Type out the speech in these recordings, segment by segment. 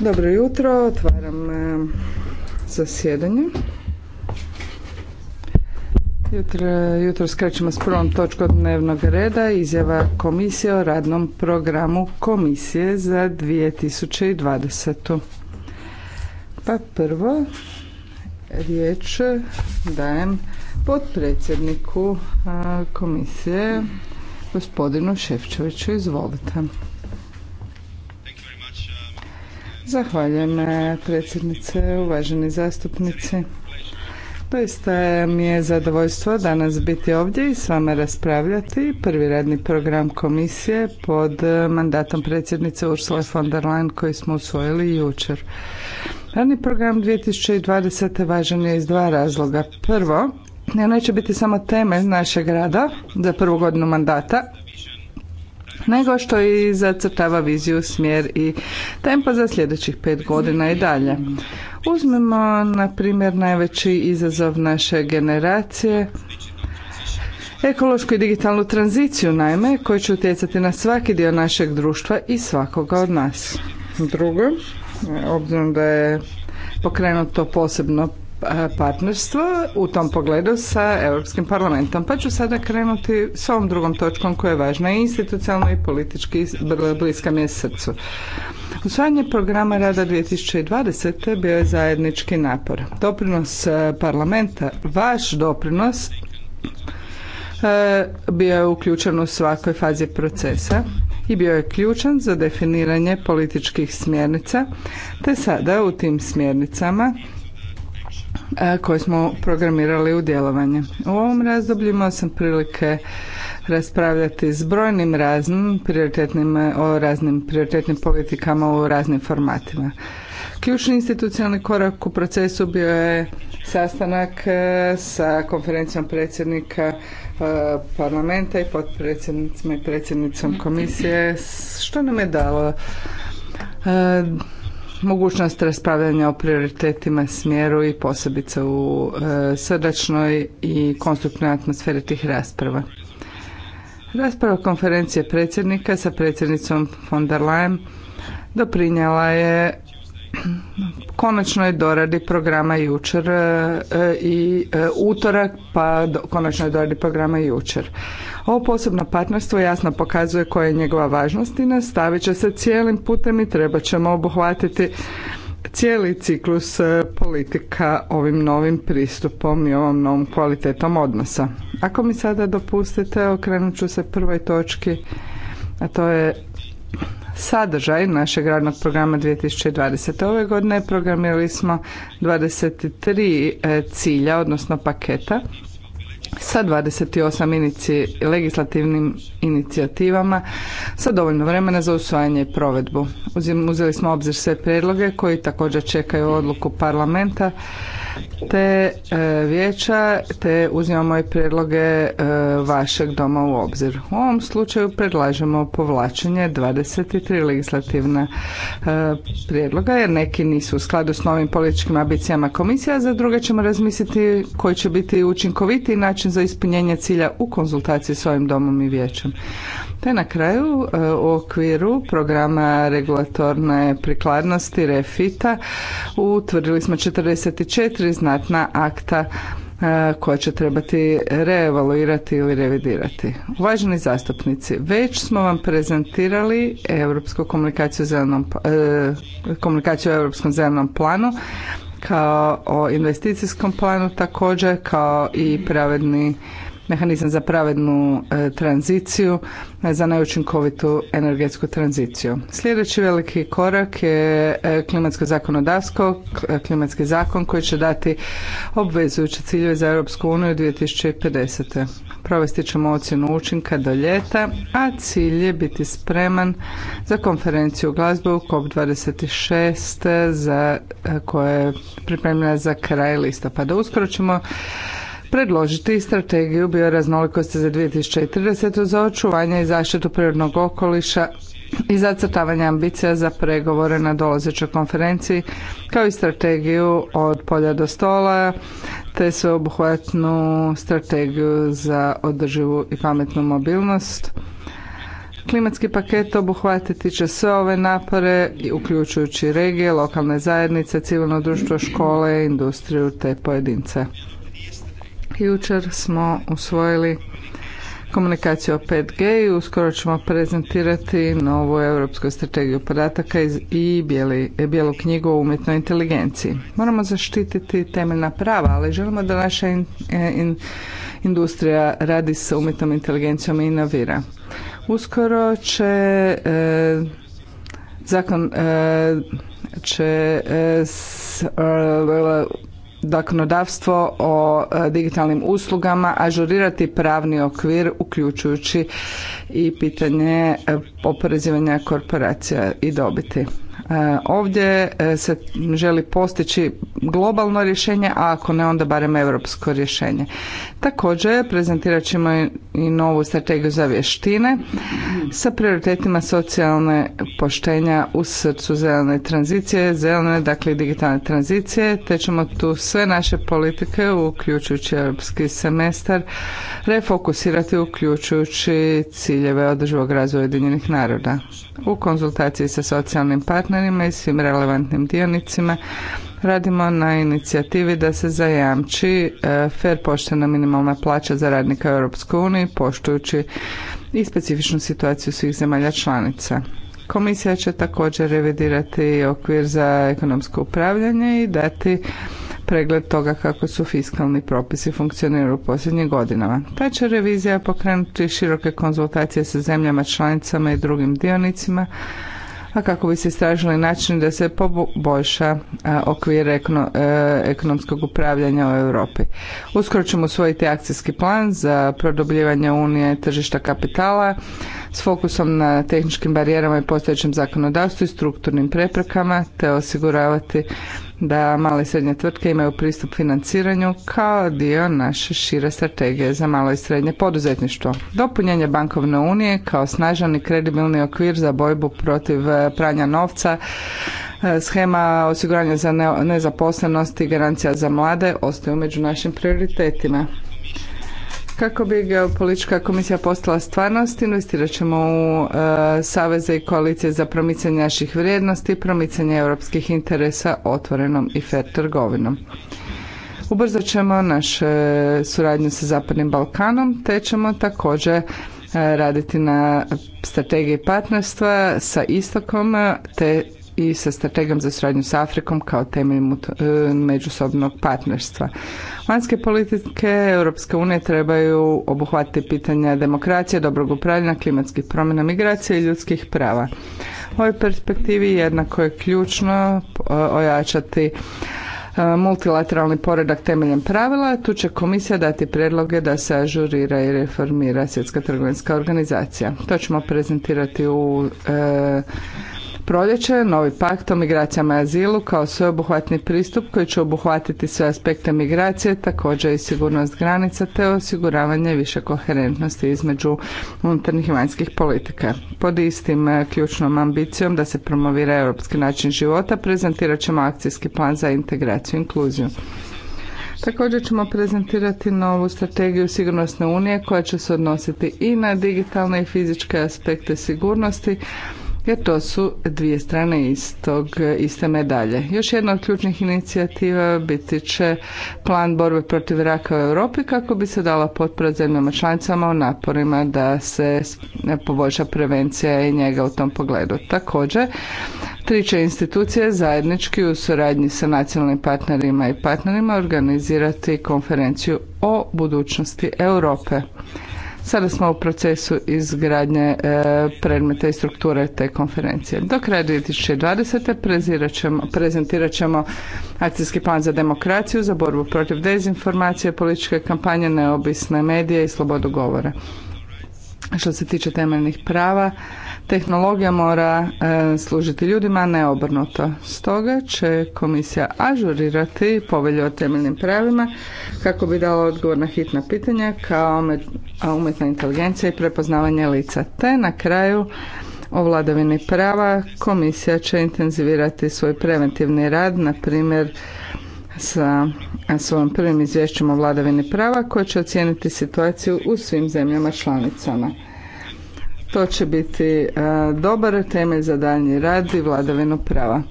Dobro jutro, otvaram eh, zasjedanje. Jutro, jutro s prvom točkom dnevnog reda, izjava komisije o radnom programu komisije za 2020. Pa prvo riječ dajem potpredsjedniku eh, komisije gospodinu Ševčeviću. Izvolite. Zahvaljujem predsjednice, uvaženi zastupnici. Doista mi je zadovoljstvo danas biti ovdje i s vama raspravljati. Prvi radni program komisije pod mandatom predsjednice Ursula von der Leyen koji smo usvojili jučer. Radni program 2020. važan je iz dva razloga. Prvo, neće biti samo temelj našeg rada za prvu godinu mandata, nego što i zacrtava viziju, smjer i tempo za sljedećih pet godina i dalje. Uzmimo na primjer, najveći izazov naše generacije, ekološku i digitalnu tranziciju, naime, koji će utjecati na svaki dio našeg društva i svakoga od nas. Drugo, obzirom da je pokrenuto posebno pa, partnerstvo u tom pogledu sa Europskim parlamentom. Pa ću sada krenuti s ovom drugom točkom koja je važna i institucionalno i politički bliska mi je srcu. Usvajanje programa rada 2020. bio je zajednički napor. Doprinos e, parlamenta, vaš doprinos, e, bio je uključen u svakoj fazi procesa i bio je ključan za definiranje političkih smjernica, te sada u tim smjernicama E, koje smo programirali u djelovanje. U ovom razdoblju imao sam prilike raspravljati s brojnim raznim prioritetnim, o raznim prioritetnim politikama u raznim formatima. Ključni institucionalni korak u procesu bio je sastanak e, sa konferencijom predsjednika e, parlamenta i potpredsjednicima i predsjednicom komisije, što nam je dalo mogućnost raspravljanja o prioritetima, smjeru i posebice u e, srdačnoj i konstruktivnoj atmosferi tih rasprava. Rasprava konferencije predsjednika sa predsjednicom von der Leyen doprinjela je konačnoj doradi programa jučer e, e, i e, utorak pa konačno konačnoj doradi programa jučer. Ovo posebno partnerstvo jasno pokazuje koja je njegova važnost i nastavit će se cijelim putem i treba ćemo obuhvatiti cijeli ciklus politika ovim novim pristupom i ovom novom kvalitetom odnosa. Ako mi sada dopustite, okrenut ću se prvoj točki, a to je sadržaj našeg radnog programa 2020. Ove godine programirali smo 23 e, cilja, odnosno paketa sa 28 inici, legislativnim inicijativama sa dovoljno vremena za usvajanje i provedbu. Uzeli smo obzir sve prijedloge koji također čekaju odluku parlamenta te e, vijeća te uzimamo i prijedloge e, vašeg doma u obzir. U ovom slučaju predlažemo povlačenje 23 legislativna e, prijedloga jer neki nisu u skladu s novim političkim ambicijama komisija, za druge ćemo razmisliti koji će biti učinkovitiji način za ispunjenje cilja u konzultaciji s ovim domom i vijećem. Te na kraju e, u okviru programa regulatorne prikladnosti Refita utvrdili smo 44 znatna akta e, koja će trebati reevaluirati ili revidirati. Uvaženi zastupnici, već smo vam prezentirali europsku komunikaciju, zelenom, e, komunikaciju o europskom zelenom planu kao o investicijskom planu također kao i pravedni mehanizam za pravednu e, tranziciju e, za neučinkovitu energetsku tranziciju. Sljedeći veliki korak je e, klimatsko zakonodavstvo, e, klimatski zakon koji će dati obvezujuće ciljeve za Europsku uniju 2050. Provesti ćemo ocjenu učinka do ljeta, a cilj je biti spreman za konferenciju u COP26 za, eh, koja je pripremljena za kraj listopada. Uskoro ćemo predložiti strategiju bioraznolikosti za 2030. za očuvanje i zaštitu prirodnog okoliša i zacrtavanje ambicija za pregovore na dolazećoj konferenciji, kao i strategiju od polja do stola, te sveobuhvatnu strategiju za održivu i pametnu mobilnost. Klimatski paket obuhvatiti će sve ove napore, uključujući regije, lokalne zajednice, civilno društvo, škole, industriju te pojedince. Jučer smo usvojili komunikaciju o 5G i uskoro ćemo prezentirati novu europsku strategiju podataka i e, bijelu knjigu o umjetnoj inteligenciji. Moramo zaštititi temeljna prava, ali želimo da naša e, industrija radi sa umjetnom inteligencijom i inovira. Uskoro će e, zakon će zakonodavstvo o e, digitalnim uslugama ažurirati pravni okvir uključujući i pitanje e, oporezivanja korporacija i dobiti. E, ovdje e, se želi postići globalno rješenje, a ako ne onda barem europsko rješenje. Također prezentirat ćemo i novu strategiju za vještine sa prioritetima socijalne poštenja u srcu zelene tranzicije, zelene dakle digitalne tranzicije, te ćemo tu sve naše politike uključujući europski semestar refokusirati uključujući ciljeve održivog razvoja Ujedinjenih naroda. U konzultaciji sa socijalnim partnerima partnerima i svim relevantnim dionicima radimo na inicijativi da se zajamči e, fer poštena minimalna plaća za radnika u Europskoj uniji poštujući i specifičnu situaciju svih zemalja članica. Komisija će također revidirati okvir za ekonomsko upravljanje i dati pregled toga kako su fiskalni propisi funkcionirali u posljednjim godinama. Ta će revizija pokrenuti široke konzultacije sa zemljama članicama i drugim dionicima a kako bi se istražili način da se poboljša okvir e, ekonomskog upravljanja u Europi. Uskoro ćemo usvojiti akcijski plan za produbljivanje unije tržišta kapitala s fokusom na tehničkim barijerama i postojećem zakonodavstvu i strukturnim preprekama te osiguravati da male i srednje tvrtke imaju pristup financiranju kao dio naše šire strategije za malo i srednje poduzetništvo. Dopunjenje bankovne unije kao snažan i kredibilni okvir za bojbu protiv eh, pranja novca, eh, schema osiguranja za nezaposlenost i garancija za mlade ostaju među našim prioritetima. Kako bi geopolitička komisija postala stvarnost, investirat ćemo u e, saveze i koalicije za promicanje naših vrijednosti, promicanje europskih interesa otvorenom i fer trgovinom. Ubrzat ćemo naš e, suradnju sa Zapadnim Balkanom, te ćemo također e, raditi na strategiji partnerstva sa istokom te i sa strategijom za suradnju s Afrikom kao temeljem e, međusobnog partnerstva. Vanjske politike Europske unije trebaju obuhvatiti pitanja demokracije, dobrog upravljanja, klimatskih promjena, migracije i ljudskih prava. U ovoj perspektivi jednako je ključno e, ojačati e, multilateralni poredak temeljem pravila, tu će komisija dati predloge da se ažurira i reformira svjetska trgovinska organizacija. To ćemo prezentirati u proljeće, novi pakt o migracijama i azilu kao sveobuhvatni pristup koji će obuhvatiti sve aspekte migracije, također i sigurnost granica te osiguravanje više koherentnosti između unutarnjih i vanjskih politika. Pod istim e, ključnom ambicijom da se promovira europski način života prezentirat ćemo akcijski plan za integraciju i inkluziju. Također ćemo prezentirati novu strategiju sigurnosne unije koja će se odnositi i na digitalne i fizičke aspekte sigurnosti, jer to su dvije strane istog, iste medalje. Još jedna od ključnih inicijativa biti će plan borbe protiv raka u Europi kako bi se dala potpora zemljama članicama u naporima da se poboljša prevencija i njega u tom pogledu. Također, tri će institucije zajednički u suradnji sa nacionalnim partnerima i partnerima organizirati konferenciju o budućnosti Europe. Sada smo u procesu izgradnje e, predmeta i strukture te konferencije. Do kraja 2020. Ćemo, prezentirat ćemo akcijski plan za demokraciju, za borbu protiv dezinformacije, političke kampanje, neobisne medije i slobodu govora što se tiče temeljnih prava, tehnologija mora e, služiti ljudima, ne obrnuto. Stoga će komisija ažurirati povelju o temeljnim pravima kako bi dala odgovor na hitna pitanja kao umjetna inteligencija i prepoznavanje lica. Te na kraju o vladavini prava komisija će intenzivirati svoj preventivni rad, na primjer sa svojom prvim izvješćem o vladavini prava koje će ocijeniti situaciju u svim zemljama članicama. To će biti e, dobar temelj za daljnji rad i vladavinu prava.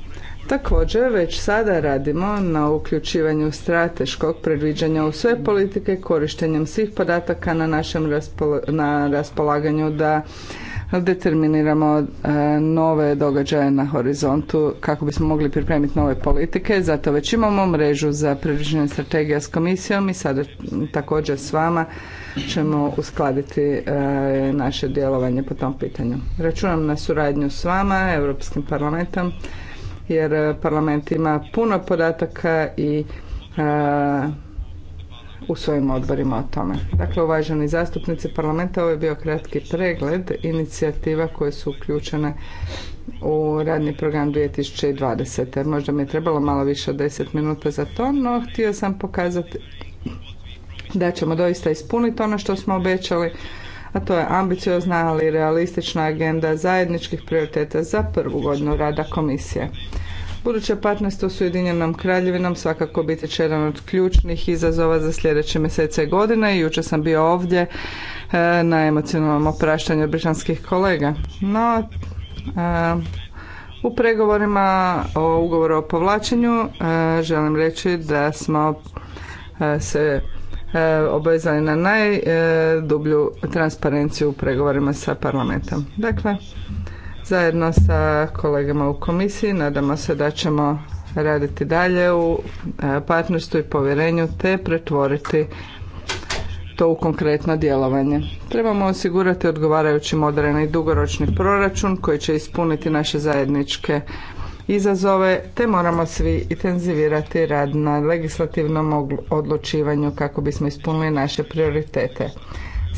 Također, već sada radimo na uključivanju strateškog predviđanja u sve politike korištenjem svih podataka na našem na raspolaganju da determiniramo e, nove događaje na horizontu kako bismo mogli pripremiti nove politike. Zato već imamo mrežu za predviđenje strategija s komisijom i sada također s vama ćemo uskladiti e, naše djelovanje po tom pitanju. Računam na suradnju s vama, Europskim parlamentom, jer e, parlament ima puno podataka i u svojim odborima o tome. Dakle, uvaženi zastupnici parlamenta, ovo je bio kratki pregled inicijativa koje su uključene u radni program 2020. Možda mi je trebalo malo više od 10 minuta za to, no htio sam pokazati da ćemo doista ispuniti ono što smo obećali, a to je ambiciozna ali realistična agenda zajedničkih prioriteta za prvu godinu rada komisije. Buduće partnerstvo s Ujedinjenom kraljevinom svakako biti će jedan od ključnih izazova za sljedeće mjesece i godine. Jučer sam bio ovdje e, na emocionalnom opraštanju britanskih kolega. No, e, u pregovorima o ugovoru o povlačenju e, želim reći da smo se obvezali na najdublju transparenciju u pregovorima sa parlamentom. Dakle, zajedno sa kolegama u komisiji. Nadamo se da ćemo raditi dalje u e, partnerstvu i povjerenju te pretvoriti to u konkretno djelovanje. Trebamo osigurati odgovarajući moderni i dugoročni proračun koji će ispuniti naše zajedničke izazove, te moramo svi intenzivirati rad na legislativnom odlučivanju kako bismo ispunili naše prioritete.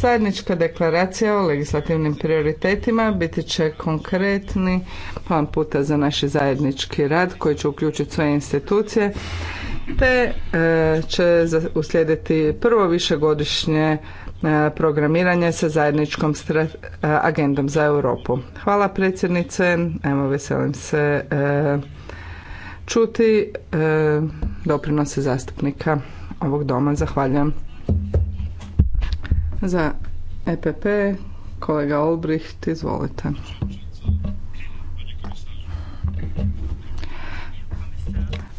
Zajednička deklaracija o legislativnim prioritetima biti će konkretni plan puta za naš zajednički rad koji će uključiti sve institucije te e, će uslijediti prvo višegodišnje e, programiranje sa zajedničkom e, agendom za Europu. Hvala predsjednice, evo veselim se čuti doprinose zastupnika ovog doma. Zahvaljujem. Za EPP, kolega Olbricht, izvolite.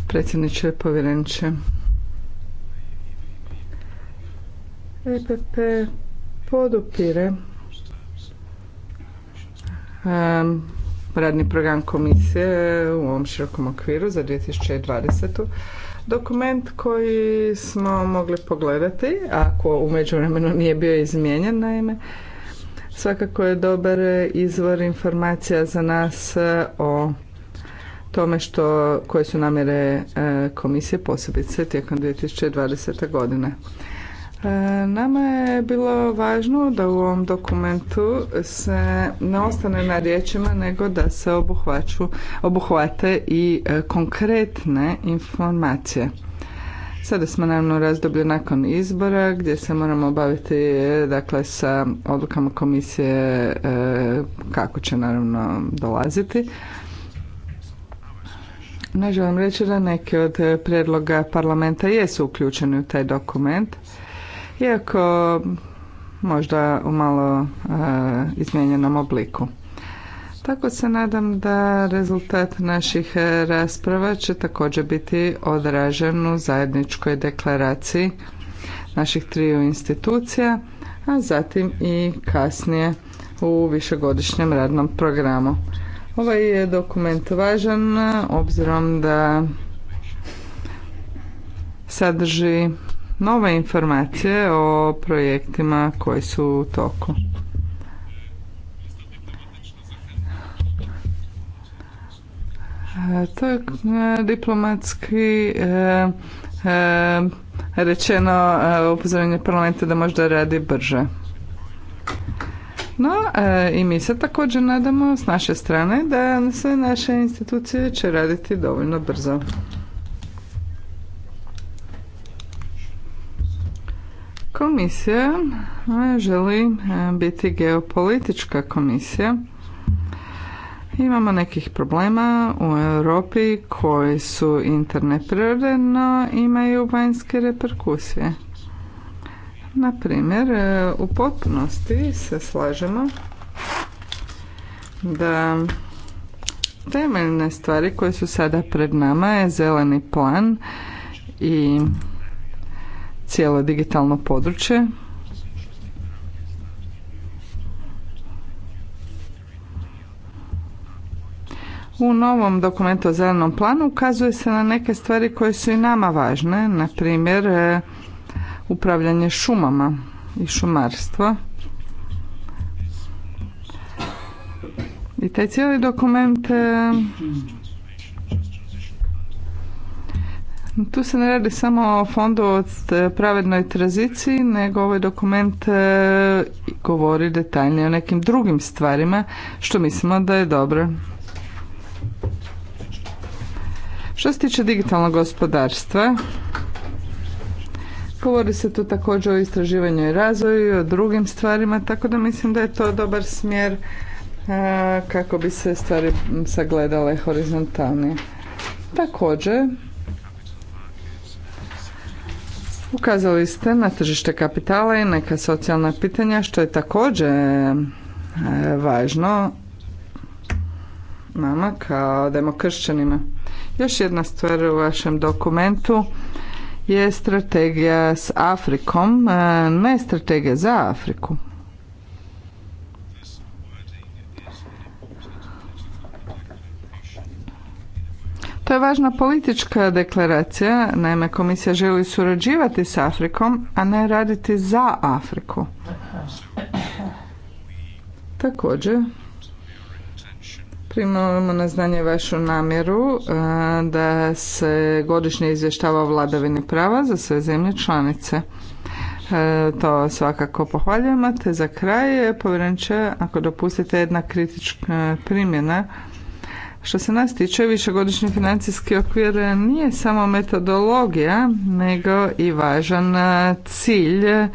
Predsjedniče, povjereniče. EPP podupire radni program komisije u ovom širokom okviru za 2020. Dokument koji smo mogli pogledati, ako u međuvremenu nije bio izmijenjen, naime, svakako je dobar izvor informacija za nas e, o tome što, koje su namjere e, komisije posebice tijekom 2020. godine. E, nama je bilo važno da u ovom dokumentu se ne ostane na riječima nego da se obuhvaću, obuhvate i e, konkretne informacije. Sada smo naravno u nakon izbora gdje se moramo baviti dakle sa odlukama komisije e, kako će naravno dolaziti. Ne želim reći da neki od prijedloga parlamenta jesu uključeni u taj dokument iako možda u malo e, izmijenjenom obliku. Tako se nadam da rezultat naših e, rasprava će također biti odražen u zajedničkoj deklaraciji naših triju institucija, a zatim i kasnije u višegodišnjem radnom programu. Ovaj je dokument važan obzirom da sadrži nove informacije o projektima koji su u toku. E, to je e, diplomatski e, rečeno upozorenje parlamenta da možda radi brže. No, i mi se također nadamo s naše strane da sve naše institucije će raditi dovoljno brzo. Komisija želi e, biti geopolitička komisija. Imamo nekih problema u Europi koji su interne prirode, no imaju vanjske reperkusije. Na primjer, e, u potpunosti se slažemo da temeljne stvari koje su sada pred nama je zeleni plan i cijelo digitalno područje. U novom dokumentu o zelenom planu ukazuje se na neke stvari koje su i nama važne, na primjer e, upravljanje šumama i šumarstva. I taj cijeli dokument e, Tu se ne radi samo o fondu o e, pravednoj tranziciji, nego ovaj dokument e, govori detaljnije o nekim drugim stvarima, što mislimo da je dobro. Što se tiče digitalnog gospodarstva, govori se tu također o istraživanju i razvoju i o drugim stvarima, tako da mislim da je to dobar smjer e, kako bi se stvari sagledale horizontalnije. Također, Ukazali ste na tržište kapitala i neka socijalna pitanja što je također e, važno nama kao demokršćanima. Još jedna stvar u vašem dokumentu je strategija s Afrikom, e, ne strategija za Afriku. To je važna politička deklaracija, naime komisija želi surađivati s Afrikom, a ne raditi za Afriku. Također, primamo na znanje vašu namjeru e, da se godišnje izvještava o vladavini prava za sve zemlje članice. E, to svakako pohvaljujemo, te za kraj, povjerenče, ako dopustite jedna kritička primjena, što se nas tiče, višegodišnji financijski okvir nije samo metodologija, nego i važan e, cilj e,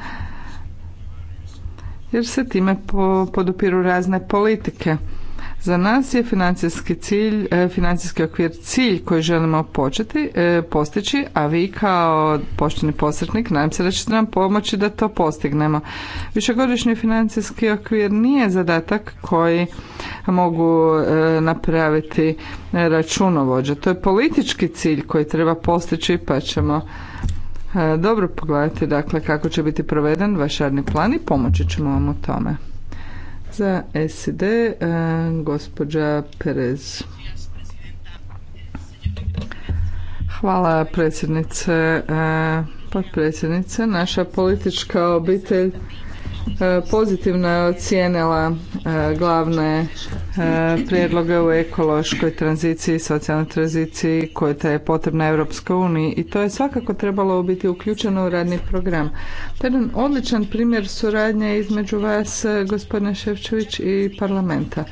jer se time podupiru razne politike. Za nas je financijski cilj, e, financijski okvir cilj koji želimo početi, e, postići, a vi kao pošteni posrednik nadam se da ćete nam pomoći da to postignemo. Višegodišnji financijski okvir nije zadatak koji mogu e, napraviti računovođe. To je politički cilj koji treba postići pa ćemo dobro pogledati dakle kako će biti proveden vaš radni plan i pomoći ćemo vam u tome. Za SID, e, gospođa Perez. Hvala predsjednice, e, potpredsjednice. Naša politička obitelj E, pozitivno je ocijenila e, glavne e, prijedloge u ekološkoj tranziciji, socijalnoj tranziciji koja je potrebna Europskoj uniji i to je svakako trebalo biti uključeno u radni program. To je jedan odličan primjer suradnje između vas, gospodine Ševčević, i parlamenta.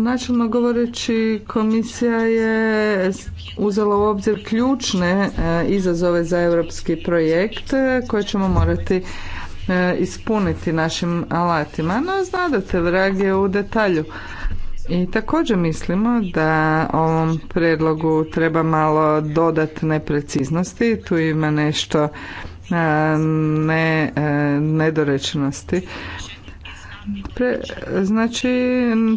Načelno govoreći, komisija je uzela u obzir ključne izazove za europski projekt koje ćemo morati E, ispuniti našim alatima. No, znate vrag je u detalju. I također mislimo da ovom predlogu treba malo dodatne nepreciznosti, Tu ima nešto e, ne, e, nedorečenosti. Pre, znači,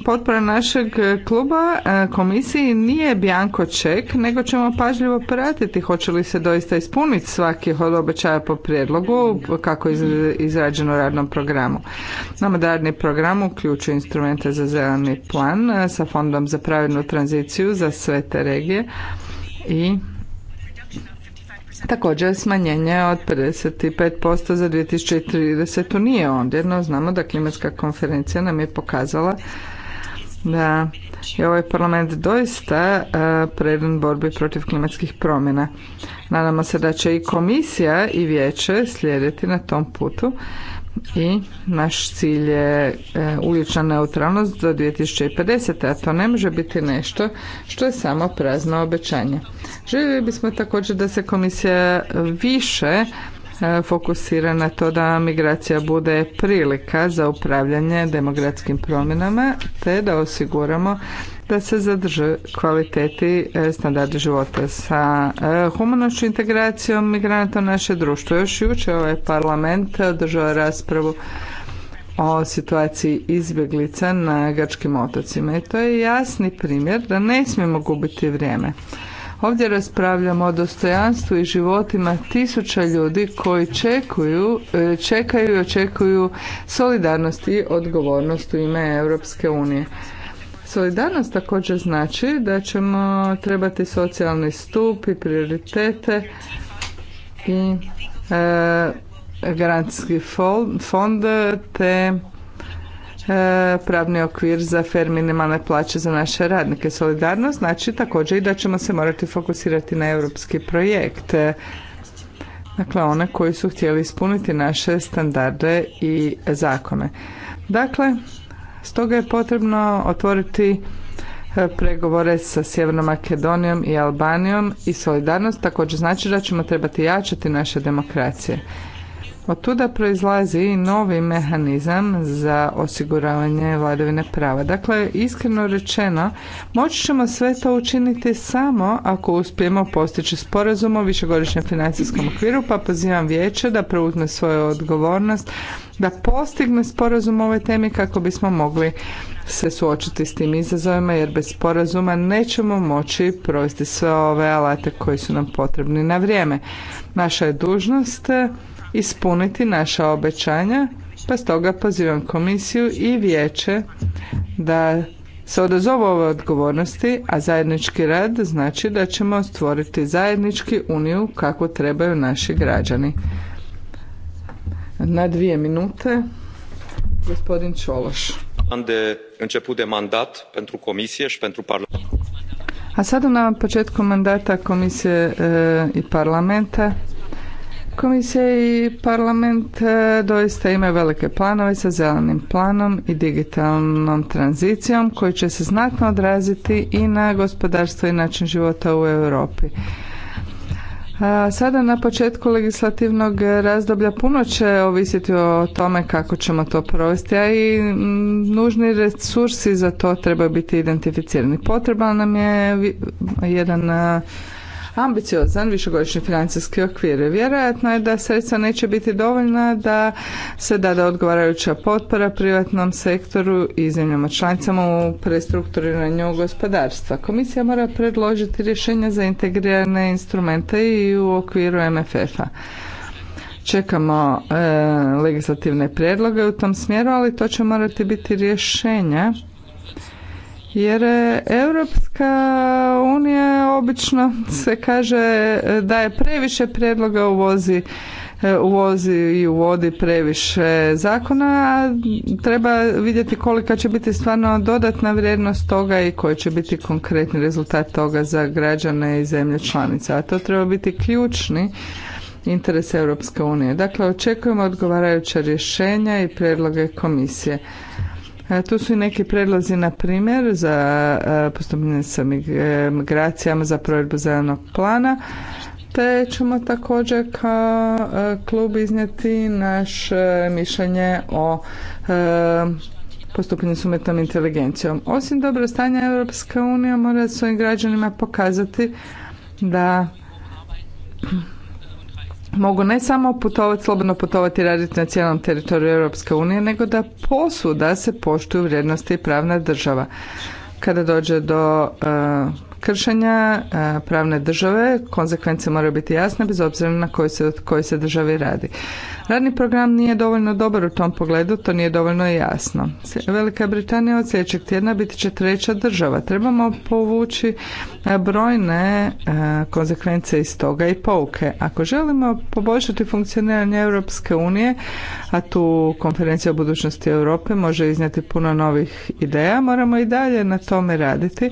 potpora našeg kluba e, komisiji nije bjanko ček, nego ćemo pažljivo pratiti hoće li se doista ispuniti svaki od obećaja po prijedlogu kako je izrađeno radnom programu. Nama radni program uključuje instrumente za zeleni plan e, sa fondom za pravednu tranziciju za sve te regije i Također smanjenje od 55% za 2030. nije ondje, no znamo da klimatska konferencija nam je pokazala da je ovaj parlament doista e, predan borbi protiv klimatskih promjena. Nadamo se da će i komisija i vijeće slijediti na tom putu i naš cilj je e, ulična neutralnost do 2050. a to ne može biti nešto što je samo prazno obećanje. Željeli bismo također da se komisija više e, fokusira na to da migracija bude prilika za upravljanje demokratskim promjenama te da osiguramo da se zadrže kvaliteti e, standarda života. Sa e, humanošću integracijom migranata u naše društvo. Još jučer ovaj parlament održao raspravu o situaciji izbjeglica na grčkim otocima. I to je jasni primjer da ne smijemo gubiti vrijeme. Ovdje raspravljamo o dostojanstvu i životima tisuća ljudi koji čekuju, e, čekaju i očekuju solidarnost i odgovornost u ime Europske unije. Solidarnost također znači da ćemo trebati socijalni stup i prioritete i e, garantski fond te e, pravni okvir za fer minimalne plaće za naše radnike. Solidarnost znači također i da ćemo se morati fokusirati na europski projekt. Dakle, one koji su htjeli ispuniti naše standarde i zakone. Dakle, Stoga je potrebno otvoriti e, pregovore sa Sjevernom Makedonijom i Albanijom i solidarnost također znači da ćemo trebati jačati naše demokracije. Od tuda proizlazi i novi mehanizam za osiguravanje vladavine prava. Dakle, iskreno rečeno, moći ćemo sve to učiniti samo ako uspijemo postići sporazum o višegodišnjem financijskom okviru, pa pozivam vijeće da preuzme svoju odgovornost, da postigne sporazum o ovoj temi kako bismo mogli se suočiti s tim izazovima jer bez sporazuma nećemo moći provesti sve ove alate koji su nam potrebni na vrijeme. Naša je dužnost ispuniti naša obećanja, pa stoga pozivam komisiju i vijeće da se odazovu ove odgovornosti, a zajednički rad znači da ćemo stvoriti zajednički uniju kako trebaju naši građani. Na dvije minute, gospodin Čološ. mandat pentru comisie pentru A sada na početku mandata komisije e, i parlamenta Komisija i parlament e, doista imaju velike planove sa zelenim planom i digitalnom tranzicijom koji će se znatno odraziti i na gospodarstvo i način života u Europi. sada na početku legislativnog razdoblja puno će ovisiti o tome kako ćemo to provesti, a i nužni resursi za to trebaju biti identificirani. Potreban nam je jedan ambiciozan višegodišnji financijski okvir. Vjerojatno je da sredstva neće biti dovoljna da se dada odgovarajuća potpora privatnom sektoru i zemljama članicama u prestrukturiranju gospodarstva. Komisija mora predložiti rješenja za integrirane instrumente i u okviru MFF-a čekamo e, legislativne prijedloge u tom smjeru, ali to će morati biti rješenja jer e, Europska unija obično se kaže e, da je previše predloga uvozi e, uvozi i uvodi previše zakona, treba vidjeti kolika će biti stvarno dodatna vrijednost toga i koji će biti konkretni rezultat toga za građane i zemlje članice. A to treba biti ključni interes Europske unije. Dakle, očekujemo odgovarajuća rješenja i predloge komisije. Tu su i neki predlozi, na primjer, za e, postupanje sa e, migracijama za provedbu zelenog plana, te ćemo također kao e, klub iznijeti naše mišljenje o postupanju s umjetnom inteligencijom. Osim dobro stanja Europska mora svojim građanima pokazati da mogu ne samo putovati, slobodno putovati i raditi na cijelom teritoriju Europske unije, nego da posuda se poštuju vrijednosti i pravna država. Kada dođe do e, kršenja pravne države, konsekvence moraju biti jasne bez obzira na kojoj se, kojoj se državi radi. Radni program nije dovoljno dobar u tom pogledu, to nije dovoljno jasno. Velika Britanija od sljedećeg tjedna biti će treća država. Trebamo povući brojne konsekvence iz toga i pouke. Ako želimo poboljšati funkcioniranje Europske unije, a tu konferencija o budućnosti Europe može iznijeti puno novih ideja, moramo i dalje na tome raditi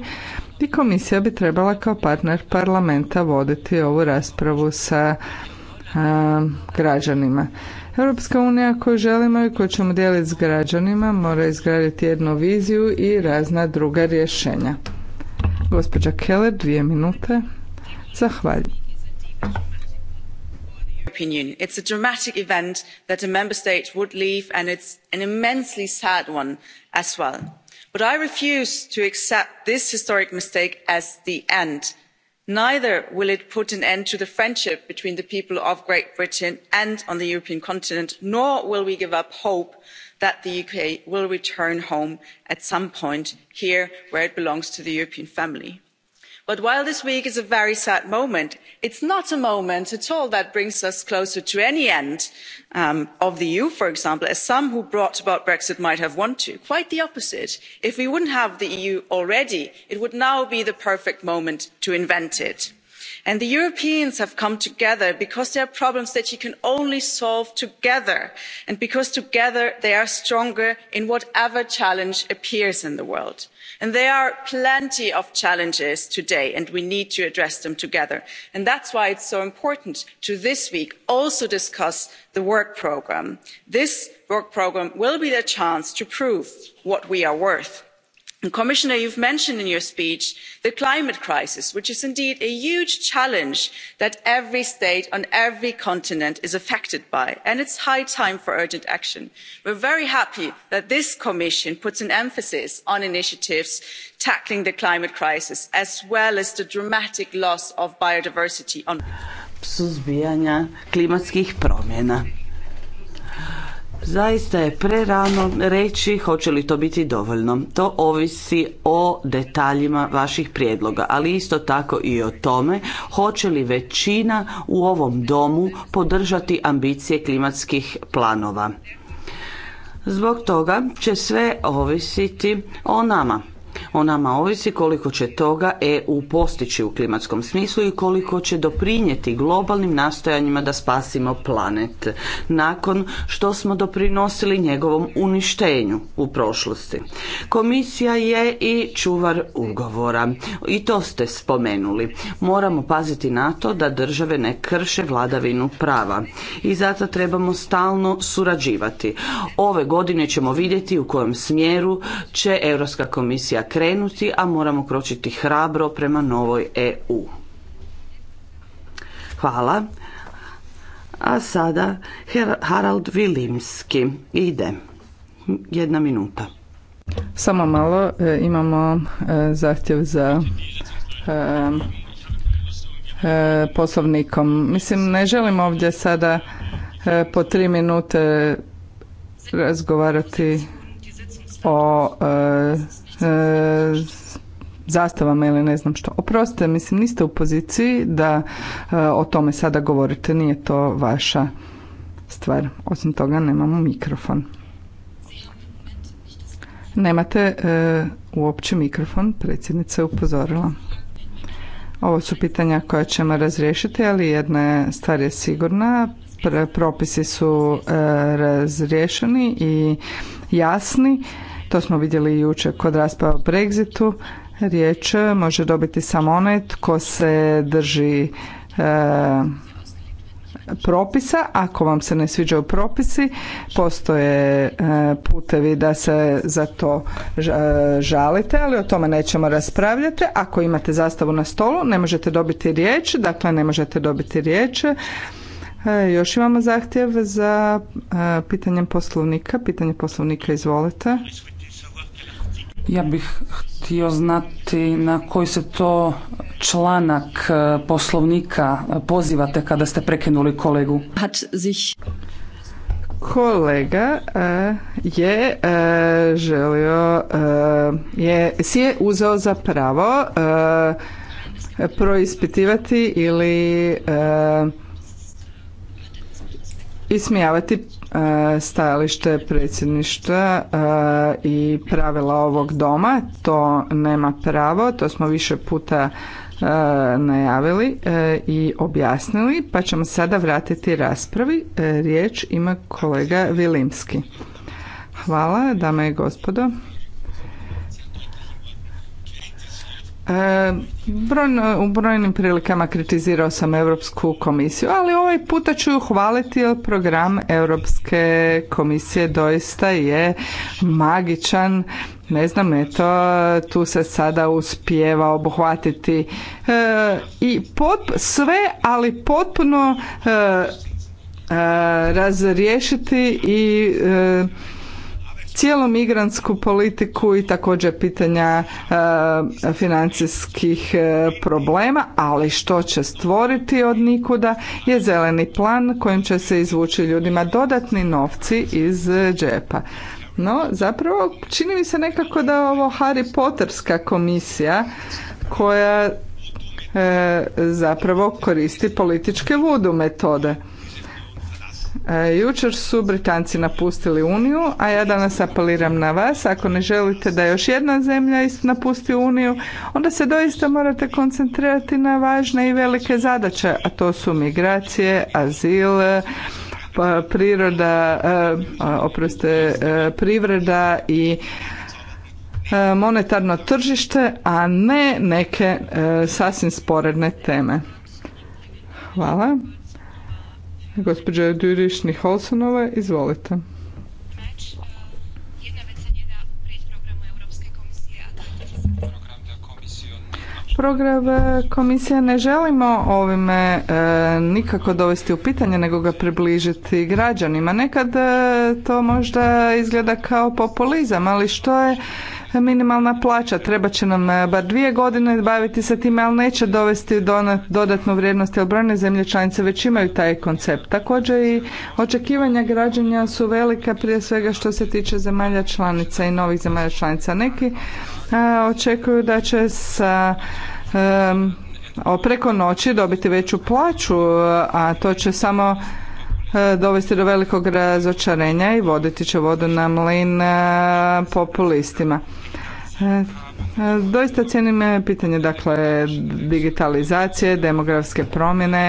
i komisija bi trebala kao partner parlamenta voditi ovu raspravu sa a, građanima. Europska unija koju želimo i koju ćemo dijeliti s građanima mora izgraditi jednu viziju i razna druga rješenja. Gospođa Keller, dvije minute. Zahvaljujem. It's a dramatic event that a member state would leave and it's an immensely sad one as well but i refuse to accept this historic mistake as the end. neither will it put an end to the friendship between the people of great britain and on the european continent nor will we give up hope that the uk will return home at some point here where it belongs to the european family but while this week is a very sad moment it's not a moment at all that brings us closer to any end um, of the eu for example as some who brought about brexit might have wanted to quite the opposite. if we wouldn't have the eu already it would now be the perfect moment to invent it. and the europeans have come together because there are problems that you can only solve together and because together they are stronger in whatever challenge appears in the world there are plenty of challenges today and we need to address them together and that's why it's so important to this week also discuss the work programme. this work programme will be the chance to prove what we are worth commissioner you've mentioned in your speech the climate crisis which is indeed a huge challenge that every state on every continent is affected by and it's high time for urgent action. we're very happy that this commission puts an emphasis on initiatives tackling the climate crisis as well as the dramatic loss of biodiversity on Zaista je prerano reći hoće li to biti dovoljno. To ovisi o detaljima vaših prijedloga, ali isto tako i o tome hoće li većina u ovom domu podržati ambicije klimatskih planova. Zbog toga će sve ovisiti o nama o nama ovisi koliko će toga EU postići u klimatskom smislu i koliko će doprinijeti globalnim nastojanjima da spasimo planet nakon što smo doprinosili njegovom uništenju u prošlosti. Komisija je i čuvar ugovora. I to ste spomenuli. Moramo paziti na to da države ne krše vladavinu prava. I zato trebamo stalno surađivati. Ove godine ćemo vidjeti u kojem smjeru će Europska komisija krenuti, a moramo kročiti hrabro prema novoj EU. Hvala. A sada Harald Vilimski ide. Jedna minuta. Samo malo, e, imamo e, zahtjev za e, poslovnikom. Mislim, ne želim ovdje sada po tri minute razgovarati o E, zastavama ili ne znam što. Oprostite, mislim niste u poziciji da e, o tome sada govorite, nije to vaša stvar. Osim toga nemamo mikrofon. Nemate e, uopće mikrofon, predsjednica je upozorila. Ovo su pitanja koja ćemo razriješiti, ali jedna stvar je sigurna. propisi su e, razriješeni i jasni to smo vidjeli i jučer kod rasprava o Brexitu. Riječ može dobiti samo onaj tko se drži e, propisa. Ako vam se ne sviđaju propisi, postoje e, putevi da se za to e, žalite, ali o tome nećemo raspravljati. Ako imate zastavu na stolu, ne možete dobiti riječ, dakle ne možete dobiti riječ. Još imamo zahtjev za pitanjem poslovnika. Pitanje poslovnika, izvolite. Ja bih htio znati na koji se to članak e, poslovnika pozivate kada ste prekinuli kolegu. Kolega e, je e, želio, je, si je uzeo za pravo proispitivati ili ismijavati stajalište predsjedništva e, i pravila ovog doma. To nema pravo, to smo više puta e, najavili e, i objasnili, pa ćemo sada vratiti raspravi. Riječ ima kolega Vilimski. Hvala, dame i gospodo. E, u brojnim prilikama kritizirao sam Europsku komisiju, ali ovaj puta ću ju hvaliti jer program Europske komisije doista je magičan. Ne znam, eto, tu se sada uspijeva obuhvatiti e, i pot, sve, ali potpuno e, e razriješiti i cijelu migrantsku politiku i također pitanja e, financijskih e, problema, ali što će stvoriti od nikuda je zeleni plan kojim će se izvući ljudima dodatni novci iz džepa. No, zapravo čini mi se nekako da je ovo Harry Potterska komisija koja e, zapravo koristi političke vodu metode. E, jučer su Britanci napustili Uniju, a ja danas apeliram na vas, ako ne želite da još jedna zemlja napusti Uniju, onda se doista morate koncentrirati na važne i velike zadaće, a to su migracije, azil, pa, priroda, e, oproste, e, privreda i monetarno tržište, a ne neke sasvim sporedne teme. Hvala. Gospođa Đuriš Niholsonova, izvolite. Program komisije ne želimo ovime e, nikako dovesti u pitanje, nego ga približiti građanima. Nekad e, to možda izgleda kao populizam, ali što je minimalna plaća. Treba će nam e, bar dvije godine baviti se time, ali neće dovesti dodatnu vrijednost, jer brojne zemlje članice već imaju taj koncept. Također i očekivanja građanja su velika prije svega što se tiče zemalja članica i novih zemalja članica. Neki e, očekuju da će sa a, e, preko noći dobiti veću plaću, a to će samo E, dovesti do velikog razočarenja i voditi će vodu na mlin e, populistima. E, doista cijenim pitanje dakle digitalizacije, demografske promjene,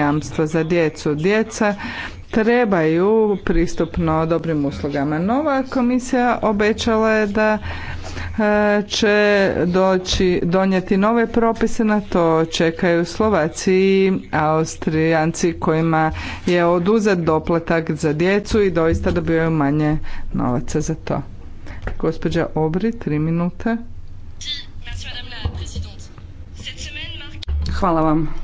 jamstva za djecu. Djeca trebaju pristupno dobrim uslugama. Nova komisija obećala je da e, će doći, donijeti nove propise, na to čekaju Slovaci i Austrijanci kojima je oduzet doplatak za djecu i doista dobivaju manje novaca za to. Gospođa Obri, tri minute. Hvala vam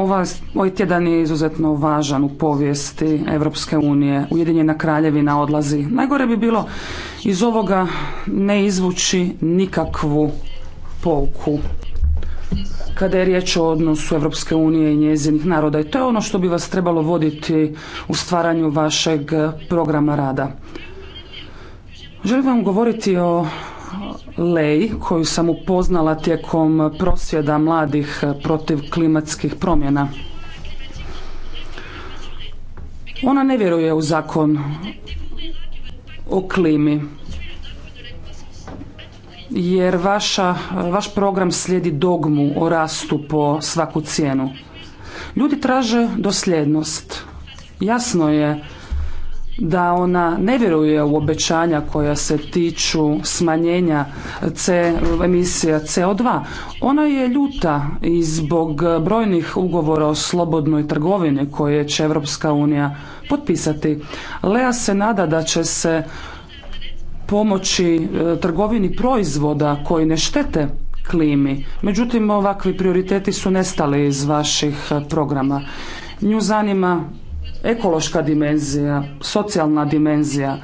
ovaj tjedan je izuzetno važan u povijesti Europske unije. Ujedinjena kraljevina odlazi. Najgore bi bilo iz ovoga ne izvući nikakvu pouku kada je riječ o odnosu Evropske unije i njezinih naroda. I to je ono što bi vas trebalo voditi u stvaranju vašeg programa rada. Želim vam govoriti o Lej koju sam upoznala tijekom prosvjeda mladih protiv klimatskih promjena. Ona ne vjeruje u zakon o klimi jer vaša, vaš program slijedi dogmu o rastu po svaku cijenu. Ljudi traže dosljednost. Jasno je da ona ne vjeruje u obećanja koja se tiču smanjenja C, emisija CO2. Ona je ljuta i zbog brojnih ugovora o slobodnoj trgovini koje će Evropska unija potpisati. Lea se nada da će se pomoći e, trgovini proizvoda koji ne štete klimi. Međutim, ovakvi prioriteti su nestali iz vaših e, programa. Nju zanima ekološka dimenzija, socijalna dimenzija.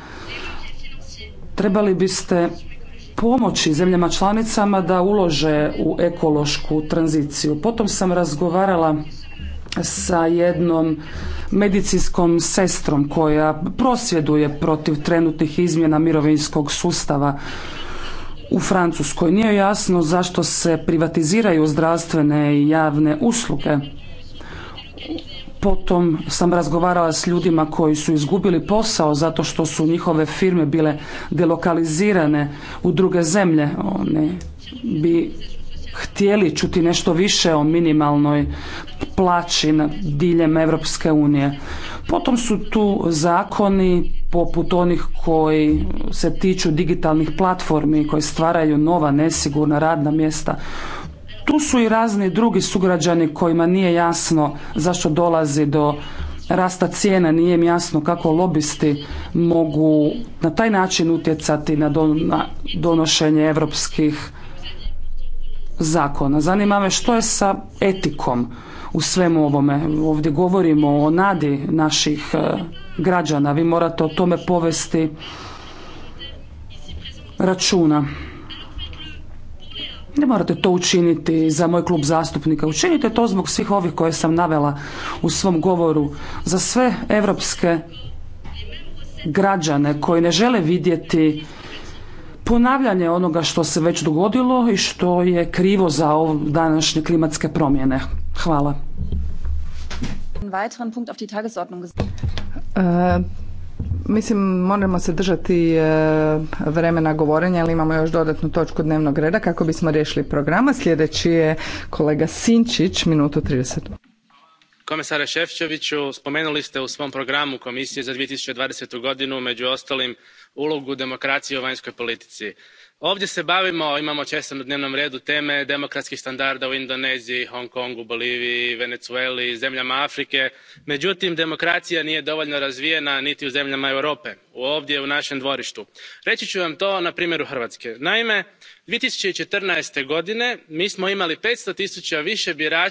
Trebali biste pomoći zemljama članicama da ulože u ekološku tranziciju. Potom sam razgovarala sa jednom medicinskom sestrom koja prosvjeduje protiv trenutnih izmjena mirovinskog sustava u Francuskoj. Nije jasno zašto se privatiziraju zdravstvene i javne usluge. Potom sam razgovarala s ljudima koji su izgubili posao zato što su njihove firme bile delokalizirane u druge zemlje. Oni bi htjeli čuti nešto više o minimalnoj plaći na diljem Europske unije. Potom su tu zakoni poput onih koji se tiču digitalnih platformi, koji stvaraju nova nesigurna radna mjesta. Tu su i razni drugi sugrađani kojima nije jasno zašto dolazi do rasta cijena, nije mi jasno kako lobisti mogu na taj način utjecati na, donošenje europskih zakona. Zanima me što je sa etikom u svemu ovome. Ovdje govorimo o nadi naših e, građana. Vi morate o tome povesti računa. Ne morate to učiniti za moj klub zastupnika. Učinite to zbog svih ovih koje sam navela u svom govoru. Za sve evropske građane koji ne žele vidjeti ponavljanje onoga što se već dogodilo i što je krivo za ovo današnje klimatske promjene. Hvala. Mislim, moramo se držati e, vremena govorenja, ali imamo još dodatnu točku dnevnog reda kako bismo riješili programa. Sljedeći je kolega Sinčić, minutu 30. Komesare Šefčeviću, spomenuli ste u svom programu Komisije za 2020. godinu, među ostalim, ulogu demokracije u vanjskoj politici ovdje se bavimo imamo često na dnevnom redu teme demokratskih standarda u indoneziji hong kongu boliviji venezueli zemljama afrike meutim demokracija nije dovoljno razvijena niti u zemljama europe ovdje u naem dvoritu. Reći ću vam to na primjeru hrvatske. naime. two thousand and fourteen godine mi smo imali five hundred zero vie biraa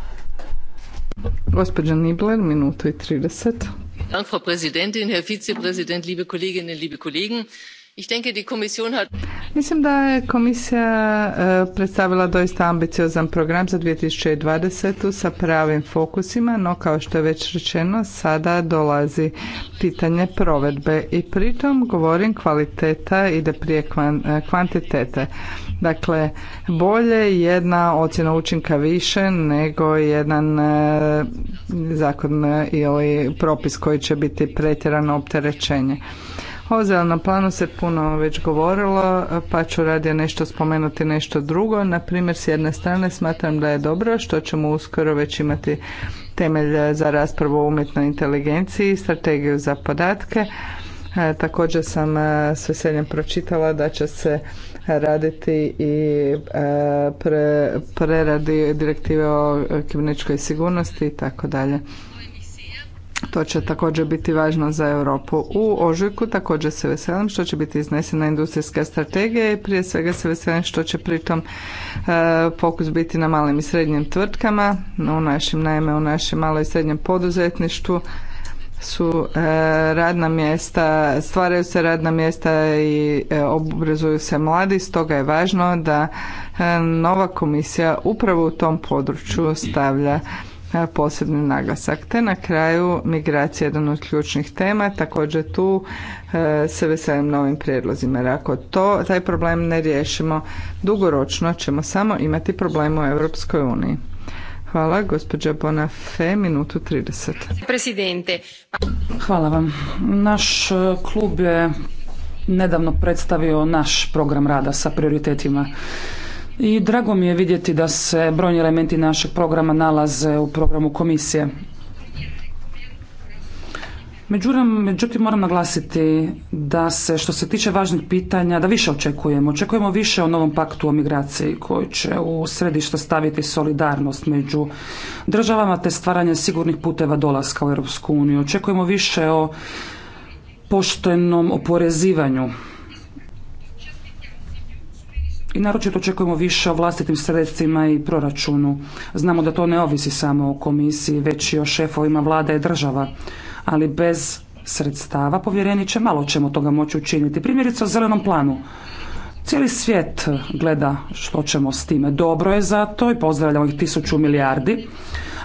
Gospođa Nibler, minutu i 30. Dank, Frau Präsidentin, Herr Vizepräsident, liebe Kolleginnen, liebe Kollegen. Ich denke, die Kommission hat... Mislim da je komisija e, predstavila doista ambiciozan program za 2020. sa pravim fokusima, no kao što je već rečeno, sada dolazi pitanje provedbe i pritom govorim kvaliteta ide prije kvantitete. Dakle, bolje jedna ocjena učinka više nego jedan e, zakon ili ovaj propis koji će biti pretjerano opterećenje. O zelenom planu se puno već govorilo, pa ću radije nešto spomenuti nešto drugo. Na primjer, s jedne strane smatram da je dobro što ćemo uskoro već imati temelj za raspravu o umjetnoj inteligenciji, strategiju za podatke. E, također sam e, s veseljem pročitala da će se raditi i e, preradi direktive o kibernetičkoj sigurnosti i tako dalje. To će također biti važno za Europu. U ožujku također se veselim što će biti iznesena industrijska strategija i prije svega se veselim što će pritom e, fokus biti na malim i srednjim tvrtkama, u našim, naime u našem malo i srednjem poduzetništvu su e, radna mjesta, stvaraju se radna mjesta i e, obrazuju se mladi, stoga je važno da e, nova komisija upravo u tom području stavlja posebni naglasak. Te na kraju migracija je jedan od ključnih tema, također tu se veselim novim prijedlozima jer ako to, taj problem ne riješimo dugoročno ćemo samo imati problem u EU. uniji. Hvala, gospođa Bonafe, minutu 30. Hvala vam. Naš e, klub je nedavno predstavio naš program rada sa prioritetima. I drago mi je vidjeti da se brojni elementi našeg programa nalaze u programu komisije. Međutim, međutim, moram naglasiti da se što se tiče važnih pitanja, da više očekujemo. Očekujemo više o novom paktu o migraciji koji će u središte staviti solidarnost među državama te stvaranje sigurnih puteva dolaska u Europsku uniju. Očekujemo više o poštenom oporezivanju i naročito očekujemo više o vlastitim sredstvima i proračunu. Znamo da to ne ovisi samo o komisiji, već i o šefovima vlada i država ali bez sredstava će, malo ćemo toga moći učiniti. Primjerice o zelenom planu. Cijeli svijet gleda što ćemo s time. Dobro je za to i pozdravljamo ih tisuću milijardi,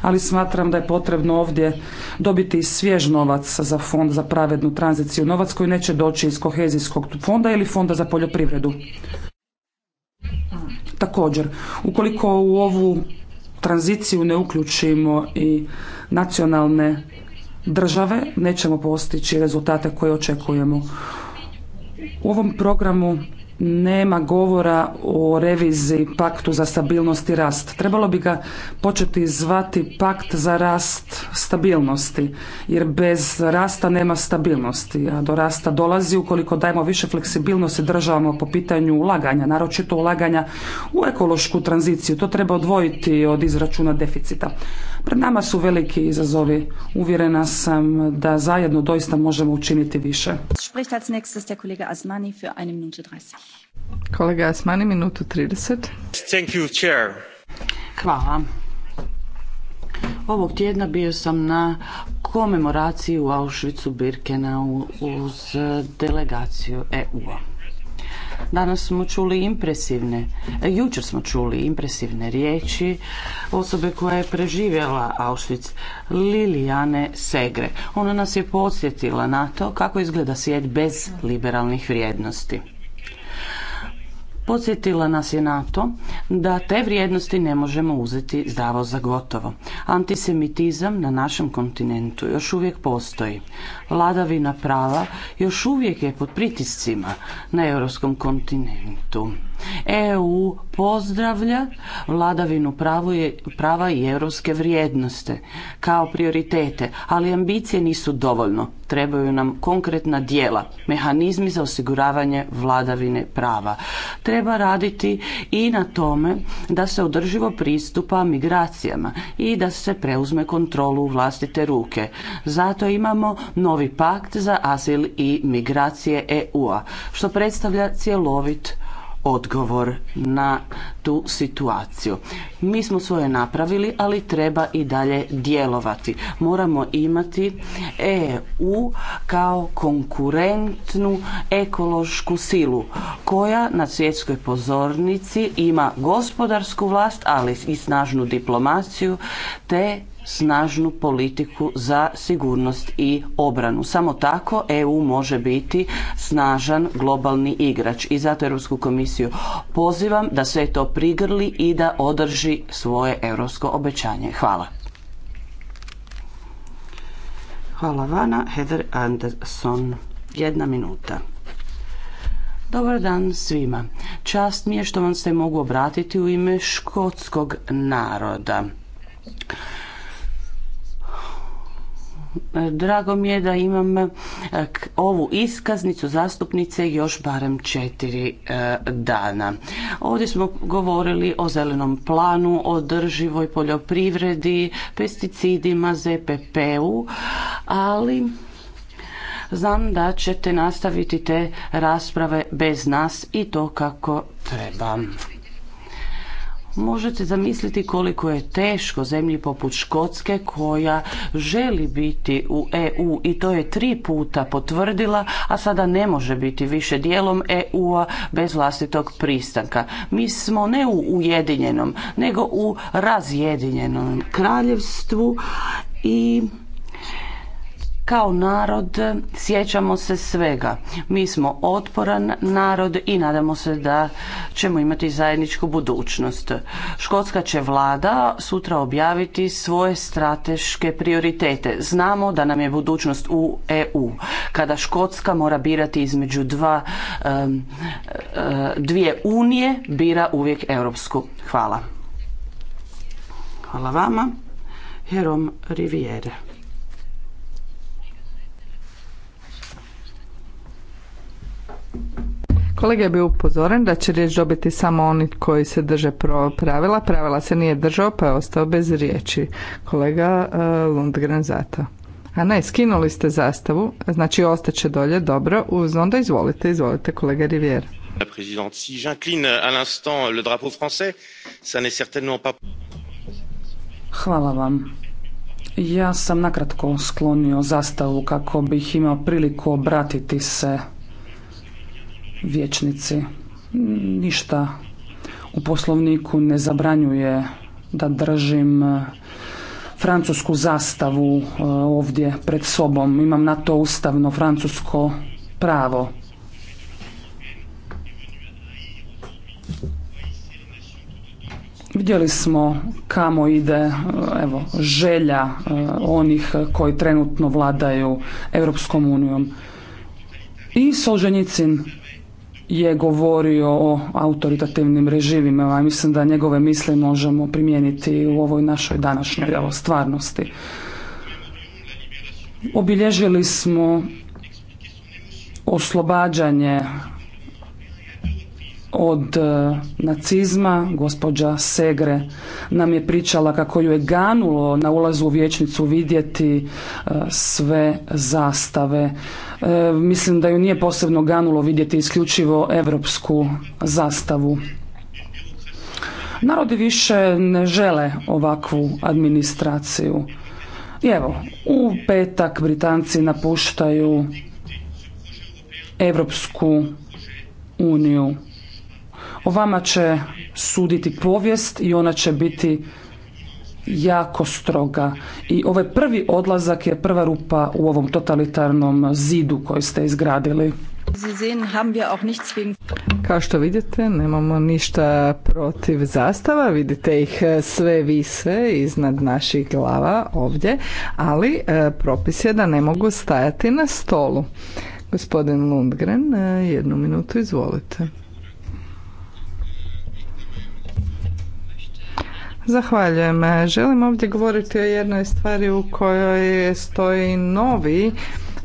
ali smatram da je potrebno ovdje dobiti svjež novac za fond za pravednu tranziciju, novac koji neće doći iz kohezijskog fonda ili fonda za poljoprivredu. Također, ukoliko u ovu tranziciju ne uključimo i nacionalne države nećemo postići rezultate koje očekujemo. U ovom programu nema govora o reviziji paktu za stabilnost i rast. Trebalo bi ga početi zvati pakt za rast stabilnosti, jer bez rasta nema stabilnosti, a do rasta dolazi ukoliko dajemo više fleksibilnosti državama po pitanju ulaganja, naročito ulaganja u ekološku tranziciju. To treba odvojiti od izračuna deficita. Pred nama su veliki izazovi. Uvjerena sam da zajedno doista možemo učiniti više. Kolega Asmani, minutu 30. Thank you, chair. Hvala. Ovog tjedna bio sam na komemoraciji u Auschwitzu Birkenau uz delegaciju EU-a. Danas smo čuli impresivne, jučer smo čuli impresivne riječi osobe koja je preživjela Auschwitz, Lilijane Segre. Ona nas je podsjetila na to kako izgleda svijet bez liberalnih vrijednosti. Podsjetila nas je na to da te vrijednosti ne možemo uzeti zdravo za gotovo. Antisemitizam na našem kontinentu još uvijek postoji. Vladavina prava još uvijek je pod pritiscima na europskom kontinentu. EU pozdravlja vladavinu prava i europske vrijednosti kao prioritete, ali ambicije nisu dovoljno. Trebaju nam konkretna dijela, mehanizmi za osiguravanje vladavine prava. Treba raditi i na tome da se održivo pristupa migracijama i da se preuzme kontrolu u vlastite ruke. Zato imamo novi pakt za azil i migracije EU-a, što predstavlja cjelovit odgovor na tu situaciju. Mi smo svoje napravili, ali treba i dalje djelovati. Moramo imati EU kao konkurentnu ekološku silu koja na svjetskoj pozornici ima gospodarsku vlast, ali i snažnu diplomaciju te snažnu politiku za sigurnost i obranu. Samo tako EU može biti snažan globalni igrač i zato Europsku komisiju pozivam da sve to prigrli i da održi svoje europsko obećanje. Hvala. Hvala vana, Heather Anderson. Jedna minuta. Dobar dan svima. Čast mi je što vam se mogu obratiti u ime škotskog naroda. Drago mi je da imam e, ovu iskaznicu zastupnice još barem četiri e, dana. Ovdje smo govorili o zelenom planu, o drživoj poljoprivredi, pesticidima, ZPP-u, ali znam da ćete nastaviti te rasprave bez nas i to kako treba. Možete zamisliti koliko je teško zemlji poput Škotske koja želi biti u EU i to je tri puta potvrdila, a sada ne može biti više dijelom EU-a bez vlastitog pristanka. Mi smo ne u ujedinjenom, nego u razjedinjenom kraljevstvu i kao narod sjećamo se svega. Mi smo otporan narod i nadamo se da ćemo imati zajedničku budućnost. Škotska će vlada sutra objaviti svoje strateške prioritete. Znamo da nam je budućnost u EU. Kada Škotska mora birati između dva, eh, dvije unije, bira uvijek europsku. Hvala. Hvala vama. Herom Riviere. Kolega je bio upozoren da će riječ dobiti samo oni koji se drže pravila. Pravila se nije držao pa je ostao bez riječi. Kolega e, Lundgren zato. A ne, skinuli ste zastavu, znači ostaće dolje, dobro, uz onda izvolite, izvolite kolega Rivier. Présidente, si j'incline à l'instant le drapeau français, ça n'est certainement pas... Hvala vam. Ja sam nakratko sklonio zastavu kako bih imao priliku obratiti se vijećnici. Ništa u poslovniku ne zabranjuje da držim e, francusku zastavu e, ovdje pred sobom. Imam na to ustavno francusko pravo. Vidjeli smo kamo ide e, evo, želja onih koji trenutno vladaju Europskom unijom. I Solženjicin je govorio o autoritativnim režimima, a mislim da njegove misli možemo primijeniti u ovoj našoj današnjoj stvarnosti. Obilježili smo oslobađanje od e, nacizma, gospođa Segre nam je pričala kako ju je ganulo na ulazu u vječnicu vidjeti e, sve zastave. E, mislim da ju nije posebno ganulo vidjeti isključivo evropsku zastavu. Narodi više ne žele ovakvu administraciju. I evo, u petak Britanci napuštaju Evropsku uniju. O vama će suditi povijest i ona će biti jako stroga. I ovaj prvi odlazak je prva rupa u ovom totalitarnom zidu koji ste izgradili. Kao što vidite, nemamo ništa protiv zastava, vidite ih e, sve vise iznad naših glava ovdje, ali e, propis je da ne mogu stajati na stolu. Gospodin Lundgren, e, jednu minutu izvolite. Zahvaljujem. Želim ovdje govoriti o jednoj stvari u kojoj stoji novi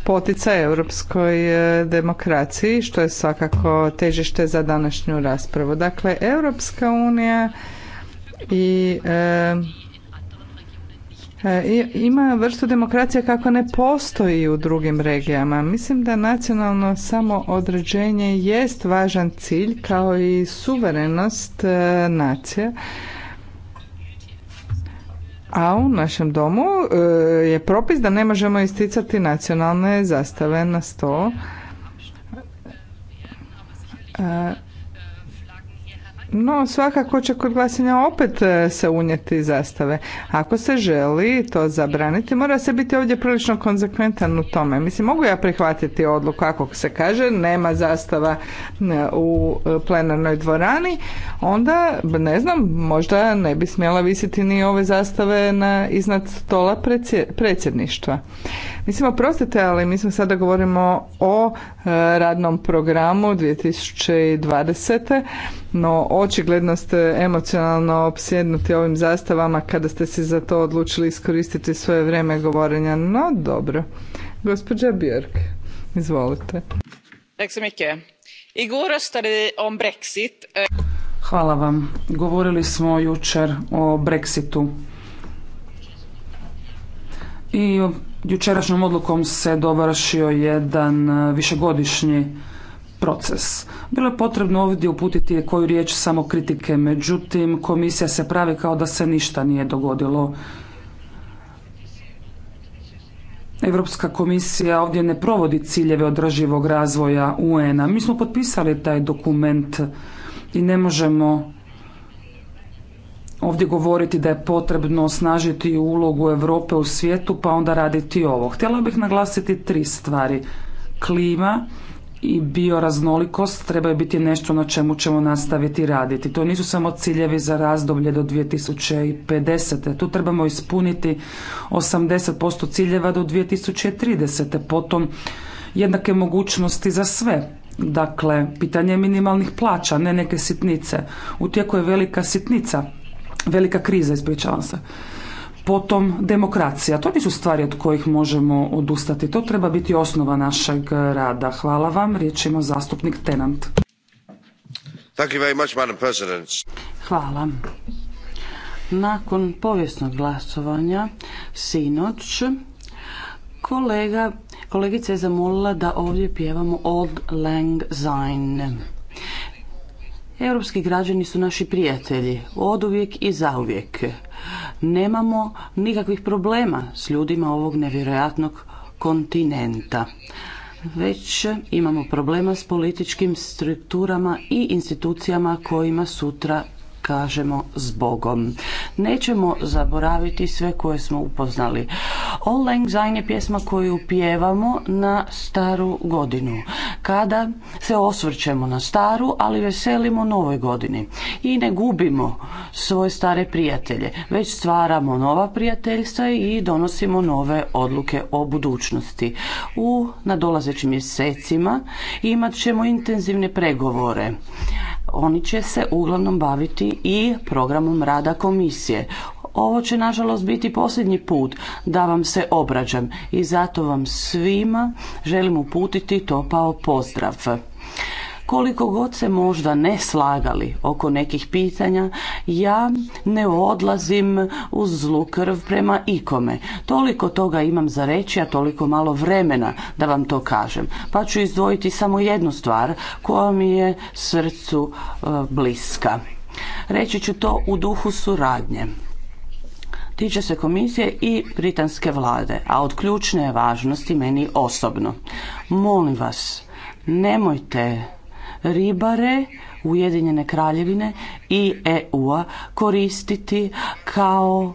poticaj europskoj e, demokraciji, što je svakako težište za današnju raspravu. Dakle, Europska unija e, e, i ima vrstu demokracije kako ne postoji u drugim regijama. Mislim da nacionalno samoodređenje jest važan cilj kao i suverenost nacije, a u našem domu e, je propis da ne možemo isticati nacionalne zastave na sto. E, no, svakako će kod glasanja opet e, se unijeti zastave. Ako se želi to zabraniti, mora se biti ovdje prilično konzekventan u tome. Mislim, mogu ja prihvatiti odluku kako se kaže nema zastava e, u e, plenarnoj dvorani, onda, ne znam, možda ne bi smjela visiti ni ove zastave na, iznad stola predsjedništva. Mislim, oprostite, ali mi smo sada govorimo o radnom programu 2020. No, očigledno ste emocionalno opsjednuti ovim zastavama kada ste se za to odlučili iskoristiti svoje vrijeme govorenja. No, dobro. Gospođa Björk, izvolite. Hvala vam. Govorili smo jučer o Brexitu. I jučerašnjom odlukom se dovršio jedan eh, višegodišnji proces. Bilo je potrebno ovdje uputiti koju riječ samo kritike, međutim komisija se pravi kao da se ništa nije dogodilo. Europska komisija ovdje ne provodi ciljeve održivog razvoja UN-a. Mi smo potpisali taj dokument i ne možemo ovdje govoriti da je potrebno osnažiti ulogu Europe u svijetu pa onda raditi ovo. Htjela bih naglasiti tri stvari. Klima, i bioraznolikost trebaju biti nešto na čemu ćemo nastaviti raditi. To nisu samo ciljevi za razdoblje do 2050. Tu trebamo ispuniti 80% ciljeva do 2030. Potom jednake mogućnosti za sve. Dakle, pitanje minimalnih plaća, ne neke sitnice. U tijeku je velika sitnica, velika kriza, ispričavam se potom demokracija. To nisu stvari od kojih možemo odustati. To treba biti osnova našeg rada. Hvala vam. Riječ ima zastupnik Tenant. Hvala. Nakon povijesnog glasovanja sinoć kolega, kolegica je zamolila da ovdje pjevamo Old Lang Syne. Europski građani su naši prijatelji, oduvijek i zauvijek. Nemamo nikakvih problema s ljudima ovog nevjerojatnog kontinenta već imamo problema s političkim strukturama i institucijama kojima sutra kažemo s Bogom. Nećemo zaboraviti sve koje smo upoznali. All Lang je pjesma koju pjevamo na staru godinu. Kada se osvrćemo na staru, ali veselimo novoj godini. I ne gubimo svoje stare prijatelje, već stvaramo nova prijateljstva i donosimo nove odluke o budućnosti. U nadolazećim mjesecima imat ćemo intenzivne pregovore oni će se uglavnom baviti i programom rada komisije. Ovo će nažalost biti posljednji put da vam se obrađam i zato vam svima želim uputiti topao pozdrav. Koliko god se možda ne slagali oko nekih pitanja, ja ne odlazim uz zlu krv prema ikome. Toliko toga imam za reći, a toliko malo vremena da vam to kažem. Pa ću izdvojiti samo jednu stvar koja mi je srcu e, bliska. Reći ću to u duhu suradnje tiče se komisije i britanske vlade, a od ključne je važnosti meni osobno. Molim vas, nemojte ribare Ujedinjene kraljevine i EU-a koristiti kao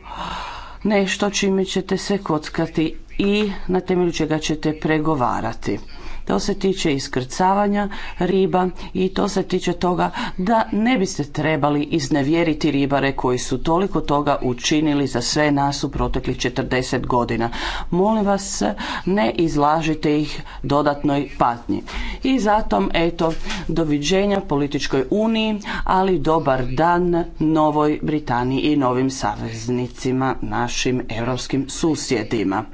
nešto čime ćete se kockati i na temelju čega ćete pregovarati to se tiče iskrcavanja riba i to se tiče toga da ne biste trebali iznevjeriti ribare koji su toliko toga učinili za sve nas u proteklih 40 godina. Molim vas, ne izlažite ih dodatnoj patnji. I zato, eto, doviđenja političkoj uniji, ali dobar dan Novoj Britaniji i novim saveznicima, našim europskim susjedima.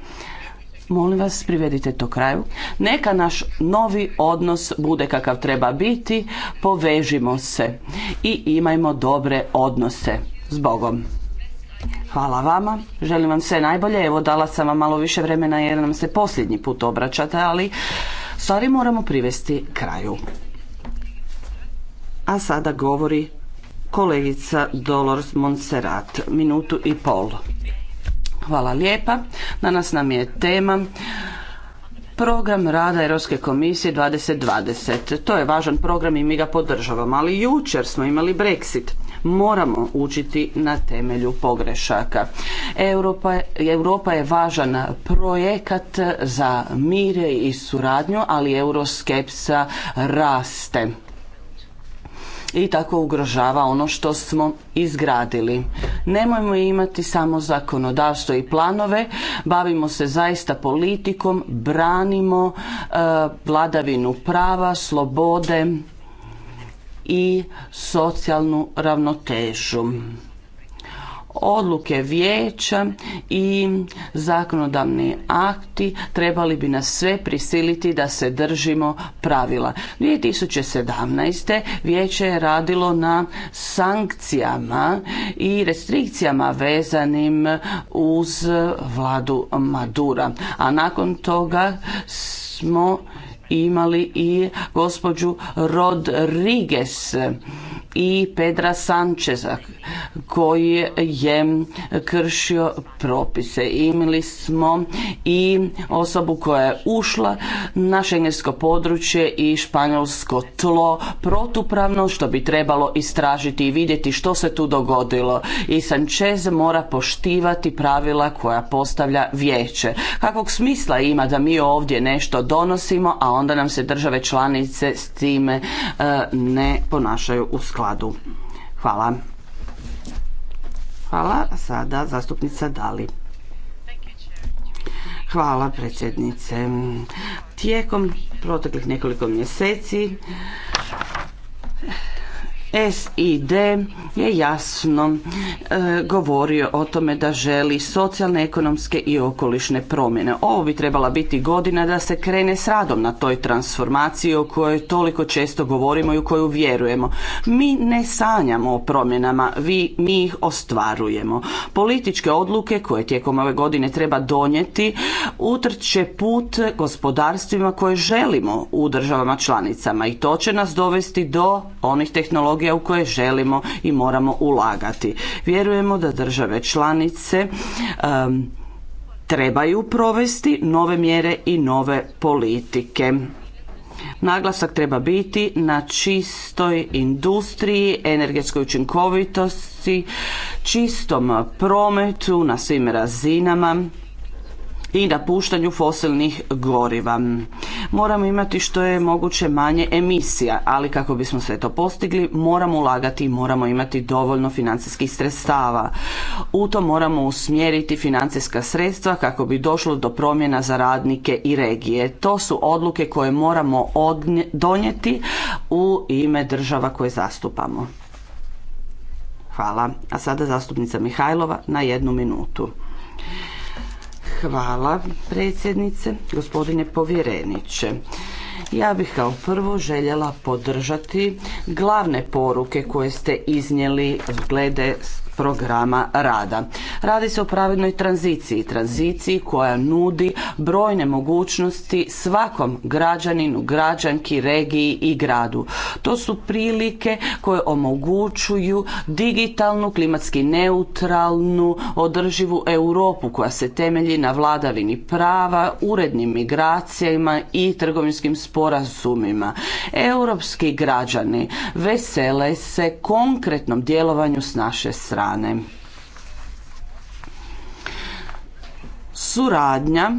Molim vas, privedite to kraju. Neka naš novi odnos bude kakav treba biti, povežimo se i imajmo dobre odnose. S Bogom. Hvala vama, želim vam sve najbolje. Evo, dala sam vam malo više vremena jer nam se posljednji put obraćate, ali stvari moramo privesti kraju. A sada govori kolegica Dolors Monserrat, minutu i pol. Hvala lijepa. Danas nam je tema program rada Europske komisije 2020. To je važan program i mi ga podržavamo, ali jučer smo imali Brexit. Moramo učiti na temelju pogrešaka. Europa, Europa je važan projekat za mire i suradnju, ali euroskepsa raste i tako ugrožava ono što smo izgradili. Nemojmo imati samo zakonodavstvo i planove, bavimo se zaista politikom, branimo e, vladavinu prava, slobode i socijalnu ravnotežu odluke vijeća i zakonodavni akti trebali bi nas sve prisiliti da se držimo pravila. 2017. vijeće je radilo na sankcijama i restrikcijama vezanim uz vladu Madura, a nakon toga smo imali i gospođu Rodriguez i Pedra Sančeza koji je kršio propise. Imali smo i osobu koja je ušla na šengensko područje i španjolsko tlo protupravno što bi trebalo istražiti i vidjeti što se tu dogodilo. I Sanchez mora poštivati pravila koja postavlja vijeće. Kakvog smisla ima da mi ovdje nešto donosimo, a onda nam se države članice s time e, ne ponašaju u skladu. Hvala. Hvala. Sada zastupnica Dali. Hvala predsjednice. Tijekom proteklih nekoliko mjeseci SID je jasno e, govorio o tome da želi socijalne, ekonomske i okolišne promjene. Ovo bi trebala biti godina da se krene s radom na toj transformaciji o kojoj toliko često govorimo i u koju vjerujemo. Mi ne sanjamo o promjenama, vi, mi ih ostvarujemo. Političke odluke koje tijekom ove godine treba donijeti utrče put gospodarstvima koje želimo u državama članicama i to će nas dovesti do onih tehnologija tehnologija u koje želimo i moramo ulagati. Vjerujemo da države članice trebaju provesti nove mjere i nove politike. Naglasak treba biti na čistoj industriji, energetskoj učinkovitosti, čistom prometu na svim razinama i napuštanju fosilnih goriva. Moramo imati što je moguće manje emisija, ali kako bismo sve to postigli, moramo ulagati i moramo imati dovoljno financijskih sredstava. U to moramo usmjeriti financijska sredstva kako bi došlo do promjena za radnike i regije. To su odluke koje moramo donijeti u ime država koje zastupamo. Hvala. A sada zastupnica Mihajlova na jednu minutu. Hvala predsjednice, gospodine povjereniče. Ja bih kao prvo željela podržati glavne poruke koje ste iznijeli glede programa rada. Radi se o pravednoj tranziciji, tranziciji koja nudi brojne mogućnosti svakom građaninu, građanki, regiji i gradu. To su prilike koje omogućuju digitalnu, klimatski neutralnu, održivu Europu koja se temelji na vladavini prava, urednim migracijama i trgovinskim sporazumima. Europski građani vesele se konkretnom djelovanju s naše strane strane. Suradnja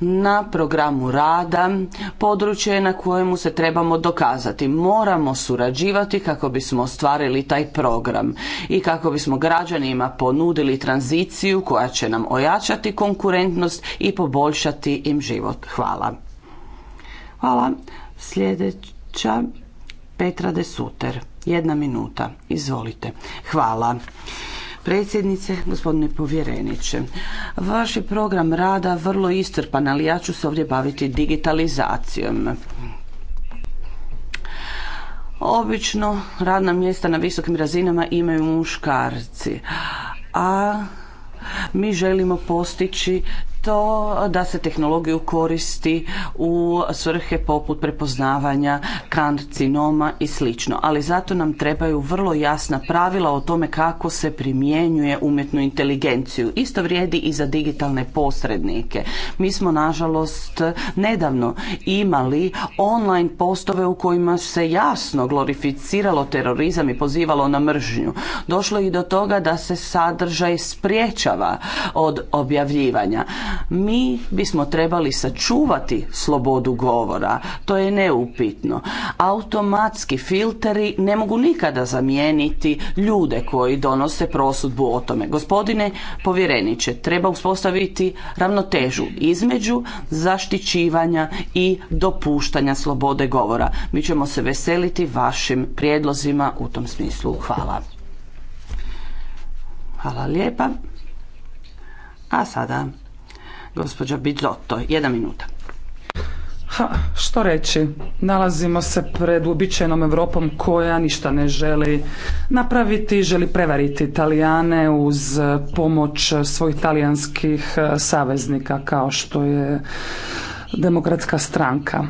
na programu rada područje na kojemu se trebamo dokazati. Moramo surađivati kako bismo ostvarili taj program i kako bismo građanima ponudili tranziciju koja će nam ojačati konkurentnost i poboljšati im život. Hvala. Hvala. Sljedeća Petra Suter. Jedna minuta, izvolite. Hvala predsjednice, gospodine povjereniče. Vaš je program rada vrlo istrpan, ali ja ću se ovdje baviti digitalizacijom. Obično radna mjesta na visokim razinama imaju muškarci, a mi želimo postići to da se tehnologiju koristi u svrhe poput prepoznavanja kancinoma i sl. Ali zato nam trebaju vrlo jasna pravila o tome kako se primjenjuje umjetnu inteligenciju. Isto vrijedi i za digitalne posrednike. Mi smo nažalost nedavno imali online postove u kojima se jasno glorificiralo terorizam i pozivalo na mržnju. Došlo je i do toga da se sadržaj spriječava od objavljivanja. Mi bismo trebali sačuvati slobodu govora, to je neupitno. Automatski filteri ne mogu nikada zamijeniti ljude koji donose prosudbu o tome. Gospodine povjereniče, treba uspostaviti ravnotežu između zaštićivanja i dopuštanja slobode govora. Mi ćemo se veseliti vašim prijedlozima u tom smislu. Hvala. Hvala lijepa. A sada Gospođa Bizotto, jedna minuta. Ha, što reći? Nalazimo se pred uobičajenom Europom koja ništa ne želi napraviti, želi prevariti Italijane uz pomoć svojih talijanskih saveznika kao što je demokratska stranka.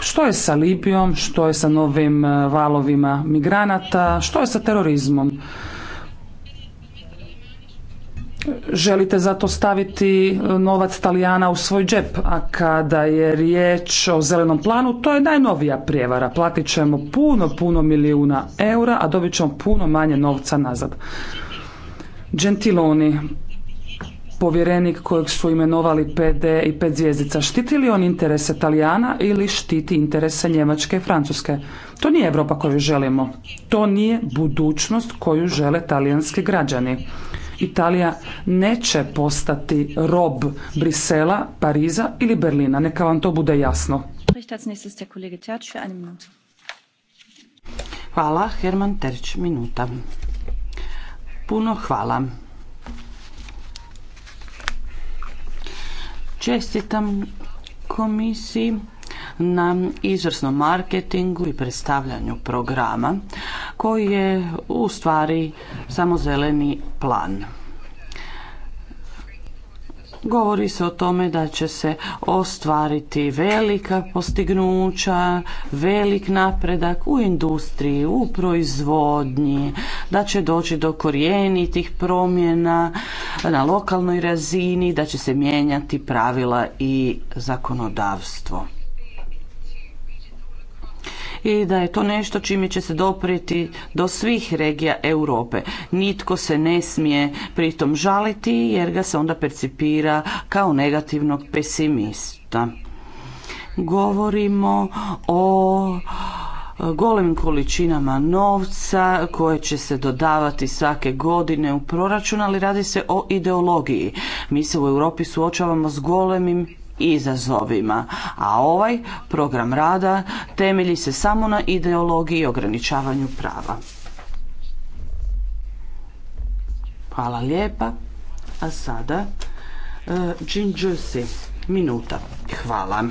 Što je sa Libijom, što je sa novim valovima migranata, što je sa terorizmom? želite zato staviti e, novac Talijana u svoj džep, a kada je riječ o zelenom planu, to je najnovija prijevara. Platit ćemo puno, puno milijuna eura, a dobit ćemo puno manje novca nazad. Gentiloni, povjerenik kojeg su imenovali PD i pet zvijezdica, štiti li on interese Talijana ili štiti interese Njemačke i Francuske? To nije Europa koju želimo. To nije budućnost koju žele talijanski građani. Italija neće postati rob Brisela, Pariza ili Berlina. Neka vam to bude jasno. Hvala, Herman Terč, minuta. Puno hvala. Čestitam komisiji na izvrsnom marketingu i predstavljanju programa koji je u stvari samo zeleni plan. Govori se o tome da će se ostvariti velika postignuća, velik napredak u industriji, u proizvodnji, da će doći do korijenitih promjena na lokalnoj razini, da će se mijenjati pravila i zakonodavstvo i da je to nešto čime će se doprijeti do svih regija Europe. Nitko se ne smije pritom žaliti jer ga se onda percipira kao negativnog pesimista. Govorimo o golem količinama novca koje će se dodavati svake godine u proračun, ali radi se o ideologiji. Mi se u Europi suočavamo s golemim izazovima, a ovaj program rada temelji se samo na ideologiji i ograničavanju prava. Hvala lijepa. A sada Đinđusi, e, uh, minuta. Hvala.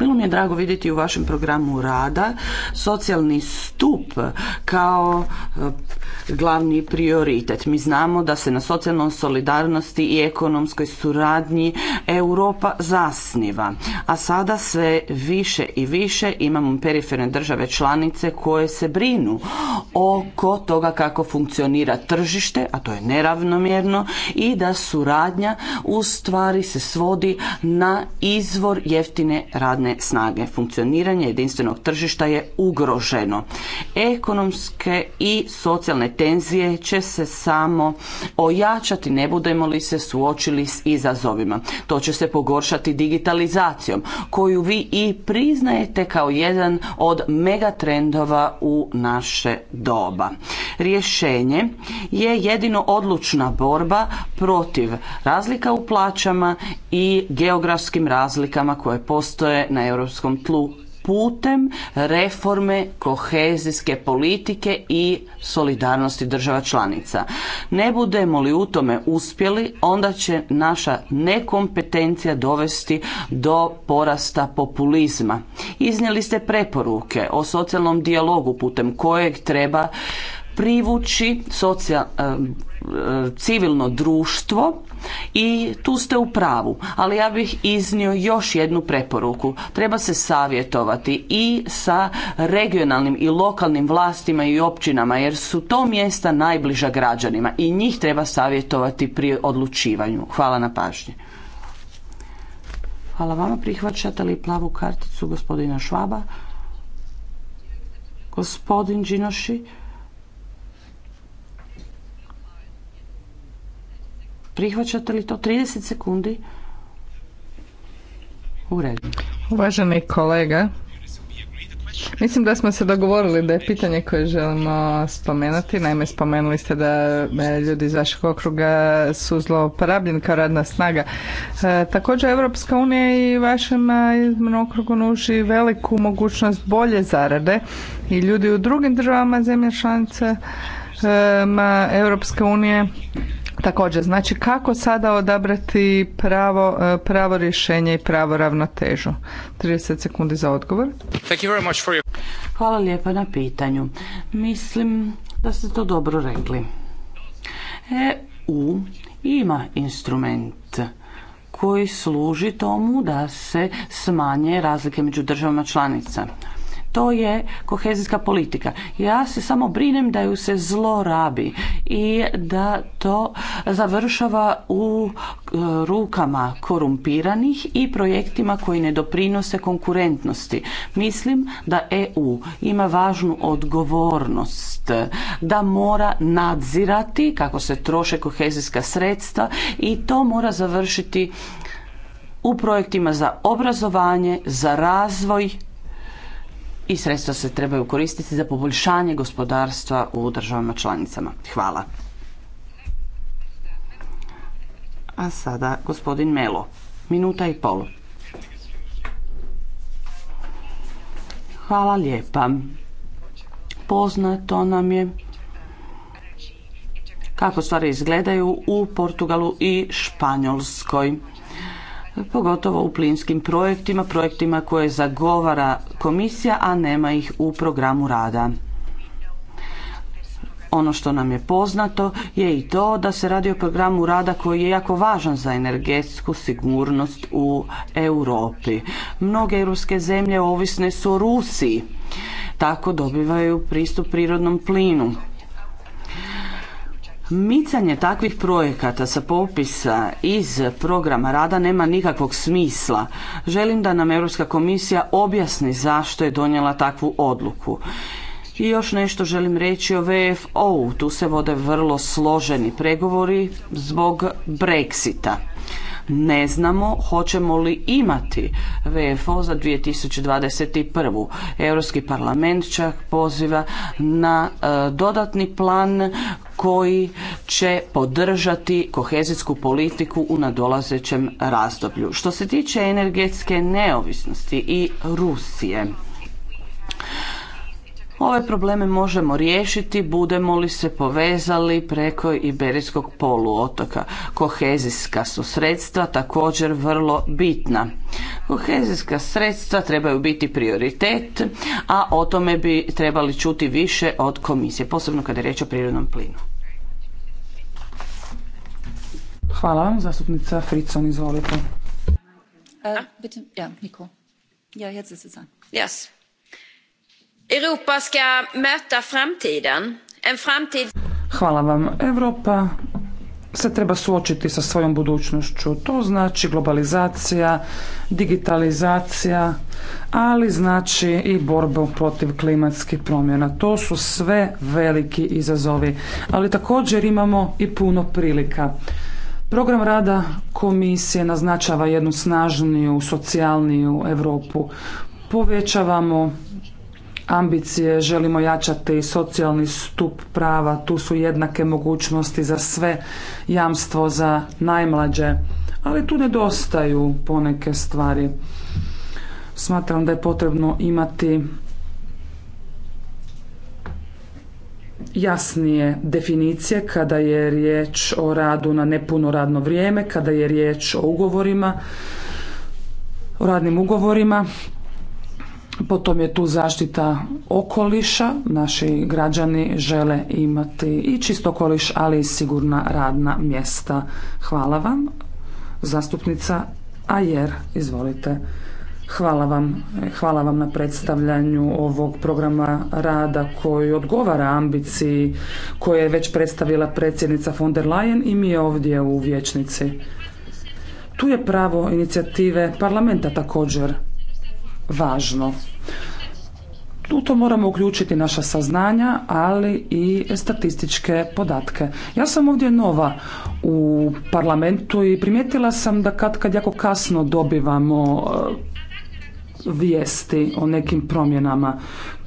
Bilo mi je drago vidjeti u vašem programu rada socijalni stup kao eh, glavni prioritet. Mi znamo da se na socijalnoj solidarnosti i ekonomskoj suradnji Europa zasniva, a sada sve više i više imamo periferne države članice koje se brinu oko toga kako funkcionira tržište, a to je neravnomjerno i da suradnja u stvari se svodi na izvor jeftine radne snage. Funkcioniranje jedinstvenog tržišta je ugroženo. Ekonomske i socijalne tenzije će se samo ojačati, ne budemo li se suočili s izazovima. To će se pogoršati digitalizacijom, koju vi i priznajete kao jedan od megatrendova u naše doba. Rješenje je jedino odlučna borba protiv razlika u plaćama i geografskim razlikama koje postoje na europskom tlu putem reforme kohezijske politike i solidarnosti država članica. Ne budemo li u tome uspjeli, onda će naša nekompetencija dovesti do porasta populizma. Iznijeli ste preporuke o socijalnom dijalogu putem kojeg treba privući socijal, eh, eh, civilno društvo i tu ste u pravu, ali ja bih iznio još jednu preporuku. Treba se savjetovati i sa regionalnim i lokalnim vlastima i općinama jer su to mjesta najbliža građanima i njih treba savjetovati pri odlučivanju. Hvala na pažnji. Hvala vama. Prihvaćate li plavu karticu gospodina Švaba? Gospodin Đinoši. Prihvaćate li to 30 sekundi? U redu. Uvaženi kolega, Mislim da smo se dogovorili da je pitanje koje želimo spomenuti, naime spomenuli ste da ljudi iz vašeg okruga su zlouporabljeni kao radna snaga. E, također Europska unija i vašem okrugu nuži veliku mogućnost bolje zarade i ljudi u drugim državama zemlje članice Europske unije Također, znači kako sada odabrati pravo, e, pravo rješenje i pravo ravnotežu? 30 sekundi za odgovor. Hvala lijepa na pitanju. Mislim da ste to dobro rekli. EU ima instrument koji služi tomu da se smanje razlike među državama članica to je kohezijska politika. Ja se samo brinem da ju se zlorabi i da to završava u e, rukama korumpiranih i projektima koji ne doprinose konkurentnosti. Mislim da EU ima važnu odgovornost da mora nadzirati kako se troše kohezijska sredstva i to mora završiti u projektima za obrazovanje, za razvoj i sredstva se trebaju koristiti za poboljšanje gospodarstva u državama članicama. Hvala. A sada gospodin Melo. Minuta i pol. Hvala lijepa. Poznato nam je kako stvari izgledaju u Portugalu i Španjolskoj pogotovo u plinskim projektima, projektima koje zagovara komisija, a nema ih u programu rada. Ono što nam je poznato je i to da se radi o programu rada koji je jako važan za energetsku sigurnost u Europi. Mnoge europske zemlje ovisne su o Rusiji, tako dobivaju pristup prirodnom plinu. Micanje takvih projekata sa popisa iz programa rada nema nikakvog smisla. Želim da nam Europska komisija objasni zašto je donijela takvu odluku. I još nešto želim reći o VFO-u. Tu se vode vrlo složeni pregovori zbog Brexita ne znamo hoćemo li imati VFO za 2021. Europski parlament čak poziva na e, dodatni plan koji će podržati kohezijsku politiku u nadolazećem razdoblju. Što se tiče energetske neovisnosti i Rusije, Ove probleme možemo riješiti budemo li se povezali preko Iberijskog poluotoka. Kohezijska su sredstva također vrlo bitna. Kohezijska sredstva trebaju biti prioritet, a o tome bi trebali čuti više od komisije, posebno kada je riječ o prirodnom plinu. Hvala vam, zastupnica Fricon, izvolite. ja, Ja, jetzt Europa ska Hvala vam. Europa se treba suočiti sa svojom budućnošću. To znači globalizacija, digitalizacija, ali znači i borbu protiv klimatskih promjena. To su sve veliki izazovi, ali također imamo i puno prilika. Program rada komisije naznačava jednu snažniju, socijalniju Europu. Povećavamo ambicije, želimo jačati socijalni stup prava, tu su jednake mogućnosti za sve, jamstvo za najmlađe, ali tu nedostaju poneke stvari. Smatram da je potrebno imati jasnije definicije kada je riječ o radu na nepuno radno vrijeme, kada je riječ o ugovorima, o radnim ugovorima, Potom je tu zaštita okoliša. Naši građani žele imati i čist okoliš, ali i sigurna radna mjesta. Hvala vam. Zastupnica Ajer, izvolite. Hvala vam. Hvala vam na predstavljanju ovog programa rada koji odgovara ambiciji koje je već predstavila predsjednica von der Leyen i mi je ovdje u vječnici. Tu je pravo inicijative parlamenta također važno. U to moramo uključiti naša saznanja, ali i statističke podatke. Ja sam ovdje nova u parlamentu i primijetila sam da kad, kad jako kasno dobivamo e, vijesti o nekim promjenama.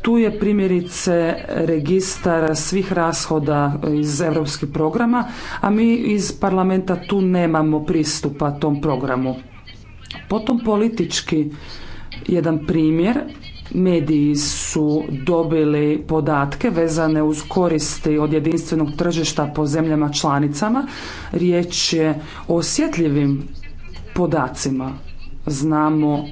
Tu je primjerice registar svih rashoda iz europskih programa, a mi iz parlamenta tu nemamo pristupa tom programu. Potom politički jedan primjer. Mediji su dobili podatke vezane uz koristi od jedinstvenog tržišta po zemljama članicama. Riječ je o osjetljivim podacima. Znamo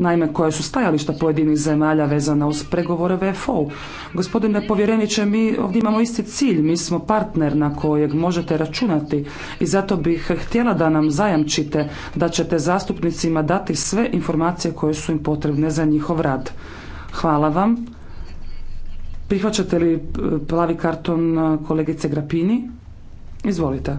naime koje su stajališta pojedinih zemalja vezana uz pregovore VFO. Gospodine povjereniče, mi ovdje imamo isti cilj, mi smo partner na kojeg možete računati i zato bih htjela da nam zajamčite da ćete zastupnicima dati sve informacije koje su im potrebne za njihov rad. Hvala vam. Prihvaćate li eh, plavi karton eh, kolegice Grapini? Izvolite.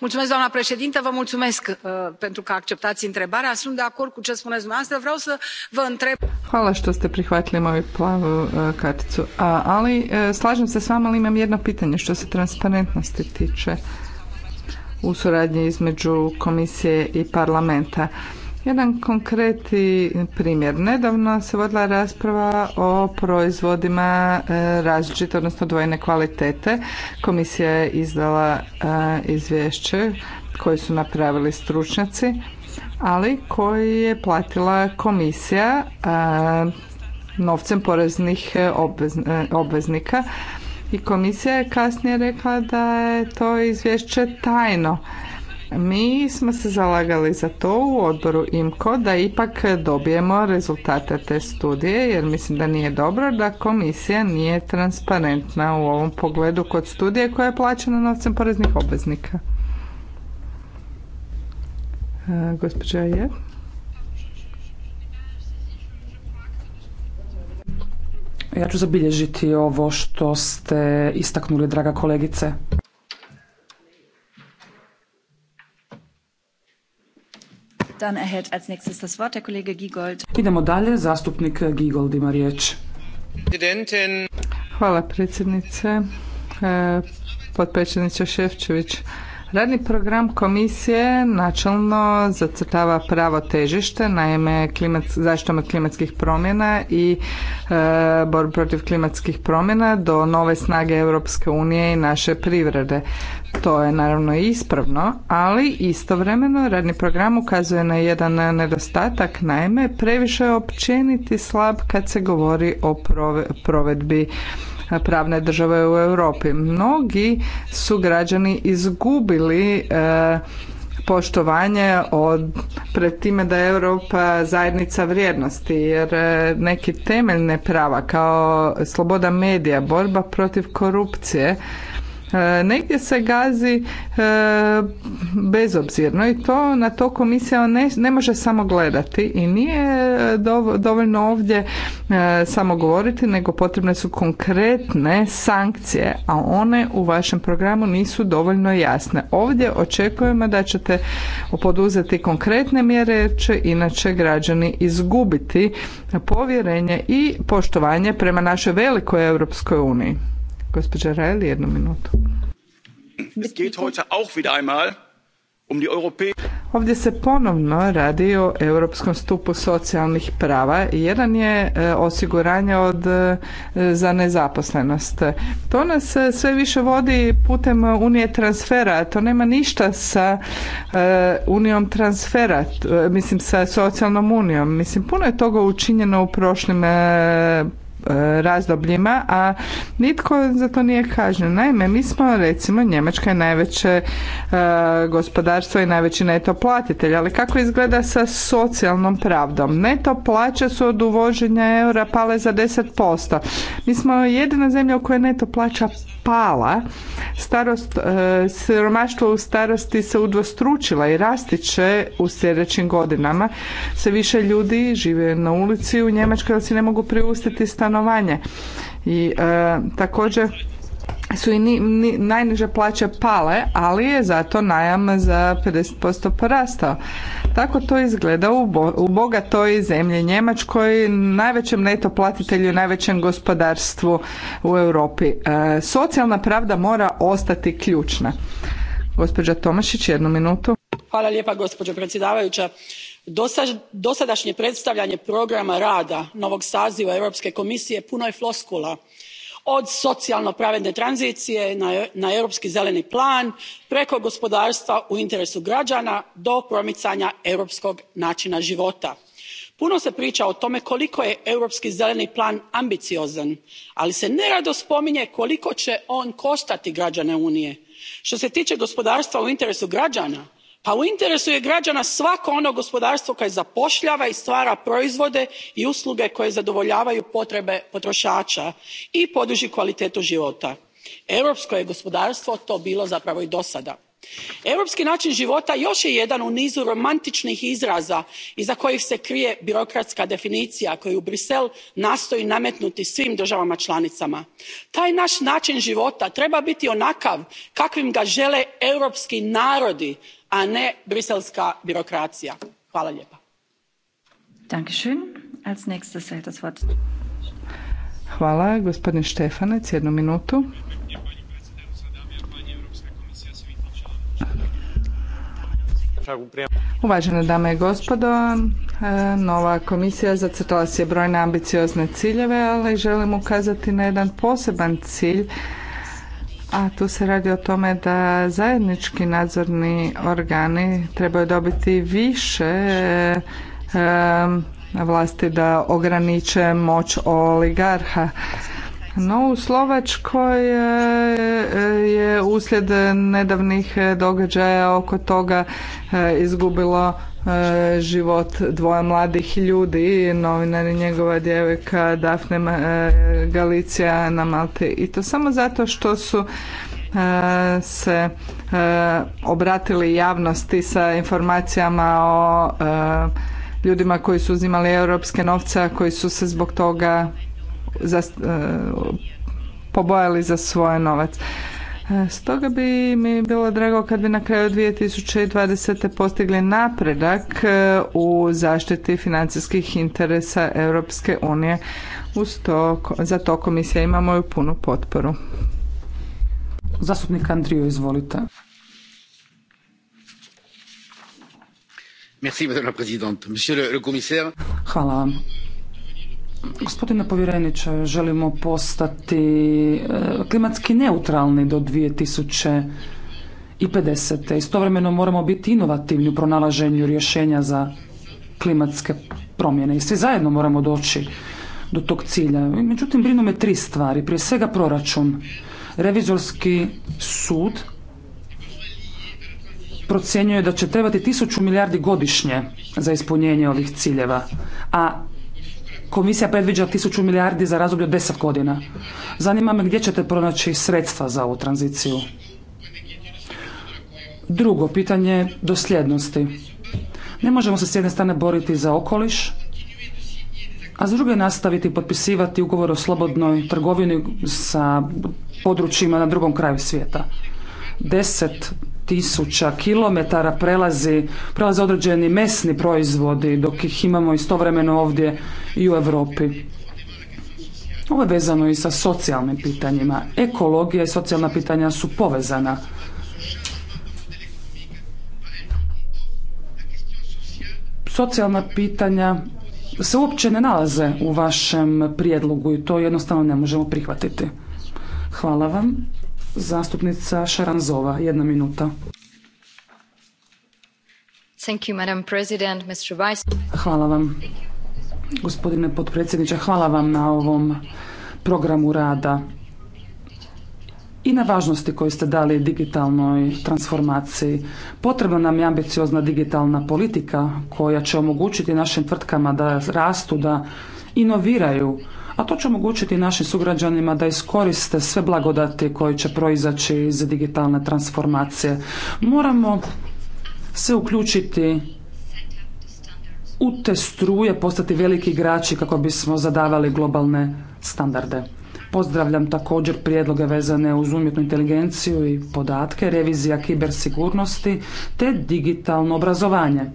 doamnă președintă vă mulțumesc uh, pentru că acceptați întrebarea. Sunt de acord cu ce spuneți dumneavoastră. Vreau să vă întreb... Hvala što ste prihvatili moju plavu uh, karticu. ali uh, slažem se s vama, ali imam jedno pitanje što se transparentnosti tiče u suradnji između komisije i parlamenta. Jedan konkretni primjer. Nedavno se vodila rasprava o proizvodima e, različite, odnosno dvojne kvalitete. Komisija je izdala e, izvješće koje su napravili stručnjaci, ali koji je platila komisija e, novcem poreznih obveznika. I komisija je kasnije rekla da je to izvješće tajno mi smo se zalagali za to u odboru IMCO da ipak dobijemo rezultate te studije jer mislim da nije dobro da komisija nije transparentna u ovom pogledu kod studije koja je plaćena novcem poreznih obveznika. E, gospođa je. Ja ću zabilježiti ovo što ste istaknuli, draga kolegice. Dann erhält als nächstes das Wort Idemo dalje, zastupnik Giegold ima riječ. Hvala predsjednice, e, potpredsjedniče Ševčević. Radni program komisije načelno zacrtava pravo težište, naime klimat, zaštitom od klimatskih promjena i e, borbu protiv klimatskih promjena do nove snage Europske unije i naše privrede. To je naravno ispravno, ali istovremeno radni program ukazuje na jedan nedostatak, naime previše općeniti slab kad se govori o provedbi pravne države u Europi. Mnogi su građani izgubili e, poštovanje od, pred time da je Europa zajednica vrijednosti jer e, neki temeljne prava kao sloboda medija, borba protiv korupcije E, negdje se gazi e, bezobzirno i to na to komisija ne, ne može samo gledati i nije dovoljno ovdje e, samo govoriti nego potrebne su konkretne sankcije a one u vašem programu nisu dovoljno jasne ovdje očekujemo da ćete poduzeti konkretne mjere jer će inače građani izgubiti povjerenje i poštovanje prema našoj velikoj Europskoj uniji Gospođa jednu minutu. Um Ovdje se ponovno radi o europskom stupu socijalnih prava. Jedan je e, osiguranje od, e, za nezaposlenost. To nas e, sve više vodi putem unije transfera. To nema ništa sa unijom transfera, mislim sa socijalnom unijom. Mislim, puno je toga učinjeno u prošlim razdobljima, a nitko za to nije kažnjen. Naime, mi smo recimo Njemačka je najveće e, gospodarstvo i najveći neto platitelj, ali kako izgleda sa socijalnom pravdom? Neto plaće su od uvoženja eura pale za 10%. Mi smo jedina zemlja u kojoj neto plaća pala. Starost, e, siromaštvo u starosti se udvostručila i rasti će u sljedećim godinama. Sve više ljudi žive na ulici u Njemačkoj, ali si ne mogu priustiti stanovanje. I e, također su i ni, najniže plaće pale, ali je zato najam za 50% porastao. Tako to izgleda u, bogatoj zemlji Njemačkoj, najvećem neto platitelju, najvećem gospodarstvu u Europi. E, socijalna pravda mora ostati ključna. Gospođa Tomašić, jednu minutu. Hvala lijepa, gospođo predsjedavajuća. dosadašnje predstavljanje programa rada novog saziva Europske komisije puno je floskula od socijalno pravedne tranzicije na europski zeleni plan preko gospodarstva u interesu građana do promicanja europskog načina života. puno se priča o tome koliko je europski zeleni plan ambiciozan ali se nerado spominje koliko će on koštati građane unije. što se tiče gospodarstva u interesu građana pa u interesu je građana svako ono gospodarstvo koje zapošljava i stvara proizvode i usluge koje zadovoljavaju potrebe potrošača i poduži kvalitetu života. europsko je gospodarstvo to bilo zapravo i dosada. europski način života još je jedan u nizu romantičnih izraza iza kojih se krije birokratska definicija koju bruxelles nastoji nametnuti svim državama članicama. taj naš način života treba biti onakav kakvim ga žele europski narodi a ne briselska birokracija. hvala lijepa. Hvala, jednu minutu. Uvažene dame i gospodo, e, nova komisija zacrtala si je brojne ambiciozne ciljeve, ali želim ukazati na jedan poseban cilj a tu se radi o tome da zajednički nadzorni organi trebaju dobiti više vlasti da ograniče moć oligarha. No u Slovačkoj e, je uslijed nedavnih događaja oko toga e, izgubilo E, život dvoje mladih ljudi, novinari njegova djevojka Dafne e, Galicija na Malti. I to samo zato što su e, se obratili javnosti sa informacijama o ljudima koji su uzimali europske novce, a koji su se zbog toga pobojali za svoj novac. Stoga bi mi bilo drago kad bi na kraju 2020. postigli napredak e, u zaštiti financijskih interesa Europske unije. Uz to, za to komisija ima moju punu potporu. Zastupnik Andriju, izvolite. Merci, madame Hvala vam. Gospodine povjereniče, želimo postati e, klimatski neutralni do 2050. Istovremeno moramo biti inovativni u pronalaženju rješenja za klimatske promjene i svi zajedno moramo doći do tog cilja. Međutim, brinu me tri stvari. Prije svega proračun. Revizorski sud procjenjuje da će trebati tisuću milijardi godišnje za ispunjenje ovih ciljeva, a Komisija predviđa tisuću milijardi za razdoblje od deset godina. Zanima me gdje ćete pronaći sredstva za ovu tranziciju. Drugo pitanje dosljednosti. Ne možemo se s jedne strane boriti za okoliš, a s druge nastaviti potpisivati ugovor o slobodnoj trgovini sa područjima na drugom kraju svijeta. Deset tisuća kilometara prelazi, prelaze određeni mesni proizvodi dok ih imamo istovremeno ovdje i u Europi. Ovo je vezano i sa socijalnim pitanjima. Ekologija i socijalna pitanja su povezana. Socijalna pitanja se uopće ne nalaze u vašem prijedlogu i to jednostavno ne možemo prihvatiti. Hvala vam. Zastupnica Šaranzova, jedna minuta. Hvala vam, gospodine potpredsjedniče. Hvala vam na ovom programu rada i na važnosti koju ste dali digitalnoj transformaciji. Potrebna nam je ambiciozna digitalna politika koja će omogućiti našim tvrtkama da rastu, da inoviraju a to će omogućiti našim sugrađanima da iskoriste sve blagodati koje će proizaći iz digitalne transformacije. Moramo se uključiti u te struje, postati veliki igrači kako bismo zadavali globalne standarde. Pozdravljam također prijedloge vezane uz umjetnu inteligenciju i podatke, revizija kibersigurnosti te digitalno obrazovanje.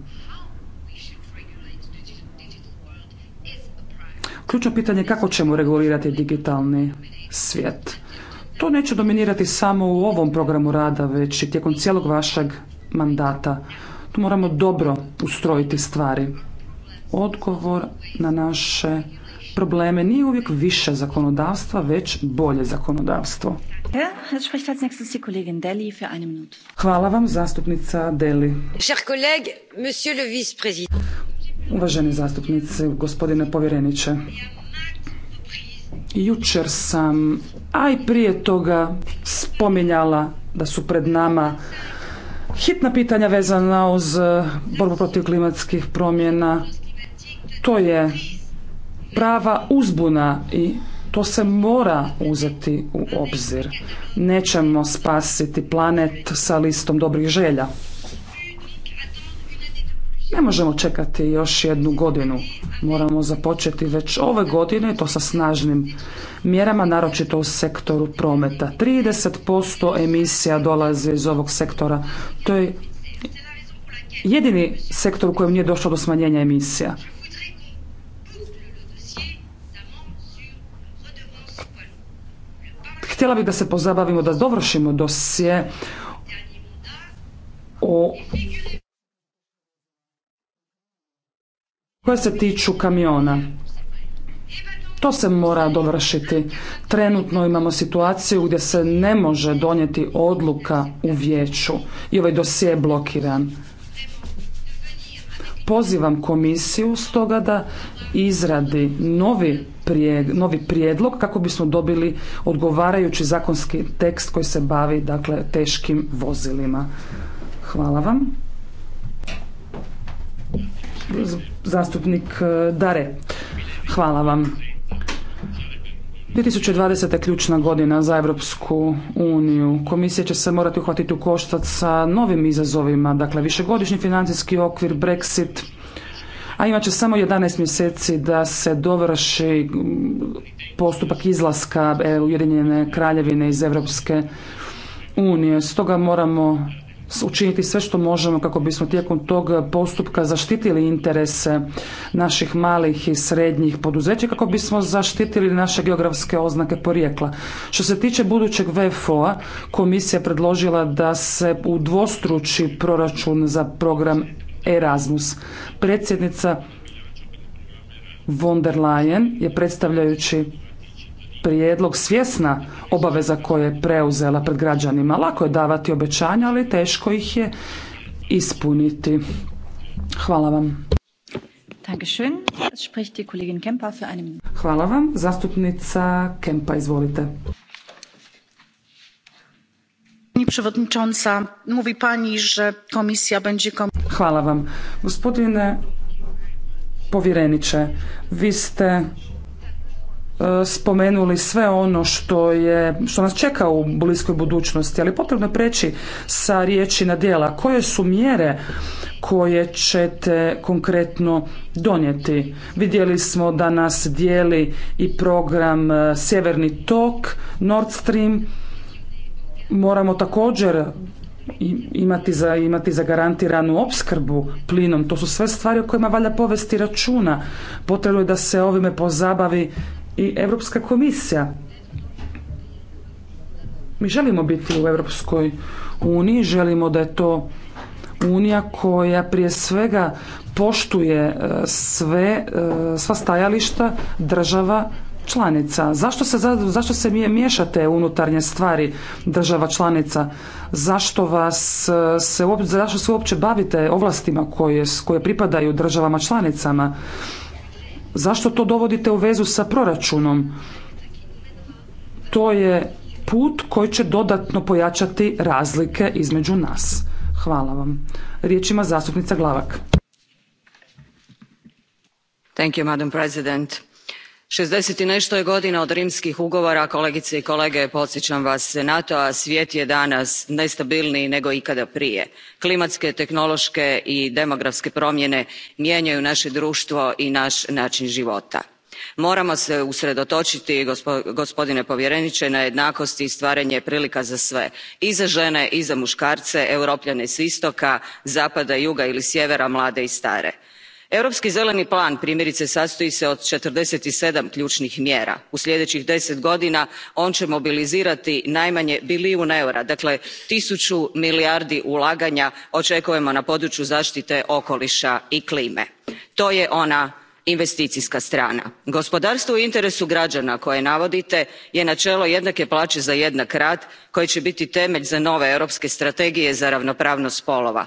Ključno pitanje je kako ćemo regulirati digitalni svijet. To neće dominirati samo u ovom programu rada, već i tijekom cijelog vašeg mandata. Tu moramo dobro ustrojiti stvari. Odgovor na naše probleme nije uvijek više zakonodavstva, već bolje zakonodavstvo. Hvala vam, zastupnica Deli. Uvaženi zastupnici, gospodine povjereniče, jučer sam, a i prije toga, spominjala da su pred nama hitna pitanja vezana uz e, borbu protiv klimatskih promjena. To je prava uzbuna i to se mora uzeti u obzir. Nećemo spasiti planet sa listom dobrih želja. Ne možemo čekati još jednu godinu. Moramo započeti već ove godine to sa snažnim mjerama, naročito u sektoru prometa. 30% emisija dolazi iz ovog sektora. To je jedini sektor u kojem nije došlo do smanjenja emisija. Htjela bih da se pozabavimo, da dovršimo dosje o koje se tiču kamiona. To se mora dovršiti. Trenutno imamo situaciju gdje se ne može donijeti odluka u vijeću i ovaj dosije je blokiran. Pozivam komisiju stoga da izradi novi, novi prijedlog kako bismo dobili odgovarajući zakonski tekst koji se bavi dakle teškim vozilima. Hvala vam zastupnik e, Dare. Hvala vam. 2020. je ključna godina za Europsku uniju. Komisija će se morati uhvatiti u koštac sa novim izazovima, dakle višegodišnji financijski okvir, Brexit, a imat će samo 11 mjeseci da se dovrši mm, postupak izlaska Ujedinjene kraljevine iz Europske unije. Stoga moramo učiniti sve što možemo kako bismo tijekom tog postupka zaštitili interese naših malih i srednjih poduzeća kako bismo zaštitili naše geografske oznake porijekla. Što se tiče budućeg VFO-a, komisija je predložila da se dvostruči proračun za program Erasmus. Predsjednica von der Leyen je predstavljajući prijedlog svjesna obaveza koje je preuzela pred građanima. Lako je davati obećanja, ali teško ih je ispuniti. Hvala vam. Hvala vam. Zastupnica Kempa, izvolite. Hvala vam. Gospodine povjereniče, vi ste E, spomenuli sve ono što je, što nas čeka u bliskoj budućnosti, ali potrebno je preći sa riječi na djela. Koje su mjere koje ćete konkretno donijeti? Vidjeli smo da nas dijeli i program e, Sjeverni tok, Nord Stream. Moramo također imati, za, imati zagarantiranu opskrbu plinom. To su sve stvari o kojima valja povesti računa. Potrebno je da se ovime pozabavi i Europska komisija. Mi želimo biti u Europskoj uniji, želimo da je to unija koja prije svega poštuje e, sve, e, sva stajališta država članica. Zašto se, zašto se miješate unutarnje stvari država članica? Zašto, vas e, se, zašto se uopće bavite ovlastima koje, koje pripadaju državama članicama? Zašto to dovodite u vezu sa proračunom? To je put koji će dodatno pojačati razlike između nas. Hvala vam. Riječ ima zastupnica Glavak. Thank you, ezdeset i neto je godina od rimskih ugovora kolegice i kolege podsjećam vas nato a svijet je danas nestabilniji nego ikada prije. klimatske tehnoloke i demografske promjene mijenjaju naše drutvo i na nain ivota. moramo se usredotoiti gospodine povjerenie na jednakosti i stvaranje prilika za sve i za ene i za mukarce europljane s istoka zapada juga ili sjevera mlade i stare europski zeleni plan primjerice sastoji se od forty seven kljunih mjera u sljedeih deset godina on će mobilizirati najmanje bilijun eura dakle tisuu milijardi ulaganja očekujemo na podruju zatite okoliša i klime. to je ona investicijska strana. gospodarstvo u interesu graana koje navodite je naelo jednake plae za jednak rad koji će biti temelj za nove europske strategije za ravnopravnost spolova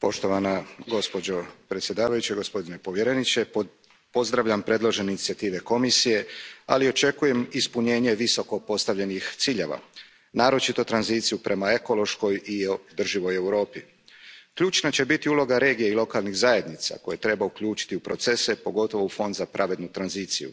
poštovana gospođo predsjedavajuća gospodine povjereniče pozdravljam predložene inicijative komisije ali očekujem ispunjenje visoko postavljenih ciljeva naročito tranziciju prema ekološkoj i održivoj europi. ključna će biti uloga regija i lokalnih zajednica koje treba uključiti u procese pogotovo u fond za pravednu tranziciju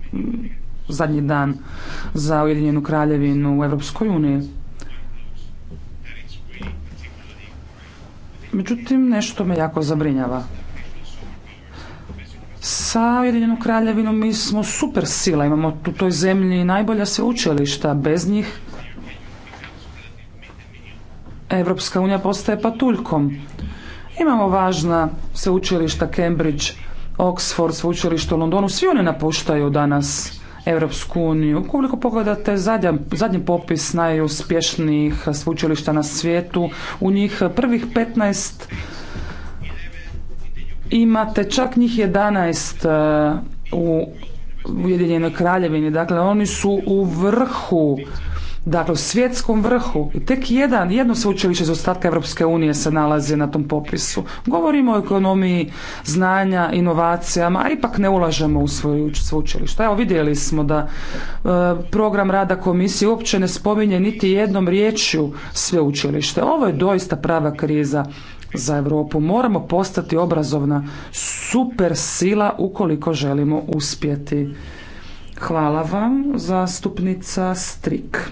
zadnji dan za Ujedinjenu kraljevinu u Europskoj uniji. Međutim, nešto me jako zabrinjava. Sa Ujedinjenom kraljevinom mi smo super sila, imamo u toj zemlji najbolja sveučilišta, bez njih Evropska unija postaje patuljkom. Imamo važna sveučilišta Cambridge, Oxford sveučilište u Londonu, svi oni napuštaju danas Europsku uniju. Ukoliko pogledate zadnja, zadnji popis najuspješnijih sveučilišta na svijetu, u njih prvih 15 imate čak njih 11 e, u Ujedinjenoj kraljevini. Dakle, oni su u vrhu Dakle, u svjetskom vrhu tek jedan, jedno sveučilište iz ostatka Europske unije se nalazi na tom popisu. Govorimo o ekonomiji znanja, inovacijama, a ipak ne ulažemo u svoju sveučilište. Evo vidjeli smo da e, program rada komisije uopće ne spominje niti jednom riječju sveučilište. Ovo je doista prava kriza za Europu. Moramo postati obrazovna supersila ukoliko želimo uspjeti. Hvala vam, zastupnica Strik.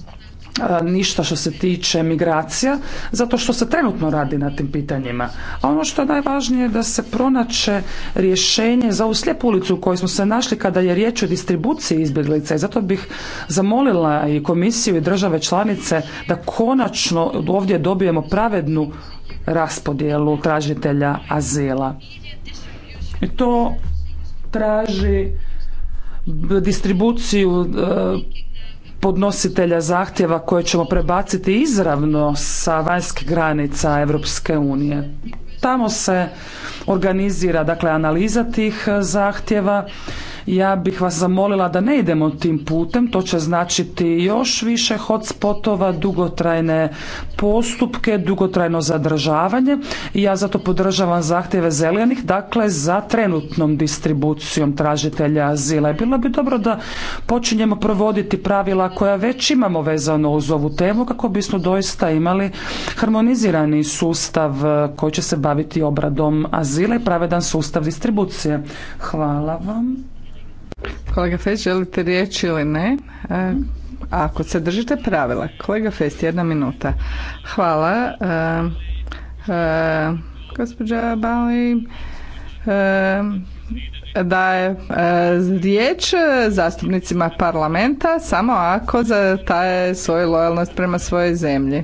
E, ništa što se tiče migracija zato što se trenutno radi na tim pitanjima. A ono što je najvažnije je da se pronaće rješenje za ovu slijepu ulicu u kojoj smo se našli kada je riječ o distribuciji izbjeglica i zato bih zamolila i komisiju i države članice da konačno ovdje dobijemo pravednu raspodjelu tražitelja azila. I to traži distribuciju e, podnositelja zahtjeva koje ćemo prebaciti izravno sa vanjskih granica Europske unije. Tamo se organizira dakle analiza tih zahtjeva ja bih vas zamolila da ne idemo tim putem, to će značiti još više hotspotova, dugotrajne postupke, dugotrajno zadržavanje i ja zato podržavam zahtjeve zelenih, dakle za trenutnom distribucijom tražitelja azila. I bilo bi dobro da počinjemo provoditi pravila koja već imamo vezano uz ovu temu kako bismo doista imali harmonizirani sustav e, koji će se baviti obradom azila i pravedan sustav distribucije. Hvala vam. Kolega Fest, želite riječ ili ne? E, ako se držite pravila. Kolega Fest, jedna minuta. Hvala. E, e, gospođa Bali, da je riječ zastupnicima parlamenta samo ako za zataje svoju lojalnost prema svojoj zemlji.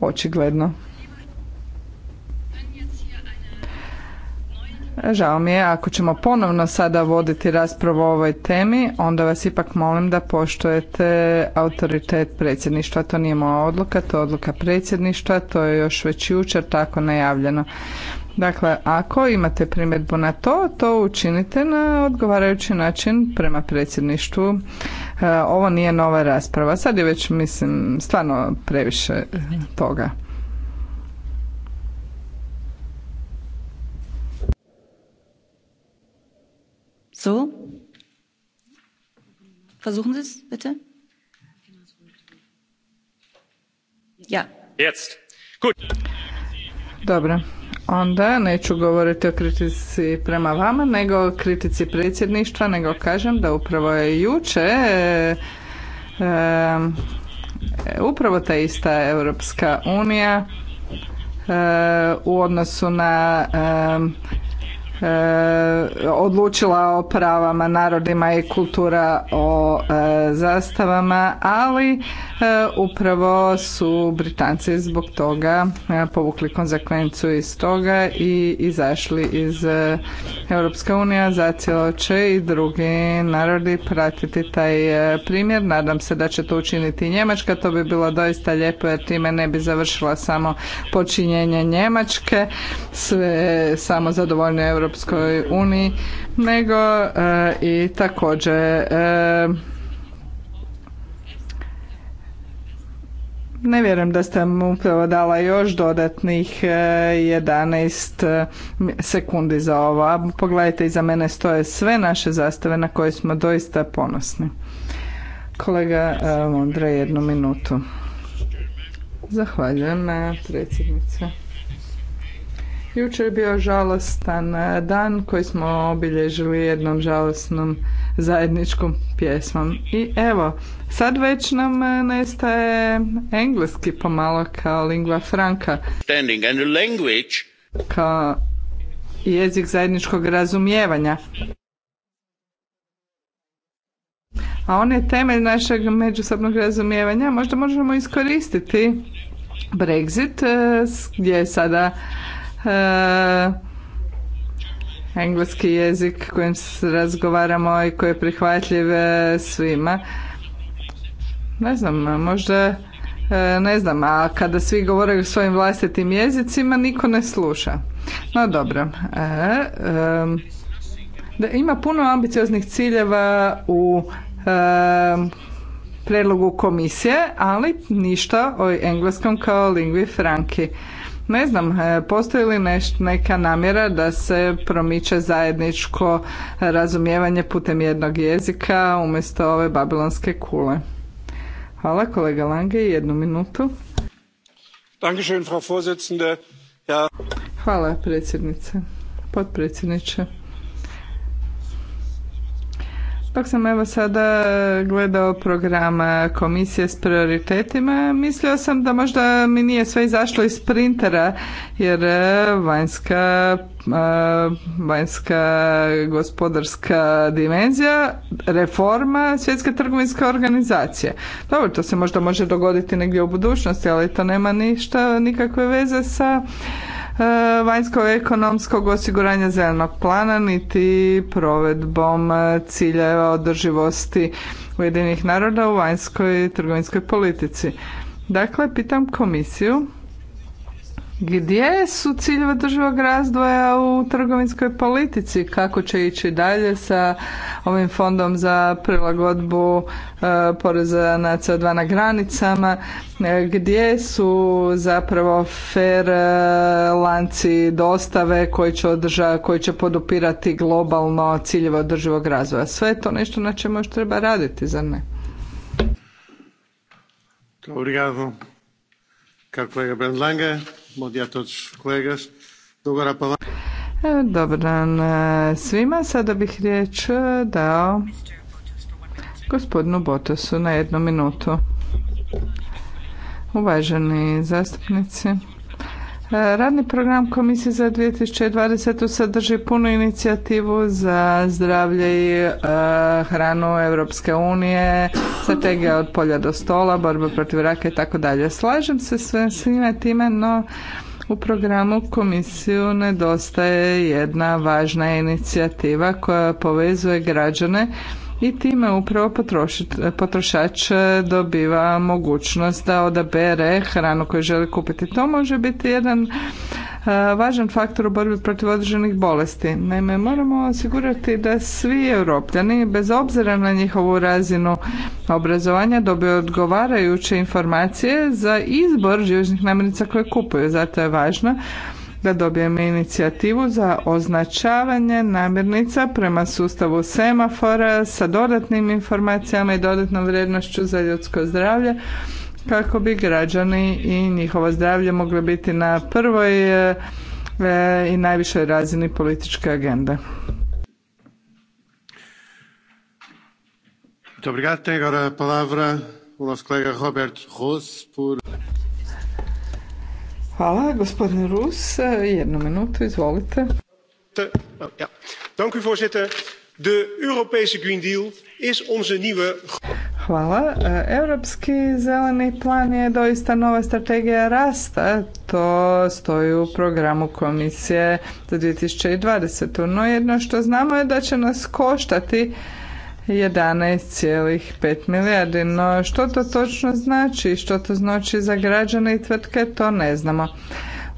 Očigledno. žao mi je, ako ćemo ponovno sada voditi raspravu o ovoj temi, onda vas ipak molim da poštujete autoritet predsjedništva. To nije moja odluka, to je odluka predsjedništva, to je još već jučer tako najavljeno. Dakle, ako imate primjedbu na to, to učinite na odgovarajući način prema predsjedništvu. E, ovo nije nova rasprava. Sad je već, mislim, stvarno previše toga. Versuchen Sie es, bitte. Ja. Jetzt. Gut. Dobro. Onda neću govoriti o kritici prema vama, nego o kritici predsjedništva, nego kažem da upravo je juče e, upravo ta ista Europska unija u odnosu na E, odlučila o pravama narodima i kultura o e, zastavama, ali e, upravo su Britanci zbog toga povukli konsekvencu iz toga i izašli iz Europske unije, zacijelo će i drugi narodi pratiti taj primjer. Nadam se da će to učiniti i Njemačka, to bi bilo doista lijepo jer time ne bi završila samo počinjenje Njemačke, sve samo zadovoljno Europske Europskoj uniji, nego eh, i također eh, ne vjerujem da ste mu upravo dala još dodatnih 11 eh, sekundi za ovo. Pogledajte, iza mene stoje sve naše zastave na koje smo doista ponosni. Kolega Mondra, jednu minutu. Zahvaljujem predsjednice. Jučer je bio žalostan e, dan koji smo obilježili jednom žalostnom zajedničkom pjesmom. I evo, sad već nam e, nestaje engleski pomalo kao lingva franka. Kao jezik zajedničkog razumijevanja. A on je temelj našeg međusobnog razumijevanja. Možda možemo iskoristiti Brexit e, gdje je sada E, engleski jezik kojim razgovaramo i koji je prihvatljiv e, svima. Ne znam, možda e, ne znam, a kada svi govore svojim vlastitim jezicima niko ne sluša. No dobro. E, da ima puno ambicioznih ciljeva u e, predlogu komisije, ali ništa o engleskom kao lingvi franki. Ne znam, e, postoji li neka namjera da se promiče zajedničko razumijevanje putem jednog jezika umjesto ove babilonske kule? Hvala kolega Lange, jednu minutu. Hvala predsjednice, potpredsjedniče. Dok sam evo sada gledao program e, komisije s prioritetima, mislio sam da možda mi nije sve izašlo iz printera, jer e, vanjska, e, vanjska gospodarska dimenzija, reforma svjetske trgovinske organizacije. Dobro, to se možda može dogoditi negdje u budućnosti, ali to nema ništa, nikakve veze sa E, vanjsko-ekonomskog osiguranja zelenog plana niti provedbom e, ciljeva održivosti Ujedinih naroda u vanjskoj trgovinskoj politici. Dakle, pitam komisiju gdje su ciljevi državog razvoja u trgovinskoj politici? Kako će ići dalje sa ovim fondom za prilagodbu e, poreza na CO2 na granicama? E, gdje su zapravo fer e, lanci dostave koji će, koji će podupirati globalno ciljeva održivog razvoja? Sve je to nešto na čemu još treba raditi, zar ne? Obrigado. E, dobar dan e, svima. Sada bih riječ dao gospodinu Botosu na jednu minutu. Uvaženi zastupnici, Radni program Komisije za 2020. sadrži punu inicijativu za zdravlje i e, hranu Europske unije, strategija od polja do stola, borba protiv raka i tako dalje. Slažem se sve njima time, no u programu komisiju nedostaje jedna važna inicijativa koja povezuje građane i time upravo potrošač e, dobiva mogućnost da odabere hranu koju želi kupiti. To može biti jedan e, važan faktor u borbi protiv određenih bolesti. Naime, moramo osigurati da svi europljani, bez obzira na njihovu razinu obrazovanja, dobiju odgovarajuće informacije za izbor živežnih namirnica koje kupuju. Zato je važno da dobijemo inicijativu za označavanje namirnica prema sustavu semafora sa dodatnim informacijama i dodatnom vrijednošću za ljudsko zdravlje kako bi građani i njihovo zdravlje mogli biti na prvoj e, e, i najvišoj razini političke agende. palavra Hvala. gospodine Rus, jednu minutu, izvolite. Oh, Dank u voorzitter. Green Deal is onze nieuwe... Hvala. E, Europski zeleni plan je doista nova strategija rasta. To stoji u programu komisije za 2020. No jedno što znamo je da će nas koštati 11,5 milijardi. No što to točno znači? Što to znači za građane i tvrtke? To ne znamo.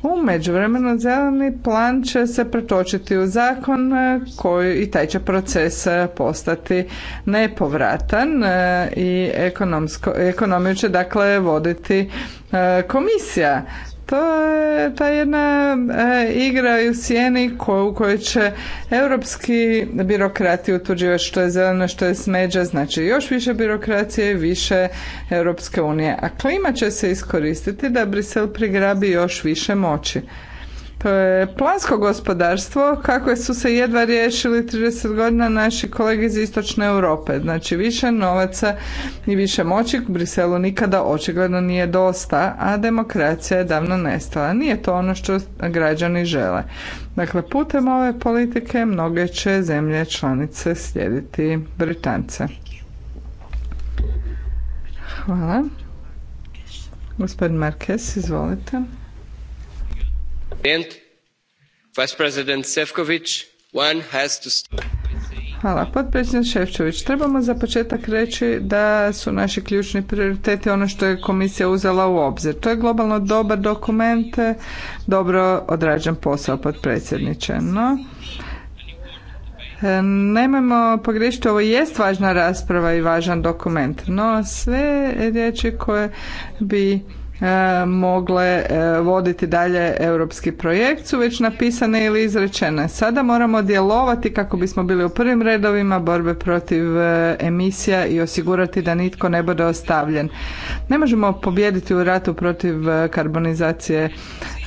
U međuvremenu zeleni plan će se pretočiti u zakon e, koji i taj će proces e, postati nepovratan e, i ekonomiju će dakle voditi komisija to je ta jedna e, igra u sjeni ko, u kojoj će europski birokrati utvrđivati što je zeleno, što je smeđa, znači još više birokracije, više Europske unije. A klima će se iskoristiti da Brisel prigrabi još više moći. E, plansko gospodarstvo, kako su se jedva riješili 30 godina naši kolege iz Istočne Europe. Znači više novaca i više moći u Briselu nikada očigledno nije dosta, a demokracija je davno nestala. Nije to ono što građani žele. Dakle, putem ove politike mnoge će zemlje članice slijediti Britance. Hvala. Gospodin izvolite. Hvala. Potpredsjednik Šefčević, trebamo za početak reći da su naši ključni prioriteti ono što je komisija uzela u obzir. To je globalno dobar dokument, dobro odrađen posao potpredsjedniče. No, e, Nemojmo pogriješiti, ovo jest važna rasprava i važan dokument, no sve riječi koje bi E, mogle e, voditi dalje europski projekt su već napisane ili izrečene. Sada moramo djelovati kako bismo bili u prvim redovima borbe protiv e, emisija i osigurati da nitko ne bude ostavljen. Ne možemo pobijediti u ratu protiv karbonizacije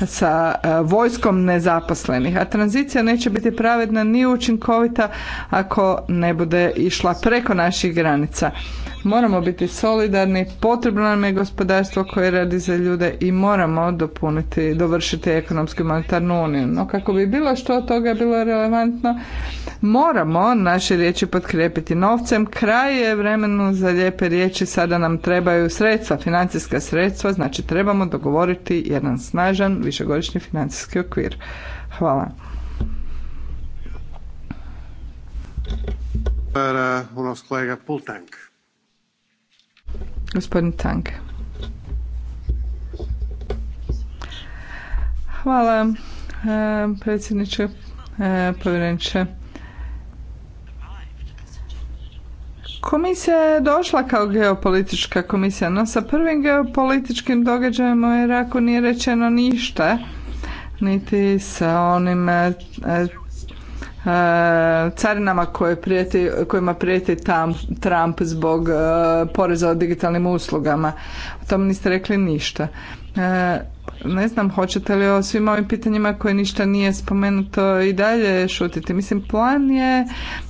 sa vojskom nezaposlenih, a tranzicija neće biti pravedna ni učinkovita ako ne bude išla preko naših granica. Moramo biti solidarni, potrebno nam je gospodarstvo koje radi za ljude i moramo dopuniti, dovršiti ekonomsku monetarnu uniju. No kako bi bilo što od toga bilo relevantno, moramo naše riječi potkrijepiti novcem. Kraj je vremenu za lijepe riječi, sada nam trebaju sredstva, financijska sredstva, znači trebamo dogovoriti jedan snažan višegodišnji financijski okvir. Hvala. Gospodin Tank. Hvala e, predsjedniče e, povjereniče. Komisija je došla kao geopolitička komisija, no sa prvim geopolitičkim događajem u Iraku nije rečeno ništa, niti sa onim e, carinama koje prijeti, kojima prijeti tam, Trump zbog poreza o digitalnim uslugama. O tom niste rekli ništa. E, ne znam hoćete li o svim ovim pitanjima koje ništa nije spomenuto i dalje šutiti. Mislim, plan je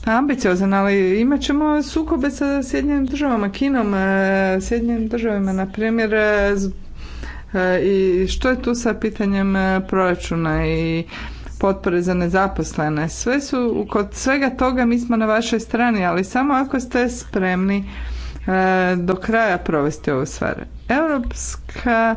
ambiciozan, ali imat ćemo sukobe sa Sjedinjenim državama, Kinom, e, Sjedinjenim državama, na primjer, e, i što je tu sa pitanjem proračuna i potpore za nezaposlene. Sve su, kod svega toga mi smo na vašoj strani, ali samo ako ste spremni do kraja provesti ovu stvar. Europska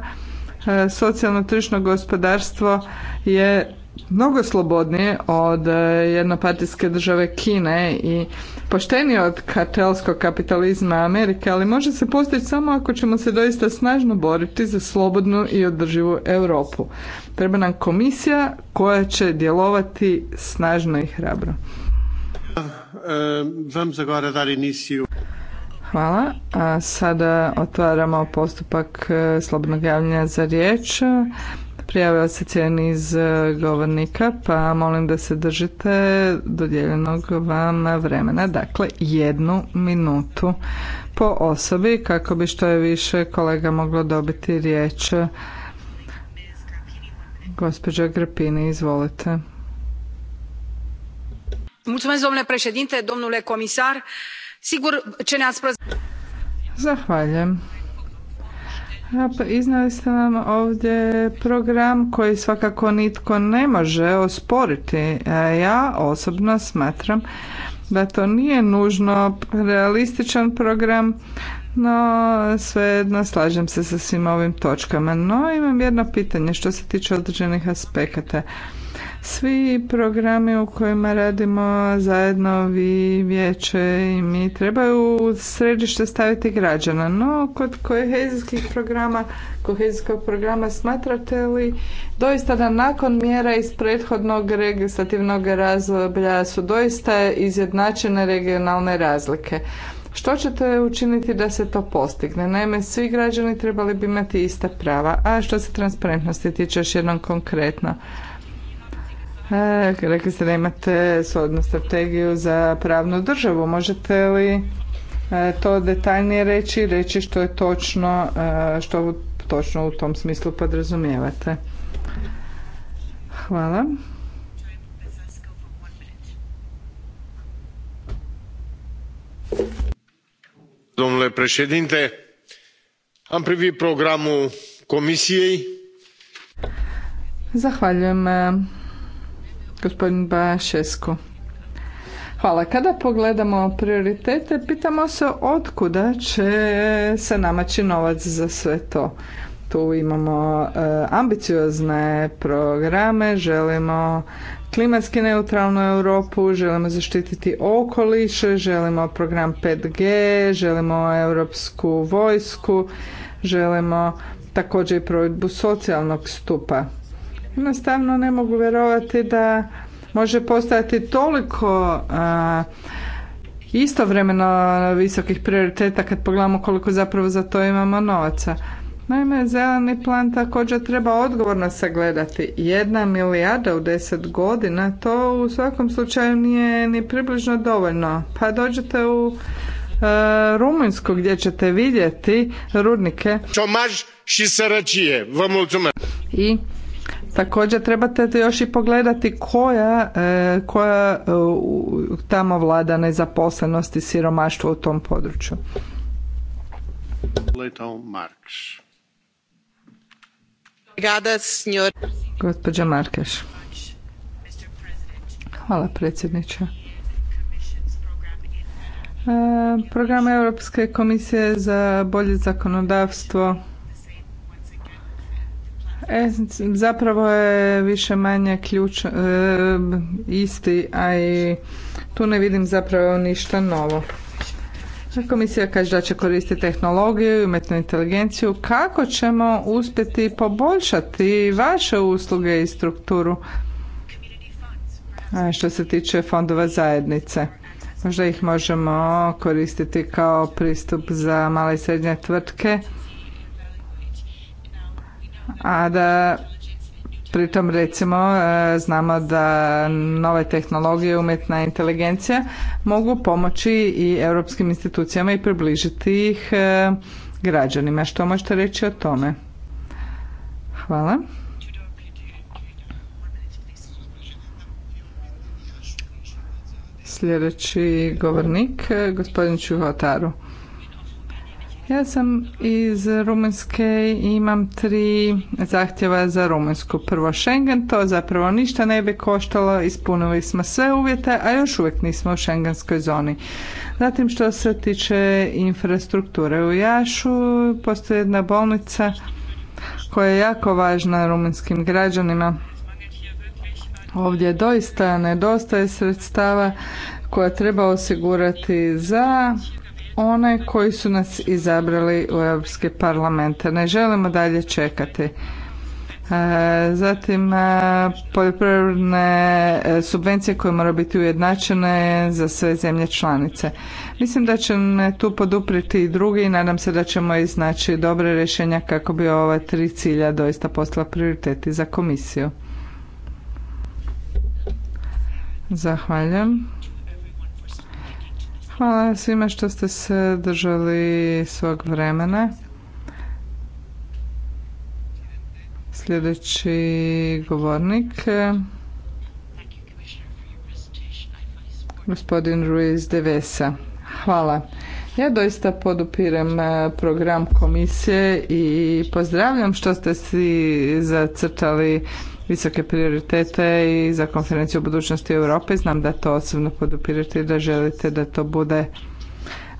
E, socijalno tržišno gospodarstvo je mnogo slobodnije od e, jednopartijske države Kine i poštenije od kartelskog kapitalizma Amerike, ali može se postići samo ako ćemo se doista snažno boriti za slobodnu i održivu Europu. Treba nam komisija koja će djelovati snažno i hrabro. vam agora dar Hvala. A sada otvaramo postupak e, slobodnog javljanja za riječ. Prijavio se cijeli iz e, govornika, pa molim da se držite dodijeljenog vam vremena, dakle jednu minutu po osobi kako bi što je više kolega moglo dobiti riječ. Gospođa Grapini, izvolite. Mulțumesc, domnule Sigur će nas Zahvaljujem. Pa iznali ste nam ovdje program koji svakako nitko ne može osporiti. E, ja osobno smatram da to nije nužno realističan program, no svejedno slažem se sa svim ovim točkama. No imam jedno pitanje što se tiče određenih aspekata. Svi programi u kojima radimo zajedno vi, vijeće i mi trebaju u središte staviti građana. No, kod kohezijskih programa, kohezijskog programa smatrate li doista da nakon mjera iz prethodnog legislativnog razdoblja su doista izjednačene regionalne razlike? Što ćete učiniti da se to postigne? Naime, svi građani trebali bi imati ista prava. A što se transparentnosti tiče još jednom konkretno, E, rekli ste da imate sodnu strategiju za pravnu državu. Možete li e, to detaljnije reći, reći što je točno, e, što točno u tom smislu podrazumijevate. Hvala. Domnule președinte, am privit programul Comisiei. Zahvaljujem Gospodin Bašesko. Hvala. Kada pogledamo prioritete, pitamo se otkuda će se namaći novac za sve to. Tu imamo eh, ambiciozne programe, želimo klimatski neutralnu Europu, želimo zaštititi okoliš, želimo program 5G, želimo europsku vojsku, želimo također i provedbu socijalnog stupa jednostavno ne mogu vjerovati da može postojati toliko istovremeno visokih prioriteta kad pogledamo koliko zapravo za to imamo novaca. Naime, zeleni plan također treba odgovorno sagledati. Jedna milijarda u deset godina, to u svakom slučaju nije ni približno dovoljno. Pa dođete u Rumunsku Rumunjsku gdje ćete vidjeti rudnike. Čomaž i I Također trebate još i pogledati koja, e, koja e, tamo vlada nezaposlenost i siromaštvo u tom području. Gospodje Markeš. Hvala predsjedniče. E, program Europske komisije za bolje zakonodavstvo E, zapravo je više manje ključ e, isti, a i tu ne vidim zapravo ništa novo. Komisija kaže da će koristiti tehnologiju i umjetnu inteligenciju. Kako ćemo uspjeti poboljšati vaše usluge i strukturu a što se tiče fondova zajednice? Možda ih možemo koristiti kao pristup za male i srednje tvrtke a da pritom recimo e, znamo da nove tehnologije, umjetna inteligencija mogu pomoći i europskim institucijama i približiti ih e, građanima. Što možete reći o tome? Hvala. Sljedeći govornik, e, gospodin Čuhotaru. Ja sam iz Rumunjske i imam tri zahtjeva za Rumunjsku. Prvo Schengen, to zapravo ništa ne bi koštalo, ispunili smo sve uvjete, a još uvijek nismo u Schengenskoj zoni. Zatim što se tiče infrastrukture u Jašu, postoji jedna bolnica koja je jako važna rumunskim građanima. Ovdje doista nedostaje sredstava koja treba osigurati za one koji su nas izabrali u Europske parlamente. Ne želimo dalje čekati. E, zatim e, poljoprivredne e, subvencije koje moraju biti ujednačene za sve zemlje članice. Mislim da će me tu podupriti i drugi i nadam se da ćemo iznaći dobre rješenja kako bi ova tri cilja doista postala prioriteti za komisiju. Zahvaljujem. Hvala svima što ste se držali svog vremena. Sljedeći govornik gospodin Ruiz Vesa. Hvala. Ja doista podupirem e, program komisije i pozdravljam što ste si zacrtali visoke prioritete i za konferenciju o budućnosti Europe. Znam da to osobno podupirate i da želite da to bude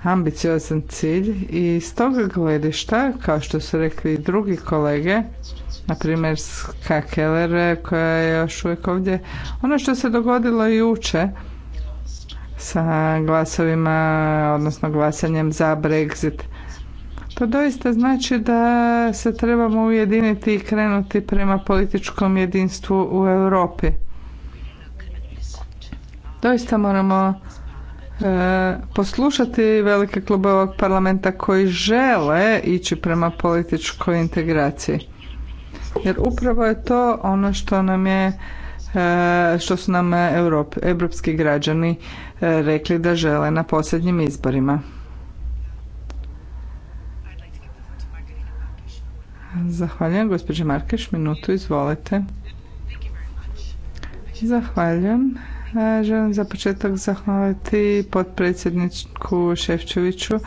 ambiciozan cilj i s toga gledišta, kao što su rekli i drugi kolege, na primjer Ska Keller koja je još uvijek ovdje, ono što se dogodilo juče sa glasovima, odnosno glasanjem za Brexit, to doista znači da se trebamo ujediniti i krenuti prema političkom jedinstvu u Europi. Doista moramo e, poslušati velike klube ovog parlamenta koji žele ići prema političkoj integraciji. Jer upravo je to ono što nam je e, što su nam europski građani e, rekli da žele na posljednjim izborima. Zahvaljujem. Gospođa Markeš, minutu, izvolite. Zahvaljujem. E, želim za početak zahvaliti potpredsjedniku Ševčeviću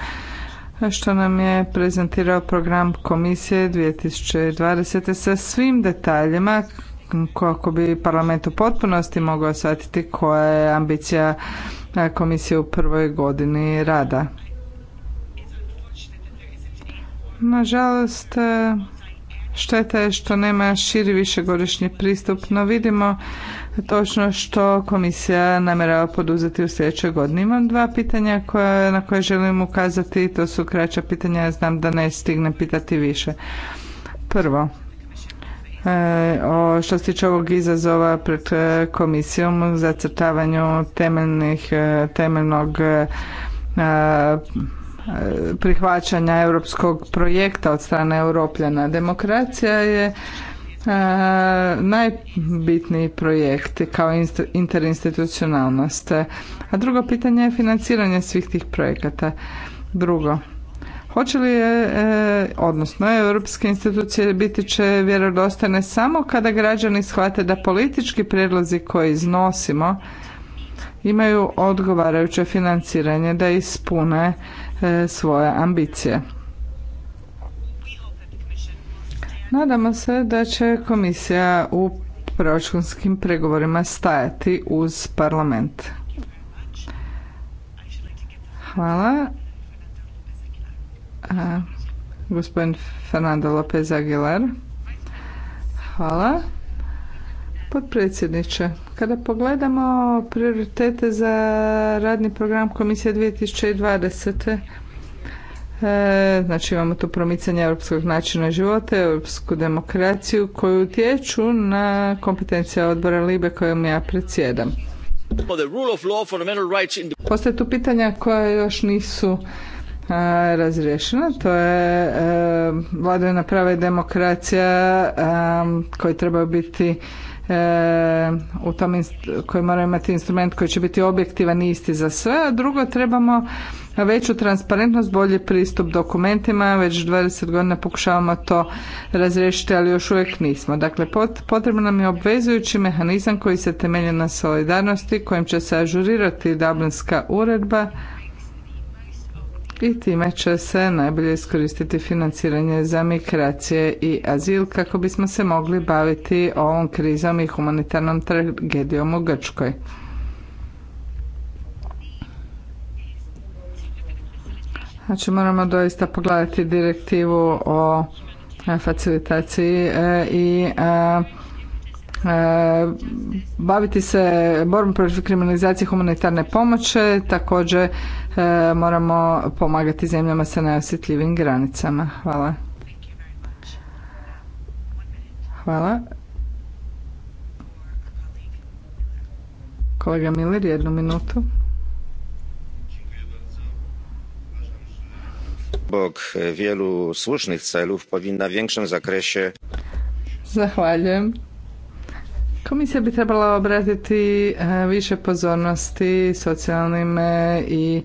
što nam je prezentirao program komisije 2020. sa svim detaljima kako bi parlament u potpunosti mogao shvatiti koja je ambicija e, komisije u prvoj godini rada. Nažalost, e, Šteta je što nema širi višegodišnji pristup, no vidimo točno što komisija namjerava poduzeti u sljedećoj godini. Imam dva pitanja koja, na koje želim ukazati, to su kraća pitanja, ja znam da ne stignem pitati više. Prvo, e, o što se tiče ovog izazova pred e, komisijom za zacrtavanju temeljnih, e, temeljnog E, prihvaćanja europskog projekta od strane europljana. Demokracija je e, najbitniji projekt kao interinstitucionalnost. A drugo pitanje je financiranje svih tih projekata. Drugo, hoće li je, e, odnosno europske institucije biti će vjerodostojne samo kada građani shvate da politički prijedlozi koje iznosimo imaju odgovarajuće financiranje da ispune E, svoje ambicije. Nadamo se da će komisija u proračunskim pregovorima stajati uz parlament. Hvala. E, gospodin Fernando Lopez Aguilar. Hvala. Potpredsjedniče, kada pogledamo prioritete za radni program Komisije 2020. E, znači imamo tu promicanje europskog načina života, europsku demokraciju koju utječu na kompetencije odbora Libe kojom ja predsjedam. Postoje tu pitanja koja još nisu a, e, razriješena, to je e, vladavina prava i demokracija e, koji trebaju biti u tom koji moraju imati instrument koji će biti objektivan i isti za sve, a drugo trebamo veću transparentnost, bolji pristup dokumentima, već 20 godina pokušavamo to razriješiti, ali još uvijek nismo. Dakle, potrebno nam je obvezujući mehanizam koji se temelji na solidarnosti, kojim će se ažurirati Dublinska uredba, i time će se najbolje iskoristiti financiranje za migracije i azil kako bismo se mogli baviti ovom krizom i humanitarnom tragedijom u Grčkoj. Znači moramo doista pogledati direktivu o e, facilitaciji e, i e, E, baviti se borbom protiv kriminalizacije humanitarne pomoće, također e, moramo pomagati zemljama sa najosjetljivim granicama. Hvala. Hvala. Kolega Miller, jednu minutu. Bog e, wielu słusznych celów powinna w większym zakresie... Zahvaljujem. Komisija bi trebala obratiti e, više pozornosti socijalnim e, i e,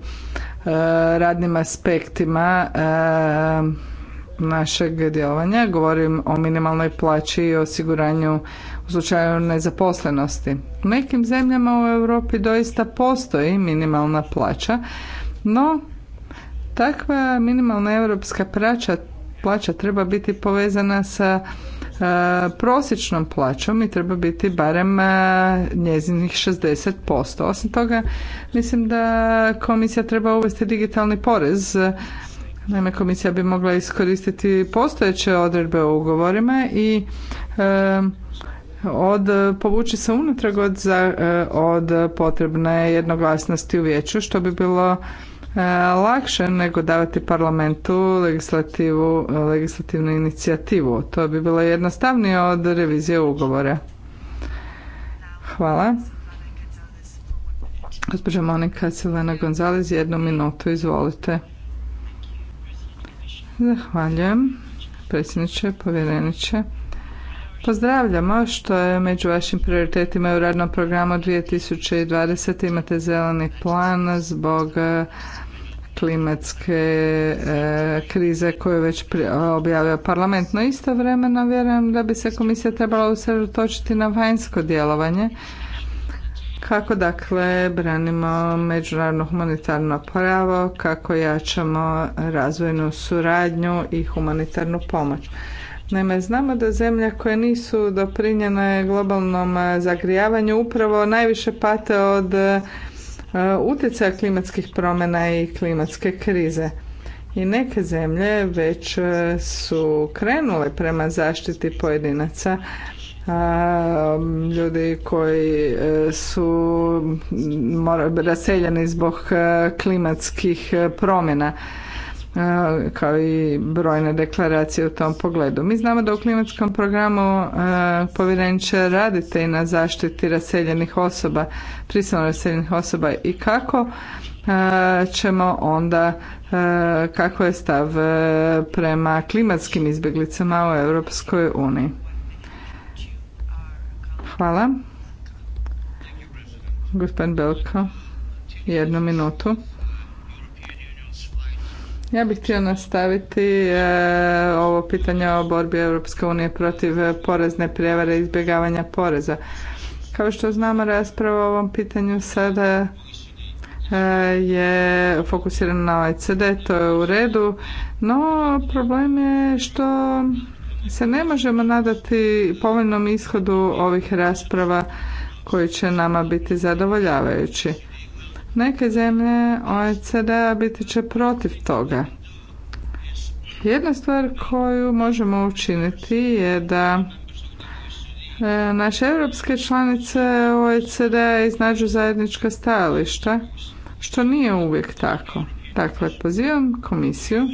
radnim aspektima našeg djelovanja. Govorim o minimalnoj plaći i osiguranju u slučaju nezaposlenosti. U nekim zemljama u Europi doista postoji minimalna plaća, no takva minimalna europska plaća plaća treba biti povezana sa e, prosječnom plaćom i treba biti barem e, njezinih 60%. Osim toga, mislim da komisija treba uvesti digitalni porez. Naime, komisija bi mogla iskoristiti postojeće odredbe u ugovorima i e, od povući se unatrag od, od potrebne jednoglasnosti u vijeću što bi bilo Eh, lakše nego davati parlamentu legislativu, legislativnu inicijativu. To bi bilo jednostavnije od revizije ugovora. Hvala. Gospođa Monika Silena Gonzalez, jednu minutu, izvolite. Zahvaljujem, predsjedniče, povjereniče. Pozdravljamo što je među vašim prioritetima u radnom programu 2020. imate zeleni plan zbog klimatske e, krize koju već e, objavio parlament. No istovremeno vjerujem da bi se komisija trebala usredotočiti na vanjsko djelovanje kako dakle branimo međunarodno humanitarno pravo, kako jačamo razvojnu suradnju i humanitarnu pomoć. Naime, znamo da zemlje koje nisu doprinjene globalnom zagrijavanju upravo najviše pate od E, utjecaja klimatskih promjena i klimatske krize. I neke zemlje već e, su krenule prema zaštiti pojedinaca e, ljudi koji su raseljeni zbog klimatskih promjena kao i brojne deklaracije u tom pogledu. Mi znamo da u klimatskom programu povjerenče radite i na zaštiti raseljenih osoba, prisilno raseljenih osoba i kako ćemo onda kako je stav prema klimatskim izbjeglicama u Europskoj uniji. Hvala. Gospodin Belko, jednu minutu. Ja bih htio nastaviti e, ovo pitanje o borbi Europske unije protiv e, porezne prijevare i izbjegavanja poreza. Kao što znamo, rasprava o ovom pitanju sada e, je fokusirana na OECD, ovaj to je u redu, no problem je što se ne možemo nadati povoljnom ishodu ovih rasprava koji će nama biti zadovoljavajući. Neke zemlje OECD-a biti će protiv toga. Jedna stvar koju možemo učiniti je da e, naše europske članice OECD iznađu zajednička stajališta, što nije uvijek tako. Dakle, pozivam komisiju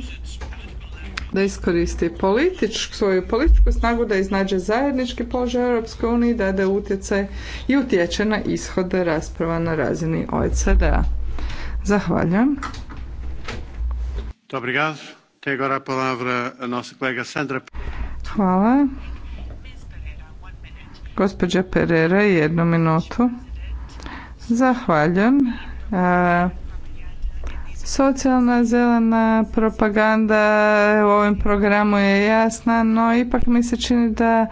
da iskoristi političku svoju političku snagu da iznađe zajednički položaj Europske unije da da utjecaj i utječe na ishode rasprava na razini OECD-a. Zahvaljujem. Hvala. Gospođa Pereira, jednu minutu. Zahvaljujem. E, Socijalna zelena propaganda u ovom programu je jasna, no ipak mi se čini da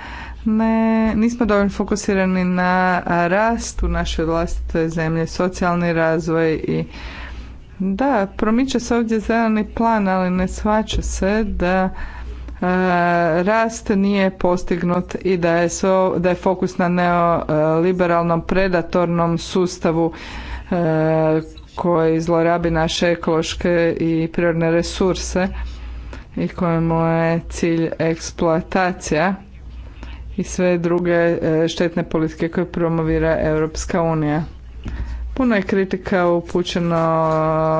ne, nismo dovoljno fokusirani na rast u našoj vlastitoj zemlji, socijalni razvoj i da, promiče se ovdje zeleni plan, ali ne shvaća se da e, rast nije postignut i da je, da je fokus na neoliberalnom predatornom sustavu e, koji zlorabi naše ekološke i prirodne resurse i kojemu je cilj eksploatacija i sve druge e, štetne politike koje promovira Europska unija. Puno je kritika upućeno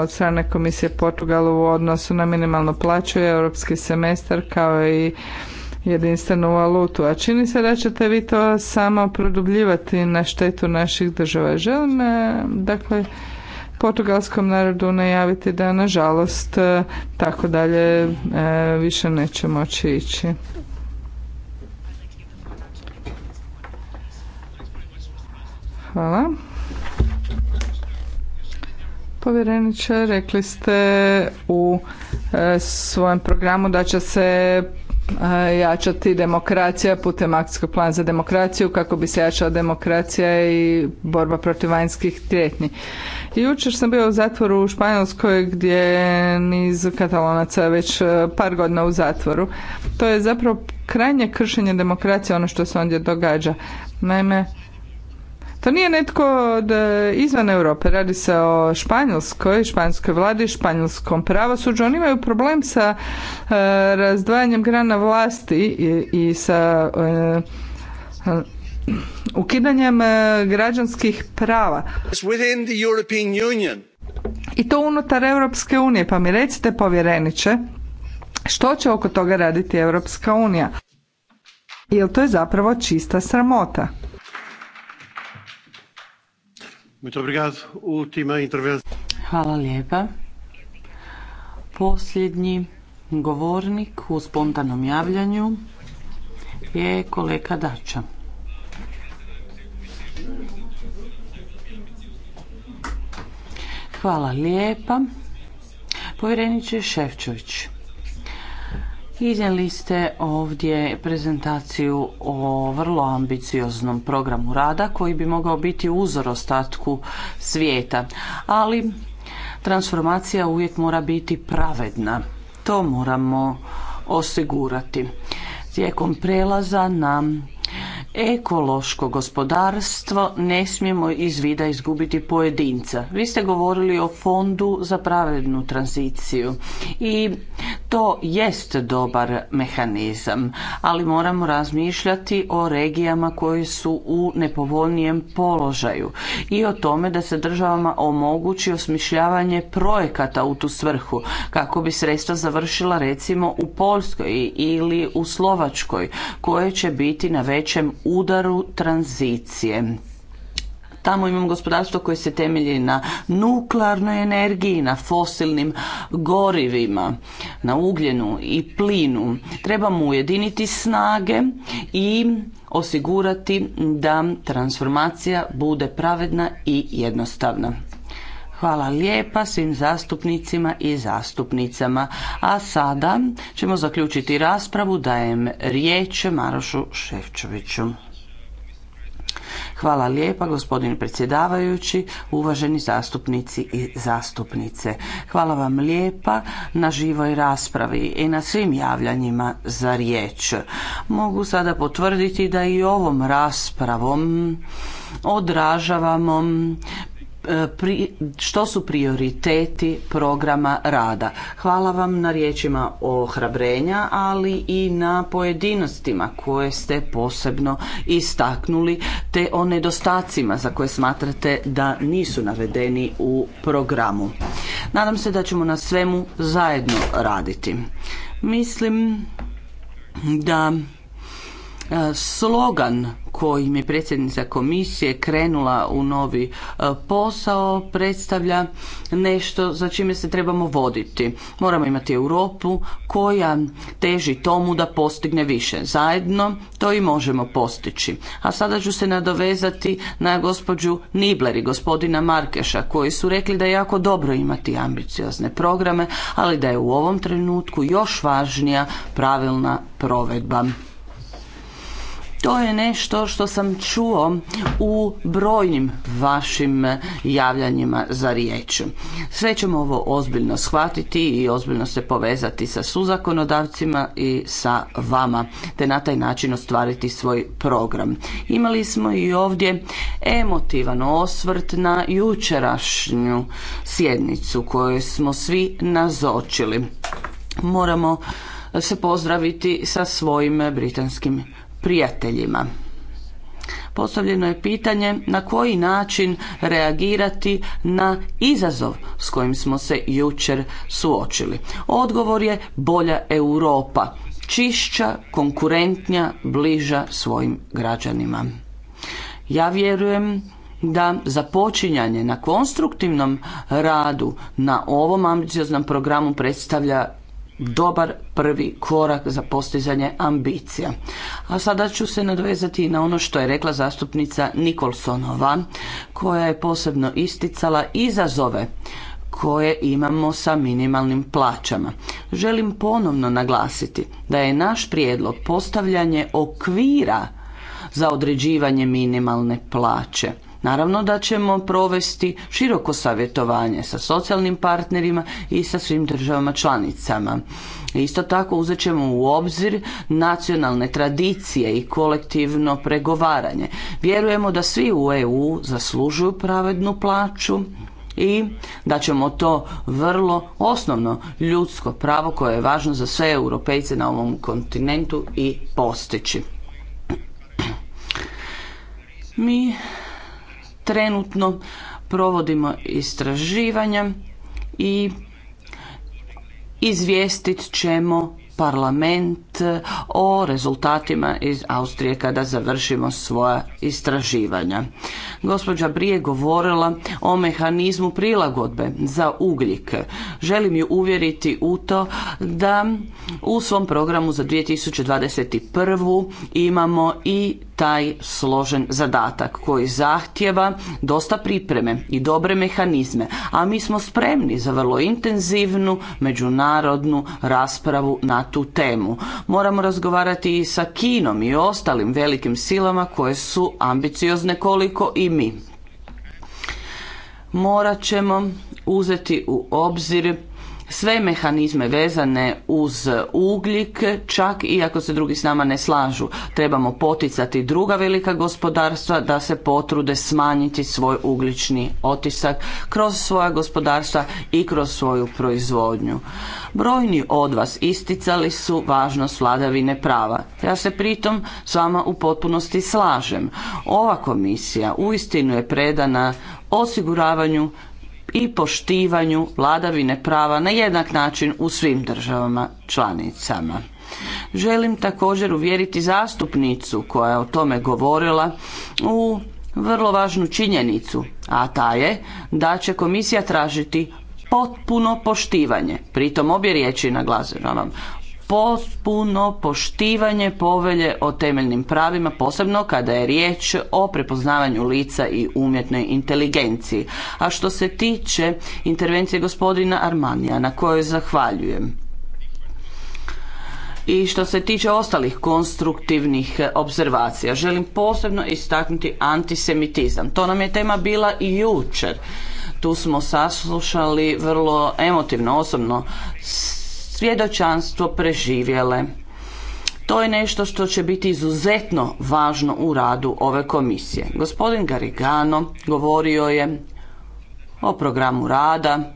od strane Komisije Portugalu u odnosu na minimalnu plaću i europski semestar kao i jedinstvenu valutu. A čini se da ćete vi to samo produbljivati na štetu naših država. Želim, e, dakle, portugalskom narodu najaviti da nažalost e, tako dalje e, više neće moći ići. Hvala. Povjereniče, rekli ste u e, svojem programu da će se Eh, jačati demokracija putem akcijskog plana za demokraciju kako bi se jačala demokracija i borba protiv vanjskih prijetnji. Jučer sam bio u zatvoru u Španjolskoj gdje niz katalonaca već eh, par godina u zatvoru. To je zapravo krajnje kršenje demokracije ono što se ondje događa. Naime, to nije netko od e, izvan Europe, radi se o španjolskoj, španjolskoj vladi, španjolskom pravosuđu. Oni imaju problem sa e, razdvajanjem grana vlasti i, sa e, ukidanjem građanskih prava. I to unutar Europske unije. Pa mi recite povjereniče, što će oko toga raditi Europska unija? Jer to je zapravo čista sramota. Hvala lijepa. Posljednji govornik u spontanom javljanju je kolega Dača. Hvala lijepa. Povjereniče Ševčović, Iznijeli ste ovdje prezentaciju o vrlo ambicioznom programu rada koji bi mogao biti uzor ostatku svijeta, ali transformacija uvijek mora biti pravedna. To moramo osigurati. Tijekom prelaza na ekološko gospodarstvo ne smijemo iz vida izgubiti pojedinca. Vi ste govorili o fondu za pravednu tranziciju i to jest dobar mehanizam, ali moramo razmišljati o regijama koje su u nepovoljnijem položaju i o tome da se državama omogući osmišljavanje projekata u tu svrhu kako bi sredstva završila recimo u Poljskoj ili u Slovačkoj koje će biti na većem udaru tranzicije. Tamo imamo gospodarstvo koje se temelji na nuklearnoj energiji, na fosilnim gorivima, na ugljenu i plinu. Trebamo ujediniti snage i osigurati da transformacija bude pravedna i jednostavna. Hvala lijepa svim zastupnicima i zastupnicama. A sada ćemo zaključiti raspravu. Dajem riječ Marošu Ševčoviću. Hvala lijepa gospodine predsjedavajući, uvaženi zastupnici i zastupnice. Hvala vam lijepa na živoj raspravi i na svim javljanjima za riječ. Mogu sada potvrditi da i ovom raspravom odražavamo pri, što su prioriteti programa rada. Hvala vam na riječima ohrabrenja, ali i na pojedinostima koje ste posebno istaknuli, te o nedostacima za koje smatrate da nisu navedeni u programu. Nadam se da ćemo na svemu zajedno raditi. Mislim da E, slogan kojim je predsjednica komisije krenula u novi e, posao predstavlja nešto za čime se trebamo voditi. Moramo imati Europu koja teži tomu da postigne više. Zajedno to i možemo postići. A sada ću se nadovezati na gospođu Nibler i gospodina Markeša koji su rekli da je jako dobro imati ambiciozne programe, ali da je u ovom trenutku još važnija pravilna provedba. To je nešto što sam čuo u brojnim vašim javljanjima za riječ. Sve ćemo ovo ozbiljno shvatiti i ozbiljno se povezati sa suzakonodavcima i sa vama, te na taj način ostvariti svoj program. Imali smo i ovdje emotivan osvrt na jučerašnju sjednicu koju smo svi nazočili. Moramo se pozdraviti sa svojim britanskim prijateljima. Postavljeno je pitanje na koji način reagirati na izazov s kojim smo se jučer suočili. Odgovor je bolja Europa, čišća, konkurentnija, bliža svojim građanima. Ja vjerujem da započinjanje na konstruktivnom radu na ovom ambicioznom programu predstavlja dobar prvi korak za postizanje ambicija. A sada ću se nadvezati na ono što je rekla zastupnica Nikolsonova, koja je posebno isticala izazove koje imamo sa minimalnim plaćama. Želim ponovno naglasiti da je naš prijedlog postavljanje okvira za određivanje minimalne plaće Naravno da ćemo provesti široko savjetovanje sa socijalnim partnerima i sa svim državama članicama. Isto tako uzet ćemo u obzir nacionalne tradicije i kolektivno pregovaranje. Vjerujemo da svi u EU zaslužuju pravednu plaću i da ćemo to vrlo osnovno ljudsko pravo koje je važno za sve europejce na ovom kontinentu i postići. Mi Trenutno provodimo istraživanja i izvijestit ćemo parlament o rezultatima iz Austrije kada završimo svoja istraživanja. Gospođa Brije govorila o mehanizmu prilagodbe za ugljik. Želim ju uvjeriti u to da u svom programu za 2021. imamo i taj složen zadatak koji zahtjeva dosta pripreme i dobre mehanizme, a mi smo spremni za vrlo intenzivnu međunarodnu raspravu na tu temu. Moramo razgovarati i sa Kinom i ostalim velikim silama koje su ambiciozne koliko i mi. Morat ćemo uzeti u obzir sve mehanizme vezane uz ugljik, čak i ako se drugi s nama ne slažu. Trebamo poticati druga velika gospodarstva da se potrude smanjiti svoj ugljični otisak kroz svoja gospodarstva i kroz svoju proizvodnju. Brojni od vas isticali su važnost vladavine prava. Ja se pritom s vama u potpunosti slažem. Ova komisija uistinu je predana osiguravanju i poštivanju vladavine prava na jednak način u svim državama članicama. Želim također uvjeriti zastupnicu koja je o tome govorila u vrlo važnu činjenicu, a ta je da će komisija tražiti potpuno poštivanje. Pritom obje riječi naglaziram vam potpuno poštivanje povelje o temeljnim pravima, posebno kada je riječ o prepoznavanju lica i umjetnoj inteligenciji. A što se tiče intervencije gospodina Armanija, na kojoj zahvaljujem, i što se tiče ostalih konstruktivnih observacija, želim posebno istaknuti antisemitizam. To nam je tema bila i jučer. Tu smo saslušali vrlo emotivno, osobno svjedočanstvo preživjele. To je nešto što će biti izuzetno važno u radu ove komisije. Gospodin Garigano govorio je o programu rada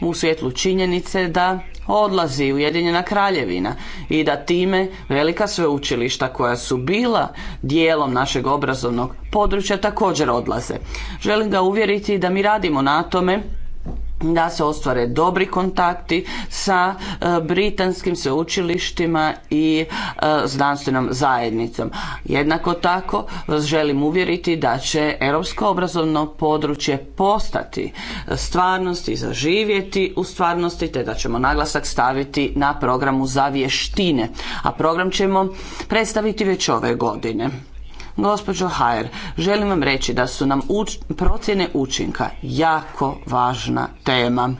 u svjetlu činjenice da odlazi Ujedinjena kraljevina i da time velika sveučilišta koja su bila dijelom našeg obrazovnog područja također odlaze. Želim ga uvjeriti da mi radimo na tome da se ostvare dobri kontakti sa e, britanskim sveučilištima i e, znanstvenom zajednicom. Jednako tako vas želim uvjeriti da će europsko obrazovno područje postati stvarnost i zaživjeti u stvarnosti te da ćemo naglasak staviti na programu za vještine, a program ćemo predstaviti već ove godine. Gospođo Hajer, želim vam reći da su nam procjene učinka jako važna tema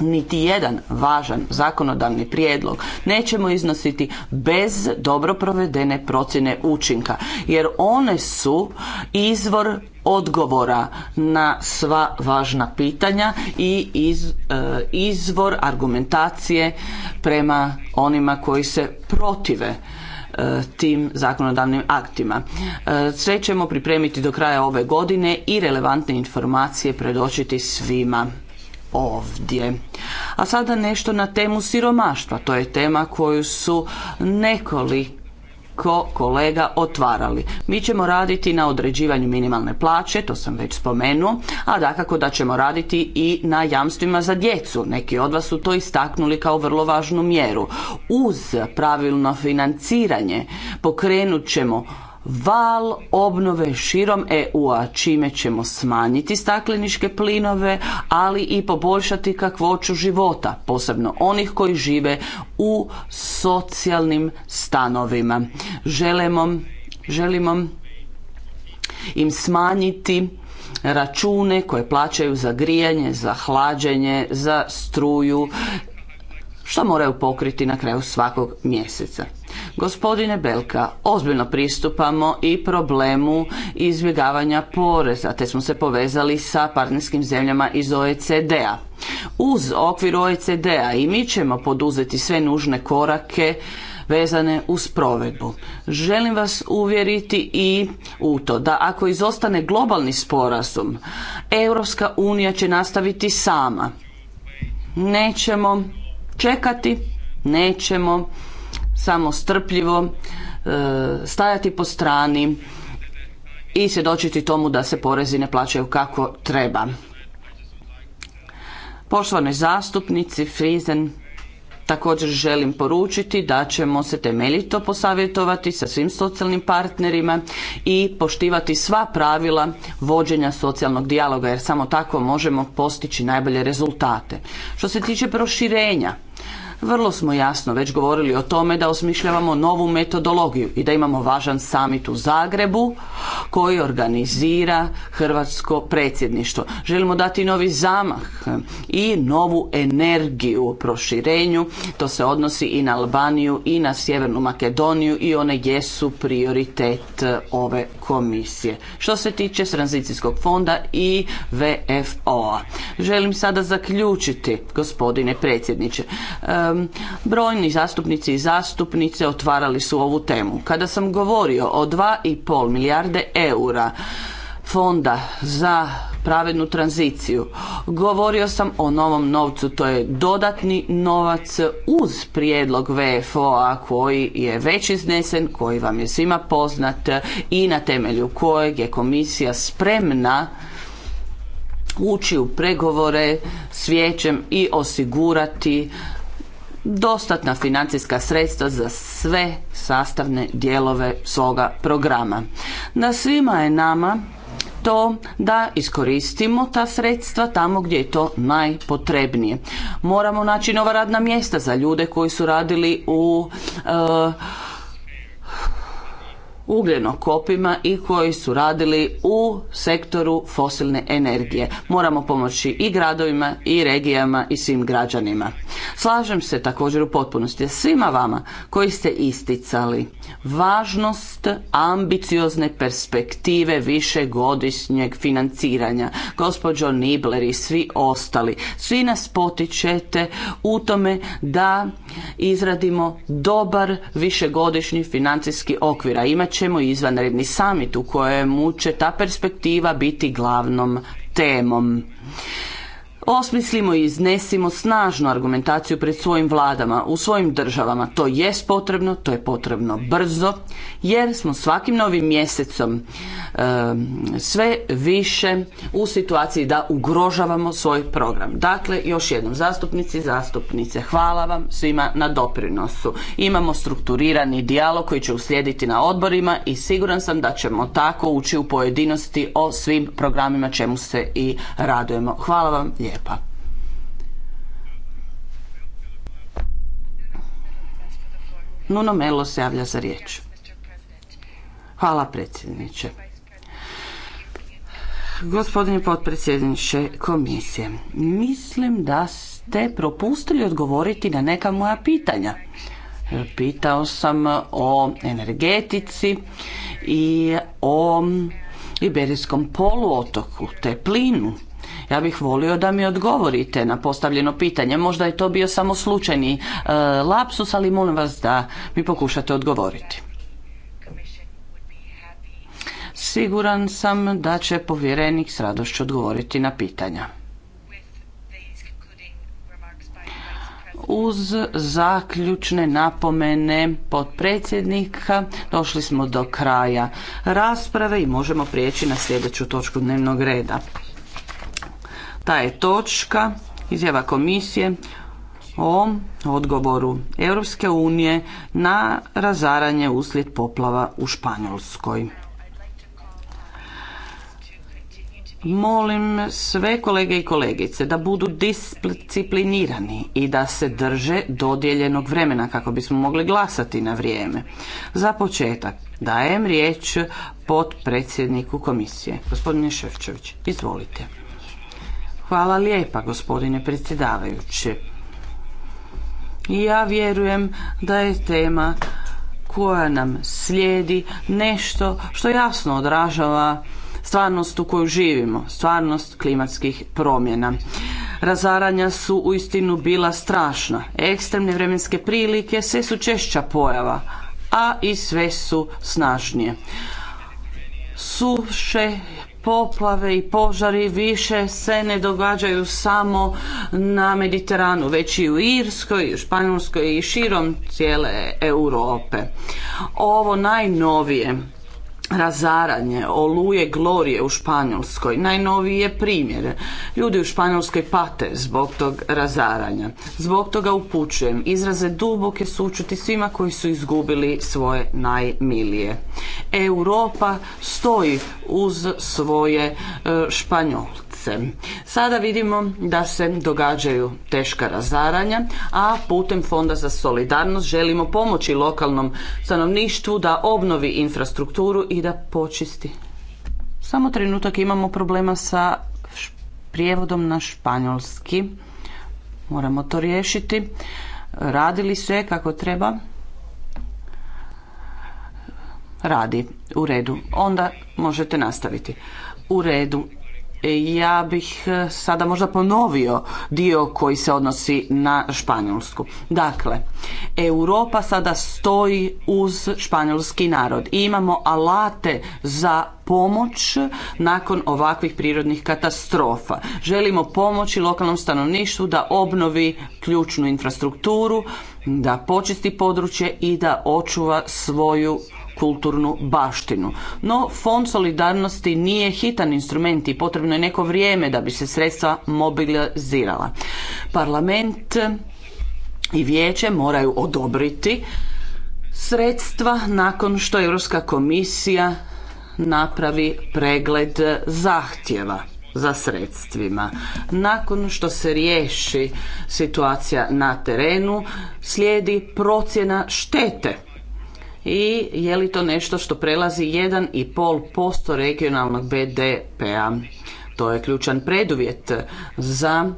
niti jedan važan zakonodavni prijedlog nećemo iznositi bez dobro provedene procjene učinka jer one su izvor odgovora na sva važna pitanja i e, izvor argumentacije prema onima koji se protive E, tim zakonodavnim aktima. E, sve ćemo pripremiti do kraja ove godine i relevantne informacije predočiti svima ovdje. A sada nešto na temu siromaštva. To je tema koju su nekoliko ko kolega otvarali. Mi ćemo raditi na određivanju minimalne plaće, to sam već spomenuo, a dakako da ćemo raditi i na jamstvima za djecu. Neki od vas su to istaknuli kao vrlo važnu mjeru. Uz pravilno financiranje pokrenut ćemo val obnove širom EU-a, čime ćemo smanjiti stakleničke plinove, ali i poboljšati kakvoću života, posebno onih koji žive u socijalnim stanovima. Želimo, želimo im smanjiti račune koje plaćaju za grijanje, za hlađenje, za struju, što moraju pokriti na kraju svakog mjeseca. Gospodine Belka, ozbiljno pristupamo i problemu izbjegavanja poreza, te smo se povezali sa partnerskim zemljama iz OECD-a. Uz okvir OECD-a i mi ćemo poduzeti sve nužne korake vezane uz provedbu. Želim vas uvjeriti i u to da ako izostane globalni sporazum, Europska unija će nastaviti sama. Nećemo čekati, nećemo samo strpljivo e, stajati po strani i svjedočiti tomu da se porezi ne plaćaju kako treba. Poštovani zastupnici Frizen, također želim poručiti da ćemo se temeljito posavjetovati sa svim socijalnim partnerima i poštivati sva pravila vođenja socijalnog dijaloga jer samo tako možemo postići najbolje rezultate. Što se tiče proširenja, vrlo smo jasno već govorili o tome da osmišljavamo novu metodologiju i da imamo važan samit u Zagrebu koji organizira Hrvatsko predsjedništvo. Želimo dati novi zamah i novu energiju u proširenju. To se odnosi i na Albaniju i na Sjevernu Makedoniju i one jesu prioritet e, ove komisije. Što se tiče tranzicijskog fonda i VFO-a. Želim sada zaključiti, gospodine predsjedniče. E, brojni zastupnici i zastupnice otvarali su ovu temu. Kada sam govorio o 2,5 milijarde eura fonda za pravednu tranziciju. Govorio sam o novom novcu, to je dodatni novac uz prijedlog VFO-a koji je već iznesen, koji vam je svima poznat i na temelju kojeg je komisija spremna ući u pregovore s vijećem i osigurati dostatna financijska sredstva za sve sastavne dijelove svoga programa. Na svima je nama to da iskoristimo ta sredstva tamo gdje je to najpotrebnije. Moramo naći nova radna mjesta za ljude koji su radili u e, kopima i koji su radili u sektoru fosilne energije. Moramo pomoći i gradovima i regijama i svim građanima. Slažem se također u potpunosti svima vama koji ste isticali važnost ambiciozne perspektive višegodišnjeg financiranja. Gospođo Nibler i svi ostali, svi nas potičete u tome da izradimo dobar višegodišnji financijski okvir, a imat ćemo izvanredni samit u kojemu će ta perspektiva biti glavnom temom osmislimo i iznesimo snažnu argumentaciju pred svojim vladama u svojim državama. To jest potrebno, to je potrebno brzo jer smo svakim novim mjesecom sve više u situaciji da ugrožavamo svoj program. Dakle, još jednom zastupnici i zastupnice, hvala vam svima na doprinosu. Imamo strukturirani dijalog koji će uslijediti na odborima i siguran sam da ćemo tako ući u pojedinosti o svim programima čemu se i radujemo. Hvala vam lijepo lijepa. Nuno Melo se javlja za riječ. Hvala predsjedniče. Gospodine potpredsjedniče komisije, mislim da ste propustili odgovoriti na neka moja pitanja. Pitao sam o energetici i o Iberijskom poluotoku, te plinu. Ja bih volio da mi odgovorite na postavljeno pitanje. Možda je to bio samo slučajni e, lapsus, ali molim vas da mi pokušate odgovoriti. Siguran sam da će povjerenik s radošću odgovoriti na pitanja. uz zaključne napomene potpredsjednika došli smo do kraja rasprave i možemo prijeći na sljedeću točku dnevnog reda. Ta je točka izjava komisije o odgovoru Europske unije na razaranje uslijed poplava u Španjolskoj. Molim sve kolege i kolegice da budu disciplinirani i da se drže dodijeljenog vremena kako bismo mogli glasati na vrijeme. Za početak dajem riječ predsjedniku komisije, gospodine Ševčević. Izvolite. Hvala lijepa gospodine predsjedavajući. Ja vjerujem da je tema koja nam slijedi nešto što jasno odražava stvarnost u kojoj živimo, stvarnost klimatskih promjena. Razaranja su uistinu bila strašna. Ekstremne vremenske prilike sve su češća pojava, a i sve su snažnije. Suše poplave i požari više se ne događaju samo na Mediteranu, već i u Irskoj, Španjolskoj i širom cijele Europe. Ovo najnovije razaranje, oluje glorije u Španjolskoj, najnovije primjere. Ljudi u Španjolskoj pate zbog tog razaranja. Zbog toga upućujem izraze duboke sučuti svima koji su izgubili svoje najmilije. Europa stoji uz svoje e, španjolke se. Sada vidimo da se događaju teška razaranja, a putem Fonda za solidarnost želimo pomoći lokalnom stanovništvu da obnovi infrastrukturu i da počisti. Samo trenutak imamo problema sa prijevodom na španjolski. Moramo to riješiti. Radili sve kako treba. Radi. U redu. Onda možete nastaviti. U redu. E, ja bih e, sada možda ponovio dio koji se odnosi na Španjolsku. Dakle, Europa sada stoji uz španjolski narod i imamo alate za pomoć nakon ovakvih prirodnih katastrofa. Želimo pomoći lokalnom stanovništvu da obnovi ključnu infrastrukturu, da počisti područje i da očuva svoju kulturnu baštinu. No, fond solidarnosti nije hitan instrument i potrebno je neko vrijeme da bi se sredstva mobilizirala. Parlament i vijeće moraju odobriti sredstva nakon što Europska komisija napravi pregled zahtjeva za sredstvima. Nakon što se riješi situacija na terenu, slijedi procjena štete i je li to nešto što prelazi 1,5% regionalnog BDP-a. To je ključan preduvjet za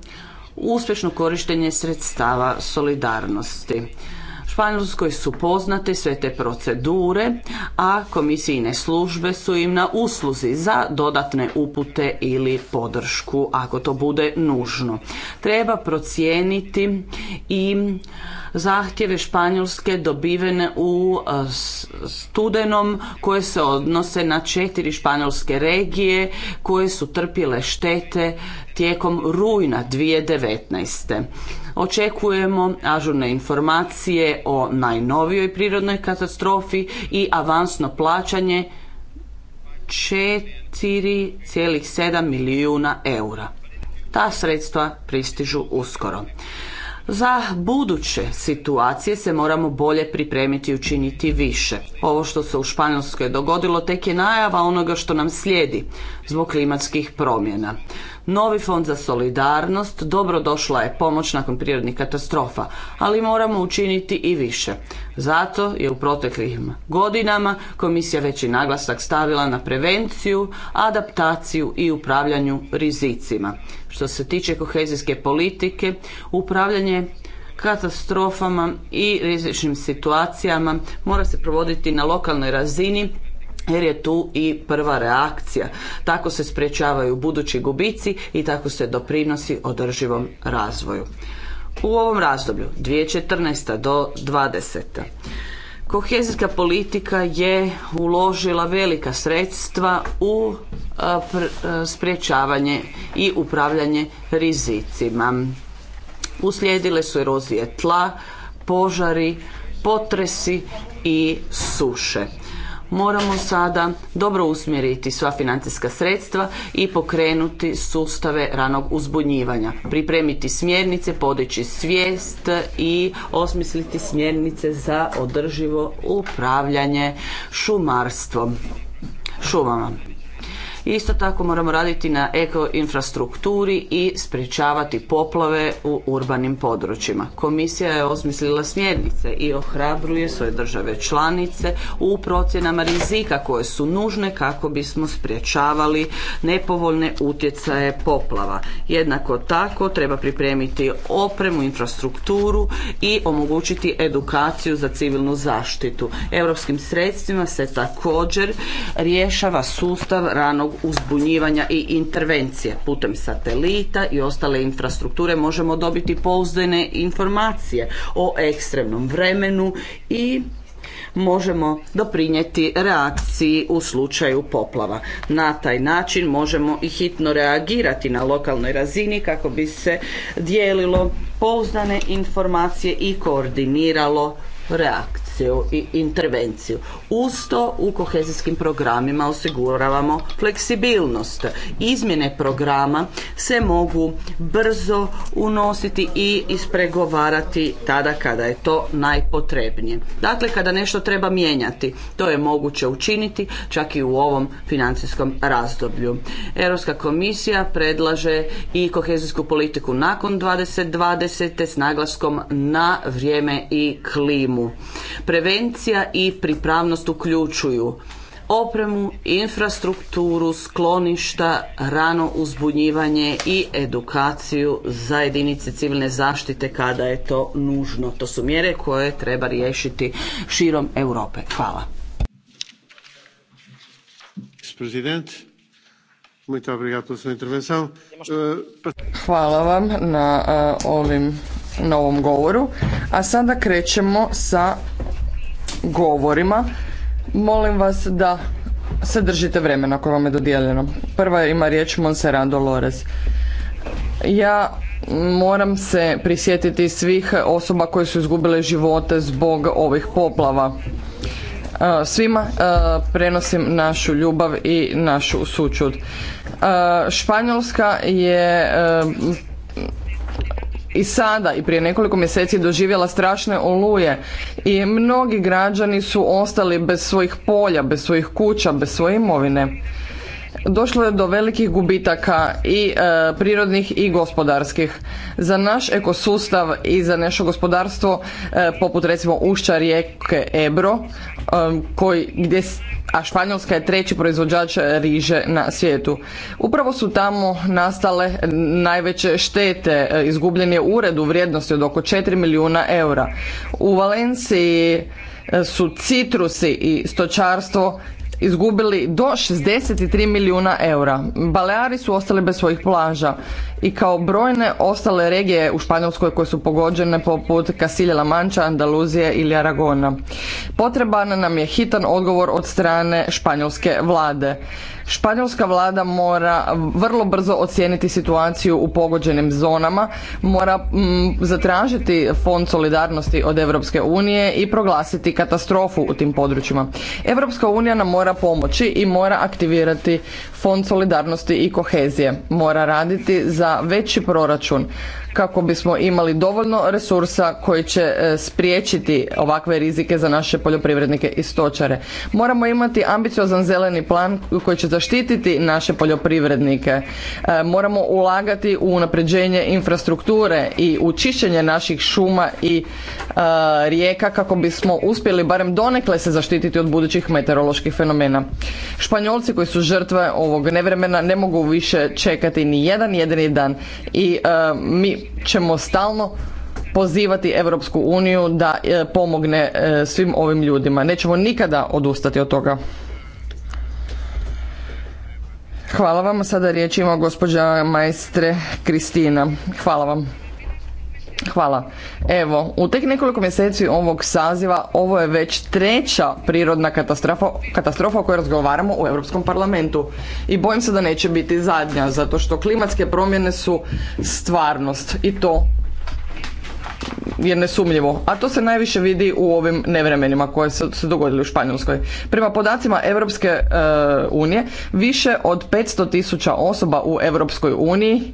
uspješno korištenje sredstava solidarnosti. Španjolskoj su poznate sve te procedure, a komisijine službe su im na usluzi za dodatne upute ili podršku ako to bude nužno. Treba procijeniti i zahtjeve Španjolske dobivene u e, studenom koje se odnose na četiri španjolske regije koje su trpile štete tijekom rujna 2019. Očekujemo ažurne informacije o najnovijoj prirodnoj katastrofi i avansno plaćanje 4,7 milijuna eura. Ta sredstva pristižu uskoro. Za buduće situacije se moramo bolje pripremiti i učiniti više. Ovo što se u Španjolskoj dogodilo tek je najava onoga što nam slijedi zbog klimatskih promjena. Novi fond za solidarnost dobro došla je pomoć nakon prirodnih katastrofa, ali moramo učiniti i više. Zato je u proteklih godinama komisija već i naglasak stavila na prevenciju, adaptaciju i upravljanju rizicima. Što se tiče kohezijske politike, upravljanje katastrofama i rizičnim situacijama mora se provoditi na lokalnoj razini jer je tu i prva reakcija. Tako se sprječavaju budući gubici i tako se doprinosi održivom razvoju. U ovom razdoblju 2014. do 2020. Kohezijska politika je uložila velika sredstva u sprječavanje i upravljanje rizicima. Uslijedile su erozije tla, požari, potresi i suše moramo sada dobro usmjeriti sva financijska sredstva i pokrenuti sustave ranog uzbunjivanja, pripremiti smjernice, podići svijest i osmisliti smjernice za održivo upravljanje šumarstvom šumama. Isto tako moramo raditi na eko infrastrukturi i sprječavati poplave u urbanim područjima. Komisija je osmislila smjernice i ohrabruje svoje države članice u procjenama rizika koje su nužne kako bismo sprječavali nepovoljne utjecaje poplava. Jednako tako treba pripremiti opremu, infrastrukturu i omogućiti edukaciju za civilnu zaštitu. Europskim sredstvima se također rješava sustav ranog uzbunjivanja i intervencije. Putem satelita i ostale infrastrukture možemo dobiti pouzdane informacije o ekstremnom vremenu i možemo doprinijeti reakciji u slučaju poplava. Na taj način možemo i hitno reagirati na lokalnoj razini kako bi se dijelilo pouzdane informacije i koordiniralo reakciju i intervenciju. Uz to u kohezijskim programima osiguravamo fleksibilnost. Izmjene programa se mogu brzo unositi i ispregovarati tada kada je to najpotrebnije. Dakle, kada nešto treba mijenjati, to je moguće učiniti čak i u ovom financijskom razdoblju. Europska komisija predlaže i kohezijsku politiku nakon 2020. s naglaskom na vrijeme i klimu. Prevencija i pripravnost uključuju opremu, infrastrukturu, skloništa, rano uzbunjivanje i edukaciju za jedinice civilne zaštite kada je to nužno. To su mjere koje treba riješiti širom Europe. Hvala. Hvala vam na eh, ovim novom govoru. A sada krećemo sa govorima Molim vas da se držite vremena koje vam je dodijeljeno. Prva ima riječ Monserrat Dolores. Ja moram se prisjetiti svih osoba koje su izgubile živote zbog ovih poplava. E, svima e, prenosim našu ljubav i našu sučud. E, Španjolska je i sada i prije nekoliko mjeseci doživjela strašne oluje i mnogi građani su ostali bez svojih polja, bez svojih kuća, bez svoje imovine došlo je do velikih gubitaka i e, prirodnih i gospodarskih. Za naš ekosustav i za naše gospodarstvo e, poput recimo ušća rijeke Ebro e, koji gdje a Španjolska je treći proizvođač riže na svijetu. Upravo su tamo nastale najveće štete, izgubljen je ured u vrijednosti od oko 4 milijuna eura. U Valenciji su citrusi i stočarstvo izgubili do 63 milijuna eura. Baleari su ostali bez svojih plaža i kao brojne ostale regije u Španjolskoj koje su pogođene poput Kasilje La Mancha, Andaluzije ili Aragona. Potreban nam je hitan odgovor od strane španjolske vlade. Španjolska vlada mora vrlo brzo ocijeniti situaciju u pogođenim zonama, mora mm, zatražiti fond solidarnosti od Europske unije i proglasiti katastrofu u tim područjima. Europska unija nam mora pomoći i mora aktivirati Fond solidarnosti i kohezije mora raditi za veći proračun kako bismo imali dovoljno resursa koji će e, spriječiti ovakve rizike za naše poljoprivrednike i stočare. Moramo imati ambiciozan zeleni plan koji će zaštititi naše poljoprivrednike. E, moramo ulagati u unapređenje infrastrukture i u čišćenje naših šuma i e, rijeka kako bismo uspjeli barem donekle se zaštititi od budućih meteoroloških fenomena. Španjolci koji su žrtve ovog ovog nevremena ne mogu više čekati ni jedan jedini dan i e, mi ćemo stalno pozivati Europsku uniju da e, pomogne e, svim ovim ljudima. Nećemo nikada odustati od toga. Hvala vam. Sada riječ ima gospođa majstre Kristina. Hvala vam. Hvala. Evo, u tek nekoliko mjeseci ovog saziva ovo je već treća prirodna katastrofa, o kojoj razgovaramo u Europskom parlamentu. I bojim se da neće biti zadnja, zato što klimatske promjene su stvarnost i to je nesumljivo. A to se najviše vidi u ovim nevremenima koje su se dogodili u Španjolskoj. Prema podacima Europske e, unije, više od 500 tisuća osoba u Europskoj uniji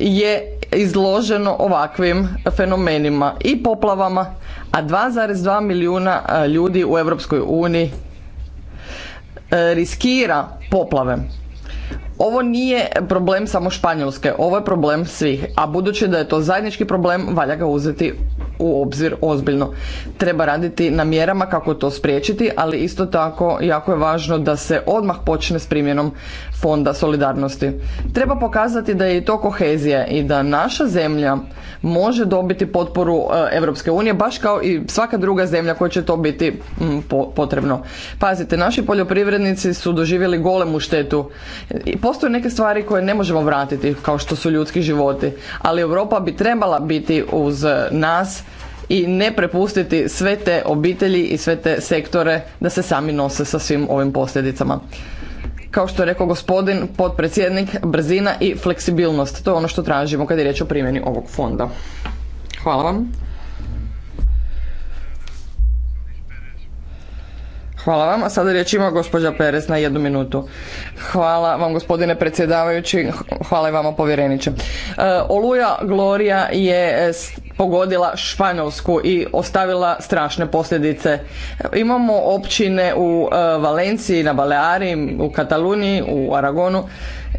je izloženo ovakvim fenomenima i poplavama, a 2,2 milijuna ljudi u Europskoj uniji e, riskira poplave. Ovo nije problem samo Španjolske, ovo je problem svih, a budući da je to zajednički problem, valja ga uzeti u obzir ozbiljno. Treba raditi na mjerama kako to spriječiti, ali isto tako jako je važno da se odmah počne s primjenom fonda solidarnosti. Treba pokazati da je i to kohezija i da naša zemlja može dobiti potporu Europske unije, baš kao i svaka druga zemlja koja će to biti potrebno. Pazite, naši poljoprivrednici su doživjeli golemu štetu. Postoje neke stvari koje ne možemo vratiti, kao što su ljudski životi, ali Europa bi trebala biti uz nas i ne prepustiti sve te obitelji i sve te sektore da se sami nose sa svim ovim posljedicama kao što je rekao gospodin potpredsjednik, brzina i fleksibilnost. To je ono što tražimo kad je riječ o primjeni ovog fonda. Hvala vam. Hvala vam. A sada riječ ima gospođa Perez na jednu minutu. Hvala vam gospodine predsjedavajući, hvala i vama povjereniče. E, Oluja Gloria je pogodila Španjolsku i ostavila strašne posljedice. Imamo općine u e, Valenciji, na Baleari, u Kataluniji, u Aragonu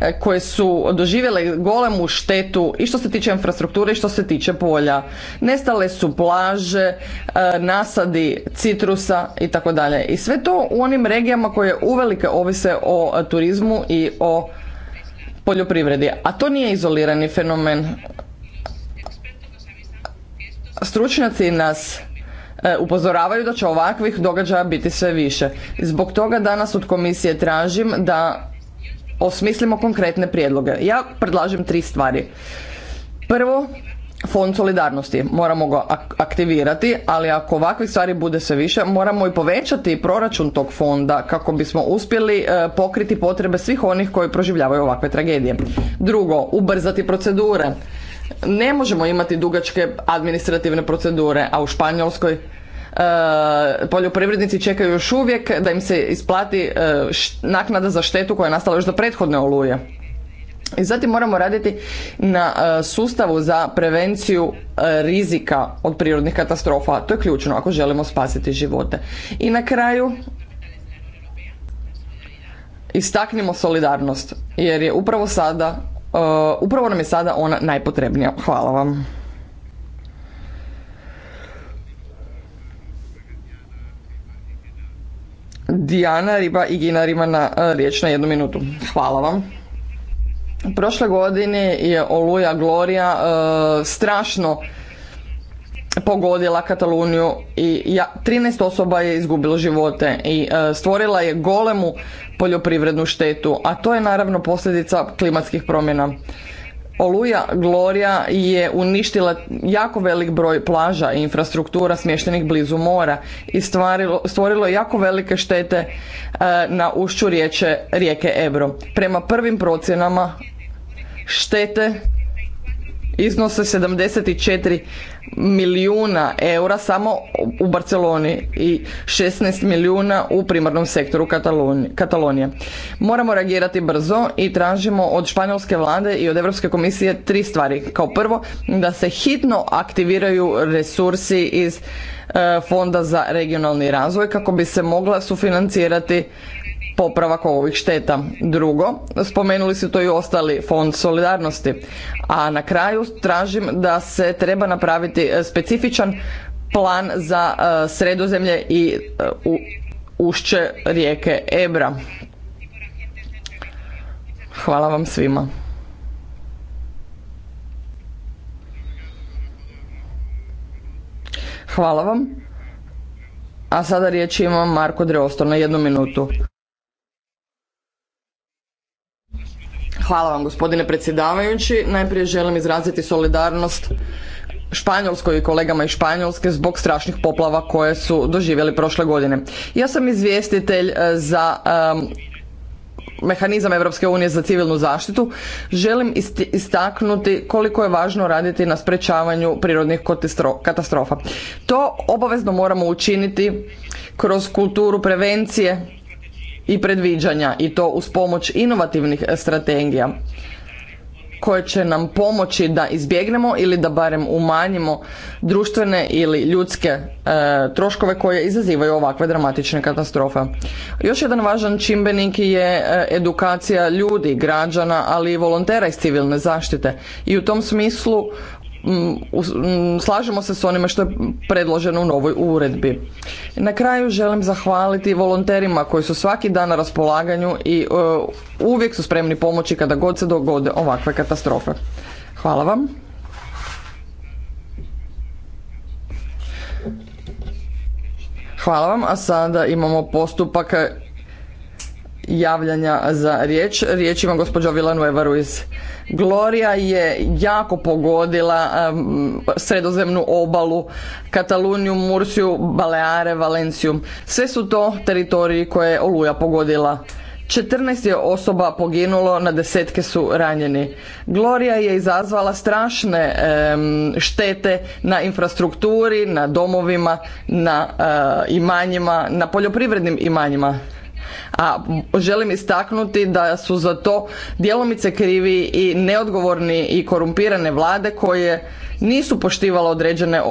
e, koje su doživjele golemu štetu i što se tiče infrastrukture i što se tiče polja. Nestale su plaže, e, nasadi citrusa i tako dalje. I sve to u onim regijama koje uvelike ovise o turizmu i o poljoprivredi. A to nije izolirani fenomen stručnjaci nas e, upozoravaju da će ovakvih događaja biti sve više. Zbog toga danas od komisije tražim da osmislimo konkretne prijedloge. Ja predlažem tri stvari. Prvo, fond solidarnosti. Moramo ga aktivirati, ali ako ovakvih stvari bude sve više, moramo i povećati proračun tog fonda kako bismo uspjeli e, pokriti potrebe svih onih koji proživljavaju ovakve tragedije. Drugo, ubrzati procedure ne možemo imati dugačke administrativne procedure, a u Španjolskoj e, poljoprivrednici čekaju još uvijek da im se isplati e, naknada za štetu koja je nastala još do prethodne oluje. I zatim moramo raditi na e, sustavu za prevenciju rizika od prirodnih katastrofa. To je ključno ako želimo spasiti živote. I na kraju istaknimo solidarnost jer je upravo sada Uh, upravo nam je sada ona najpotrebnija. Hvala vam. Dijana Riba i Gina na uh, riječ na jednu minutu. Hvala vam. Prošle godine je Oluja Gloria uh, strašno pogodila Kataluniju i ja, 13 osoba je izgubilo živote i e, stvorila je golemu poljoprivrednu štetu, a to je naravno posljedica klimatskih promjena. Oluja Gloria je uništila jako velik broj plaža i infrastruktura smještenih blizu mora i stvarilo, stvorilo jako velike štete e, na ušću riječe rijeke Ebro. Prema prvim procjenama štete iznose 74 milijuna eura samo u Barceloni i 16 milijuna u primarnom sektoru Katalonije. Moramo reagirati brzo i tražimo od španjolske vlade i od Europske komisije tri stvari. Kao prvo, da se hitno aktiviraju resursi iz e, Fonda za regionalni razvoj kako bi se mogla sufinancirati popravak ovih šteta. Drugo, spomenuli su to i ostali fond solidarnosti. A na kraju tražim da se treba napraviti e, specifičan plan za e, sredozemlje i e, ušće rijeke Ebra. Hvala vam svima. Hvala vam. A sada riječ ima Marko Dreostor na jednu minutu. Hvala vam gospodine predsjedavajući. Najprije želim izraziti solidarnost Španjolskoj i kolegama iz Španjolske zbog strašnih poplava koje su doživjeli prošle godine. Ja sam izvjestitelj e, za mehanizam Europske unije za civilnu zaštitu, želim istaknuti koliko je važno raditi na sprečavanju prirodnih katastrofa. To obavezno moramo učiniti kroz kulturu prevencije i predviđanja i to uz pomoć inovativnih e, strategija koje će nam pomoći da izbjegnemo ili da barem umanjimo društvene ili ljudske e, troškove koje izazivaju ovakve dramatične katastrofe. Još jedan važan čimbenik je e, edukacija ljudi, građana, ali i volontera iz civilne zaštite. I u tom smislu Mm, mm, slažemo se s onima što je predloženo u novoj uredbi. Na kraju želim zahvaliti volonterima koji su svaki dan na raspolaganju i e, uvijek su spremni pomoći kada god se dogode ovakve katastrofe. Hvala vam. Hvala vam, a sada imamo postupak javljanja za riječ. Riječ ima gospođa Villanueva Ruiz. Gloria je jako pogodila sredozemnu obalu, Kataluniju, Mursiju, Baleare, Valenciju. Sve su to teritoriji koje je Oluja pogodila. 14 je osoba poginulo, na desetke su ranjeni. Gloria je izazvala strašne štete na infrastrukturi, na domovima, na eh, imanjima, na poljoprivrednim imanjima a želim istaknuti da su za to djelomice krivi i neodgovorni i korumpirane vlade koje nisu poštivale određene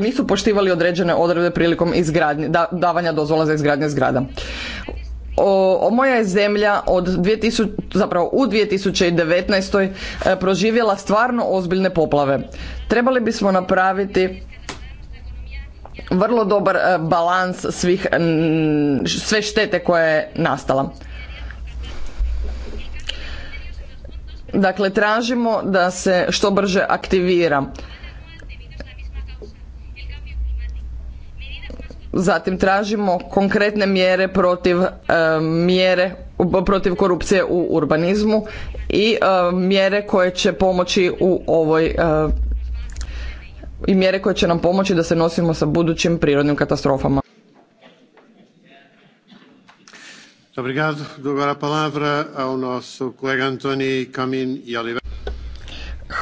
nisu poštivali određene odredbe prilikom izgradnje davanja dozvola za izgradnje zgrada. O, moja je zemlja od 2000, zapravo u 2019. E, proživjela stvarno ozbiljne poplave. Trebali bismo napraviti vrlo dobar e, balans svih, sve štete koja je nastala. Dakle, tražimo da se što brže aktivira. Zatim tražimo konkretne mjere protiv e, mjere protiv korupcije u urbanizmu i e, mjere koje će pomoći u ovoj i mjere koje će nam pomoći da se nosimo sa budućim prirodnim katastrofama.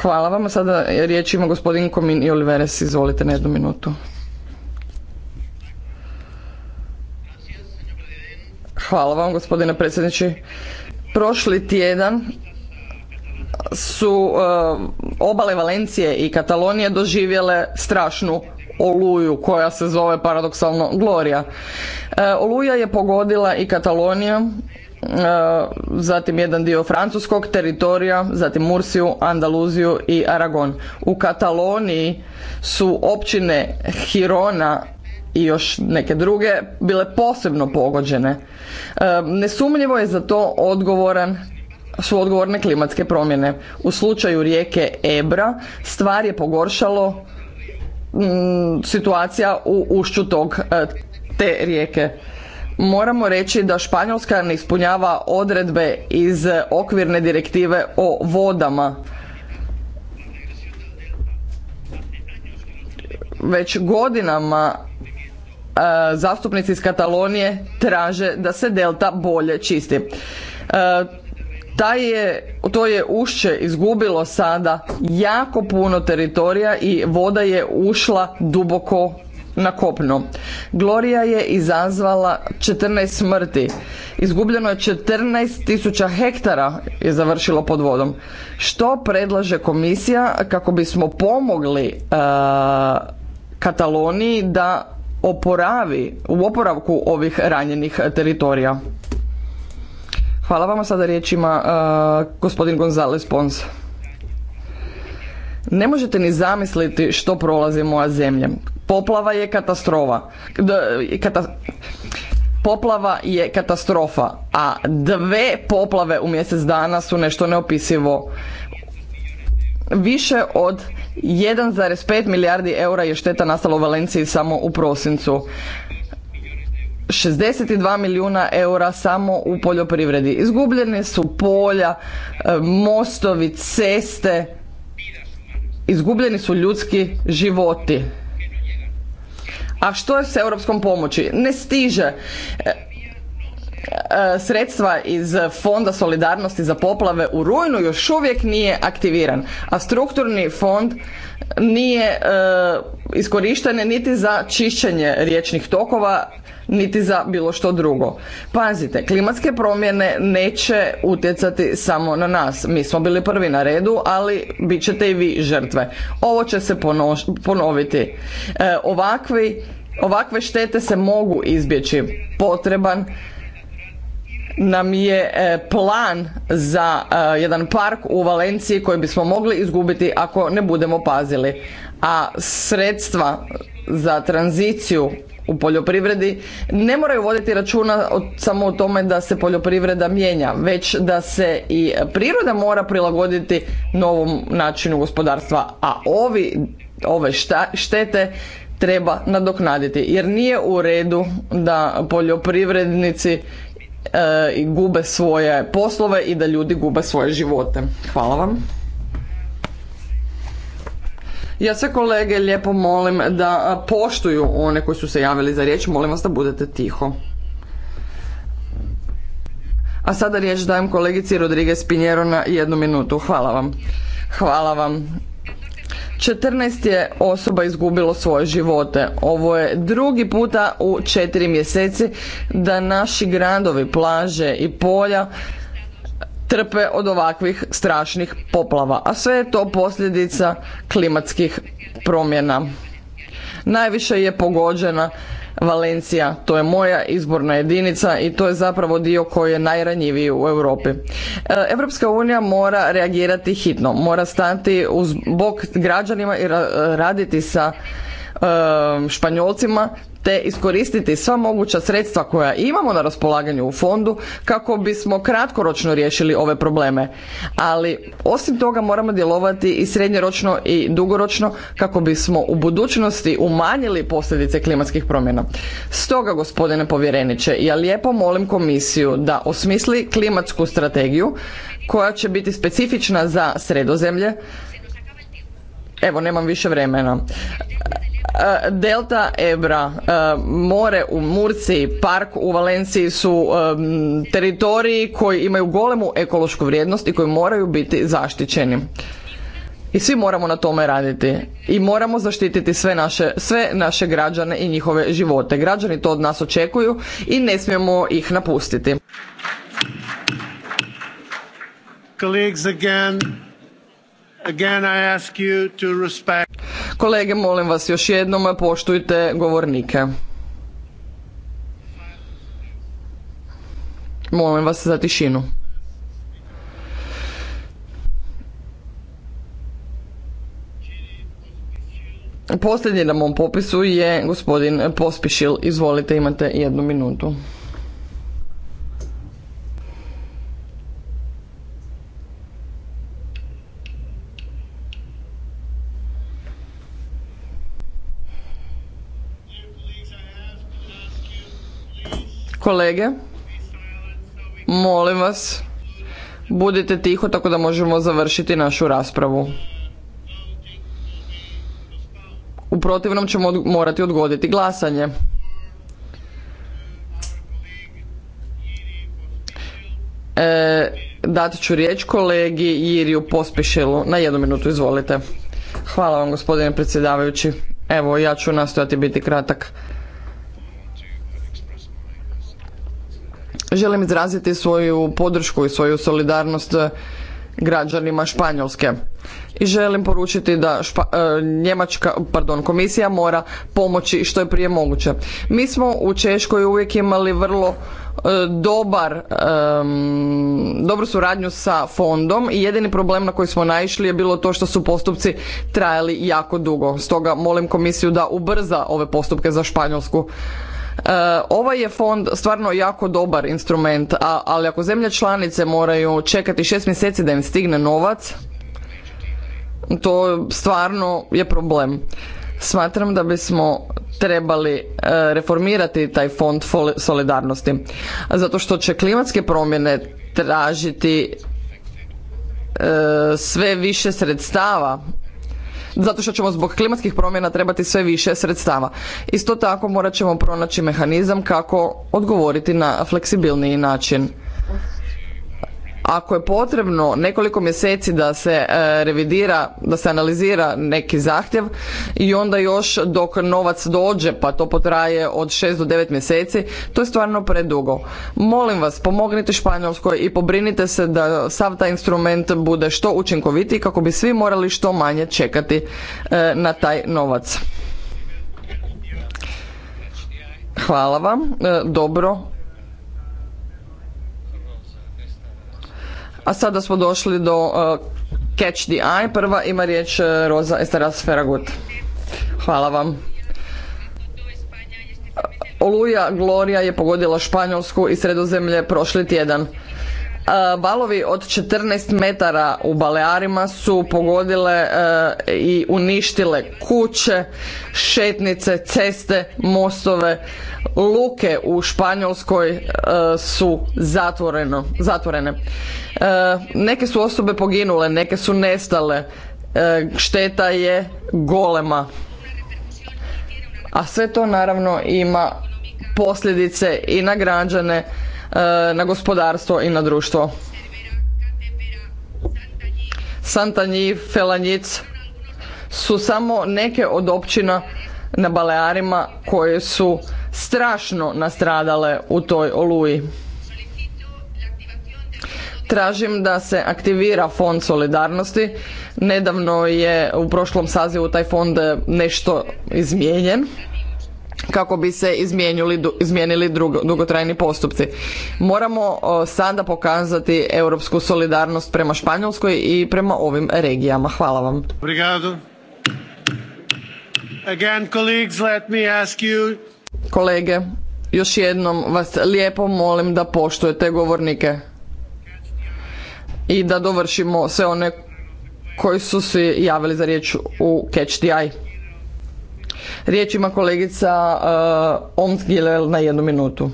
Hvala vam. Sada riječ ima gospodin Komin i Oliveres. Izvolite na jednu minutu. Hvala vam gospodine predsjedniče. Prošli tjedan su e, obale Valencije i Katalonije doživjele strašnu oluju koja se zove paradoksalno Gloria. E, oluja je pogodila i Kataloniju, e, zatim jedan dio francuskog teritorija, zatim Mursiju, Andaluziju i Aragon. U Kataloniji su općine Hirona i još neke druge bile posebno pogođene. Nesumnjivo je za to odgovoran su odgovorne klimatske promjene. U slučaju rijeke Ebra stvar je pogoršalo mm, situacija u ušću tog e, te rijeke. Moramo reći da Španjolska ne ispunjava odredbe iz okvirne direktive o vodama. Već godinama e, zastupnici iz Katalonije traže da se delta bolje čisti. E, taj je, to je ušće izgubilo sada jako puno teritorija i voda je ušla duboko na kopno. Gloria je izazvala 14 smrti. Izgubljeno je 14 tisuća hektara je završilo pod vodom. Što predlaže komisija kako bismo pomogli e, Kataloniji da oporavi u oporavku ovih ranjenih teritorija? Hvala vama sada riječima uh, gospodin Gonzales Pons. Ne možete ni zamisliti što prolazi moja zemlja. Poplava je katastrofa. Poplava je katastrofa, a dve poplave u mjesec dana su nešto neopisivo. Više od 1,5 milijardi eura je šteta nastala u Valenciji samo u prosincu. 62 milijuna eura samo u poljoprivredi. Izgubljene su polja, e, mostovi, ceste, izgubljeni su ljudski životi. A što je s europskom pomoći? Ne stiže. E, E, sredstva iz Fonda solidarnosti za poplave u rujnu još uvijek nije aktiviran, a strukturni fond nije e, iskorišten niti za čišćenje riječnih tokova, niti za bilo što drugo. Pazite, klimatske promjene neće utjecati samo na nas. Mi smo bili prvi na redu, ali bit ćete i vi žrtve. Ovo će se ponoviti. E, ovakve štete se mogu izbjeći. Potreban nam je e, plan za e, jedan park u Valenciji koji bismo mogli izgubiti ako ne budemo pazili. A sredstva za tranziciju u poljoprivredi ne moraju voditi računa samo o tome da se poljoprivreda mijenja, već da se i priroda mora prilagoditi novom načinu gospodarstva, a ovi, ove štete treba nadoknaditi jer nije u redu da poljoprivrednici Eh, i gube svoje poslove i da ljudi gube svoje živote. Hvala vam. Ja sve kolege lijepo molim da poštuju one koji su se javili za riječ. Molim vas da budete tiho. A sada riječ dajem kolegici Rodriguez Pinjero na jednu minutu. Hvala vam. Hvala vam. 14 je osoba izgubilo svoje živote. Ovo je drugi puta u četiri mjeseci da naši gradovi, plaže i polja trpe od ovakvih strašnih poplava, a sve je to posljedica klimatskih promjena. Najviše je pogođena Valencija. To je moja izborna jedinica i to je zapravo dio koji je najranjiviji u Europi. Europska unija mora reagirati hitno, mora stati uz bok građanima i raditi sa Španjolcima te iskoristiti sva moguća sredstva koja imamo na raspolaganju u fondu kako bismo kratkoročno riješili ove probleme. Ali osim toga moramo djelovati i srednjeročno i dugoročno kako bismo u budućnosti umanjili posljedice klimatskih promjena. Stoga, gospodine povjereniče, ja lijepo molim komisiju da osmisli klimatsku strategiju koja će biti specifična za sredozemlje, Evo, nemam više vremena. E, delta Ebra, e, more u Murci, park u Valenciji su e, teritoriji koji imaju golemu ekološku vrijednost i koji moraju biti zaštićeni. I svi moramo na tome raditi. I moramo zaštititi sve naše, sve naše građane i njihove živote. Građani to od nas očekuju i ne smijemo ih napustiti. Again, Kolege, molim vas još jednom, poštujte govornike. Molim vas za tišinu. Posljednji na mom popisu je gospodin Pospišil. Izvolite, imate jednu minutu. Kolege, molim vas, budite tiho tako da možemo završiti našu raspravu. U protivnom ćemo morati odgoditi glasanje. E, ću riječ kolegi Jiriju Pospišilu. Na jednu minutu, izvolite. Hvala vam, gospodine predsjedavajući. Evo, ja ću nastojati biti kratak. želim izraziti svoju podršku i svoju solidarnost eh, građanima Španjolske. I želim poručiti da špa, eh, Njemačka, pardon, komisija mora pomoći što je prije moguće. Mi smo u Češkoj uvijek imali vrlo eh, dobar, dobru suradnju sa fondom i jedini problem na koji smo naišli je bilo to što su postupci trajali jako dugo. Stoga molim komisiju da ubrza ove postupke za Španjolsku. E, ovaj je fond stvarno jako dobar instrument, a, ali ako zemlje članice moraju čekati šest mjeseci da im stigne novac, to stvarno je problem. Smatram da bismo trebali e, reformirati taj fond solidarnosti. Zato što će klimatske promjene tražiti e, sve više sredstava zato što ćemo zbog klimatskih promjena trebati sve više sredstava. Isto tako morat ćemo pronaći mehanizam kako odgovoriti na fleksibilniji način ako je potrebno nekoliko mjeseci da se e, revidira, da se analizira neki zahtjev i onda još dok novac dođe pa to potraje od 6 do 9 mjeseci, to je stvarno predugo. Molim vas, pomognite Španjolskoj i pobrinite se da sav taj instrument bude što učinkovitiji kako bi svi morali što manje čekati e, na taj novac. Hvala vam, e, dobro A sada smo došli do uh, Catch the Eye. Prva ima riječ uh, Roza Esteras Feragut. Hvala vam. Oluja Gloria je pogodila Španjolsku i sredozemlje prošli tjedan. Balovi od 14 metara u Balearima su pogodile e, i uništile kuće, šetnice, ceste, mostove, luke u Španjolskoj e, su zatvoreno, zatvorene. E, neke su osobe poginule, neke su nestale. Šteta je golema. A sve to naravno ima posljedice i na građane Eh, na gospodarstvo i na društvo. Santanji, Felanjic su samo neke od općina na Balearima koje su strašno nastradale u toj oluji. Tražim da se aktivira fond solidarnosti. Nedavno je u prošlom sazivu taj fond nešto izmijenjen kako bi se izmijenili dugotrajni postupci. Moramo sada pokazati europsku solidarnost prema Španjolskoj i prema ovim regijama. Hvala vam. let Kolege, još jednom vas lijepo molim da poštujete govornike i da dovršimo sve one koji su se javili za riječ u Catch the Eye. Riječ ima kolegica uh, eh, Omsgilel na jednu minutu.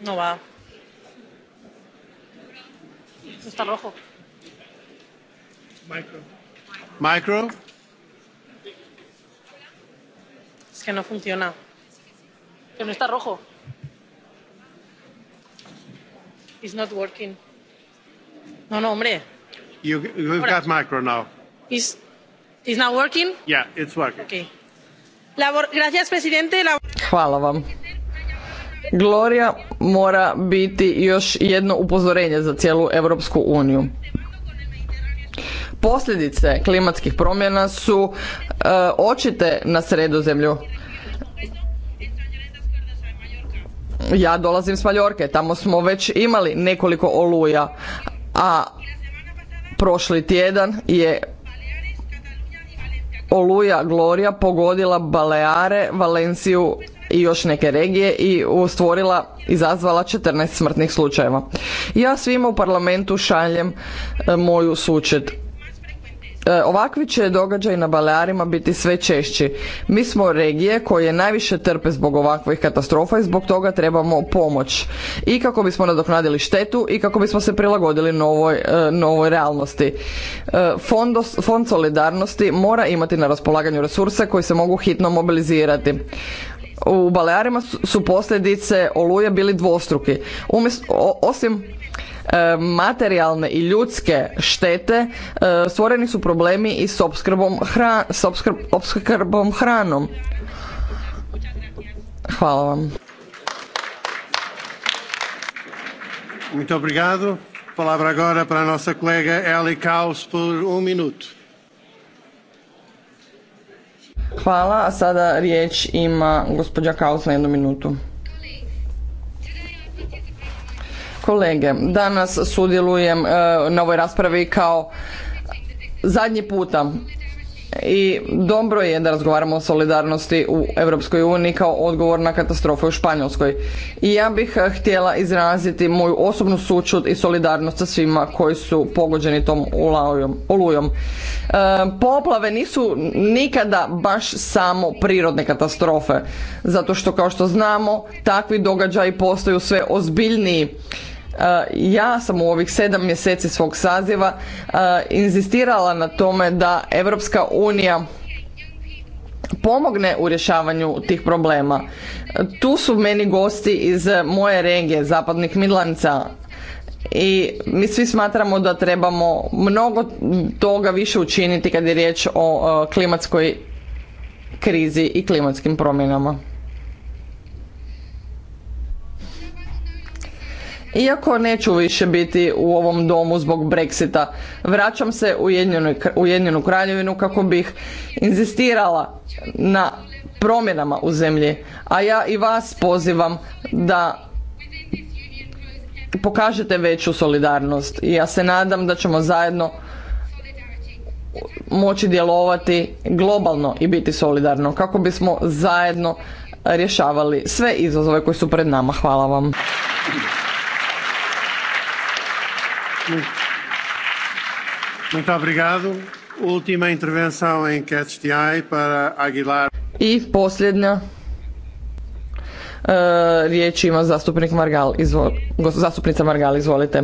No, wow. Está rojo. Micro. Micro. Es que no funciona. Que no está rojo. It's not working. No, no, hombre. You, you've Ahora. got micro now. Hvala vam. Gloria mora biti još jedno upozorenje za cijelu Europsku uniju. Posljedice klimatskih promjena su e, očite na sredozemlju. Ja dolazim s Maljorke, tamo smo već imali nekoliko oluja, a prošli tjedan je Oluja Gloria pogodila Baleare, Valenciju i još neke regije i stvorila, izazvala 14 smrtnih slučajeva. Ja svima u parlamentu šaljem e, moju sučet E, ovakvi će događaj na Balearima biti sve češći. Mi smo regije koje najviše trpe zbog ovakvih katastrofa i zbog toga trebamo pomoć. I kako bismo nadoknadili štetu i kako bismo se prilagodili novoj, e, novoj realnosti. E, fond solidarnosti mora imati na raspolaganju resurse koji se mogu hitno mobilizirati. U Balearima su posljedice oluje bili dvostruki. Umjesto, osim E, materijalne i ljudske štete e, stvoreni su problemi i s opskrbom hra, s opskrb, opskrbom hranom. Hvala vam. Muito obrigado. Palavra agora para a nossa colega Eli Kaus por um minuto. Hvala, a sada riječ ima gospođa Kaus na jednu minutu. kolege. Danas sudjelujem e, na ovoj raspravi kao zadnji puta i dobro je da razgovaramo o solidarnosti u Europskoj uniji kao odgovor na katastrofu u Španjolskoj. I ja bih e, htjela izraziti moju osobnu sučut i solidarnost sa svima koji su pogođeni tom olujom. E, poplave nisu nikada baš samo prirodne katastrofe, zato što kao što znamo takvi događaji postaju sve ozbiljniji Eh, ja sam u ovih sedam mjeseci svog saziva eh, inzistirala na tome da Europska unija pomogne u rješavanju tih problema. Eh, tu su meni gosti iz moje regije, zapadnih Midlanca, i mi svi smatramo da trebamo mnogo toga više učiniti kad je riječ o klimatskoj krizi i klimatskim promjenama. Iako neću više biti u ovom domu zbog Brexita, vraćam se u Ujedinjenu, Ujedinjenu kraljevinu kako bih inzistirala na promjenama u zemlji. A ja i vas pozivam da pokažete veću solidarnost i ja se nadam da ćemo zajedno moći djelovati globalno i biti solidarno kako bismo zajedno rješavali sve izazove koji su pred nama. Hvala vam. I posljednja eh, riječ ima zastupnik Margal, izvol, zastupnica Margal, izvolite.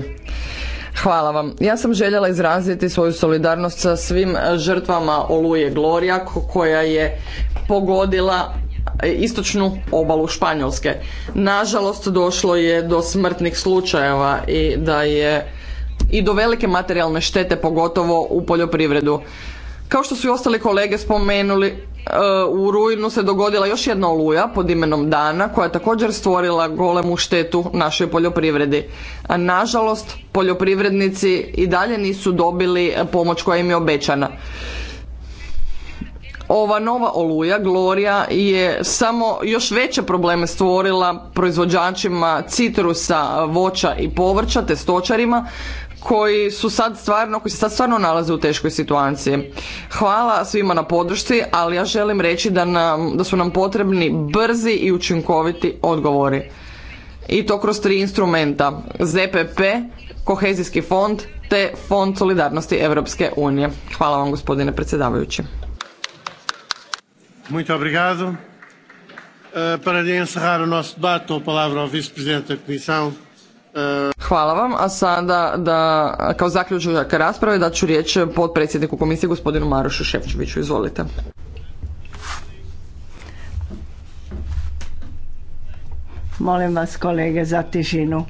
Hvala vam. Ja sam željela izraziti svoju solidarnost sa svim eh, žrtvama Oluje Gloria koja je pogodila eh, istočnu obalu Španjolske. Nažalost, došlo je do smrtnih slučajeva i da je i do velike materijalne štete, pogotovo u poljoprivredu. Kao što su i ostali kolege spomenuli, e, u rujnu se dogodila još jedna oluja pod imenom Dana koja također stvorila golemu štetu našoj poljoprivredi. nažalost, poljoprivrednici i dalje nisu dobili pomoć koja im je obećana. Ova nova oluja, Gloria, je samo još veće probleme stvorila proizvođačima citrusa, voća i povrća, te stočarima, koji su sad stvarno, koji se sad stvarno nalaze u teškoj situaciji. Hvala svima na podršci, ali ja želim reći da, nam, da su nam potrebni brzi i učinkoviti odgovori. I to kroz tri instrumenta. ZPP, kohezijski fond te fond solidarnosti Europske unije. Hvala vam gospodine predsjedavajući. Muito obrigado. Eh, para encerrar o nosso debate, palavra ao Vice-Presidente da Comissão, Hvala vam, a sada da, kao zaključak rasprave da ću riječ potpredsjedniku komisije gospodinu Marošu Ševčeviću. Izvolite. Molim vas kolege za tišinu.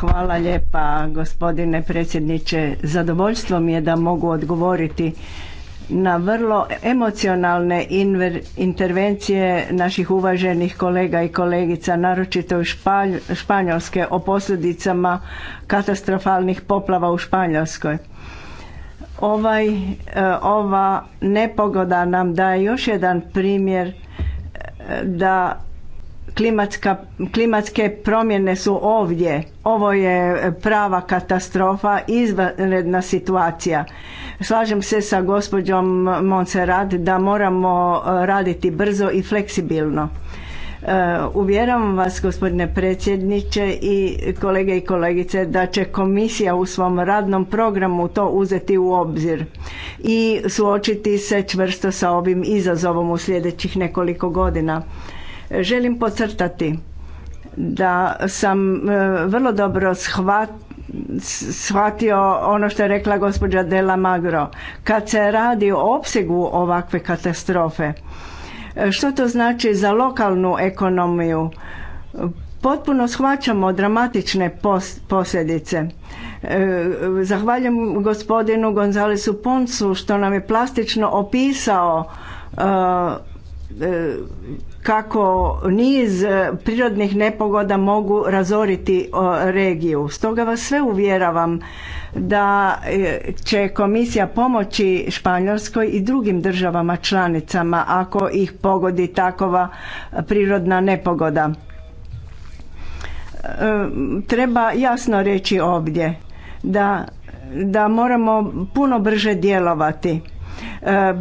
Hvala lijepa gospodine predsjedniče. Zadovoljstvo mi je da mogu odgovoriti na vrlo emocionalne intervencije naših uvaženih kolega i kolegica, naročito iz Španjolske, o posljedicama katastrofalnih poplava u Španjolskoj. Ovaj, e, ova nepogoda nam daje još jedan primjer e, da klimatske promjene su ovdje. Ovo je prava katastrofa, izvanredna situacija. Slažem se sa gospođom Montserrat da moramo e, raditi brzo i fleksibilno. E, Uvjeram vas, gospodine predsjedniče i kolege i kolegice, da će komisija u svom radnom programu to uzeti u obzir i suočiti se čvrsto sa ovim izazovom u sljedećih nekoliko godina Želim pocrtati da sam e, vrlo dobro shvatio ono što je rekla gospođa Dela Magro. Kad se radi o opsegu ovakve katastrofe, e, što to znači za lokalnu ekonomiju? Potpuno shvaćamo dramatične posljedice. E, zahvaljujem gospodinu Gonzalesu Puncu što nam je plastično opisao kako niz e, prirodnih nepogoda mogu razoriti regiju. Stoga vas sve uvjeravam da e, će komisija pomoći Španjolskoj i drugim državama članicama ako ih pogodi takova prirodna nepogoda. E, treba jasno reći ovdje da, da moramo puno brže djelovati E,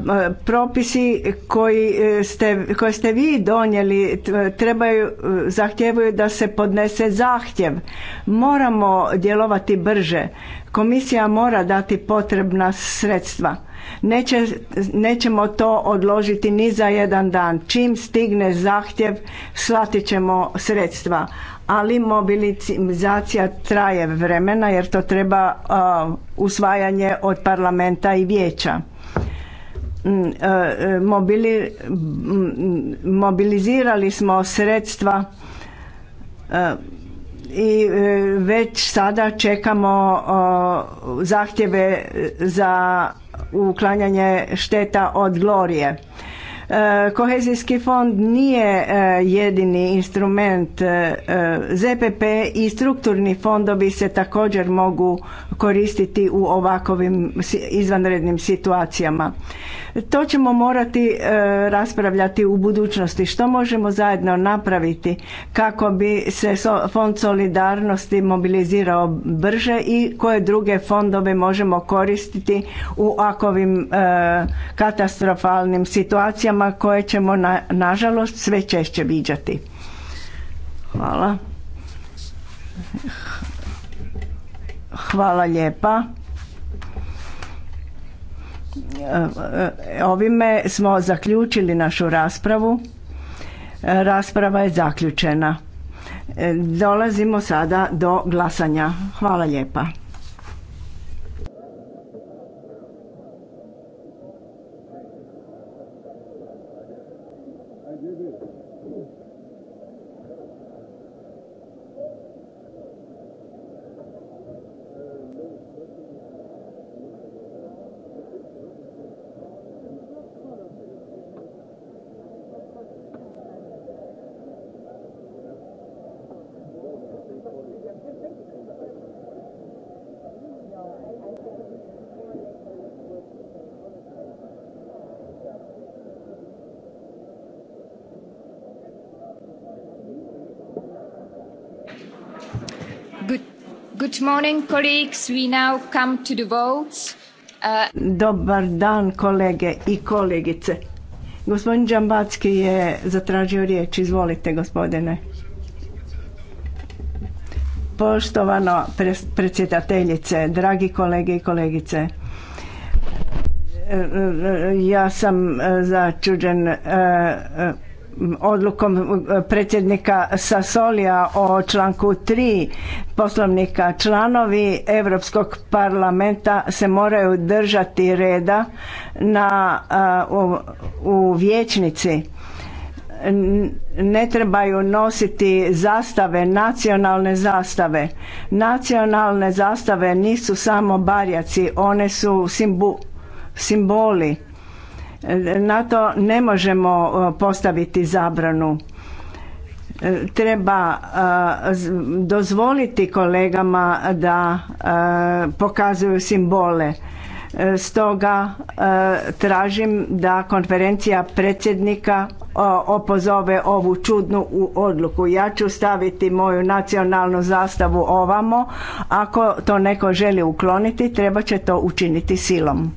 propisi koji e, ste, koje ste vi donijeli trebaju, e, zahtijevaju da se podnese zahtjev. Moramo djelovati brže. Komisija mora dati potrebna sredstva. nećemo to odložiti ni za jedan dan. Čim stigne zahtjev, slati ćemo sredstva. Ali mobilizacija traje vremena jer to treba usvajanje od parlamenta i vijeća. E, e, mobili, mobilizirali smo sredstva e, i već sada čekamo zahtjeve za uklanjanje šteta od Glorije. E, kohezijski fond nije e, jedini instrument. E, ZPP i strukturni fondovi se također mogu koristiti u ovakovim izvanrednim situacijama. To ćemo morati raspravljati u budućnosti. Što možemo zajedno napraviti kako bi se fond solidarnosti mobilizirao brže i koje druge fondove možemo koristiti u ovakvim katastrofalnim situacijama koje ćemo nažalost sve češće viđati. Hvala. Hvala lijepa. E, e, ovime smo zaključili našu raspravu. E, rasprava je zaključena. Dolazimo sada do glasanja. Hvala lijepa. Uh, Dobar dan, kolege i kolegice. Gospodin Džambacki je zatražio riječ. Izvolite, gospodine. Poštovano predsjedateljice, dragi kolege i kolegice, e, e, ja sam e, začuđen odlukom predsjednika Sasolija o članku 3 poslovnika članovi Europskog parlamenta se moraju držati reda na, u, u vijećnici ne trebaju nositi zastave, nacionalne zastave. Nacionalne zastave nisu samo barjaci, one su simboli na to ne možemo postaviti zabranu. E, treba e, dozvoliti kolegama da e, pokazuju simbole. Stoga tražim da konferencija predsjednika opozove ovu čudnu odluku. Ja ću staviti moju nacionalnu zastavu ovamo. Ako to neko želi ukloniti, treba će to učiniti silom.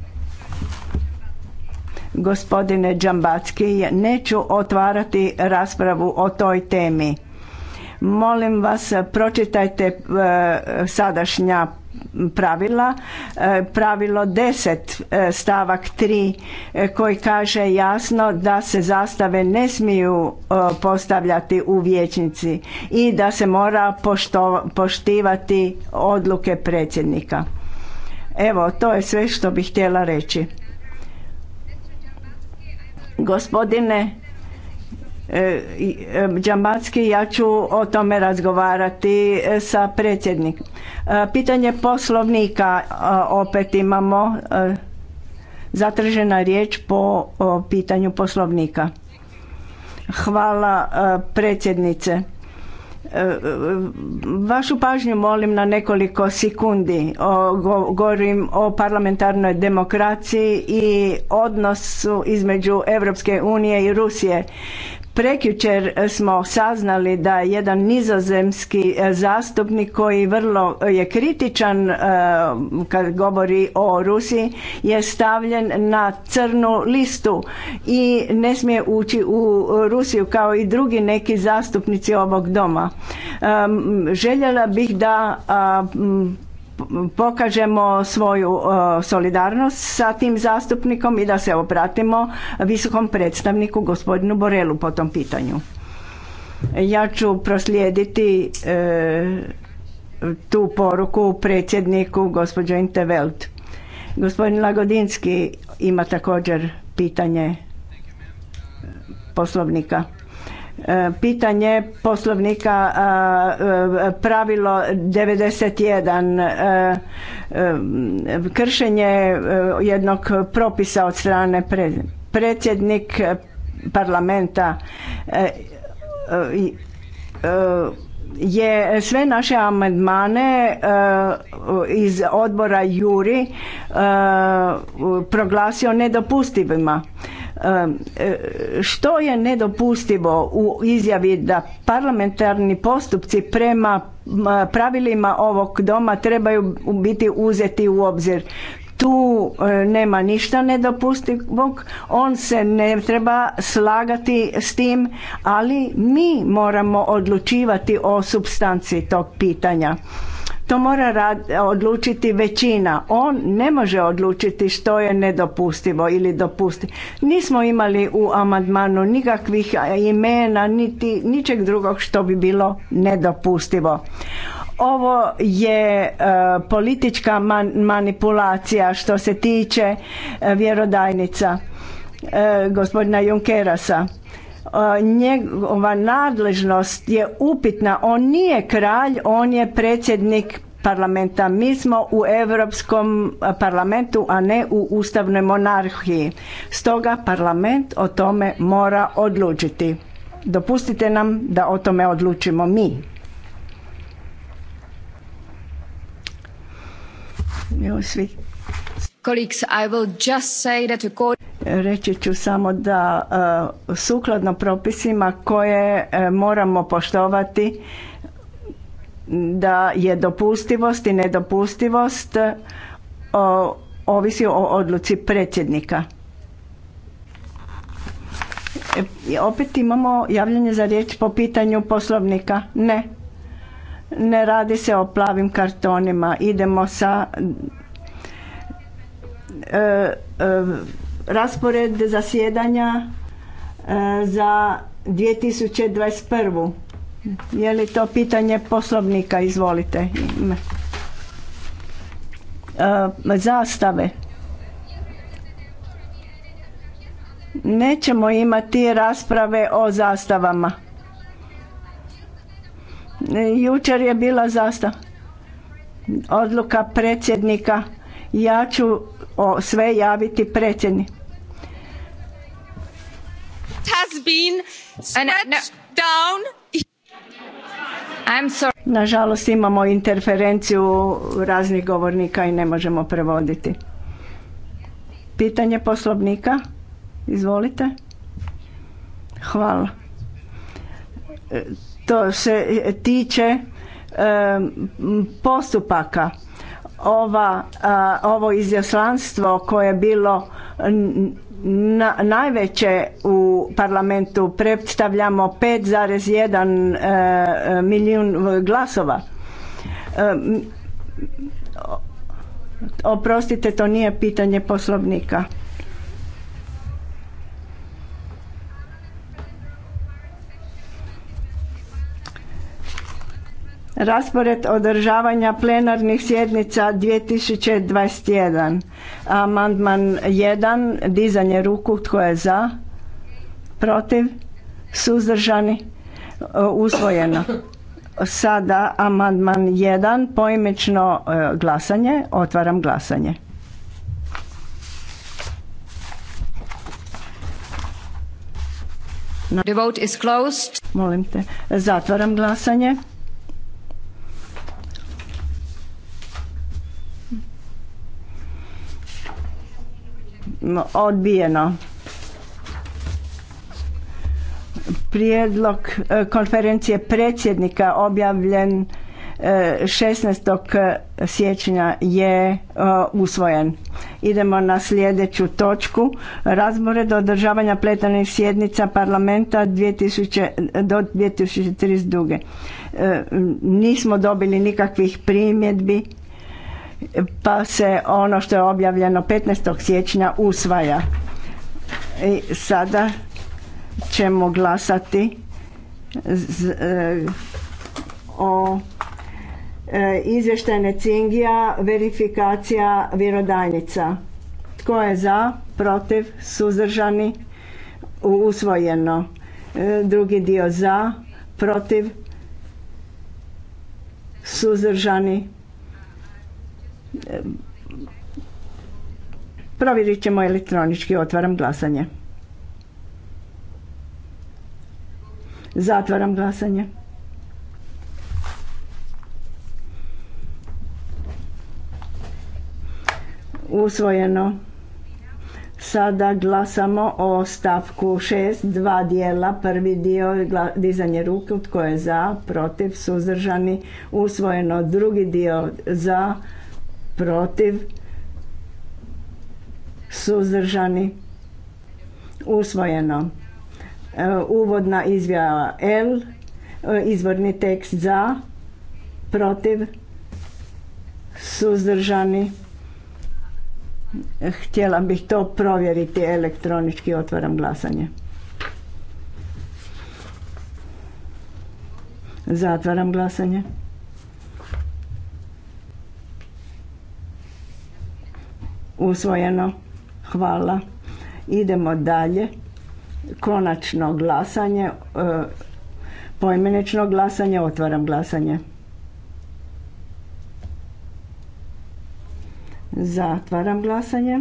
Gospodine Džambacki, neću otvarati raspravu o toj temi. Molim vas, pročitajte e, sadašnja pravila, e, pravilo 10 e, stavak 3 koji kaže jasno da se zastave ne smiju postavljati u vijećnici i da se mora poštivati odluke predsjednika. Evo, to je sve što bih htjela reći. Gospodine e, e, Džambatski, ja ću o tome razgovarati e, sa predsjednikom. Pitanje poslovnika opet imamo zatržena riječ po pitanju poslovnika. Hvala predsjednice. Vašu pažnju molim na nekoliko sekundi. govorim o parlamentarnoj demokraciji i odnosu između Europske unije i Rusije. Prekjučer e, smo saznali da jedan nizozemski e, zastupnik koji vrlo e, je kritičan kad govori o Rusiji je stavljen na crnu listu i ne smije ući u Rusiju kao i drugi neki zastupnici ovog doma. Željela bih da pokažemo svoju uh, solidarnost sa tim zastupnikom i da se obratimo visokom predstavniku gospodinu Borelu po tom pitanju. Ja ću proslijediti uh, tu poruku predsjedniku gospođo Intervelt. Gospodin Lagodinski ima također pitanje poslovnika. E, pitanje poslovnika e, pravilo 91 e, kršenje jednog propisa od strane predsjednik parlamenta je sve naše amandmane iz odbora Juri proglasio nedopustivima E, što je nedopustivo u izjavi da parlamentarni postupci prema pravilima ovog doma trebaju biti uzeti u obzir tu e, nema ništa nedopustivog, on se ne treba slagati s tim, ali mi moramo odlučivati o substanci tog pitanja. To mora rad, odlučiti većina. On ne može odlučiti što je nedopustivo ili dopustivo. Nismo imali u amandmanu nikakvih imena niti ničeg drugog što bi bilo nedopustivo. Ovo je e, politička manipulacija što se tiče e, vjerodajnica e, gospodina Junkerasa njegova nadležnost je upitna. On nije kralj, on je predsjednik parlamenta. Mi smo u Europskom parlamentu, a ne u ustavnoj monarhiji. Stoga parlament o tome mora odlučiti. Dopustite nam da o tome odlučimo mi. Svi Reći ću samo da e, sukladno propisima koje e, moramo poštovati da je dopustivost i nedopustivost e, ovisi o odluci predsjednika. Opet imamo javljanje za riječ po pitanju poslovnika. Ne. Ne radi se o plavim kartonima. Idemo sa E, e, raspored zasjedanja e, za 2021. Je li to pitanje poslovnika? Izvolite. Zastave. Nećemo imati rasprave o zastavama. Jučer je bila zastava. Odluka predsjednika. Ja ću o sve javiti predsjednik. Nažalost imamo interferenciju raznih govornika i ne možemo prevoditi. Pitanje poslovnika? Izvolite. Hvala. E, to se e, tiče e, postupaka ova, ovo izjaslanstvo koje je bilo najveće u parlamentu predstavljamo 5,1 e, milijun e, glasova. E, oprostite, to nije pitanje poslovnika. Raspored održavanja plenarnih sjednica 2021. Amandman 1. Dizanje ruku. Tko je za? Protiv? Suzdržani? Usvojeno. Sada amandman 1. Poimično e, glasanje. Otvaram glasanje. is closed. Molim te. Zatvaram glasanje. odbijeno prijedlog e, konferencije predsjednika objavljen 16. E, siječnja je e, usvojen. Idemo na sljedeću točku. Razmored održavanja pletanih sjednica parlamenta 2000, do 2032. Nismo dobili nikakvih primjedbi pa se ono što je objavljeno 15. siječnja usvaja. I sada ćemo glasati e, o e, izvještajne cingija verifikacija vjerodajnica. Tko je za, protiv, suzdržani, usvojeno. E, drugi dio za, protiv, suzdržani, Provjerit ćemo elektronički. Otvaram glasanje. Zatvaram glasanje. Usvojeno. Sada glasamo o stavku šest dva dijela, prvi dio dizanje ruke, tko je za, protiv, suzdržani, usvojeno, drugi dio za, protiv suzdržani usvojeno e, uvodna izjava L e, izvorni tekst za protiv suzdržani htjela bih to provjeriti elektronički otvaram glasanje zatvaram glasanje usvojeno. Hvala. Idemo dalje. Konačno glasanje, e, poimenično glasanje, otvaram glasanje. Zatvaram glasanje.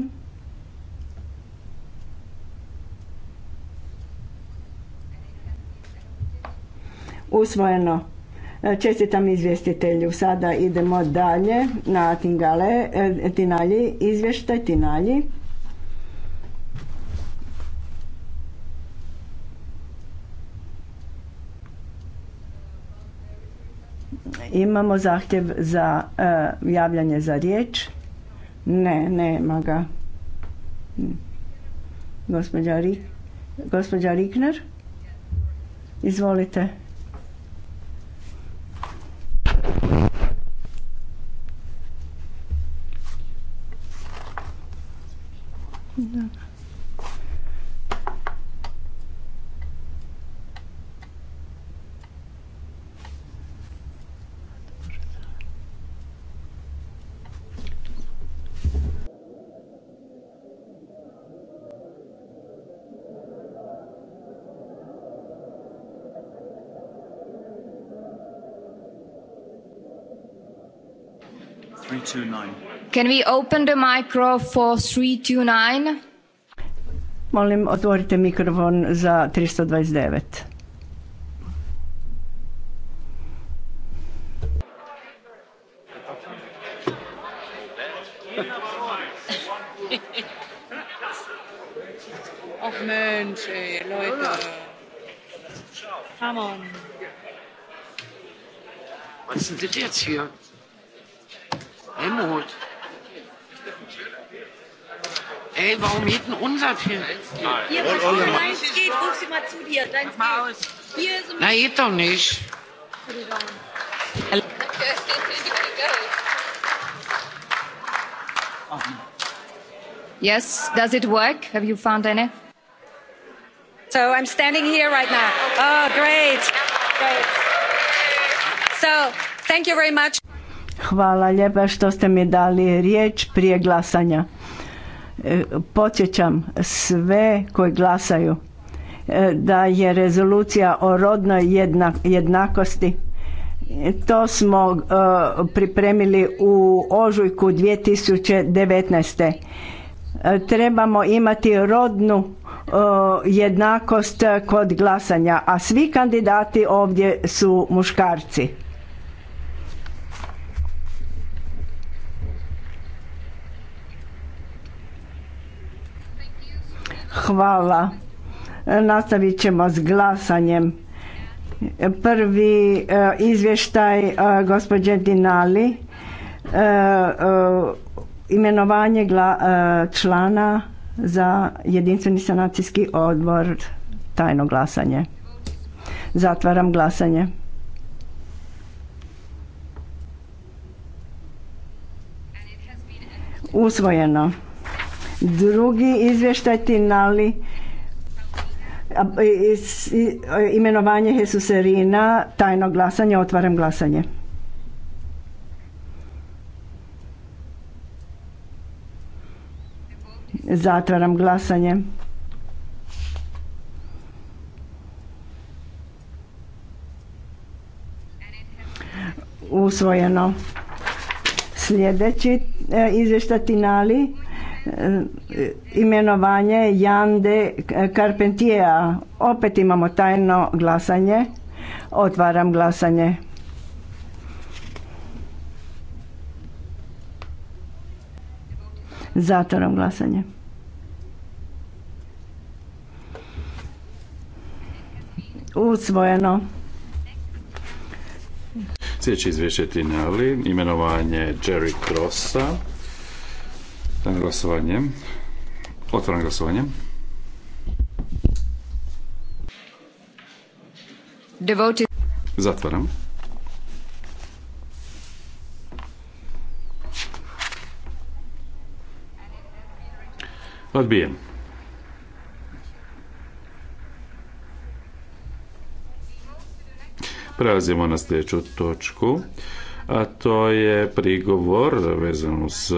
Usvojeno E, čestitam izvjestitelju. Sada idemo dalje na Tingale, e, Tinalji, izvještaj Tinalji. Imamo zahtjev za e, javljanje za riječ. Ne, nema ga. Hm. Gospođa, Rik, gospođa Rikner? Izvolite. 329. Can we open the micro for 329? Molim, otvorite mikrofon za 329. Ach Mensch, ey, Leute. Come on. Was ist denn das jetzt hier? Ansatz hier. Hier, wo meins geht, ruf sie mal zu dir. Deins mal aus. Hier ist Na, geht doch nicht. Yes, does it work? Have you found any? So I'm standing here right now. Oh, great. Great. So, thank you very much. Hvala lijepa što ste mi dali riječ prije glasanja. E, podsjećam sve koji glasaju e, da je rezolucija o rodnoj jednakosti e, to smo pripremili u ožujku 2019. Trebamo imati rodnu jednakost kod glasanja, a svi kandidati ovdje su muškarci. Hvala. Nastavit ćemo s glasanjem. Prvi e, izvještaj e, gospođe Dinali, e, imenovanje člana za jedinstveni sanacijski odbor, tajno glasanje. Zatvaram glasanje. Usvojeno. Drugi izvještaj Tinali imenovanje Serina tajno glasanje, otvaram glasanje. Zatvaram glasanje. Usvojeno. Sljedeći e, izvještaj Tinali E, imenovanje Jande Carpentija. Opet imamo tajno glasanje. Otvaram glasanje. Zatvaram glasanje. Usvojeno. Sljedeće izvješće Ali. imenovanje Jerry Crossa Dajem glasovanje. Otvaram glasovanje. Zatvaram. Odbijem. Prelazimo na sljedeću točku, a to je prigovor vezan uz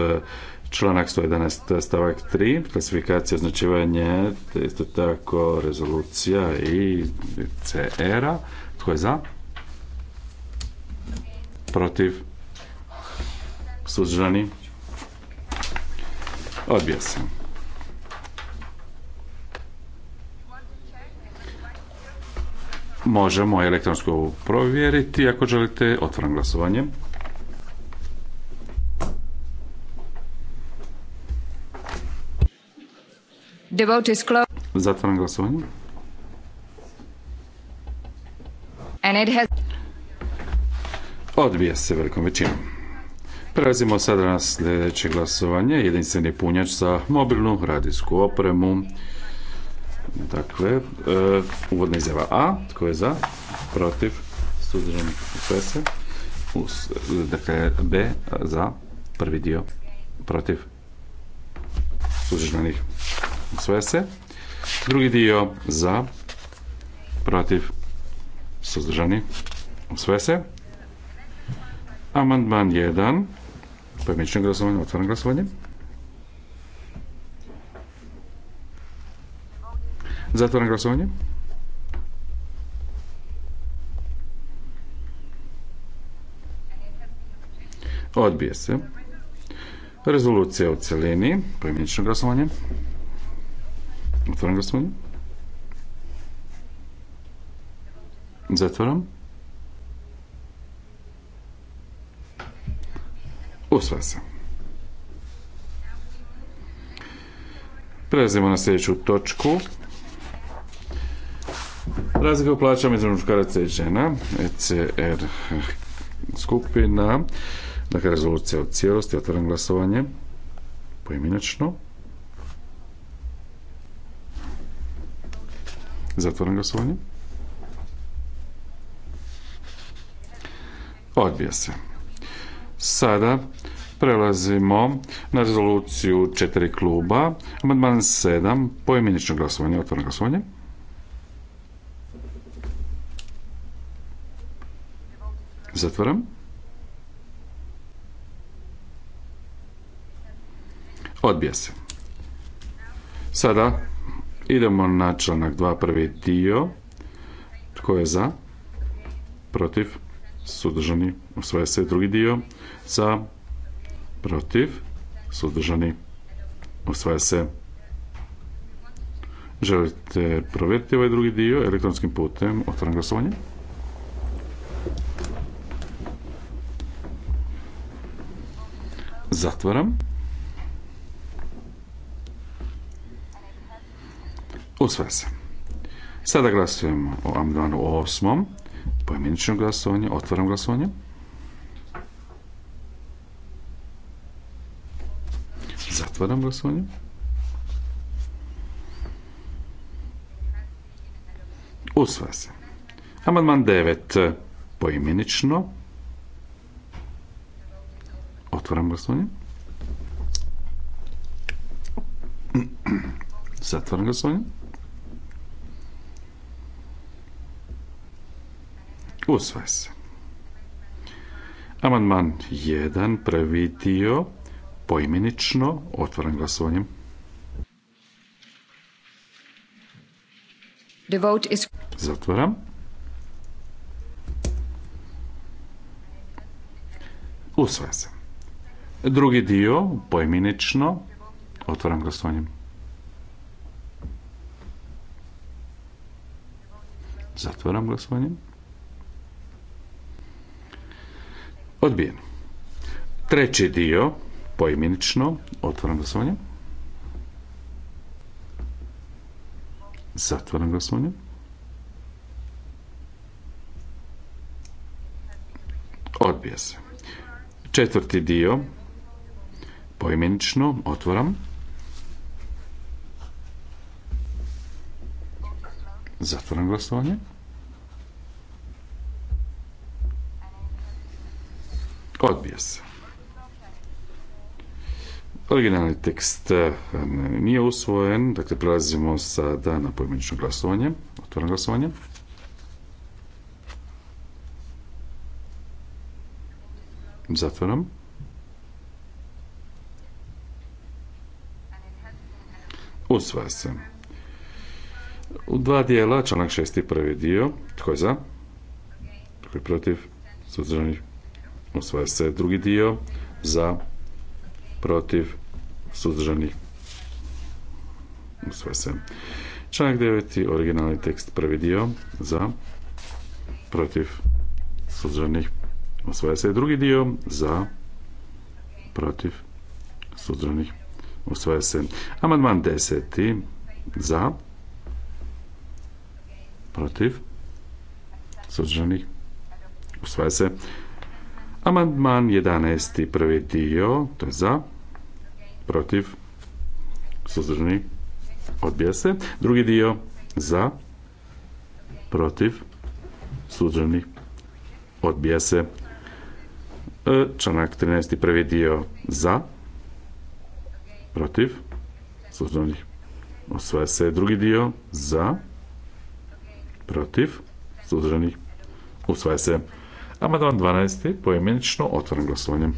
članak 111 stavak 3 klasifikacija označivanje isto tako rezolucija i CR-a tko je za protiv suzdržani odbija se možemo elektronsko provjeriti ako želite otvoren glasovanje The vote Zatvaram glasovanje. Odbija se velikom većinom. Prelazimo sada na sljedeće glasovanje. Jedinstveni punjač za mobilnu radijsku opremu. Dakle, e, uvodna izjava A. Tko je za? Protiv? Suzdržan? Dakle, B. Za? Prvi dio. Protiv? Suzdržanih? Sve se. Drugi dio za, protiv, suzdržani. Sve se. Amandman 1. pojmično glasovanje, otvoreno glasovanje. Zatvoreno glasovanje. Odbije se. Rezolucija u celini, pojmično glasovanje. Otvaram glasovanje. Zatvaram. Usva se. Prelazimo na sljedeću točku. Razlika u plaćama između muškaraca i žena, ECR skupina, dakle rezolucija u cijelosti, otvaram glasovanje poimenično. Zatvoren glasovanje. Odbija se. Sada prelazimo na rezoluciju četiri kluba. Amandman 7, poimenično glasovanje, otvoreno glasovanje. Zatvaram. Odbija se. Sada Idemo na članak 2, prvi dio. Tko je za? Protiv? Sudržani? Usvaja se drugi dio. Za? Protiv? Sudržani? Osvaja se. Želite provjeriti ovaj drugi dio elektronskim putem? Otvaram glasovanje. Zatvaram. Usvaja se. Sada glasujemo o amandmanu osmom. pojemeničnom glasovanju. Otvaram glasovanje. Zatvaram glasovanje. Usvaja se. Amandman 9. Poimenično. Otvaram glasovanje. Zatvaram glasovanje. Usvaja se. Amandman 1, prvi dio, poimenično, otvoren glasovanjem. The Zatvoram. Usvaja se. Drugi dio, poimenično, otvoram glasovanjem. Zatvoram glasovanjem. Odbijen. Treći dio, poimenično, Otvaram glasovanje. zatvoren glasovanje. Odbija se. Četvrti dio, poimenično, otvoram. Zatvoram glasovanje. Odbija se. Originalni tekst eh, nije usvojen, dakle prelazimo sada na pojmenično glasovanje. Otvoreno glasovanje. Zatvoram. Usvaja se. U dva dijela, članak šesti prvi dio. Tko je za? Tko je protiv? Suzdržanih? Osvaja se drugi dio za protiv suzdržanih. Usvaja se. Članak 9. originalni tekst prvi dio za protiv suzdržanih. Usvaja se drugi dio za protiv suzdržanih. Usvaja se amandman 10. za protiv suzdržanih. Usvaja se Amandman 11. prvi dio, to je za, protiv, suzdržani, odbija se. Drugi dio, za, protiv, suzdržani, odbija se. E, članak 13. prvi dio, za, protiv, suzdržani, osvaja se. Drugi dio, za, protiv, suzdržani, Osvaja se. Amadan 12. poimenično otvoren glasovanje.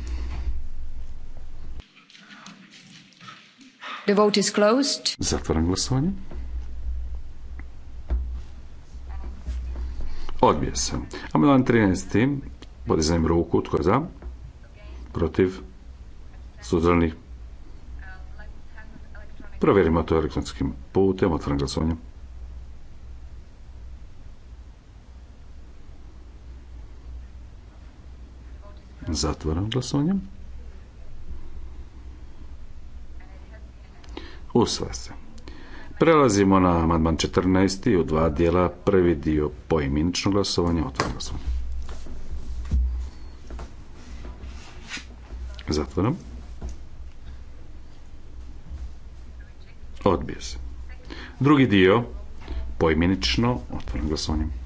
The vote is closed. Zatvoren glasovanje. Odbije se. Amadon 13. Podizem ruku. Tko je za? Protiv? Suzdržanih? Provjerimo to elektronskim putem. Otvoren glasovanje. Zatvaram glasovanje. Usva se. Prelazimo na amandman 14. u dva dijela. Prvi dio poimenično glasovanje. Otvaram glasovanje. Zatvaram. Odbije se. Drugi dio poimenično otvaram glasovanje.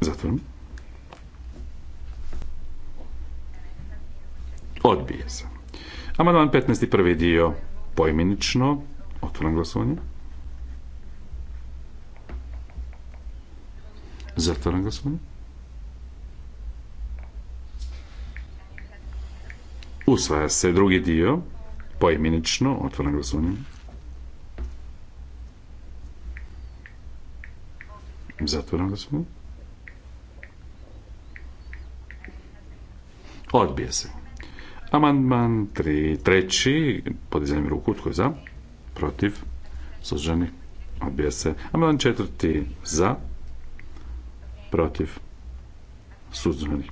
Zatvorom. Odbije se. Amandman 15. prvi dio poimenično. Otvoram glasovanje. Zatvoram glasovanje. Usvaja se drugi dio, poimenično, otvoren glasovanje. Zatvoren glasovanje. Odbije se. Amandman tri Treći, podizanjem ruku, tko je za? Protiv? Suženi. Odbije se. Amandman četvrti, za? Protiv? Suzdržani?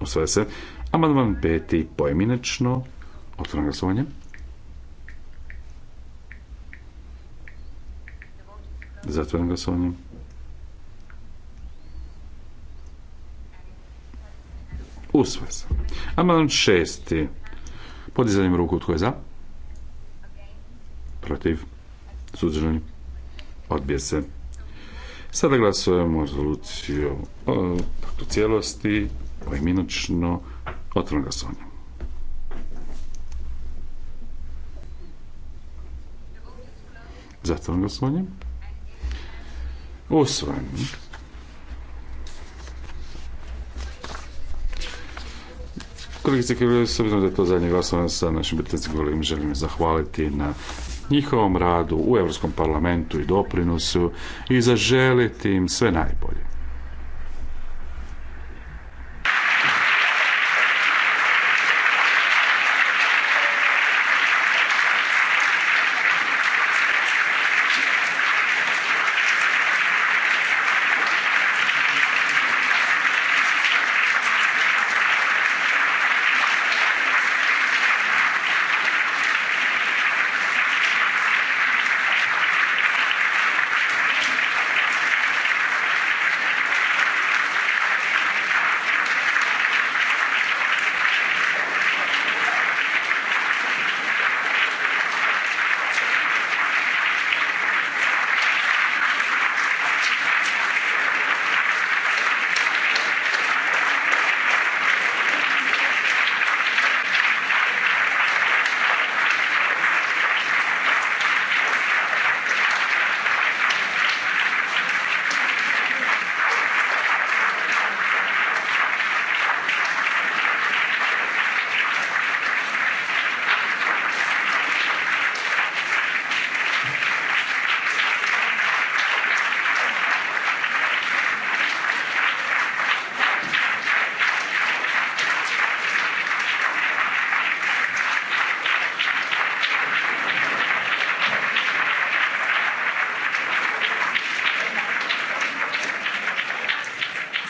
Osvaja se. Amandman peti, pojedinačno. Otvaram glasovanje. Zatvoreno glasovanje. usvas. se. Amandman šesti. Podizanjem ruku tko je za? Protiv. Suzdržani. Odbije se. Sada glasujemo rezoluciju o cijelosti pojedinačno otvorno glasovanje. Zatvorno glasovanje. Usvojen. Kolegice i da to glasovanje sa našim britanskim kolegom, želim zahvaliti na njihovom radu u Europskom parlamentu i doprinosu i zaželiti im sve najbolje.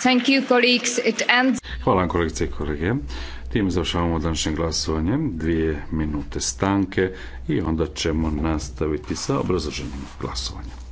Thank Hvala vam kolegice i kolege. Tim završavamo današnje glasovanje, dvije minute stanke i onda ćemo nastaviti sa obrazloženim glasovanjem.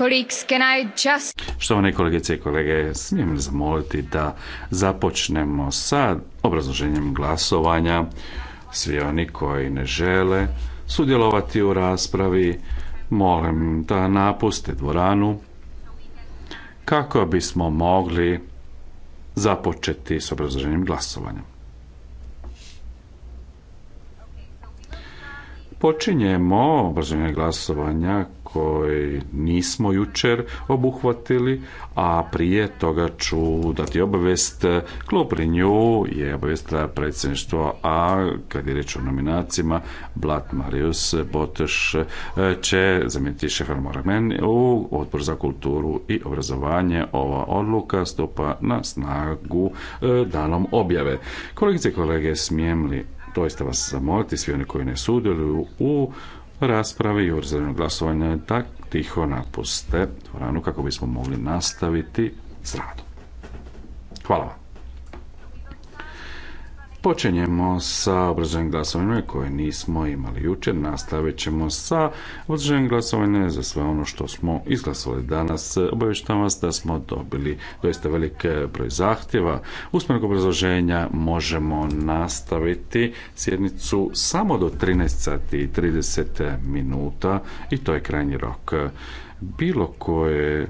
colleagues, can I kolegice i kolege, smijem li zamoliti da započnemo sa obrazloženjem glasovanja. Svi oni koji ne žele sudjelovati u raspravi, molim da napuste dvoranu kako bismo mogli započeti s obrazloženjem glasovanja. Počinjemo obrazovanje glasovanja koje nismo jučer obuhvatili, a prije toga ću dati obavest klub Renew je obavest predsjedništvo, a kad je reč o nominacijama, Blat Marius Boteš e, će zamijeniti šefer Moramen u odbor za kulturu i obrazovanje. Ova odluka stupa na snagu e, danom objave. Kolegice i kolege, smijem li doista vas zamoliti, svi oni koji ne sudjeluju u raspravi i urzirano glasovanja da tiho napuste dvoranu kako bismo mogli nastaviti s radom. Hvala vam. Počinjemo sa obrazovanjem glasovanja koje nismo imali jučer, nastavit ćemo sa obrazovanjem glasovanja za sve ono što smo izglasovali danas. Obavještavam vas da smo dobili doista velik broj zahtjeva. Usmenog obrazloženja možemo nastaviti sjednicu samo do 13 i minuta i to je krajnji rok bilo koje e,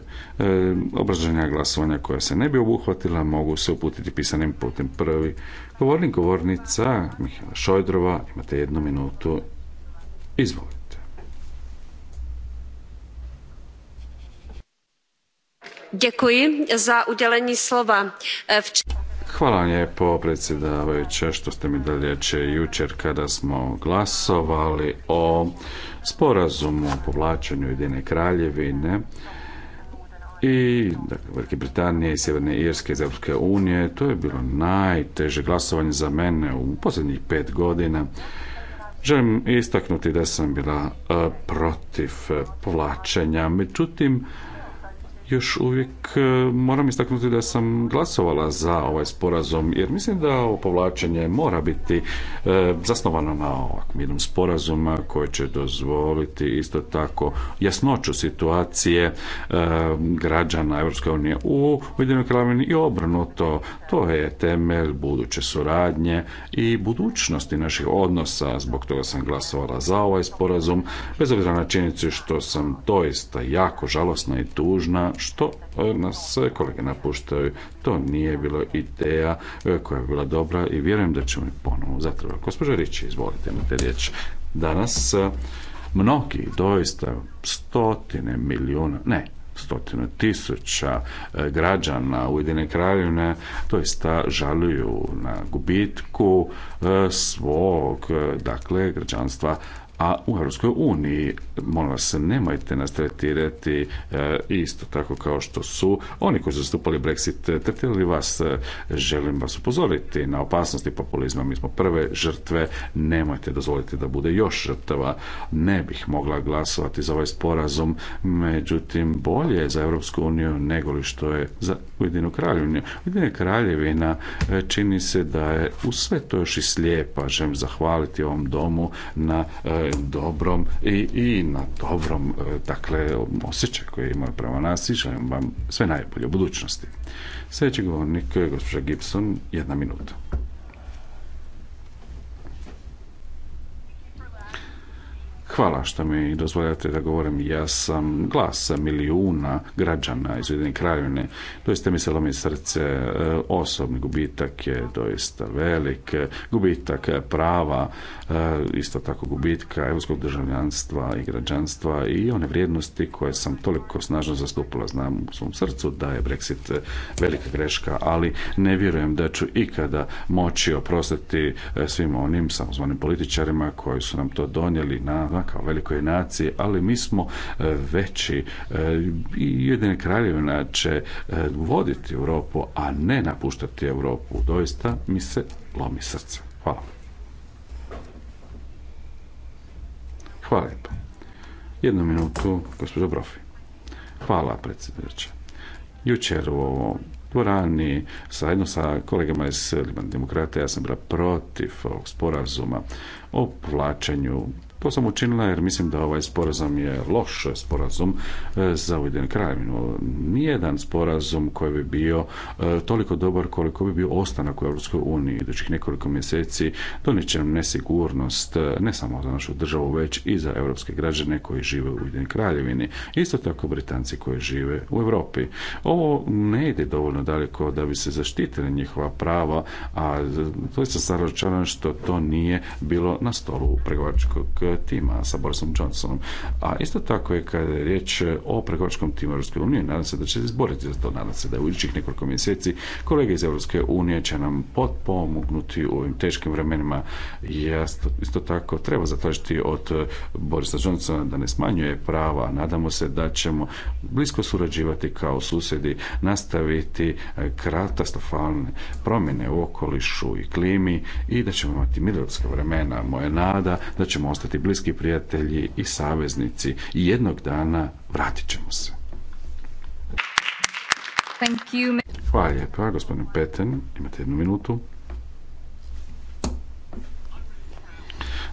obrazovanja glasovanja koja se ne bi obuhvatila mogu se uputiti pisanim putem prvi Govornik govornica Mihaela Šojdrova, imate jednu minutu. Izvolite. za slova. E, Hvala vam lijepo predsjedavajuća što ste mi dali riječ jučer kada smo glasovali o sporazumu o povlačenju Jedine kraljevine i dakle, Velike Britanije i Sjeverne Irske iz Europske unije. To je bilo najteže glasovanje za mene u posljednjih pet godina. Želim istaknuti da sam bila e, protiv e, povlačenja, međutim, još uvijek e, moram istaknuti da sam glasovala za ovaj sporazum jer mislim da ovo povlačenje mora biti e, zasnovano na ovakvim jednom sporazuma koji će dozvoliti isto tako jasnoću situacije e, građana EU u Ujedinjenoj i obrnuto. To je temelj buduće suradnje i budućnosti naših odnosa. Zbog toga sam glasovala za ovaj sporazum bez obzira na činjenicu što sam doista jako žalosna i tužna što e, nas kolege napuštaju. To nije bilo ideja e, koja je bila dobra i vjerujem da ćemo ponovo zatvorati. Gospođa Riči, izvolite, imate riječ. Danas e, mnogi doista stotine milijuna, ne, stotine tisuća građana Ujedine kraljevine doista žaluju na gubitku svog dakle građanstva a u Europskoj uniji. Molim vas, nemojte nas tretirati e, isto tako kao što su oni koji su zastupali Brexit tretirali vas. E, želim vas upozoriti na opasnosti populizma. Mi smo prve žrtve. Nemojte dozvoliti da bude još žrtava. Ne bih mogla glasovati za ovaj sporazum. Međutim, bolje je za Europsku uniju nego li što je za Ujedinu kraljevinu. Ujedina kraljevina e, čini se da je u sve to još i slijepa. Želim zahvaliti ovom domu na dobrom i, i na dobrom e, dakle osjećaj koji imaju prema nas i želim vam sve najbolje u budućnosti. Sljedeći govornik je gospođa Gibson, jedna minuta. Hvala što mi dozvoljate da govorim. Ja sam glas milijuna građana iz Ujedinjene kraljevine. Doista mi se lomi srce. E, osobni gubitak je doista velik. Gubitak prava E, isto tako gubitka europskog državljanstva i građanstva i one vrijednosti koje sam toliko snažno zastupila, Znam u svom srcu da je Brexit velika greška, ali ne vjerujem da ću ikada moći oprostiti e, svim onim samozvanim političarima koji su nam to donijeli na, kao velikoj naciji, ali mi smo e, veći i jedine kraljevina će voditi Europu, a ne napuštati Europu. Doista mi se lomi srce. Hvala. Hvala lijepo. Jednu minutu, gospođo Brofi. Hvala, predsjedniče. Jučer u ovom dvorani zajedno sa kolegama iz Liban Demokrata ja sam bila protiv ovog sporazuma o plaćanju to sam učinila jer mislim da ovaj sporazum je loš sporazum e, za Ujedinu kraljevinu. Nijedan sporazum koji bi bio e, toliko dobar koliko bi bio ostanak u Europskoj uniji idućih nekoliko mjeseci doniče nam nesigurnost e, ne samo za našu državu već i za europske građane koji žive u Ujedinjenoj kraljevini. Isto tako Britanci koji žive u Europi. Ovo ne ide dovoljno daleko da bi se zaštitili njihova prava, a to je sa što to nije bilo na stolu pregovaračkog tima sa Borisom Johnsonom. A isto tako je kada je riječ o pregovačkom timu Europske unije, nadam se da će se izboriti za to. Nadam se da u idućih nekoliko mjeseci kolege iz Europske unije će nam potpomognuti u ovim teškim vremenima. Ja isto tako treba zatražiti od Borisa Johnsona da ne smanjuje prava. Nadamo se da ćemo blisko surađivati kao susjedi, nastaviti kratastofalne promjene u okolišu i klimi i da ćemo imati mirovska vremena. Moja nada da ćemo ostati bliski prijatelji i saveznici i jednog dana vratit ćemo se. Hvala lijepa, gospodin Peten, imate jednu minutu.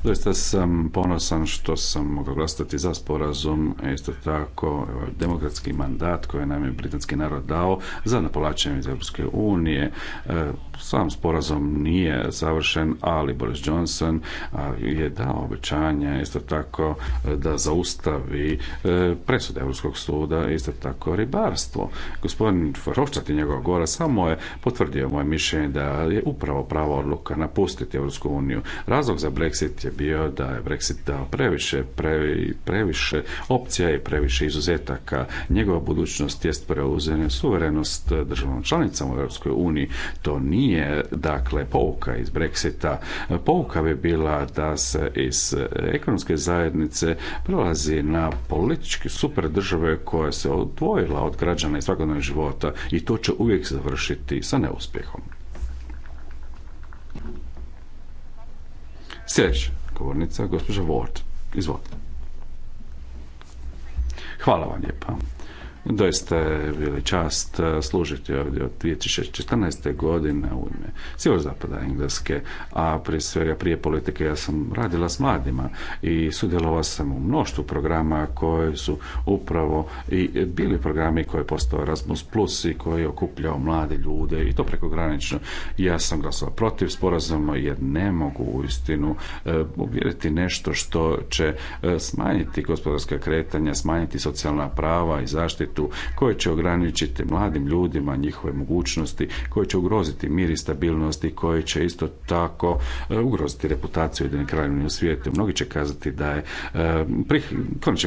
Doista sam ponosan što sam mogao glasati za sporazum, isto tako demokratski mandat koji nam je britanski narod dao za napolačenje iz Europske unije. E, sam sporazum nije završen, ali Boris Johnson je dao obećanje isto tako e, da zaustavi e, presud Europskog suda, isto tako ribarstvo. Gospodin Roščat i njegova govora samo je potvrdio moje mišljenje da je upravo prava odluka napustiti Europsku uniju. Razlog za Brexit je bio da je Brexit dao previše, previ, previše opcija i previše izuzetaka. Njegova budućnost jest preuzene suverenost državnom članicama u Europskoj uniji. To nije nije dakle pouka iz Brexita. Pouka bi bila da se iz e, ekonomske zajednice prelazi na političke super države koja se odvojila od građana i svakodnevnog života i to će uvijek završiti sa neuspjehom. Sljedeća govornica, gospođa Ward. Izvolite. Hvala vam lijepa. Doista je bila čast e, služiti ovdje od 2014. godine u ime sjeverozapada Engleske, a prije svega prije politike ja sam radila s mladima i sudjelovao sam u mnoštvu programa koji su upravo i bili programi koji je postao Erasmus Plus i koji je okupljao mlade ljude i to prekogranično. Ja sam glasovao protiv sporazuma jer ne mogu uistinu e, uvjeriti nešto što će e, smanjiti gospodarska kretanja, smanjiti socijalna prava i zaštitu svijetu koje će ograničiti mladim ljudima njihove mogućnosti, koje će ugroziti mir i stabilnost i koje će isto tako e, ugroziti reputaciju Ujedinjene kraljevine u svijetu. Mnogi će kazati da je e, prih,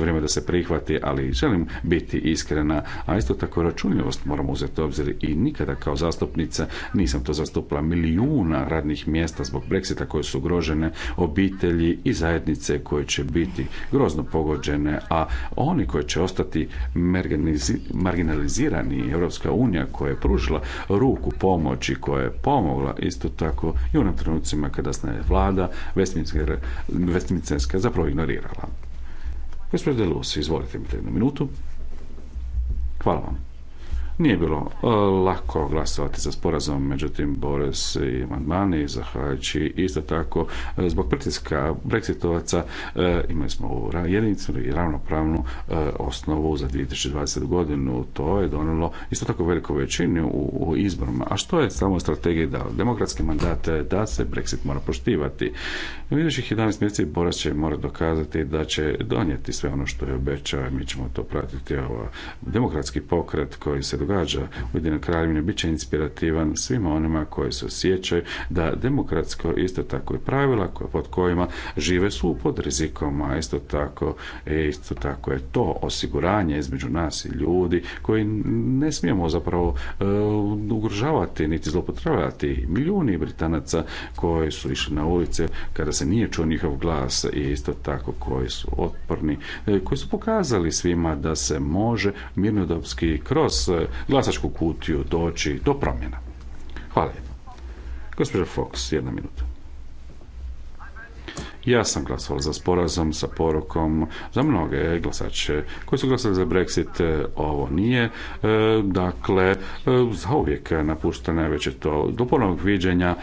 vrijeme da se prihvati, ali želim biti iskrena, a isto tako računljivost moramo uzeti u obzir i nikada kao zastupnica nisam to zastupila milijuna radnih mjesta zbog Brexita koje su ugrožene, obitelji i zajednice koje će biti grozno pogođene, a oni koji će ostati mergeni marginalizirani. Europska unija koja je pružila ruku pomoći, koja je pomogla isto tako i u onim trenucima kada se je vlada Westminsterska zapravo ignorirala. Gospodin Delus, izvolite mi jednu minutu. Hvala vam. Nije bilo e, lako glasovati za sporazum, međutim Boris i Manmani, zahvaljujući isto tako e, zbog pritiska Brexitovaca e, imali smo ovu jedinicu i ravnopravnu osnovu za 2020. godinu. To je donijelo isto tako veliku većinu u, izborima. A što je samo strategija da demokratski mandat da se Brexit mora poštivati. U idućih 11 mjeseci Boris će morati dokazati da će donijeti sve ono što je obećao. Mi ćemo to pratiti. Ovo demokratski pokret koji se događa u Ujedinjenoj Kraljevini bit će inspirativan svima onima koji se osjećaju da demokratsko isto tako i pravila pod kojima žive su pod rizikom, a isto tako e, isto tako je to osiguranje između nas i ljudi koji ne smijemo zapravo e, ugrožavati niti zloupotrebljavati milijuni Britanaca koji su išli na ulice kada se nije čuo njihov glas i isto tako koji su otporni, e, koji su pokazali svima da se može mirnodopski kroz glasačku kutiju doći do promjena. Hvala lijepo. Fox, jedna minuta. Ja sam glasovao za sporazum sa porukom za mnoge glasače koji su glasali za Brexit. E, ovo nije, e, dakle, e, zauvijek napuštene već je to do ponovnog viđenja,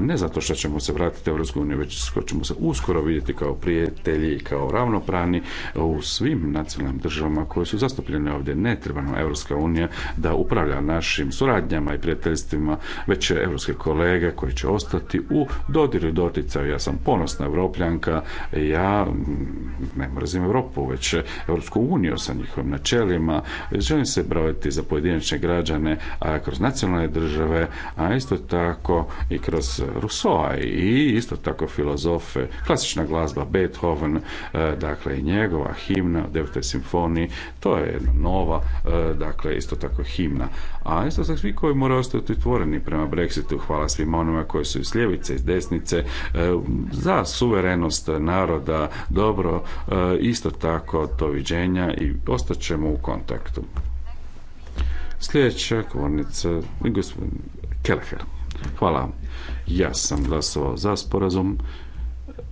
ne zato što ćemo se vratiti u Europsku uniju, već što ćemo se uskoro vidjeti kao prijatelji i kao ravnopravni u svim nacionalnim državama koje su zastupljene ovdje. Ne treba nam Europska unija da upravlja našim suradnjama i prijateljstvima, već europske kolege koji će ostati u dodiru doticaju. Ja sam ponosna Europi ja mm, ne mrzim Europu, već Europsku uniju sa njihovim načelima. Želim se braviti za pojedinačne građane, a kroz nacionalne države, a isto tako i kroz Rusoa i isto tako filozofe, klasična glazba, Beethoven, e, dakle i njegova himna u devetoj simfoniji, to je jedna nova, e, dakle isto tako himna a isto tako svi koji moraju ostati otvoreni prema Brexitu. Hvala svima onima koji su iz ljevice, iz desnice, e, za suverenost naroda. Dobro, e, isto tako, doviđenja i ćemo u kontaktu. Sljedeća govornica, gospodin Hvala. Ja sam glasovao za sporazum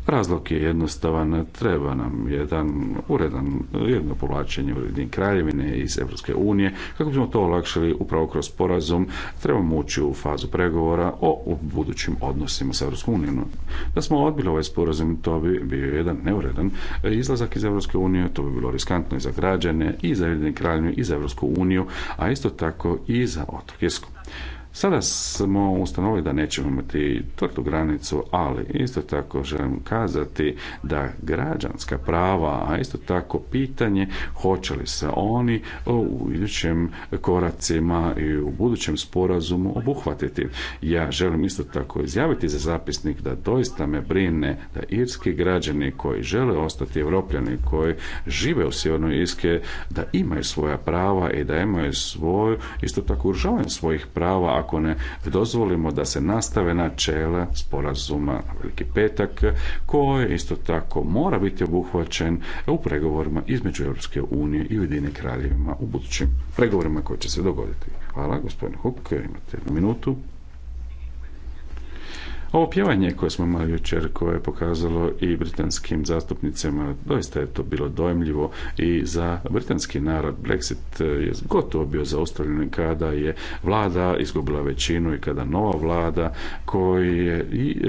Razlog je jednostavan, treba nam jedan uredan, jedno povlačenje urednih kraljevine iz Europske unije. Kako bismo to olakšali upravo kroz sporazum, trebamo ući u fazu pregovora o budućim odnosima s EU. unijom. Da smo odbili ovaj sporazum, to bi bio jedan neuredan izlazak iz Europske unije, to bi bilo riskantno i za građane, i za Ujedinjenu kraljevinu, i za Europsku uniju, a isto tako i za otok Sada smo ustanovili da nećemo imati tvrdu granicu, ali isto tako želim kazati da građanska prava, a isto tako pitanje hoće li se oni u idućim koracima i u budućem sporazumu obuhvatiti. Ja želim isto tako izjaviti za zapisnik da doista me brine da irski građani koji žele ostati evropljani, koji žive u Sjevernoj Irske, da imaju svoja prava i da imaju svoju, isto tako uržavanje svojih prava ako ne dozvolimo da se nastave načela sporazuma Veliki petak, koje isto tako mora biti obuhvaćen u pregovorima između Europske unije i Ujedine kraljevima u budućim pregovorima koji će se dogoditi. Hvala, gospodin Huk, imate jednu minutu. Ovo pjevanje koje smo imali jučer, koje je pokazalo i britanskim zastupnicima, doista je to bilo dojmljivo i za britanski narod. Brexit e, je gotovo bio zaustavljen kada je vlada izgubila većinu i kada nova vlada koji je i e,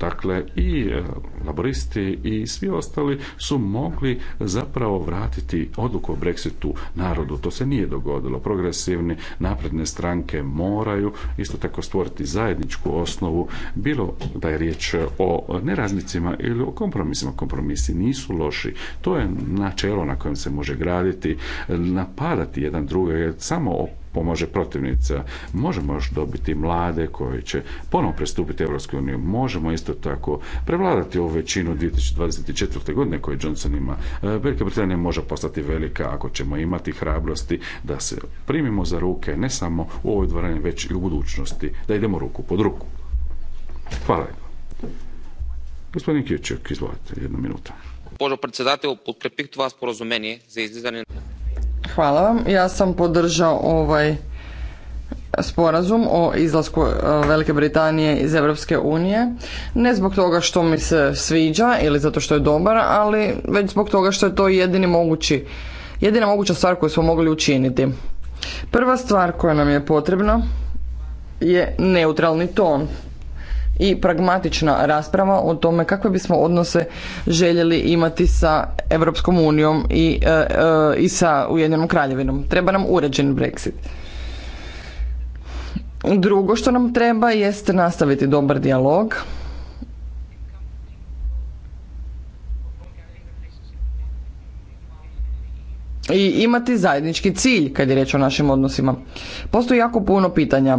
Dakle, i e, laboristi i svi ostali su mogli zapravo vratiti odluku o Brexitu narodu. To se nije dogodilo. Progresivni napredne stranke moraju isto tako stvoriti zajedničku osnovu, bilo da je riječ o neraznicima ili o kompromisima. Kompromisi nisu loši. To je načelo na kojem se može graditi. Napadati jedan drugi je samo Pomože protivnica. Možemo još dobiti mlade koji će ponovno pristupiti Europskoj uniji. Možemo isto tako prevladati ovu većinu 2024. godine koju Johnson ima. E, velika Britanija može postati velika ako ćemo imati hrabrosti da se primimo za ruke ne samo u ovoj dvorani, već i u budućnosti. Da idemo ruku pod ruku. Hvala. Gospodin Kječek, izvolite, jedna minuta. Božo predsjedatelju, podkrepih vas za izlizanje... Hvala vam. Ja sam podržao ovaj sporazum o izlasku e, Velike Britanije iz Europske unije. Ne zbog toga što mi se sviđa ili zato što je dobar, ali već zbog toga što je to jedini mogući, jedina moguća stvar koju smo mogli učiniti. Prva stvar koja nam je potrebna je neutralni ton i pragmatična rasprava o tome kakve bismo odnose željeli imati sa Europskom unijom i, e, e, i sa Ujedinjenom kraljevinom. Treba nam uređen Brexit. Drugo što nam treba jeste nastaviti dobar dijalog. I imati zajednički cilj kad je reč o našim odnosima. Postoji jako puno pitanja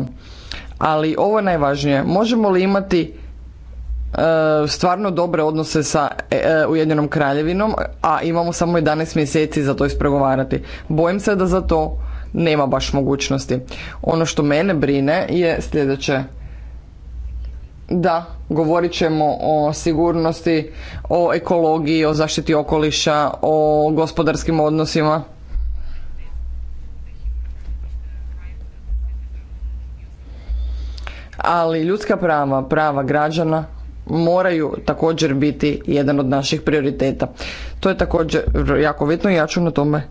ali ovo je najvažnije. Možemo li imati e, stvarno dobre odnose sa e, e, Ujedinjenom kraljevinom, a imamo samo 11 mjeseci za to ispregovarati. Bojim se da za to nema baš mogućnosti. Ono što mene brine je sljedeće. Da, govorit ćemo o sigurnosti, o ekologiji, o zaštiti okoliša, o gospodarskim odnosima. ali ljudska prava, prava građana moraju također biti jedan od naših prioriteta. To je također jako bitno i ja ću na tome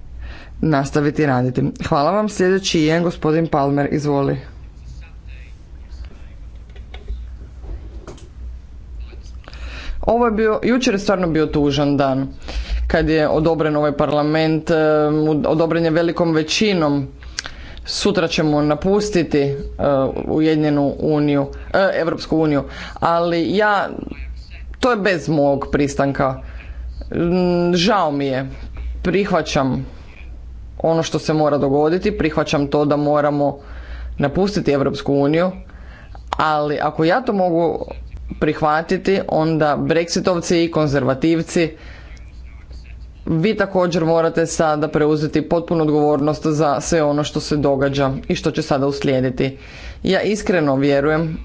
nastaviti raditi. Hvala vam. Sljedeći je gospodin Palmer. Izvoli. Ovo je bio, jučer je stvarno bio tužan dan kad je odobren ovaj parlament, eh, odobren je velikom većinom sutra ćemo napustiti e, Ujedinjenu uniju, Europsku uniju, ali ja, to je bez mog pristanka. Mm, žao mi je, prihvaćam ono što se mora dogoditi, prihvaćam to da moramo napustiti Europsku uniju, ali ako ja to mogu prihvatiti, onda breksitovci i konzervativci vi također morate sada preuzeti potpunu odgovornost za sve ono što se događa i što će sada uslijediti. Ja iskreno vjerujem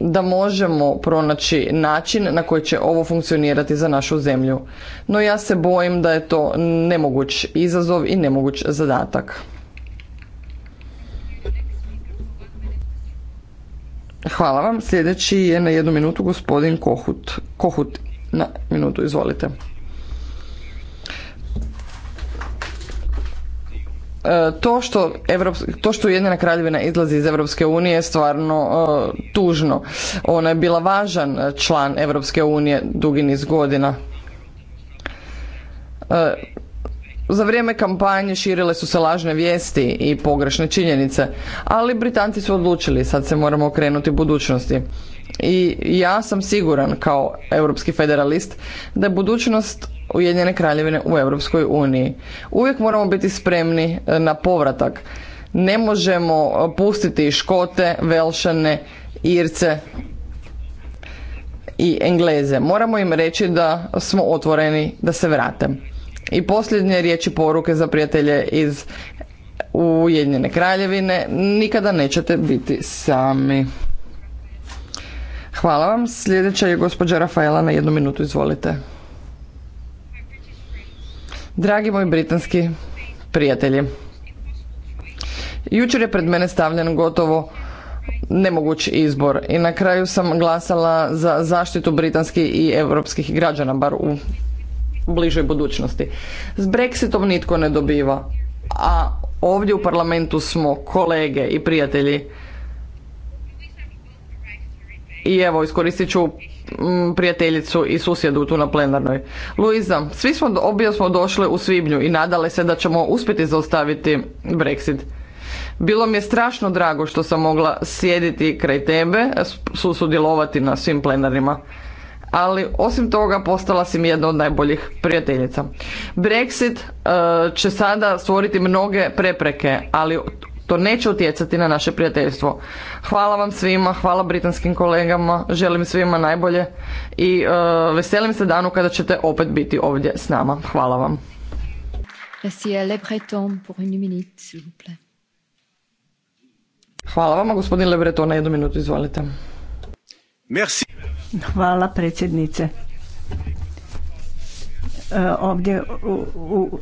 da možemo pronaći način na koji će ovo funkcionirati za našu zemlju. No ja se bojim da je to nemoguć izazov i nemoguć zadatak. Hvala vam. Sljedeći je na jednu minutu gospodin Kohut. Kohut, na minutu, izvolite. E, to što, Evrops to što Ujedinjena kraljevina izlazi iz Europske unije je stvarno e, tužno. Ona je bila važan član Europske unije dugi niz godina. E, za vrijeme kampanje širile su se lažne vijesti i pogrešne činjenice, ali Britanci su odlučili, sad se moramo okrenuti budućnosti. I ja sam siguran kao europski federalist da je budućnost Ujedinjene kraljevine u Europskoj uniji. Uvijek moramo biti spremni e, na povratak. Ne možemo e, pustiti Škote, Velšane, Irce i Engleze. Moramo im reći da smo otvoreni da se vrate. I posljednje riječi poruke za prijatelje iz Ujedinjene kraljevine, nikada nećete biti sami. Hvala vam. Sljedeća je gospođa Rafaela na jednu minutu, izvolite. Dragi moji britanski prijatelji, jučer je pred mene stavljen gotovo nemoguć izbor i na kraju sam glasala za zaštitu britanskih i europskih građana, bar u bližoj budućnosti. S Brexitom nitko ne dobiva, a ovdje u parlamentu smo kolege i prijatelji. I evo, iskoristit ću mm, prijateljicu i susjedu tu na plenarnoj. Luiza, svi smo, obje smo došle u svibnju i nadale se da ćemo uspjeti zaustaviti Brexit. Bilo mi je strašno drago što sam mogla sjediti kraj tebe, susudjelovati na svim plenarima ali osim toga postala si mi jedna od najboljih prijateljica. Brexit e, će sada stvoriti mnoge prepreke, ali to neće utjecati na naše prijateljstvo. Hvala vam svima, hvala britanskim kolegama, želim svima najbolje i e, veselim se danu kada ćete opet biti ovdje s nama. Hvala vam. Hvala vam, gospodin Lebreton, na jednu minutu, izvolite. Hvala predsjednice. E, ovdje u, u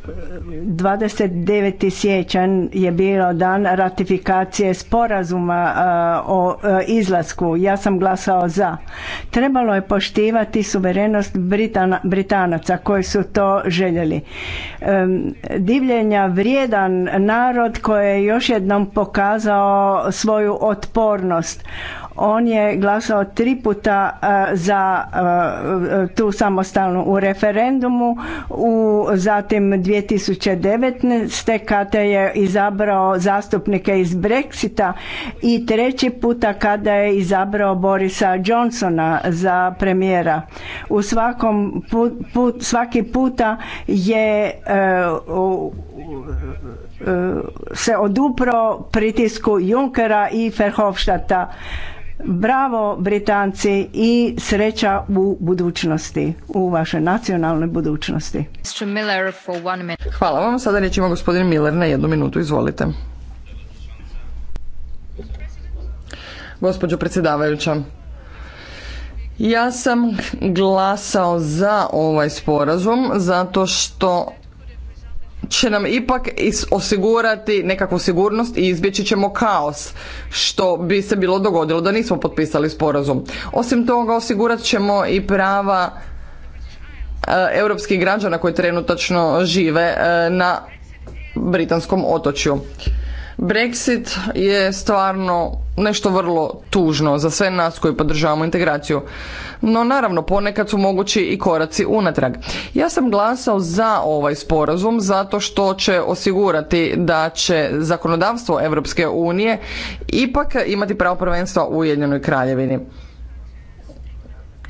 29. siječanj je bio dan ratifikacije sporazuma e, o e, izlasku. Ja sam glasao za. Trebalo je poštivati suverenost Britana, Britanaca koji su to željeli. Divljenja vrijedan narod koji je još jednom pokazao svoju otpornost on je glasao tri puta e, za e, e, tu samostalnu u referendumu u zatim 2019. kada je izabrao zastupnike iz Brexita i treći puta kada je izabrao Borisa Johnsona za premijera. U svakom put, svaki puta je se odupro pritisku Junkera i Verhofstadta Bravo Britanci i sreća u budućnosti, u vašoj nacionalnoj budućnosti. Hvala vam, sada reći gospodin Miller na jednu minutu, izvolite. Gospođo predsjedavajuća, ja sam glasao za ovaj sporazum zato što će nam ipak osigurati nekakvu sigurnost i izbjeći ćemo kaos što bi se bilo dogodilo da nismo potpisali sporazum. Osim toga osigurat ćemo i prava e, europskih građana koji trenutačno žive e, na britanskom otočju. Brexit je stvarno nešto vrlo tužno za sve nas koji podržavamo integraciju. No naravno ponekad su mogući i koraci unatrag. Ja sam glasao za ovaj sporazum zato što će osigurati da će zakonodavstvo Europske unije ipak imati pravo prvenstva u Ujedinjenoj Kraljevini.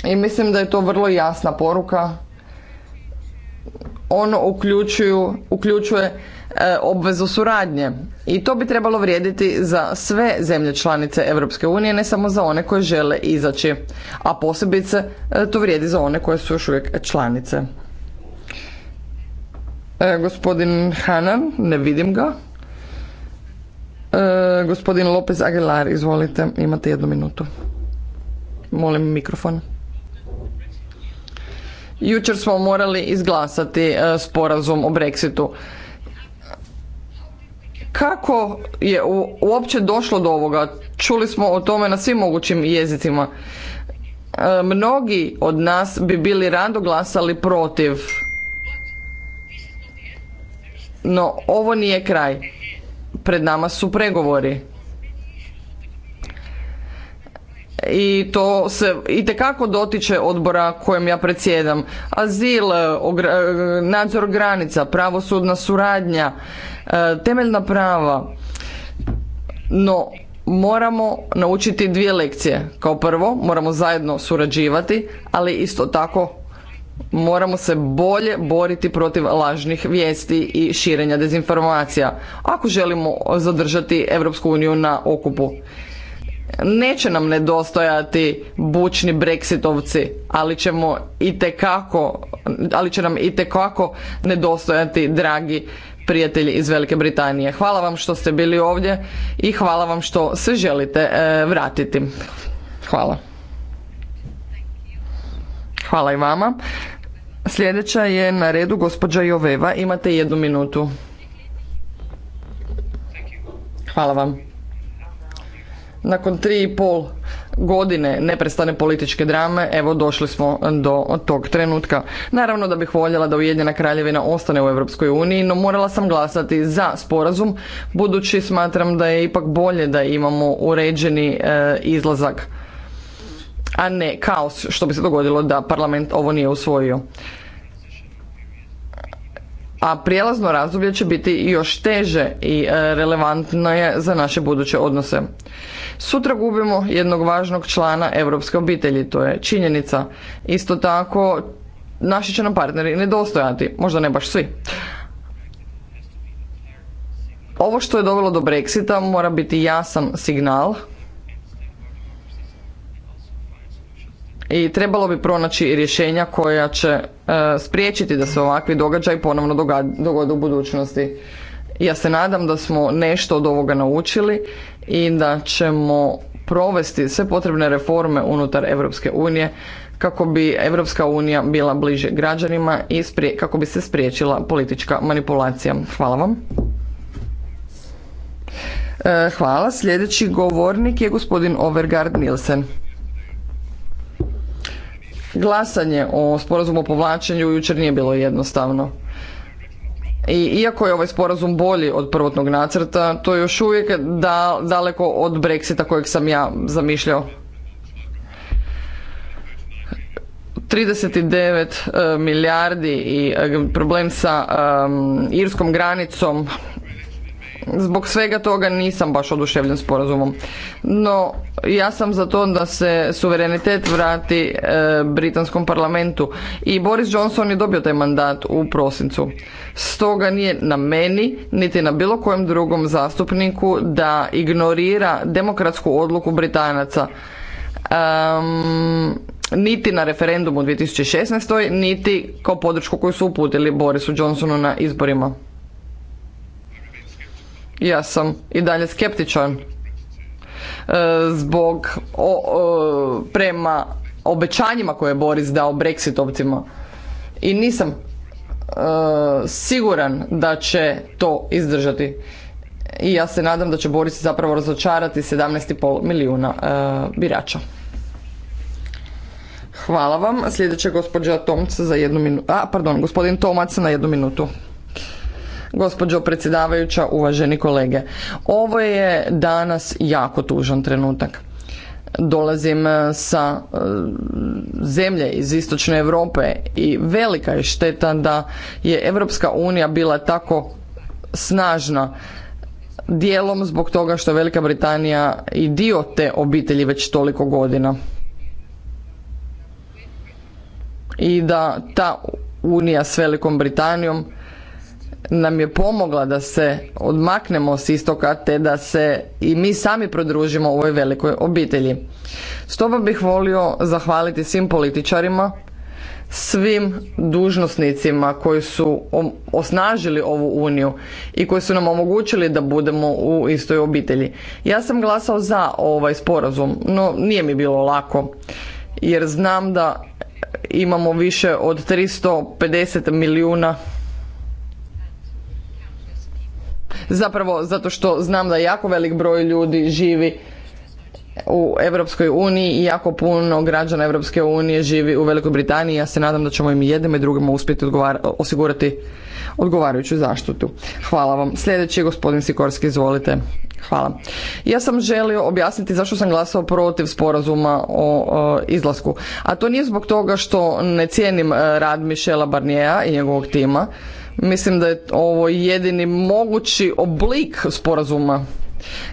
I mislim da je to vrlo jasna poruka. Ono uključuju, uključuje E, obvezu suradnje i to bi trebalo vrijediti za sve zemlje članice Europske unije, ne samo za one koje žele izaći, a posebice e, to vrijedi za one koje su još uvijek članice. E, gospodin Hanan, ne vidim ga. E, gospodin Lopez Aguilar, izvolite, imate jednu minutu. Molim mikrofon. Jučer smo morali izglasati e, sporazum o Brexitu. Kako je uopće došlo do ovoga? Čuli smo o tome na svim mogućim jezicima. E, mnogi od nas bi bili rado glasali protiv. No, ovo nije kraj. Pred nama su pregovori i to se itekako dotiče odbora kojem ja predsjedam. Azil, e, e, nadzor granica, pravosudna suradnja, e, temeljna prava. No, moramo naučiti dvije lekcije. Kao prvo, moramo zajedno surađivati, ali isto tako moramo se bolje boriti protiv lažnih vijesti i širenja dezinformacija ako želimo zadržati Europsku uniju na okupu. Neće nam nedostojati bučni breksitovci, ali ćemo itekako, ali će nam itekako nedostojati dragi prijatelji iz Velike Britanije. Hvala vam što ste bili ovdje i hvala vam što se želite e, vratiti. Hvala. Hvala i vama. Sljedeća je na redu gospođa Joveva. Imate jednu minutu. Hvala vam nakon tri i pol godine neprestane političke drame, evo došli smo do tog trenutka. Naravno da bih voljela da Ujedinjena kraljevina ostane u Europskoj uniji, no morala sam glasati za sporazum, budući smatram da je ipak bolje da imamo uređeni e, izlazak, a ne kaos što bi se dogodilo da parlament ovo nije usvojio a prijelazno razdoblje će biti još teže i e, relevantno je za naše buduće odnose. Sutra gubimo jednog važnog člana europske obitelji, to je činjenica. Isto tako, naši će nam partneri nedostojati, možda ne baš svi. Ovo što je dovelo do Brexita mora biti jasan signal i trebalo bi pronaći rješenja koja će e, spriječiti da se ovakvi događaj ponovno dogode u budućnosti. Ja se nadam da smo nešto od ovoga naučili i da ćemo provesti sve potrebne reforme unutar Europske unije kako bi Europska unija bila bliže građanima i kako bi se spriječila politička manipulacija. Hvala vam. E, hvala. Sljedeći govornik je gospodin Overgard Nielsen. Glasanje o sporazumu o povlačenju jučer nije bilo jednostavno. I iako je ovaj sporazum bolji od prvotnog nacrta, to je još uvijek da, daleko od Brexita kojeg sam ja zamišljao. 39 eh, milijardi i eh, problem sa eh, irskom granicom Zbog svega toga nisam baš oduševljen sporazumom. No, ja sam za to da se suverenitet vrati e, britanskom parlamentu i Boris Johnson je dobio taj mandat u prosincu. Stoga nije na meni, niti na bilo kojem drugom zastupniku da ignorira demokratsku odluku Britanaca. niti na referendumu u 2016. niti kao podršku koju su uputili Borisu Johnsonu na izborima ja sam i dalje skeptičan e, zbog prema obećanjima koje je Boris dao Brexit i nisam e, siguran da će to izdržati i ja se nadam da će Boris zapravo razočarati 17,5 milijuna e, birača. Hvala vam. Sljedeća gospođa Tomca za jednu minutu. A, pardon, gospodin Tomac na jednu minutu. Gospođo predsjedavajuća, uvaženi kolege. Ovo je danas jako tužan trenutak. Dolazim e, sa e, zemlje iz istočne Europe i velika je šteta da je Europska unija bila tako snažna dijelom zbog toga što je Velika Britanija i dio te obitelji već toliko godina. I da ta unija s Velikom Britanijom nam je pomogla da se odmaknemo s istoka te da se i mi sami prodružimo u ovoj velikoj obitelji. Stoga bih volio zahvaliti svim političarima, svim dužnosnicima koji su osnažili ovu uniju i koji su nam omogućili da budemo u istoj obitelji. Ja sam glasao za ovaj sporazum, no nije mi bilo lako jer znam da imamo više od 350 milijuna zapravo zato što znam da jako velik broj ljudi živi u Europskoj uniji i jako puno građana Europske unije živi u Velikoj Britaniji. Ja se nadam da ćemo im jednim i drugima uspjeti osigurati odgovarajuću zaštitu. Hvala vam. Sljedeći je gospodin Sikorski, izvolite. Hvala. Ja sam želio objasniti zašto sam glasao protiv sporazuma o, izlasku. A to nije zbog toga što ne cijenim e, rad Mišela Barnijeja i njegovog tima, Mislim da je ovo jedini mogući oblik sporazuma.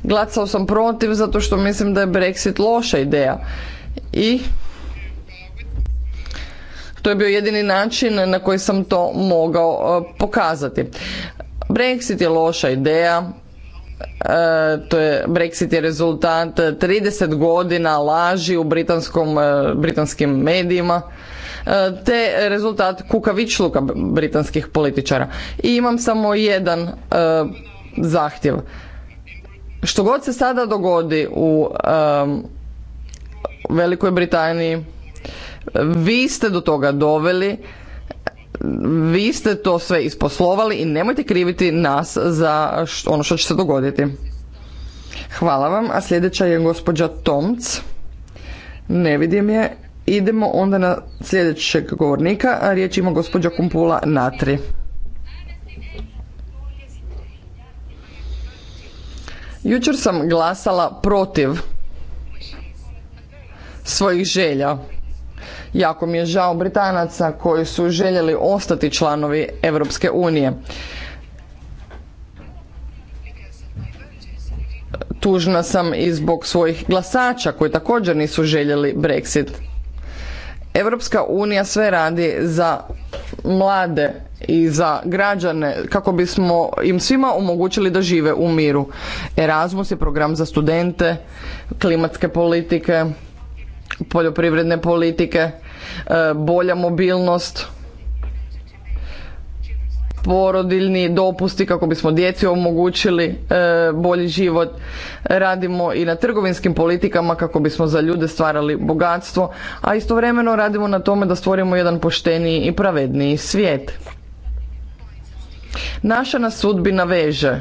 Glacao sam protiv zato što mislim da je Brexit loša ideja. I to je bio jedini način na koji sam to mogao e, pokazati. Brexit je loša ideja, e, to je Brexit je rezultat 30 e, godina laži u britanskom, britanskim medijima E, te rezultat kukavičluka britanskih političara. I imam samo jedan e, zahtjev. Što god se sada dogodi u Velikoj Britaniji, vi ste do toga doveli, vi ste to sve isposlovali i nemojte kriviti nas za ono što će se dogoditi. Hvala vam, a sljedeća je gospođa Tomc. Ne vidim je. Idemo onda na sljedećeg govornika, a riječ ima gospođa Kumpula Natri. Jučer sam glasala protiv svojih želja. Jako mi je žao Britanaca koji su željeli ostati članovi Europske unije. Tužna sam i zbog svojih glasača koji također nisu željeli Brexit. Europska unija sve radi za mlade i za građane kako bismo im svima omogućili da žive u miru. Erasmus je program za studente, klimatske politike, poljoprivredne politike, e, bolja mobilnost porodiljni dopusti kako bismo djeci omogućili e, bolji život. Radimo i na trgovinskim politikama kako bismo za ljude stvarali bogatstvo, a istovremeno radimo na tome da stvorimo jedan pošteniji i pravedniji svijet. Naša nas sudbina veže.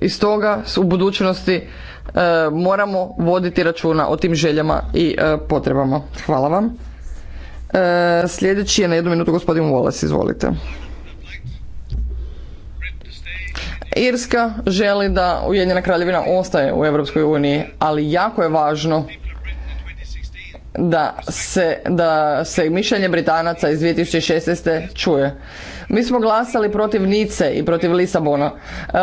I stoga u budućnosti E, moramo voditi računa o tim željama i e, potrebama. Hvala vam. E, sljedeći je na jednu minutu gospodin Wallace, izvolite. Irska želi da Ujedinjena kraljevina ostaje u Europskoj uniji, ali jako je važno da se, da se mišljenje Britanaca iz 2016. čuje. Mi smo glasali protiv Nice i protiv Lisabona e,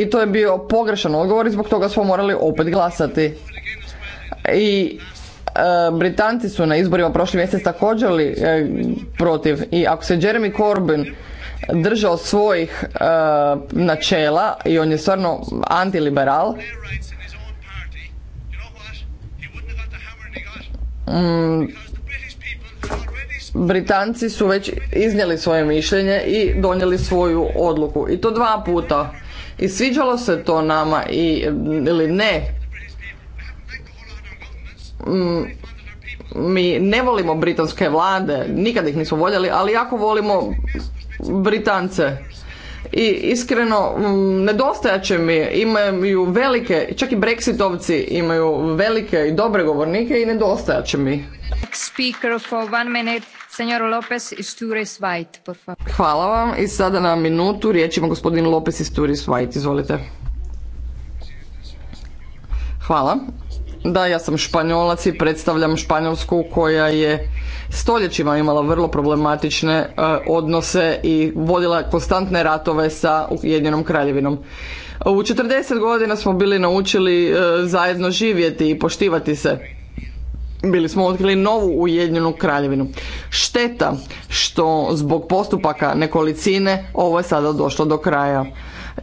i to je bio pogrešan odgovor i zbog toga smo morali opet glasati. I e, Britanci su na izborima prošli mjesec također li e, protiv i ako se Jeremy Corbyn držao svojih načela i on je stvarno antiliberal, Britanci su već iznijeli svoje mišljenje i donijeli svoju odluku. I to dva puta. I sviđalo se to nama i, ili ne. Mm, mi ne volimo britanske vlade, nikad ih nismo voljeli, ali jako volimo Britance. I iskreno, mm, nedostajaće mi, imaju velike, čak i breksitovci imaju velike i dobre govornike i nedostajaće mi. Hvala vam i sada na minutu riječ ima gospodin Lopez Isturiz White. Izvolite. Hvala. Da, ja sam španjolac i predstavljam Španjolsku koja je stoljećima imala vrlo problematične e, odnose i vodila konstantne ratove sa Ujedinjenom kraljevinom. U 40 godina smo bili naučili e, zajedno živjeti i poštivati se bili smo otkrili novu ujedinjenu kraljevinu. Šteta što zbog postupaka nekolicine ovo je sada došlo do kraja.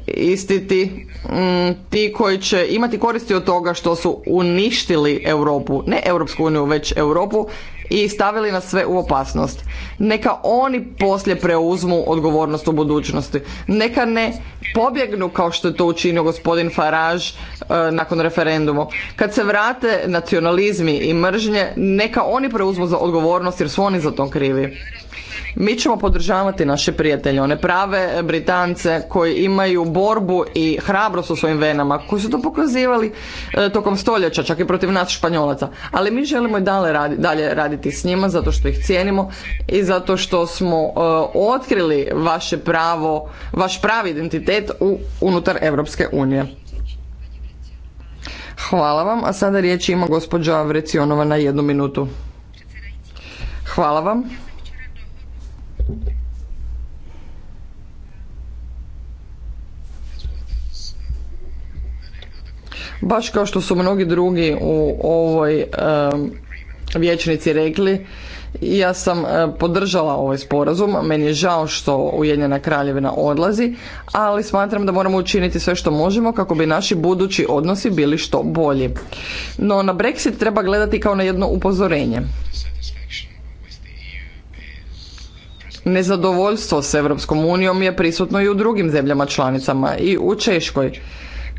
Isti ti, mm, ti koji će imati koristi od toga što su uništili Europu, ne Europsku uniju, već Europu, i stavili nas sve u opasnost. Neka oni poslije preuzmu odgovornost u budućnosti. Neka ne pobjegnu kao što je to učinio gospodin Farage e, nakon referenduma. Kad se vrate nacionalizmi i mržnje, neka oni preuzmu za odgovornost jer su oni za to krivi. Mi ćemo podržavati naše prijatelje, one prave Britance koji imaju borbu i hrabrost u svojim venama, koji su to pokazivali e, tokom stoljeća, čak i protiv nas Španjolaca. Ali mi želimo i dalje, dalje raditi s njima zato što ih cijenimo i zato što smo e, otkrili vaše pravo, vaš pravi identitet u, unutar Europske unije. Hvala vam, a sada riječ ima gospođa Vrecionova na jednu minutu. Hvala vam. Baš kao što su mnogi drugi u ovoj vječnici rekli, ja sam e, podržala ovaj sporazum, meni je žao što Ujedinjena kraljevina odlazi, ali smatram da moramo učiniti sve što možemo kako bi naši budući odnosi bili što bolji. No na Brexit treba gledati kao na jedno upozorenje. Nezadovoljstvo s Europskom unijom je prisutno i u drugim zemljama članicama i u Češkoj.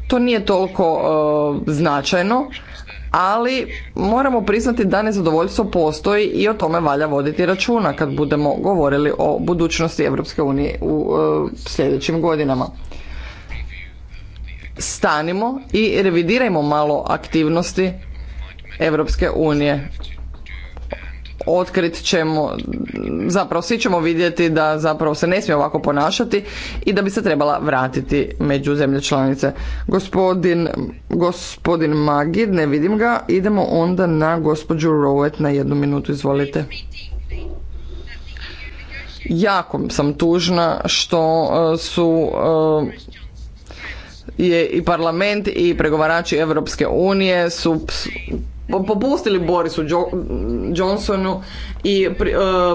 To nije toliko e, značajno, ali moramo priznati da nezadovoljstvo postoji i o tome valja voditi računa kad budemo govorili o budućnosti Europske unije u e, sljedećim godinama. Stanimo i revidirajmo malo aktivnosti Europske unije otkrit ćemo, zapravo svi ćemo vidjeti da zapravo se ne smije ovako ponašati i da bi se trebala vratiti među zemlje članice. Gospodin, gospodin Magid, ne vidim ga, idemo onda na gospođu Rowett na jednu minutu, izvolite. Jako sam tužna što e, su e, je i parlament i pregovarači Europske unije su popustili Borisu Johnsonu i e,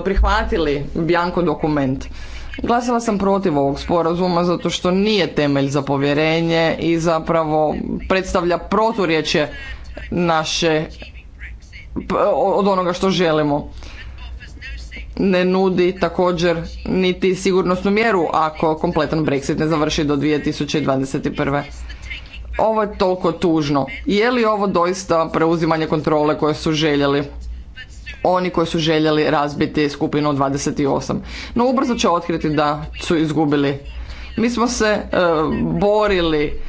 prihvatili Bianco dokument. Glasila sam protiv ovog sporazuma zato što nije temelj za povjerenje i zapravo predstavlja proturječje naše od onoga što želimo. Ne nudi također niti sigurnosnu mjeru ako kompletan Brexit ne završi do 2021. Ovo je toliko tužno. Je li ovo doista preuzimanje kontrole koje su željeli? oni koji su željeli razbiti skupinu 28. No ubrzo će otkriti da su izgubili. Mi smo se e, borili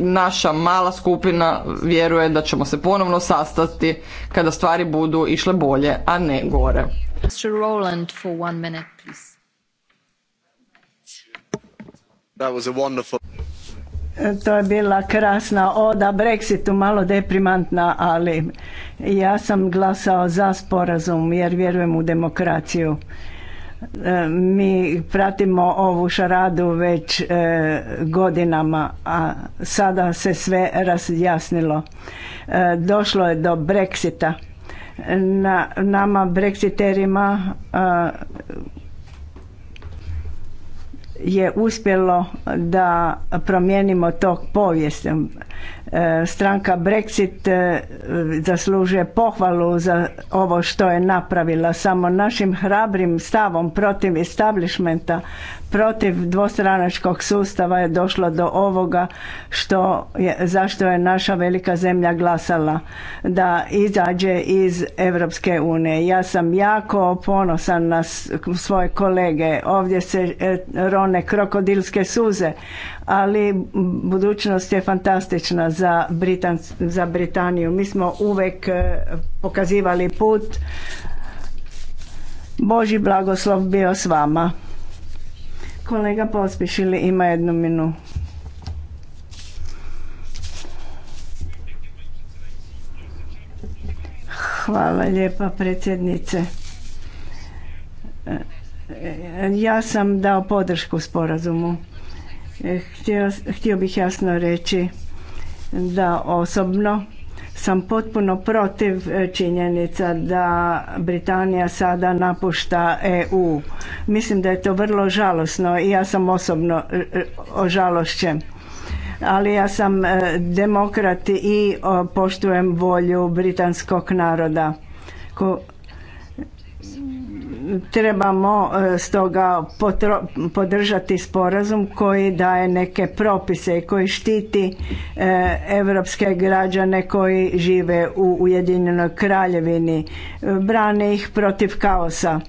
naša mala skupina vjeruje da ćemo se ponovno sastati kada stvari budu išle bolje, a ne gore. Mr. Roland for one minute, please. E, to je bila krasna oda Brexitu, malo deprimantna, ali ja sam glasao za sporazum jer vjerujem u demokraciju. E, mi pratimo ovu šaradu već e, godinama, a sada se sve razjasnilo. došlo je do Brexita. nama Brexiterima je uspjelo da promijenimo tok povijest. E, stranka Brexit e, zaslužuje pohvalu za ovo što je napravila. Samo našim hrabrim stavom protiv establishmenta protiv dvostranačkog sustava je došlo do ovoga što je, zašto je naša velika zemlja glasala da izađe iz Europske unije. Ja sam jako ponosan na svoje kolege. Ovdje se e, rone krokodilske suze, ali budućnost je fantastična za, za Britaniju. Mi smo uvek e, pokazivali put. Boži blagoslov bio s vama. Kolega Pospišili ima jednu minu. Hvala lijepa predsjednice. Ja sam dao podršku sporazumu. htio bih jasno reći da osobno sam potpuno protiv e, činjenica da Britanija sada napušta EU. Mislim da je to vrlo žalosno i ja sam osobno e, e, ožalošćen. Ali ja sam demokrat i poštujem volju britanskog naroda. Ko Trebamo e, stoga podržati sporazum koji daje neke propise i koji štiti europske građane koji žive u Ujedinjenoj kraljevini. E, brane ih protiv kaosa.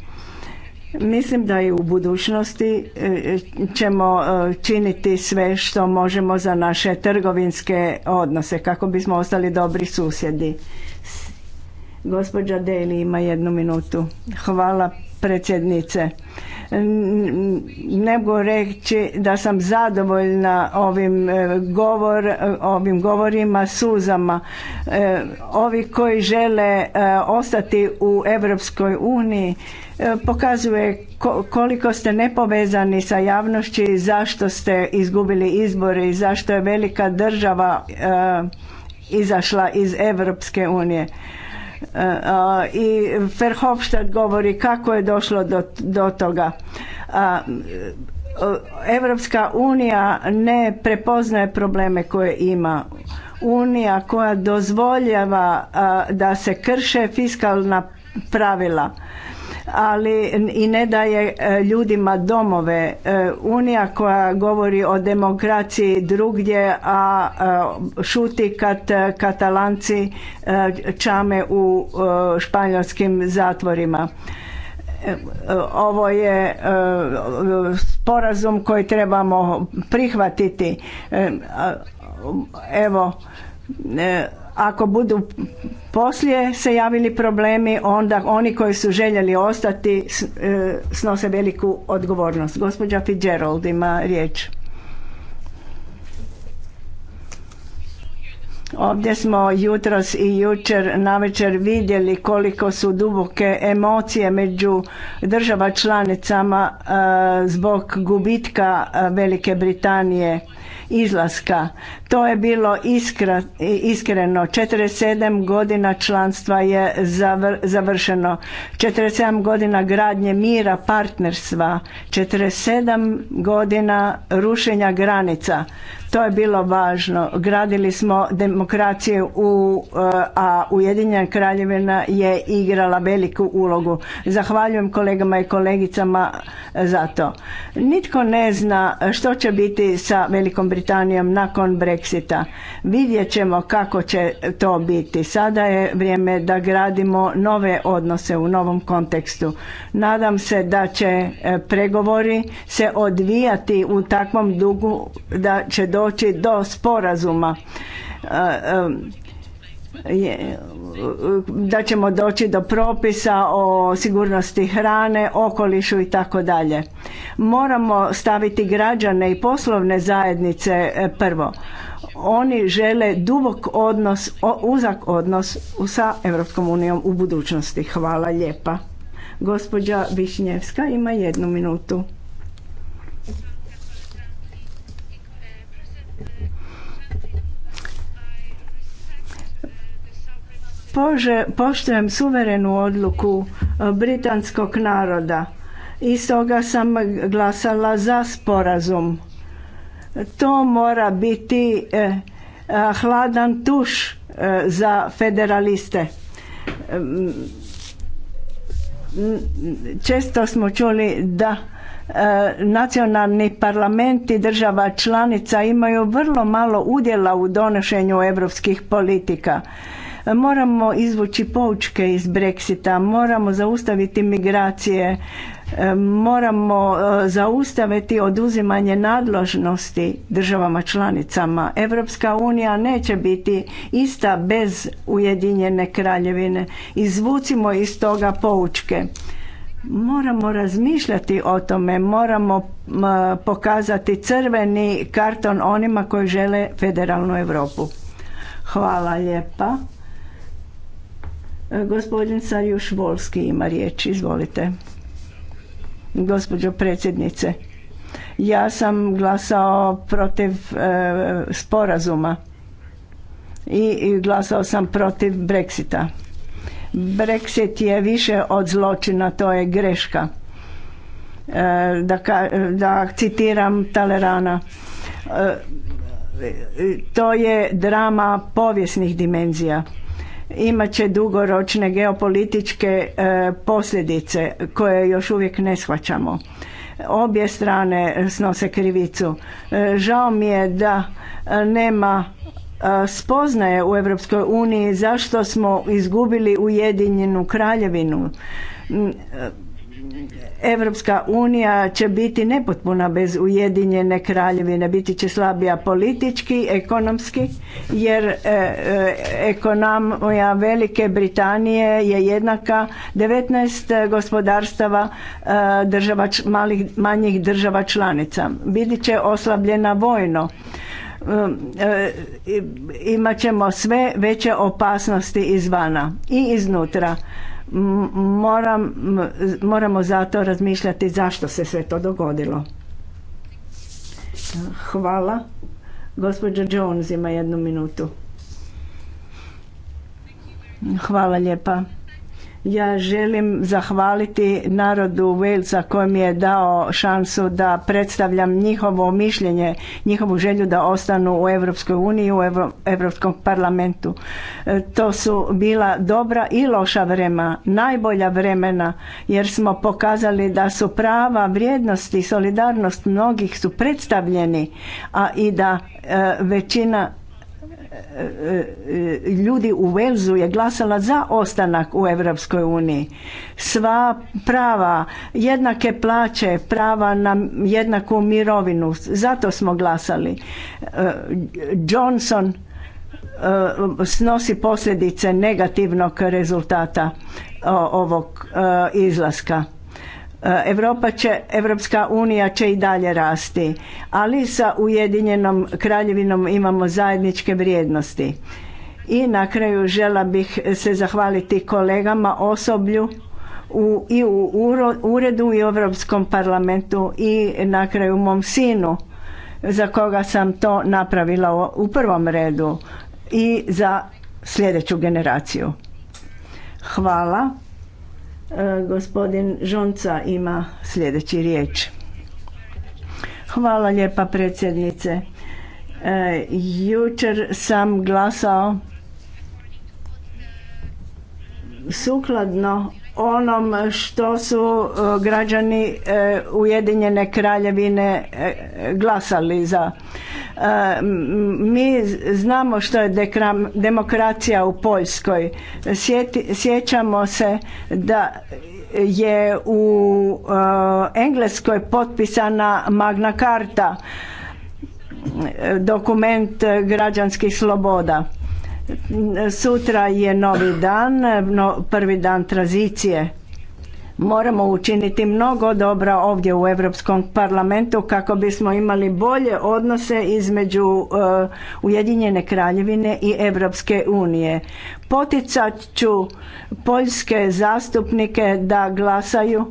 Mislim da i u budućnosti e, ćemo činiti sve što možemo za naše trgovinske odnose kako bismo ostali dobri susjedi. Gospođa Deli ima jednu minutu. Hvala predsjednice. Ne mogu reći da sam zadovoljna ovim, e, govor, e, ovim govorima, suzama. E, ovi koji žele ostati u Europskoj uniji pokazuje koliko ste nepovezani sa javnošću i zašto ste izgubili izbore i zašto je velika država izašla iz Europske unije i Verhofstadt govori kako je došlo do, do toga. Evropska unija ne prepoznaje probleme koje ima. Unija koja dozvoljava da se krše fiskalna pravila ali i ne daje e, ljudima domove. E, Unija koja govori o demokraciji drugdje, a e, šuti kad katalanci čame u španjolskim zatvorima ovo je sporazum koji trebamo prihvatiti evo ako budu poslije se javili problemi, onda oni koji su željeli ostati e, snose veliku odgovornost. Gospođa Fitzgerald ima riječ. Ovdje smo jutros i jučer navečer vidjeli koliko su duboke emocije među država članicama e, zbog gubitka e, Velike Britanije izlaska. To je bilo iskra, iskreno. 47 godina članstva je završeno. 47 godina gradnje mira, partnerstva. 47 godina rušenja granica to je bilo važno. Gradili smo demokracije u, eh, a Ujedinjena kraljevina je igrala veliku ulogu. Zahvaljujem kolegama i kolegicama eh, za to. Nitko ne zna eh, što će biti sa Velikom Britanijom nakon Brexita. Vidjet ćemo kako će to biti. Sada je vrijeme da gradimo nove odnose u novom kontekstu. Nadam se da će pregovori se odvijati u takvom dugu da će doći doći do sporazuma da ćemo doći do propisa o sigurnosti hrane, okolišu i tako dalje. Moramo staviti građane i poslovne zajednice e, prvo. Oni žele dubok odnos, uzak odnos sa Evropskom unijom u budućnosti. Hvala lijepa. Gospođa Višnjevska ima jednu minutu. pože, poštujem suverenu odluku e, britanskog naroda i stoga sam glasala za sporazum. To mora biti e, e, hladan tuš za federaliste. Često smo čuli da nacionalni parlamenti država članica imaju vrlo malo udjela u donošenju europskih politika Moramo izvući poučke iz Brexita, moramo zaustaviti migracije, e, moramo e, zaustaviti oduzimanje nadložnosti državama članicama. Europska unija neće biti ista bez Ujedinjene kraljevine. Izvucimo iz toga poučke. Moramo razmišljati o tome, moramo pokazati crveni karton onima koji žele federalnu Europu. Hvala lijepa. E, gospodin Sarjuš Volski ima riječ, izvolite. Gospođo predsjednice, ja sam glasao protiv e, sporazuma I, glasao sam protiv Brexita. Brexit je više od zločina, to je greška. E, da, citiram Talerana, to je drama povijesnih dimenzija imat će dugoročne geopolitičke e, posljedice koje još uvijek ne shvaćamo obje strane snose krivicu. E, žao mi je da e, nema spoznaje u Europskoj uniji zašto smo izgubili Ujedinjenu kraljevinu. Europska unija će biti nepotpuna bez Ujedinjene kraljevine, biti će slabija politički, ekonomski, jer e, e, ekonomija Velike Britanije je jednaka 19 gospodarstava e, država, malih, manjih država članica. Biti će oslabljena vojno. Mm, imat ćemo sve veće opasnosti izvana i iznutra Moram, moramo zato razmišljati zašto se sve to dogodilo. Hvala. Gospođa Jones ima jednu minutu. Hvala lijepa. Ja želim zahvaliti narodu Walesa koji mi je dao šansu da predstavljam njihovo mišljenje, njihovu želju da ostanu u Europskoj uniji, u Europskom parlamentu. E, to su bila dobra i loša vremena, najbolja vremena jer smo pokazali da su prava, vrijednosti i solidarnost mnogih su predstavljeni, a i da e, većina ljudi u Velzu je glasala za ostanak u Europskoj uniji. Sva prava, jednake plaće, prava na jednaku mirovinu, zato smo glasali. E, Johnson e, snosi posljedice negativnog rezultata ovog e, izlaska. Europa eh, će, Evropska unija će i dalje rasti, ali sa Ujedinjenom kraljevinom imamo zajedničke vrijednosti. I na kraju žela bih se zahvaliti kolegama, osoblju u, i u uredu i u Europskom parlamentu i na kraju mom sinu za koga sam to napravila u prvom redu i za sljedeću generaciju. Hvala. E, gospodin Žonca ima sljedeći riječ. Hvala lijepa predsjednice. E, jučer sam glasao sukladno onom što su e, građani e, Ujedinjene kraljevine e, glasali za. Mi znamo što je demokracija u Poljskoj. sjećamo se da je u Engleskoj potpisana Magna Carta dokument građanskih sloboda Sutra je novi dan, prvi dan tranzicije. Moramo učiniti mnogo dobra ovdje u Europskom parlamentu kako bismo imali bolje odnose između eh, Ujedinjene kraljevine i Europske unije. Poticat ću poljske zastupnike da glasaju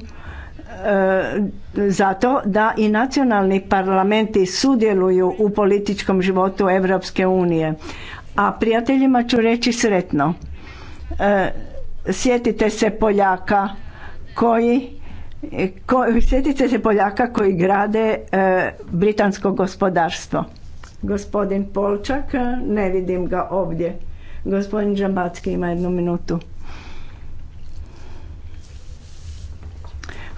eh, za to da i nacionalni parlamenti sudjeluju u političkom životu Europske unije a prijateljima ću reći sretno. E, sjetite se Poljaka koji sjetite se Poljaka koji grade e, britansko gospodarstvo. Gospodin Polčak, e, ne vidim ga ovdje. Gospodin Žambacki ima jednu minutu.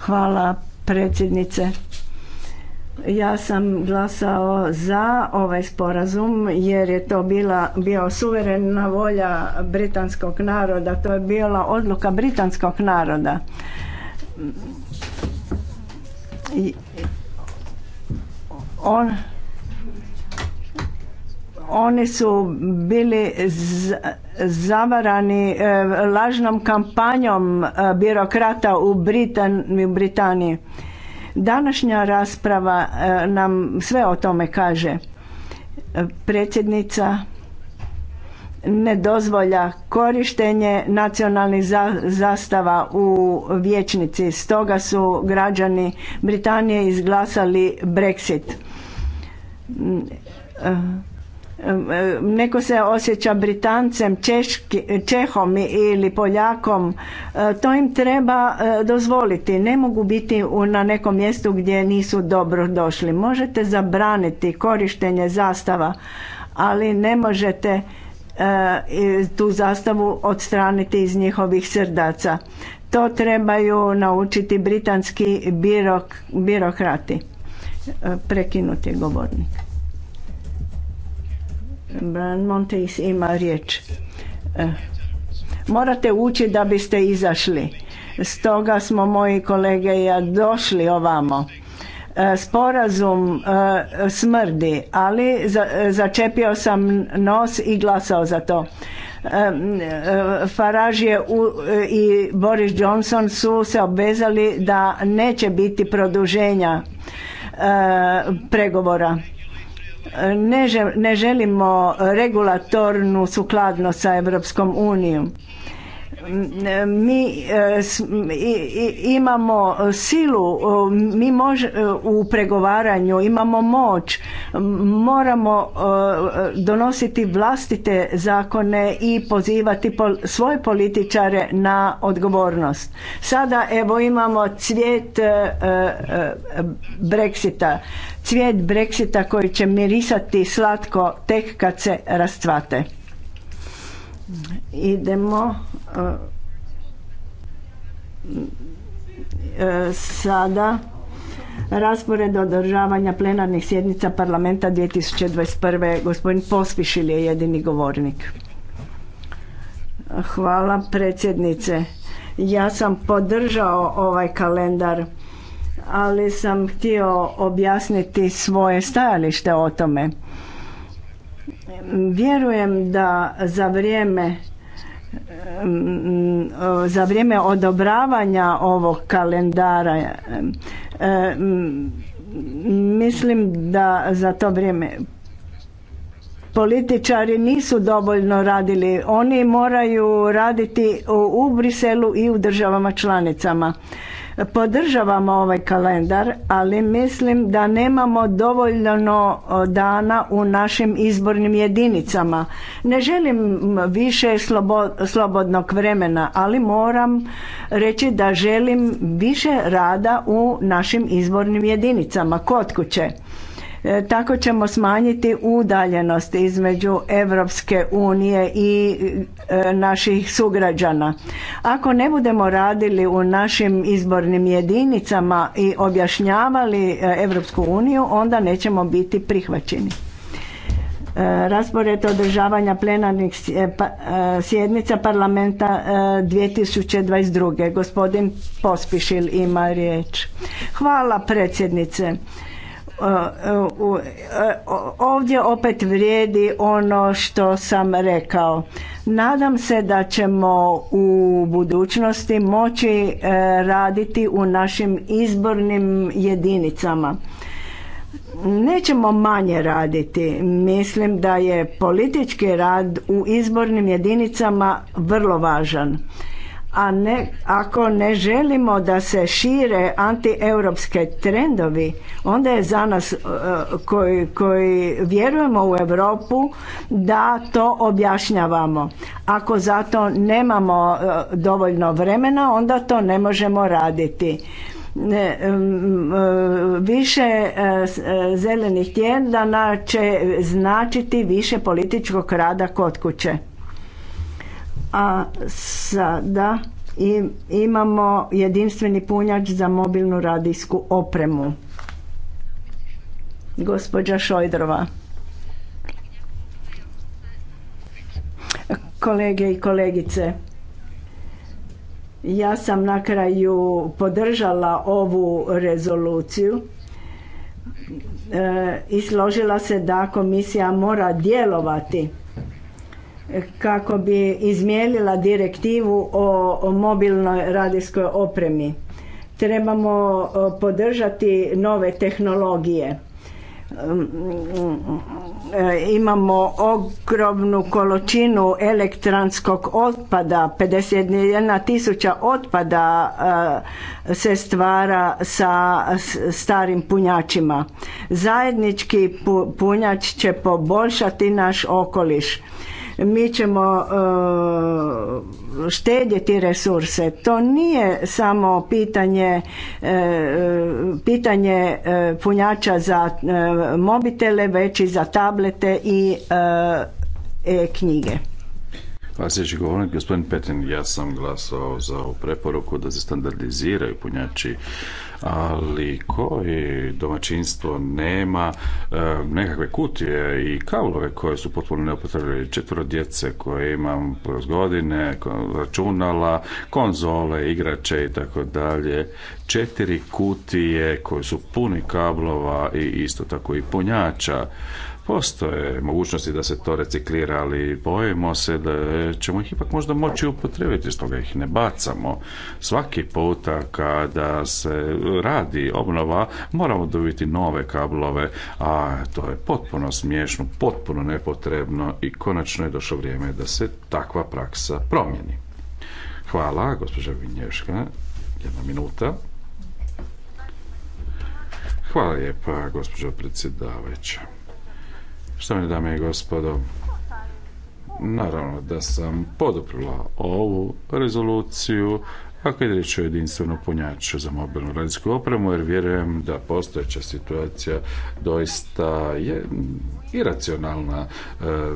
Hvala predsjednice. Ja sam glasao za ovaj sporazum jer je to bila, suverena volja britanskog naroda, to je bila odluka britanskog naroda. on, oni su bili zavarani eh, lažnom kampanjom eh, birokrata u, Britan, u Britaniji Današnja rasprava e, nam sve o tome kaže. Predsjednica ne dozvolja korištenje nacionalnih zastava u vječnici. Stoga su građani Britanije izglasali Brexit mm, e, Neko se osjeća Britancem, Češki, Čehom ili Poljakom. E, to im treba e, dozvoliti. Ne mogu biti na nekom mjestu gdje nisu dobro došli. Možete zabraniti korištenje zastava, ali ne možete e, tu zastavu odstraniti iz njihovih srdaca. To trebaju naučiti britanski birokrati. Prekinuti govornik. Montes ima riječ. E, morate ući da biste izašli. Stoga smo moji kolege i ja došli ovamo. E, sporazum e, smrdi, ali začepio sam nos i glasao za to. Farage i Boris Johnson su se obvezali da neće biti produženja pregovora ne želimo regulatornu sukladnost sa Europskom unijom. Mi eh, imamo silu, mi u pregovaranju imamo moć, moramo eh, donositi vlastite zakone i pozivati svoje političare na odgovornost. Sada evo imamo cvijet eh, Brexita cvijet Brexita koji će mirisati slatko tek kad se rastvate. Idemo e, e, sada raspored održavanja plenarnih sjednica parlamenta 2021. Gospodin Pospišil je jedini govornik. Hvala predsjednice. Ja sam podržao ovaj kalendar ali sam htio objasniti svoje stajalište o tome. Vjerujem da za vrijeme mm, za vrijeme odobravanja ovog kalendara mm, mislim da za to vrijeme političari nisu dovoljno radili. Oni moraju raditi u Briselu i u državama članicama. Podržavamo ovaj kalendar, ali mislim da nemamo dovoljno dana u našim izbornim jedinicama. Ne želim više slobodnog vremena, ali moram reći da želim više rada u našim izbornim jedinicama kod kuće. E, tako ćemo smanjiti udaljenost između Europske unije i e, naših sugrađana. Ako ne budemo radili u našim izbornim jedinicama i objašnjavali Europsku uniju, onda nećemo biti prihvaćeni. E, raspored održavanja plenarnih pa, sjednica parlamenta 2022. Gospodin Pospišil ima riječ. Hvala predsjednice ovdje opet vrijedi ono što sam rekao. Nadam se da ćemo u budućnosti moći e, raditi u našim izbornim jedinicama. Nećemo manje raditi. Mislim da je politički rad u izbornim jedinicama vrlo važan a ne ako ne želimo da se šire antieuropske trendovi onda je za nas e, koji, koji vjerujemo u Europu da to objašnjavamo ako zato nemamo e, dovoljno vremena onda to ne možemo raditi e, više zelenih tjedana će značiti više političkog rada kod kuće a sada imamo jedinstveni punjač za mobilnu radijsku opremu. Gospođa Šojdrova. Kolege i kolegice, ja sam na kraju podržala ovu rezoluciju e, i složila se da komisija mora djelovati kako bi izmijenila direktivu o mobilnoj radijskoj opremi. Trebamo podržati nove tehnologije. Um, e, imamo ogromnu količinu elektronskog otpada, 51 tisuća otpada e, se stvara sa starim punjačima. Zajednički punjač će poboljšati naš okoliš mi ćemo e, štedjeti resurse. To nije samo pitanje e, pitanje e, punjača za mobitele, već i za tablete i e, knjige. Hvala sljedeći govornik, gospodin Petin, ja sam glasao za ovu preporuku da se standardiziraju punjači ali koji domaćinstvo nema e, nekakve kutije i kablove koje su potpuno neopotrebljene, Četvro djece koje imam kroz godine, računala, konzole, igrače i tako dalje, četiri kutije koje su puni kablova i isto tako i punjača. Postoje mogućnosti da se to reciklira, ali bojimo se da ćemo ih ipak možda moći upotrijebiti, stoga ih ne bacamo. Svaki puta kada se radi obnova, moramo dobiti nove kablove, a to je potpuno smiješno, potpuno nepotrebno i konačno je došlo vrijeme da se takva praksa promijeni. Hvala, gospođa Vinješka. Jedna minuta. Hvala lijepa, gospođo predsjedavajuća. Štovane dame i gospodo, naravno da sam poduprla ovu rezoluciju ako je riječ o jedinstvenom punjaču za mobilnu radijsku opremu, jer vjerujem da postojeća situacija doista je iracionalna. E,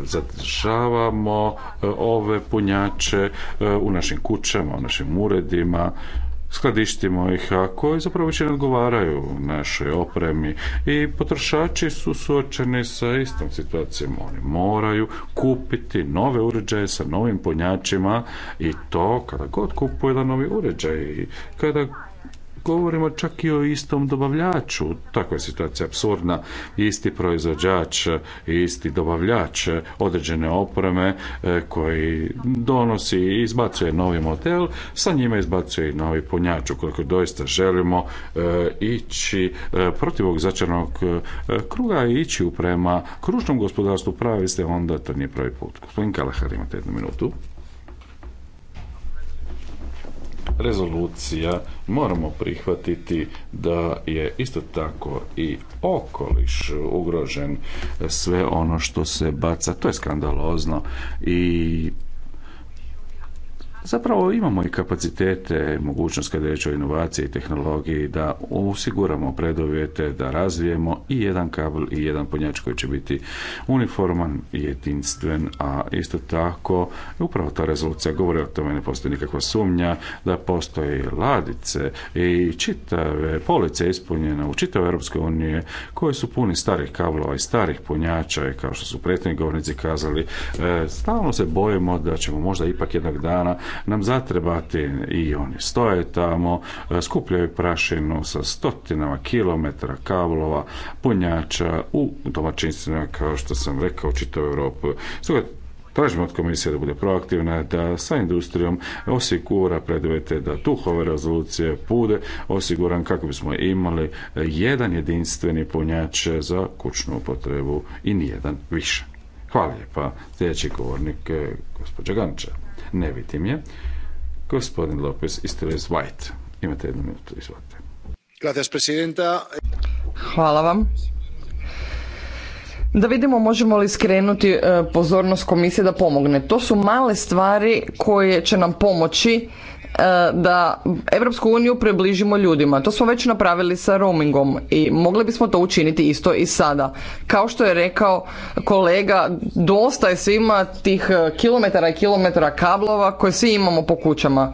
zadržavamo e, ove punjače e, u našim kućama, u našim uredima skladištimo ih, a koji zapravo više ne odgovaraju našoj opremi i potrošači su suočeni sa istom situacijom. Oni moraju kupiti nove uređaje sa novim punjačima i to kada god kupuje jedan novi uređaj i kada govorimo čak i o istom dobavljaču. Takva je situacija absurdna. Isti proizvođač, isti dobavljač određene opreme e, koji donosi i izbacuje novi model, sa njima izbacuje i novi punjač. Ukoliko doista želimo e, ići e, protiv ovog začarnog kruga i ići prema kružnom gospodarstvu pravi ste, onda to nije pravi put. Gospodin Kalahar, imate jednu minutu rezolucija moramo prihvatiti da je isto tako i okoliš ugrožen sve ono što se baca to je skandalozno i Zapravo imamo i kapacitete, mogućnost kada je o inovaciji i tehnologiji da osiguramo preduvjete, da razvijemo i jedan kabel i jedan punjač koji će biti uniforman i jedinstven, a isto tako upravo ta rezolucija govori o tome, ne postoji nikakva sumnja da postoje ladice i čitave police ispunjene u čitavoj Europskoj uniji koje su puni starih kablova i starih punjača i kao što su prethodni govornici kazali, e, stalno se bojimo da ćemo možda ipak jednog dana nam zatrebati i oni stoje tamo, e, skupljaju prašinu sa stotinama kilometara kablova, punjača u domaćinstvima, kao što sam rekao, čitavu Europu. Stoga Tražimo od komisije da bude proaktivna, da sa industrijom osigura predvete da tuhove rezolucije bude osiguran kako bismo imali jedan jedinstveni punjač za kućnu upotrebu i nijedan više. Hvala lijepa. Sljedeći govornik je gospođa Ganča. Ne vidim je. Gospodin Lopez Istoris White. Imate jednu minutu, izvolite. Hvala vam. Da vidimo možemo li skrenuti e, pozornost komisije da pomogne. To su male stvari koje će nam pomoći E, da Europsku uniju približimo ljudima. To smo već napravili sa roamingom i mogli bismo to učiniti isto i sada. Kao što je rekao kolega, dosta je svima tih kilometara i kilometara kablova koje svi imamo po kućama.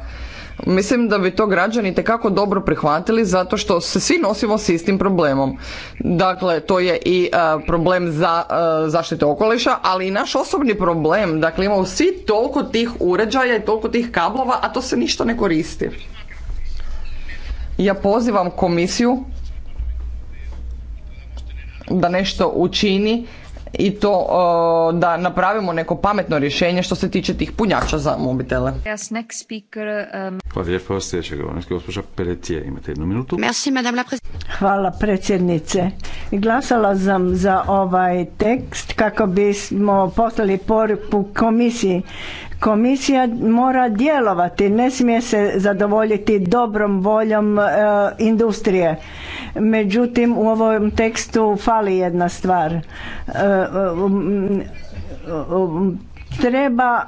Mislim da bi to građani tekako dobro prihvatili zato što se svi nosimo s istim problemom. Dakle, to je i e, problem za uh, zaštite okoliša, ali i naš osobni problem. Dakle, imamo svi toliko tih uređaja i toliko tih kablova, a to se ništa ne koristi. Ja pozivam komisiju da nešto učini i to da napravimo neko pametno rješenje što se tiče tih punjača za mobitele. Um, Hvala lijepo, sljedeća govornica, gospođa Peretije, imate jednu minutu. Hvala predsjednice. Glasala sam za ovaj tekst kako bismo poslali poruku komisiji Komisija mora djelovati, ne smije se zadovoljiti dobrom voljom e, industrije. Međutim, u ovom tekstu fali jedna stvar. E, e, um, treba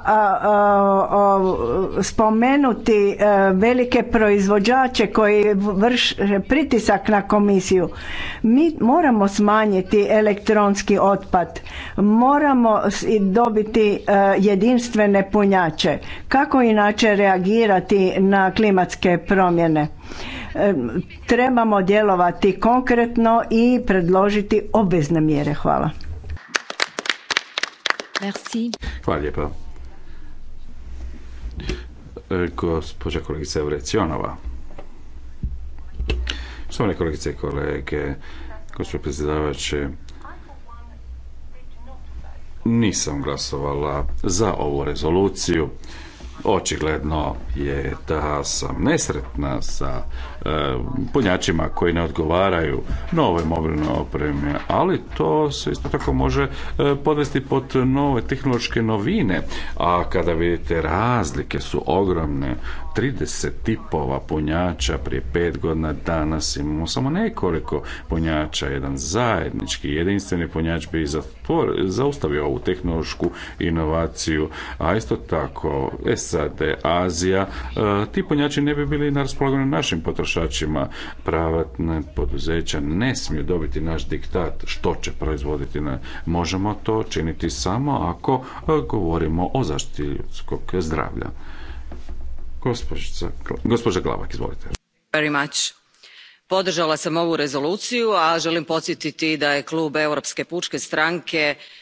spomenuti e, velike proizvođače koji vrše pritisak na komisiju. Mi moramo smanjiti elektronski otpad, moramo dobiti e, jedinstvene punjače. Kako inače reagirati na klimatske promjene? E, trebamo djelovati konkretno i predložiti obvezne mjere. Hvala. Merci. Hvala lijepa. E, gospođa kolegica Evrecionova. Štovane kolegice i kolege, gospođa predsjedavače, nisam glasovala za ovu rezoluciju. Očigledno je da sam nesretna sa E, punjačima koji ne odgovaraju nove mobilne opreme, ali to se isto tako može e, podvesti pod nove tehnološke novine, a kada vidite razlike su ogromne, 30 tipova punjača prije pet godina, danas imamo samo nekoliko punjača, jedan zajednički, jedinstveni punjač bi zaustavio ovu tehnološku inovaciju, a isto tako SAD, Azija, e, ti punjači ne bi bili na raspolaganju našim potrošačima potrošačima, pravatne poduzeća ne smiju dobiti naš diktat što će proizvoditi. na Možemo to činiti samo ako e, govorimo o zaštiti ljudskog zdravlja. Gospođa, Glavak, izvolite. Very much podržala sam ovu rezoluciju a želim podsjetiti da je klub europske pučke stranke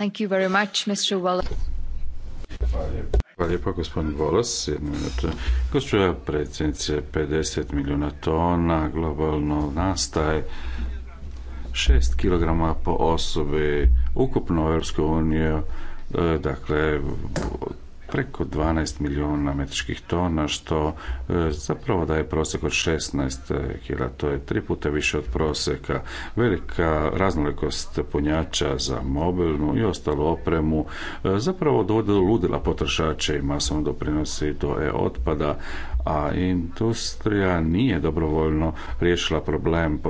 Thank you very much, Mr. Wallace. Hvala lijepa, gospodin Volas, jednu minutu. Gospođa predsjednice, 50 milijuna tona globalno nastaje, 6 kg po osobi, ukupno u EU, e, dakle, preko 12 milijuna metričkih tona, što e, zapravo daje prosjek od 16 kila. E, to je tri puta više od prosjeka. Velika raznolikost punjača za mobilnu i ostalu opremu e, zapravo dovodi do ludila potrošača i masovno doprinosi do e-otpada a industrija nije dobrovoljno riješila problem,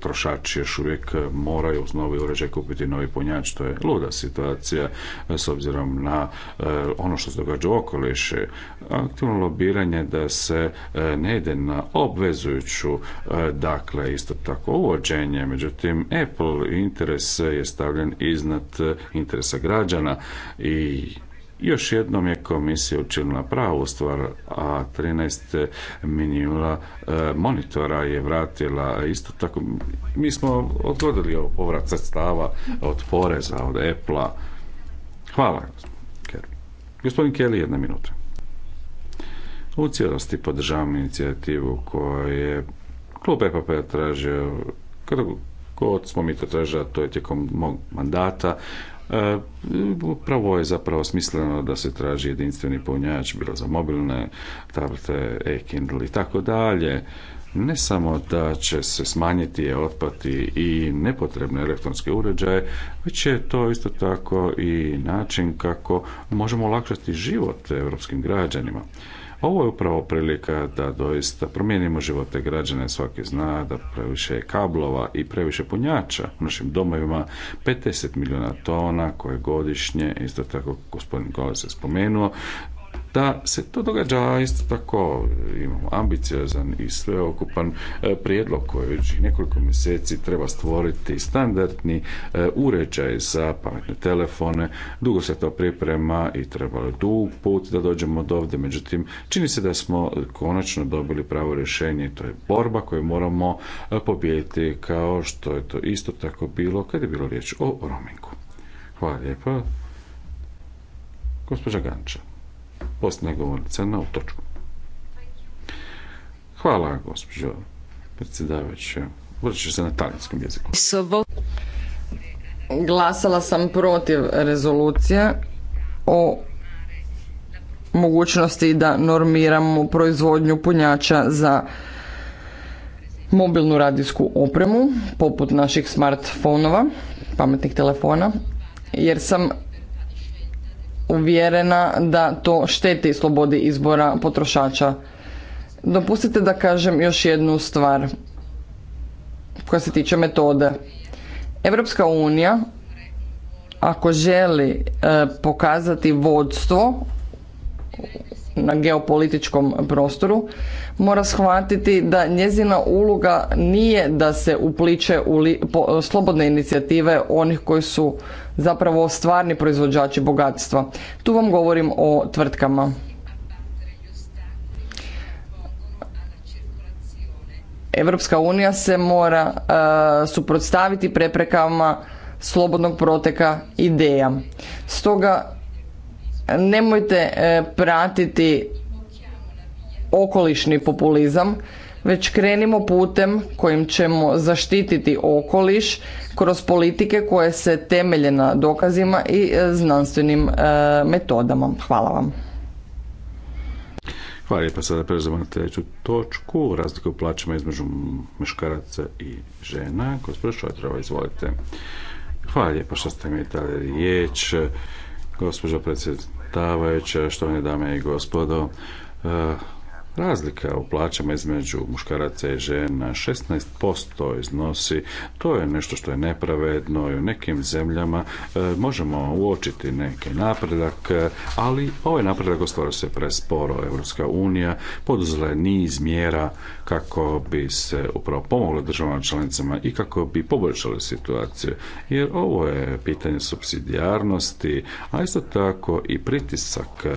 trošači još uvijek moraju uz novi uređaj kupiti novi punjač, to je luda situacija s obzirom na e, ono što se događa u okoliši. Aktivno lobiranje da se e, ne ide na obvezujuću, e, dakle isto tako uvođenje, međutim Apple interes je stavljen iznad interesa građana i još jednom je komisija učinila pravu stvar, a 13 minula e, monitora je vratila isto tako. Mi smo odgodili ovo povrat sredstava od poreza, od Epla. Hvala. Gospodin Kelly, jedna minuta. U cijelosti podržavam inicijativu koju je klub EPP tražio kada god smo mi to tražili, to je tijekom mog mandata, E, pravo je zapravo smisleno da se traži jedinstveni punjač, bilo za mobilne tablete, e-Kindle i tako dalje ne samo da će se smanjiti otpati i nepotrebne elektronske uređaje, već je to isto tako i način kako možemo olakšati život europskim građanima. Ovo je upravo prilika da doista promijenimo živote građane. Svaki zna da previše kablova i previše punjača u našim domovima. 50 milijuna tona koje godišnje, isto tako gospodin Gole se spomenuo, da se to događa isto tako imamo ambiciozan i sveokupan e, prijedlog koji već nekoliko mjeseci treba stvoriti standardni e, uređaj za pametne telefone. Dugo se to priprema i trebalo je dug put da dođemo do ovdje. Međutim, čini se da smo konačno dobili pravo rješenje. To je borba koju moramo e, pobijediti kao što je to isto tako bilo kad je bilo riječ o roamingu. Hvala lijepa. Gospođa Ganča. Posljednja govornica na otočku Hvala, gospođo predsjedavajuća. budući se na talijanskom jeziku. Glasala sam protiv rezolucije o mogućnosti da normiramo proizvodnju punjača za mobilnu radijsku opremu poput naših smartfonova, pametnih telefona, jer sam uvjerena da to šteti slobodi izbora potrošača. Dopustite da kažem još jednu stvar koja se tiče metode. Europska unija ako želi eh, pokazati vodstvo na geopolitičkom prostoru mora shvatiti da njezina uloga nije da se upliče u slobodne inicijative onih koji su zapravo stvarni proizvođači bogatstva. Tu vam govorim o tvrtkama. Evropska unija se mora e, suprotstaviti preprekama slobodnog proteka ideja. Stoga nemojte e, pratiti okolišni populizam, već krenimo putem kojim ćemo zaštititi okoliš kroz politike koje se temelje na dokazima i e, znanstvenim e, metodama. Hvala vam. Hvala lijepa, sada prelazimo na treću točku, razliku u plaćama između muškaraca i žena. Gospodin Šojtrova, izvolite. Hvala lijepa što ste mi dali riječ. Gospođo predsjedavajuća, štovane dame i gospodo, e, Razlika u plaćama između muškaraca i žena 16% iznosi, to je nešto što je nepravedno i u nekim zemljama e, možemo uočiti neki napredak, e, ali ovaj napredak ostvaruje se presporo. Evropska unija poduzela je niz mjera kako bi se upravo pomoglo državama članicama i kako bi poboljšali situaciju. Jer ovo je pitanje subsidijarnosti, a isto tako i pritisak e,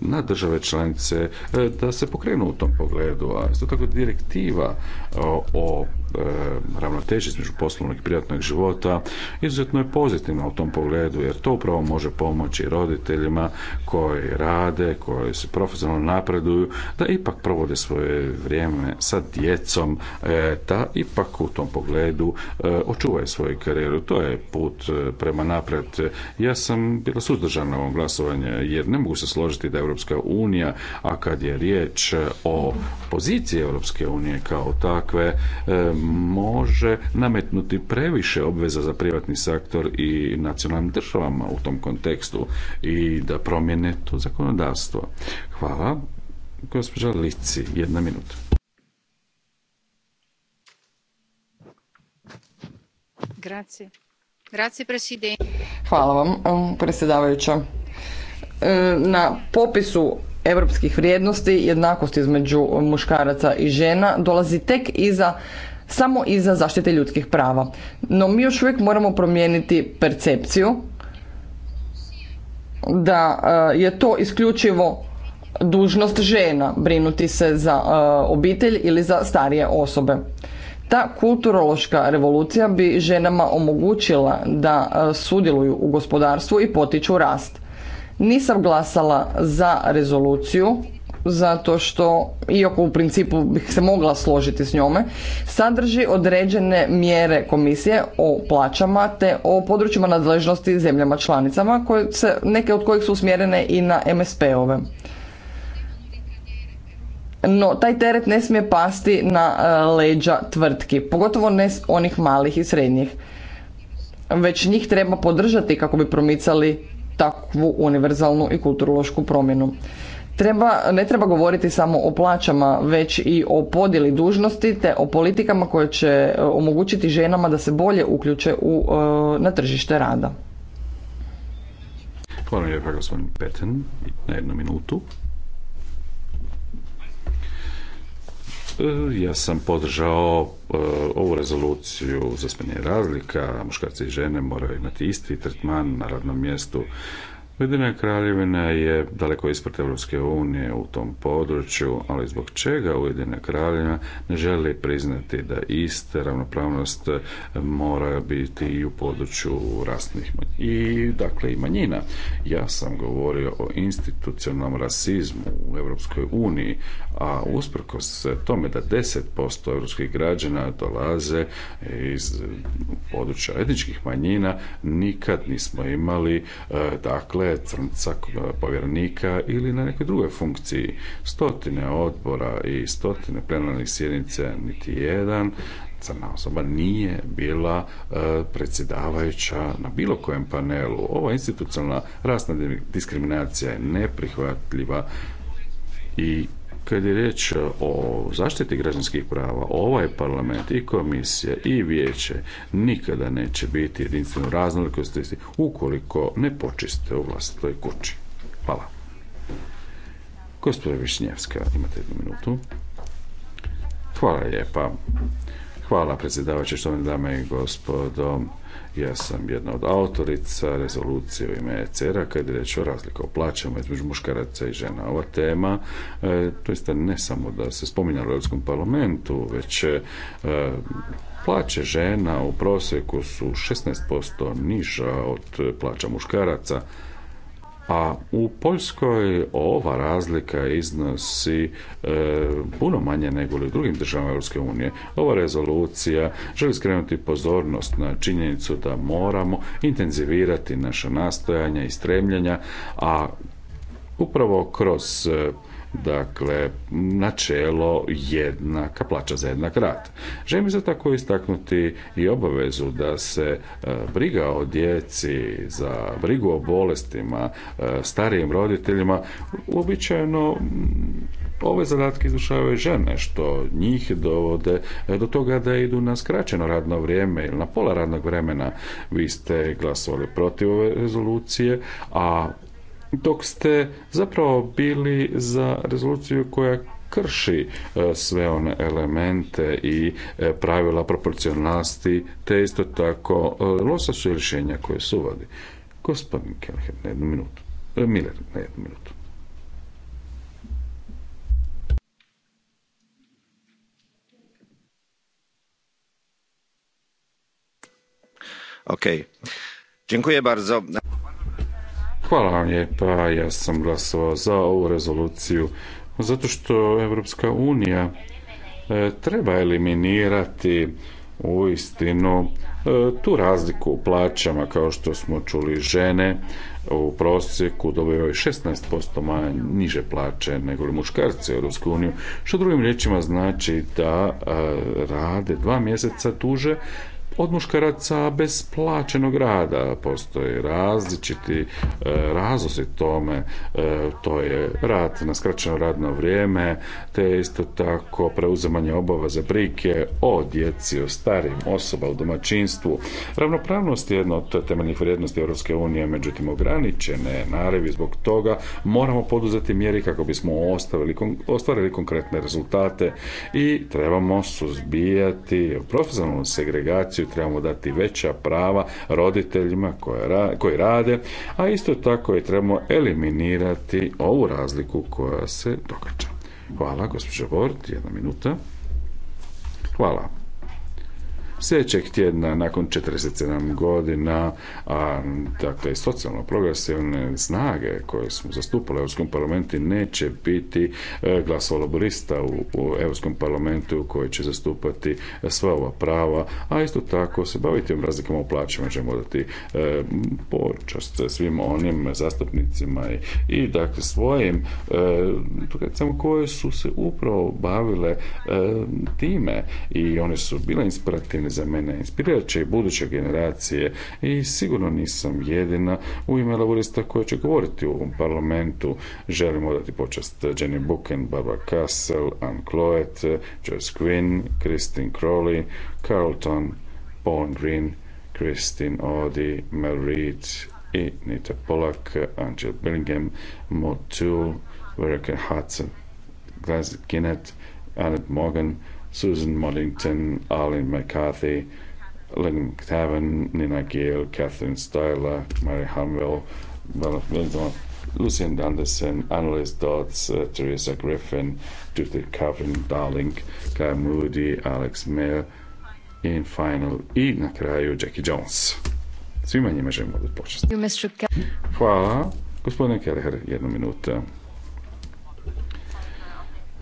na države članice e, da se pokrenu u tom pogledu. A isto tako direktiva o e, ravnoteži između poslovnog i privatnog života izuzetno je pozitivna u tom pogledu jer to upravo može pomoći roditeljima koji rade, koji se profesionalno napreduju, da ipak provode svoje vrijeme sa djecom, e, da ipak u tom pogledu e, očuvaju svoju karijeru. To je put prema napred. Ja sam bila suzdržana ovom glasovanju jer ne mogu se složiti da Europska unija, a kad je riječ o poziciji Europske unije kao ta takve e, može nametnuti previše obveza za privatni sektor i nacionalnim državama u tom kontekstu i da promjene to zakonodavstvo. Hvala. Gospođa Lici, jedna minuta. Hvala vam, predsjedavajuća. E, na popisu europskih vrijednosti, jednakost između muškaraca i žena dolazi tek iza samo iza zaštite ljudskih prava. No mi još uvijek moramo promijeniti percepciju da eh, je to isključivo dužnost žena brinuti se za eh, obitelj ili za starije osobe. Ta kulturološka revolucija bi ženama omogućila da eh, sudjeluju u gospodarstvu i potiču rast. Nisam glasala za rezoluciju zato što, iako u principu bih se mogla složiti s njome, sadrži određene mjere komisije o plaćama te o područjima nadležnosti zemljama članicama, koje se, neke od kojih su usmjerene i na MSP-ove. No, taj teret ne smije pasti na e, leđa tvrtki, pogotovo ne onih malih i srednjih. Već njih treba podržati kako bi promicali takvu univerzalnu i kulturološku promjenu. Treba, ne treba govoriti samo o plaćama, već i o podjeli dužnosti te o politikama koje će e, omogućiti ženama da se bolje uključe u, e, na tržište rada. Hvala lijepa gospodin Peten na jednu minutu. Ja sam podržao eh, ovu rezoluciju za smanjenje razlika, muškarci i žene moraju imati isti tretman na radnom mjestu. Ujedinjena kraljevina je daleko ispred Europske unije u tom području, ali zbog čega Ujedinjena kraljevina ne želi priznati da iste ravnopravnost mora biti i u području rasnih manjina. I dakle i manjina. Ja sam govorio o institucionalnom rasizmu u Europskoj uniji, a usprkos tome da 10% europskih građana dolaze iz područja etničkih manjina, nikad nismo imali e, dakle crnca povjerenika ili na nekoj drugoj funkciji. Stotine odbora i stotine plenarnih sjednica, niti jedan crna osoba nije bila e, predsjedavajuća na bilo kojem panelu. Ova institucionalna rasna diskriminacija je neprihvatljiva i kad je riječ o zaštiti građanskih prava, ovaj parlament i komisija i vijeće nikada neće biti jedinstveno raznolikosti ukoliko ne počiste u vlastitoj kući. Hvala. Gospodin Višnjevska, imate jednu minutu. Hvala lijepa. Hvala predsjedavajući, štovane dame i gospodo. Ja sam jedna od autorica rezolucije u ime ECR-a kad je reč o razlika o plaćama između muškaraca i žena. Ova tema, e, to jeste ne samo da se spominja u Europskom parlamentu, već e, plaće žena u prosjeku su 16% niža od plaća muškaraca a u Poljskoj ova razlika iznosi e, puno manje nego u drugim državama Europske unije. Ova rezolucija želi skrenuti pozornost na činjenicu da moramo intenzivirati naša nastojanja i stremljenja, a upravo kroz e, dakle, načelo jednaka plaća za jednak rad. Želim za tako istaknuti i obavezu da se e, briga o djeci, za brigu o bolestima, e, starijim roditeljima, uobičajeno ove zadatke izvršavaju žene, što njih dovode e, do toga da idu na skraćeno radno vrijeme ili na pola radnog vremena. Vi ste glasovali protiv ove rezolucije, a dok ste zapravo bili za rezoluciju koja krši e, sve one elemente i e, pravila proporcionalnosti, te isto tako e, losa su rješenja koje su uvodi. Gospodin Kelher, na jednu minutu. Miller, na jednu minutu. Ok. Dziękuję bardzo. Hvala vam lijepa, ja sam glasovao za ovu rezoluciju zato što Evropska unija e, treba eliminirati u istinu e, tu razliku u plaćama kao što smo čuli žene u prosjeku dobivaju 16% manje niže plaće nego li muškarci u Europskoj uniju, što drugim riječima znači da e, rade dva mjeseca duže od muškaraca bez plaćenog rada. Postoje različiti e, razlozi tome. E, to je rad na skraćeno radno vrijeme, te isto tako preuzimanje obaveza brike o djeci, o starijim osoba u domaćinstvu. Ravnopravnost je jedna od temeljnih vrijednosti Europske unije, međutim ograničene naravi zbog toga moramo poduzeti mjeri kako bismo ostavili, ostvarili konkretne rezultate i trebamo suzbijati profesionalnu segregaciju trebamo dati veća prava roditeljima koji rade, a isto tako i trebamo eliminirati ovu razliku koja se događa. Hvala, gospođo Bord, jedna minuta. Hvala sljedećeg tjedna nakon 47 godina, a dakle socijalno progresivne snage koje su zastupali u Europskom parlamentu neće biti e, glasova laborista u, Europskom parlamentu koji će zastupati sva ova prava, a isto tako se baviti ovim razlikama u plaćama ćemo dati e, počast svim onim zastupnicima i, dakle svojim e, koje su se upravo bavile e, time i one su bile inspirativne za mene, inspirirat će i buduće generacije i sigurno nisam jedina u ime laborista koja će govoriti u ovom parlamentu. Želim odati počast Jenny Buchan, Barbara Castle, Anne Cloet, Joyce Quinn, Christine Crowley, Carlton, Paul Green, Christine Odi, Mel Reed i Nita Polak, Angel Billingham, Motul, Werke Hudson, Glass Ginnett, Annette Morgan, Susan Moddington, Arlene McCarthy, Lynn McTaven, Nina Gill, Catherine Styler, Mary Hanwell, Lucian Anderson, Annalise Dodds, uh, Teresa Griffin, Judith Coven, Darling, Guy Moody, Alex Mayer in final i na kraju Jackie Jones. Svima njima želimo da počestimo. Hvala. Gospodine Kelleher, jednu minutu.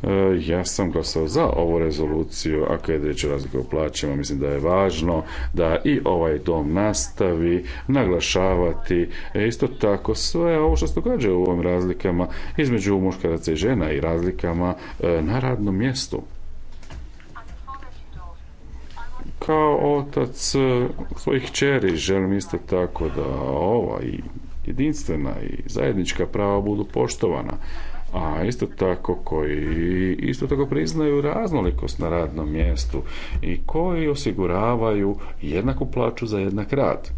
E, ja sam glasao za ovu rezoluciju, a kad je riječ o o plaćama, mislim da je važno da i ovaj dom nastavi naglašavati isto tako sve ovo što se događa u ovim razlikama između muškaraca i žena i razlikama e, na radnom mjestu. Kao otac e, svojih čeri želim isto tako da ova jedinstvena i zajednička prava budu poštovana a isto tako koji isto tako priznaju raznolikost na radnom mjestu i koji osiguravaju jednaku plaću za jednak rad.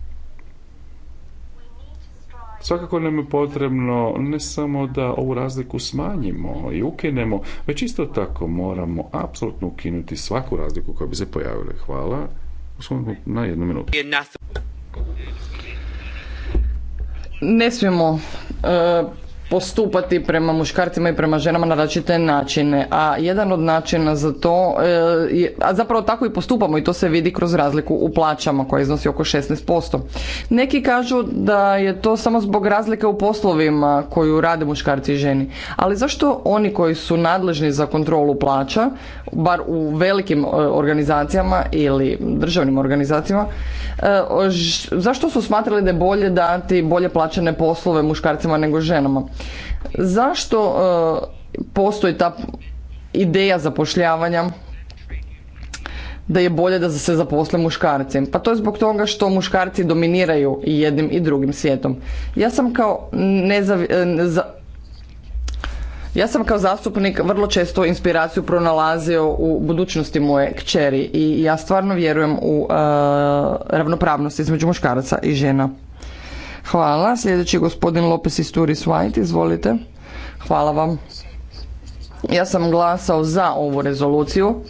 Svakako nam je potrebno ne samo da ovu razliku smanjimo i ukinemo, već isto tako moramo apsolutno ukinuti svaku razliku koja bi se pojavila. Hvala. Na jednu minutu. Ne smijemo e, postupati prema muškarcima i prema ženama na različite načine. A jedan od načina za to, e, a zapravo tako i postupamo i to se vidi kroz razliku u plaćama koja iznosi oko 16%. Neki kažu da je to samo zbog razlike u poslovima koju rade muškarci i ženi. Ali zašto oni koji su nadležni za kontrolu plaća, bar u velikim e, organizacijama ili državnim organizacijama, e, zašto su smatrali da je bolje dati bolje plaćene poslove muškarcima nego ženama? Zašto e, postoji ta ideja zapošljavanja da je bolje da se zaposle muškarci. Pa to je zbog toga što muškarci dominiraju i jednim i drugim svijetom. Ja sam kao e, Ja sam kao zastupnik vrlo često inspiraciju pronalazio u budućnosti moje kćeri i ja stvarno vjerujem u e, ravnopravnost između muškaraca i žena. Hvala. Sljedeći je gospodin Lopez Isturis White. Izvolite. Hvala vam. Ja sam glasao za ovu rezoluciju.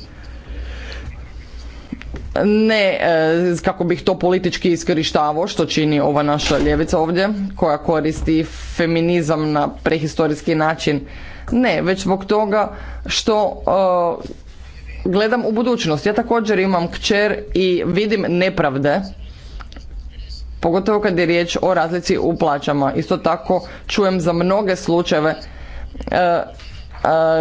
Ne e, kako bih to politički iskorištavao što čini ova naša ljevica ovdje koja koristi feminizam na prehistorijski način. Ne, već zbog toga što e, gledam u budućnost. Ja također imam kćer i vidim nepravde pogotovo kad je riječ o razlici u plaćama. Isto tako čujem za mnoge slučajeve e, e,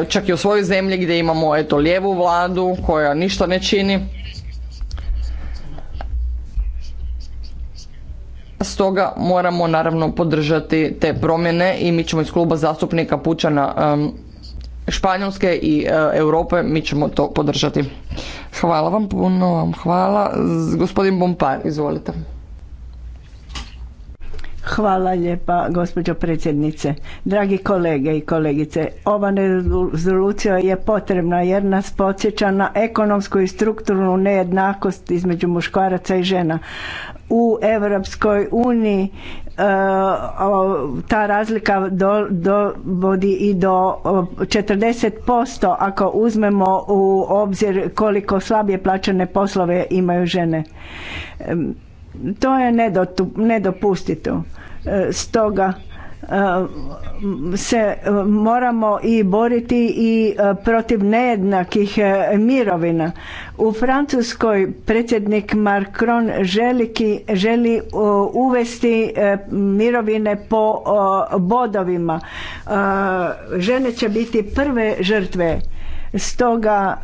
čak i u svojoj zemlji gdje imamo eto lijevu vladu koja ništa ne čini. Stoga moramo naravno podržati te promjene i mi ćemo iz kluba zastupnika Pučana Španjolske i e, Europe, mi ćemo to podržati. Hvala vam puno, vam hvala. Gospodin Bompar, izvolite. Hvala lijepa gospođo predsjednice. Dragi kolege i kolegice, ova rezolucija je potrebna jer nas podsjeća na ekonomsku i strukturnu nejednakost između muškaraca i žena. U Europskoj uniji eh, ta razlika dovodi i do 40% ako uzmemo u obzir koliko slabije plaćene poslove imaju žene to je nedopustito. E, stoga e, se e, moramo i boriti i protiv nejednakih mirovina. U Francuskoj predsjednik Macron želi, želi uvesti mirovine po bodovima. Žene će biti prve žrtve Stoga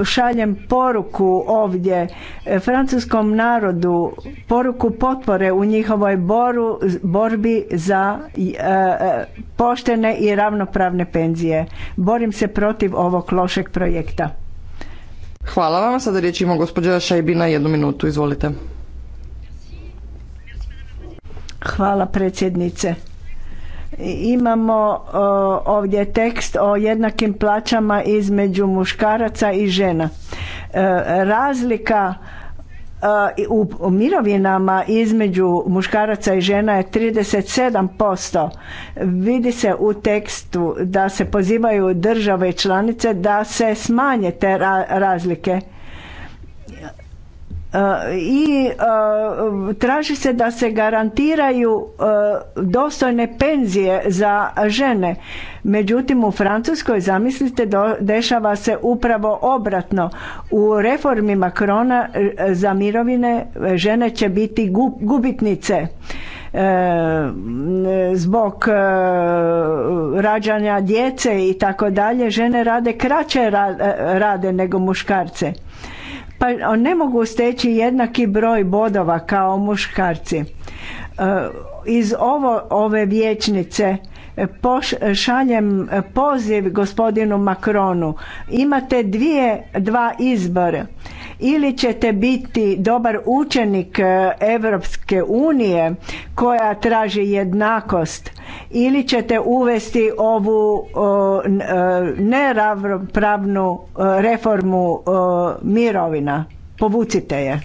e, šaljem poruku ovdje e, francuskom narodu, poruku potpore u njihovoj boru, borbi za e, poštene i ravnopravne penzije. Borim se protiv ovog lošeg projekta. Hvala vam. Sada riječ ima gospođa Šajbina. Jednu minutu, izvolite. Hvala predsjednice. Imamo ovdje tekst o jednakim plaćama između muškaraca i žena. E, razlika e, u mirovinama između muškaraca i žena je 37%. Vidi se u tekstu da se pozivaju države članice da se smanje te razlike i e, traži se da se garantiraju e, dostojne penzije za žene. Međutim, u Francuskoj, zamislite, dešava se upravo obratno. U reformi Makrona e, za mirovine žene će biti gubitnice zbog rađanja djece i tako dalje žene rade kraće rade nego muškarce pa ne mogu steći jednaki broj bodova kao muškarci. E, iz ovo, ove vječnice e, šaljem poziv gospodinu Makronu. Imate dvije, dva izbora ili ćete biti dobar učenik Europske unije koja traži jednakost ili ćete uvesti ovu e, neravnopravnu e, reformu mirovina. Povucite je.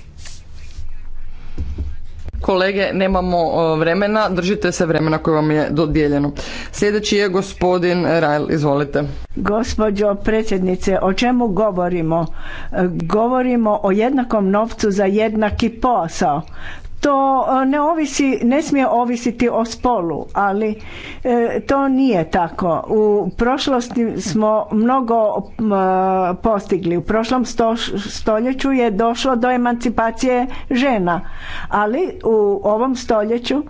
Kolege, nemamo vremena, držite se vremena koje vam je dodijeljeno. Sljedeći je gospodin Rajl, izvolite. Gospođo predsjednice, o čemu govorimo? E, govorimo o jednakom novcu za jednaki posao to e, ne ovisi, ne smije ovisiti o spolu, ali e, to nije tako. U prošlosti smo mnogo e, postigli. U prošlom sto, stoljeću je došlo do emancipacije žena, ali u ovom stoljeću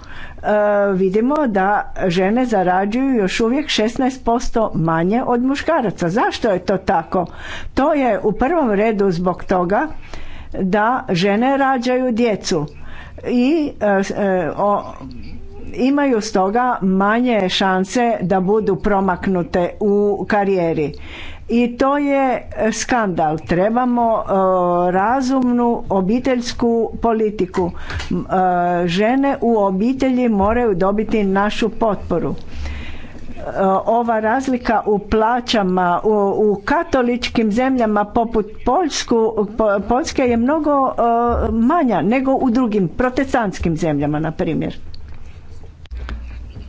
vidimo da žene zarađuju još uvijek 16% manje od muškaraca. Zašto je to tako? To je u prvom redu zbog toga da žene rađaju djecu i e, e, o, imaju stoga manje šanse da budu promaknute u karijeri. I to je skandal. Trebamo e, razumnu obiteljsku politiku. žene u obitelji moraju dobiti našu potporu. Eh, ova razlika u plaćama u, katoličkim zemljama poput Poljsku, po, Poljske je mnogo eh, manja nego u drugim protestantskim zemljama, na primjer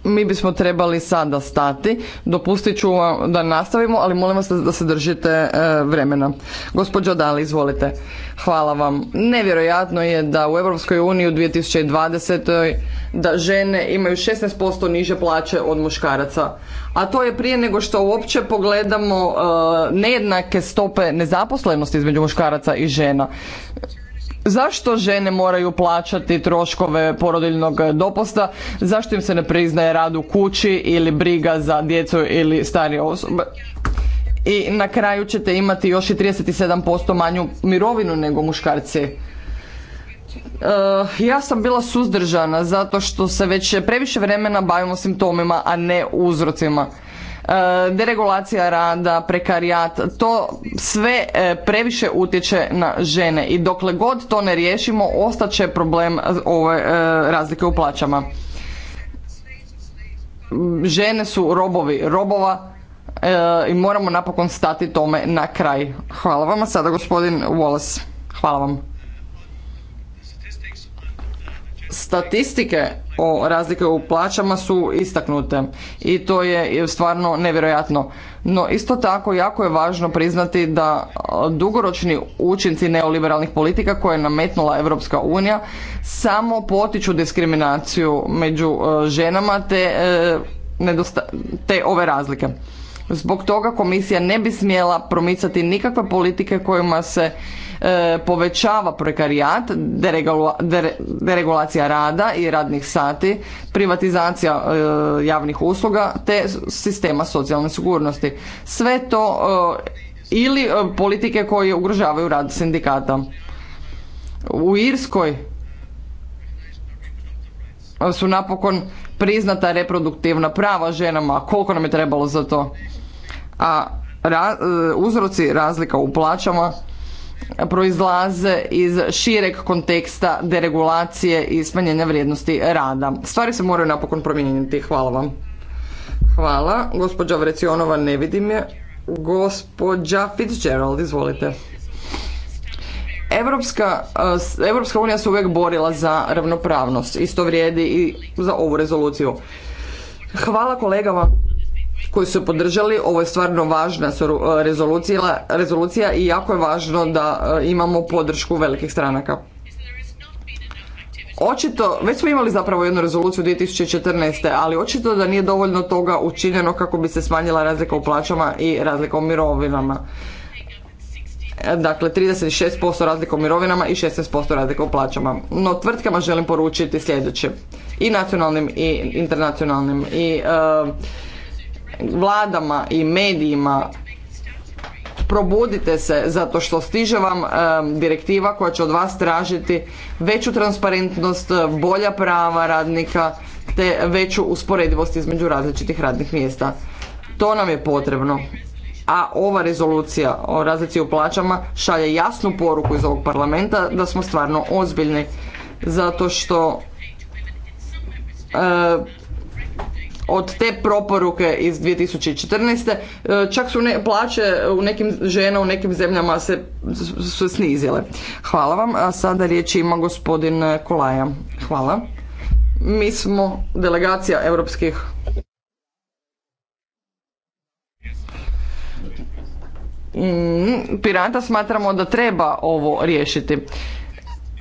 mi bismo trebali sada stati. Dopustit ću vam da nastavimo, ali molim vas da se držite e, vremena. Gospođo Dali, izvolite. Hvala vam. Nevjerojatno je da u Europskoj uniji u 2020. da žene imaju 16% niže plaće od muškaraca. A to je prije nego što uopće pogledamo e, nejednake stope nezaposlenosti između muškaraca i žena. Zašto žene moraju plaćati troškove porodiljnog dopusta? Zašto im se ne priznaje rad u kući ili briga za djecu ili starije osobe? I na kraju ćete imati još i 37% manju mirovinu nego muškarci. E, ja sam bila suzdržana zato što se već previše vremena bavimo simptomima, a ne uzrocima. E, deregulacija rada, prekarijat, to sve e, previše utječe na žene i dokle god to ne riješimo ostaće problem e, ove razlike u plaćama. Žene su robovi robova i moramo napokon stati tome na kraj. Hvala vam, sada gospodin Wallace. Hvala vam statistike o razlike u plaćama su istaknute i to je stvarno nevjerojatno. No isto tako jako je važno priznati da dugoročni učinci neoliberalnih politika koje je nametnula Europska unija samo potiču diskriminaciju među ženama te, e, te ove razlike. Zbog toga komisija ne bi smjela promicati nikakve politike kojima se e, povećava prekarijat, deregulacija rada i radnih sati, privatizacija e, javnih usluga te sistema socijalne sigurnosti. Sve to e, ili politike koje ugrožavaju rad sindikata. U Irskoj su napokon priznata reproduktivna prava ženama. Koliko nam je trebalo za to? a e, uzroci razlika u plaćama proizlaze iz šireg konteksta deregulacije i smanjenja vrijednosti rada. Stvari se moraju napokon promijeniti. Hvala vam. Hvala. Gospođa Vrecionova ne vidim je. Gospođa Fitzgerald, izvolite. Evropska, e, unija se uvijek borila za ravnopravnost. Isto vrijedi i za ovu rezoluciju. Hvala kolegama koji su podržali. Ovo je stvarno važna e, rezolucija, rezolucija i jako je važno da e, imamo podršku velikih stranaka. Očito, već smo imali zapravo jednu rezoluciju 2014. ali očito da nije dovoljno toga učinjeno kako bi se smanjila razlika u plaćama i razlika u mirovinama e, dakle 36% razlika u mirovinama i 16% razlika u plaćama. No tvrtkama želim poručiti sljedeće i nacionalnim i internacionalnim i vladama i medijima probudite se zato što stiže vam e, direktiva koja će od vas tražiti veću transparentnost, bolja prava radnika te veću usporedivost između različitih radnih mjesta. To nam je potrebno. A ova rezolucija o razlici u plaćama šalje jasnu poruku iz ovog parlamenta da smo stvarno ozbiljni zato što e, od te proporuke iz 2014. E, čak su ne, plaće u nekim žena u nekim zemljama se su snizile. Hvala vam, a sada riječ ima gospodin Kolaja. Hvala. Mi smo delegacija europskih mm, pirata smatramo da treba ovo riješiti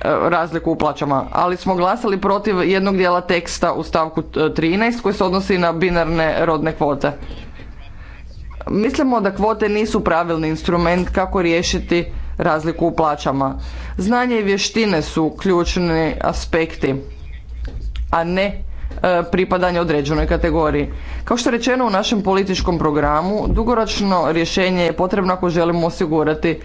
razliku u plaćama, ali smo glasali protiv jednog dijela teksta u stavku 13 e, koji se odnosi na binarne rodne kvote. Mislimo da kvote nisu pravilni instrument kako riješiti razliku u plaćama. Znanje i vještine su ključni aspekti, a ne e, pripadanje određenoj kategoriji. Kao što je rečeno u našem političkom programu, dugoročno rješenje je potrebno ako želimo osigurati e,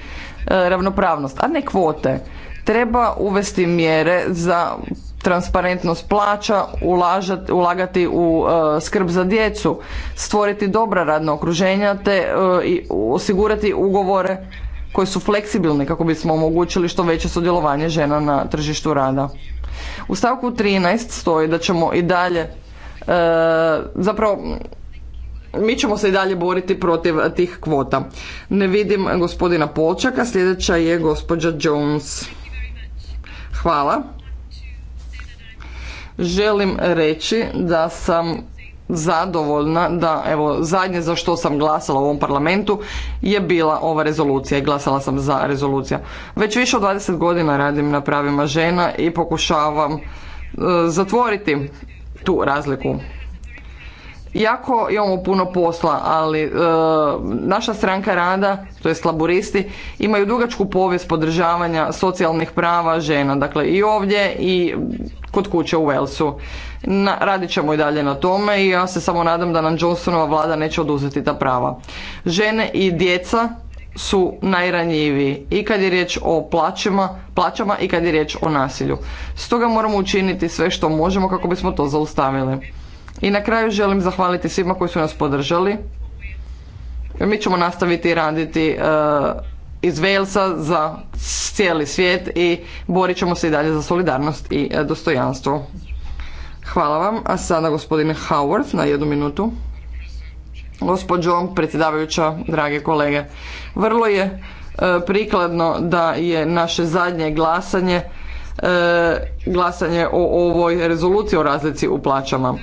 ravnopravnost, a ne kvote. Treba uvesti mjere za transparentnost plaća, ulagati u e, skrb za djecu, stvoriti dobra radna okruženja te e, osigurati ugovore koji su fleksibilni kako bismo omogućili što veće sudjelovanje žena na tržištu rada. U stavku 13 stoji da ćemo i dalje e, zapravo mi ćemo se i dalje boriti protiv tih kvota. Ne vidim gospodina Polčaka, sljedeća je gospođa Jones. Hvala. Želim reći da sam zadovoljna da evo zadnje za što sam glasala u ovom parlamentu je bila ova rezolucija i glasala sam za rezolucija. Već više od 20 godina radim na pravima žena i pokušavam e, zatvoriti tu razliku iako imamo puno posla, ali e, naša stranka rada, to je imaju dugačku povijest podržavanja socijalnih prava žena. Dakle, i ovdje i kod kuće u Walesu. radit ćemo i dalje na tome i ja se samo nadam da nam Johnsonova vlada neće oduzeti ta prava. Žene i djeca su najranjiviji i kad je riječ o plaćama, plaćama i kad je riječ o nasilju. Stoga moramo učiniti sve što možemo kako bismo to zaustavili. I na kraju želim zahvaliti svima koji su nas podržali. Mi ćemo nastaviti raditi e, iz Velsa za cijeli svijet i borit ćemo se i dalje za solidarnost i e, dostojanstvo. Hvala vam. A sada gospodine Howard na jednu minutu. Gospođo predsjedavajuća, drage kolege, vrlo je e, prikladno da je naše zadnje glasanje glasanje o ovoj rezoluciji o razlici u plaćama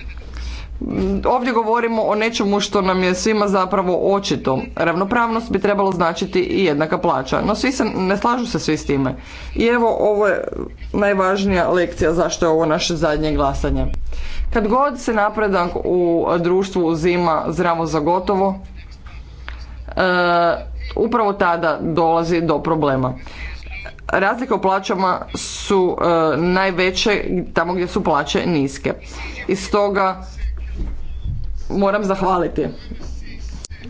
ovdje govorimo o nečemu što nam je svima zapravo očito. Ravnopravnost bi trebalo značiti i jednaka plaća. No svi se, ne slažu se svi s time. I evo ovo je najvažnija lekcija zašto je ovo naše zadnje glasanje. Kad god se napredak u društvu uzima zdravo za gotovo, e, upravo tada dolazi do problema. Razlike u plaćama su e, najveće tamo gdje su plaće niske. I stoga moram zahvaliti.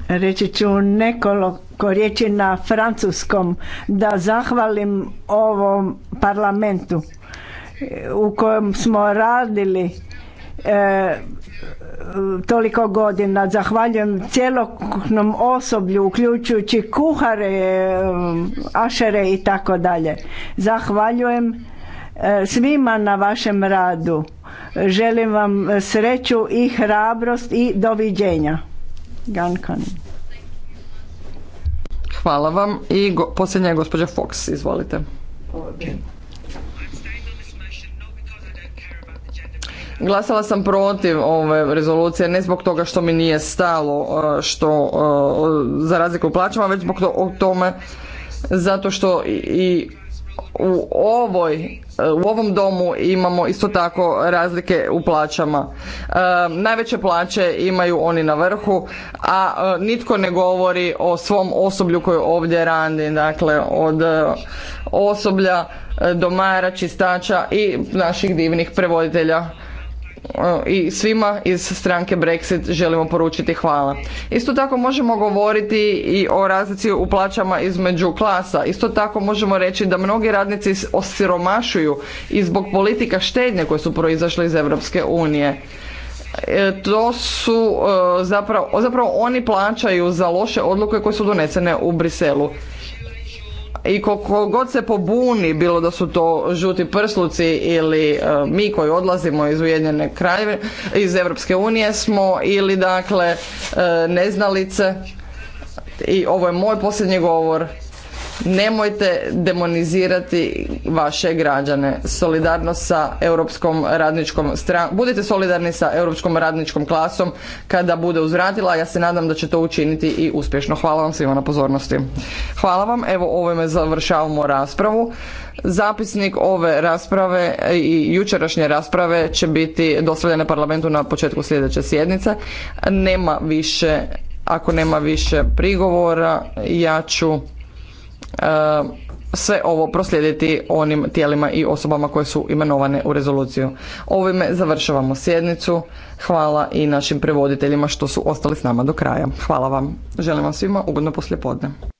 Reći ću nekoliko riječi na francuskom da zahvalim ovom parlamentu u kojem smo radili e, toliko godina. Zahvaljujem cjelokupnom osoblju, uključujući kuhare, e, ašere i tako dalje. Zahvaljujem E, svima na vašem radu. Želim vam sreću i hrabrost i doviđenja. Gankan. Hvala vam i go, posljednja je gospođa Fox, izvolite. Glasala sam protiv ove rezolucije ne zbog toga što mi nije stalo e, što e, za razliku plaćama, već zbog to, o tome zato što i u ovoj e, u ovom domu imamo isto tako razlike u plaćama. E, najveće plaće imaju oni na vrhu, a e, nitko ne govori o svom osoblju koje ovdje radi, dakle od osoblja, domara, čistača i naših divnih prevoditelja E, i svima iz stranke Brexit želimo poručiti hvala. Isto tako možemo govoriti i o razlici u plaćama između klasa. Isto tako možemo reći da mnogi radnici osiromašuju i zbog politika štednje koje su proizašle iz Europske unije. E, to su e, zapravo, zapravo oni plaćaju za loše odluke koje su donesene u Briselu i koliko god se pobuni, bilo da su to žuti prsluci ili e, mi koji odlazimo iz Ujedinjene krajeve, iz Europske unije smo ili dakle e, neznalice i ovo je moj posljednji govor Nemojte demonizirati vaše građane. Solidarnost sa europskom radničkom strankom. Budite solidarni sa europskom radničkom klasom kada bude uzradila. Ja se nadam da će to učiniti i uspješno. Hvala vam svima na pozornosti. Hvala vam. Evo ovime završavamo raspravu. Zapisnik ove rasprave i jučerašnje rasprave će biti dostavljene parlamentu na početku sljedeće sjednice. Nema više, ako nema više prigovora, ja ću E, sve ovo proslijediti onim tijelima i osobama koje su imenovane u rezoluciju. Ovime završavamo sjednicu. Hvala i našim prevoditeljima što su ostali s nama do kraja. Hvala vam. Želim vam svima ugodno poslijepodne.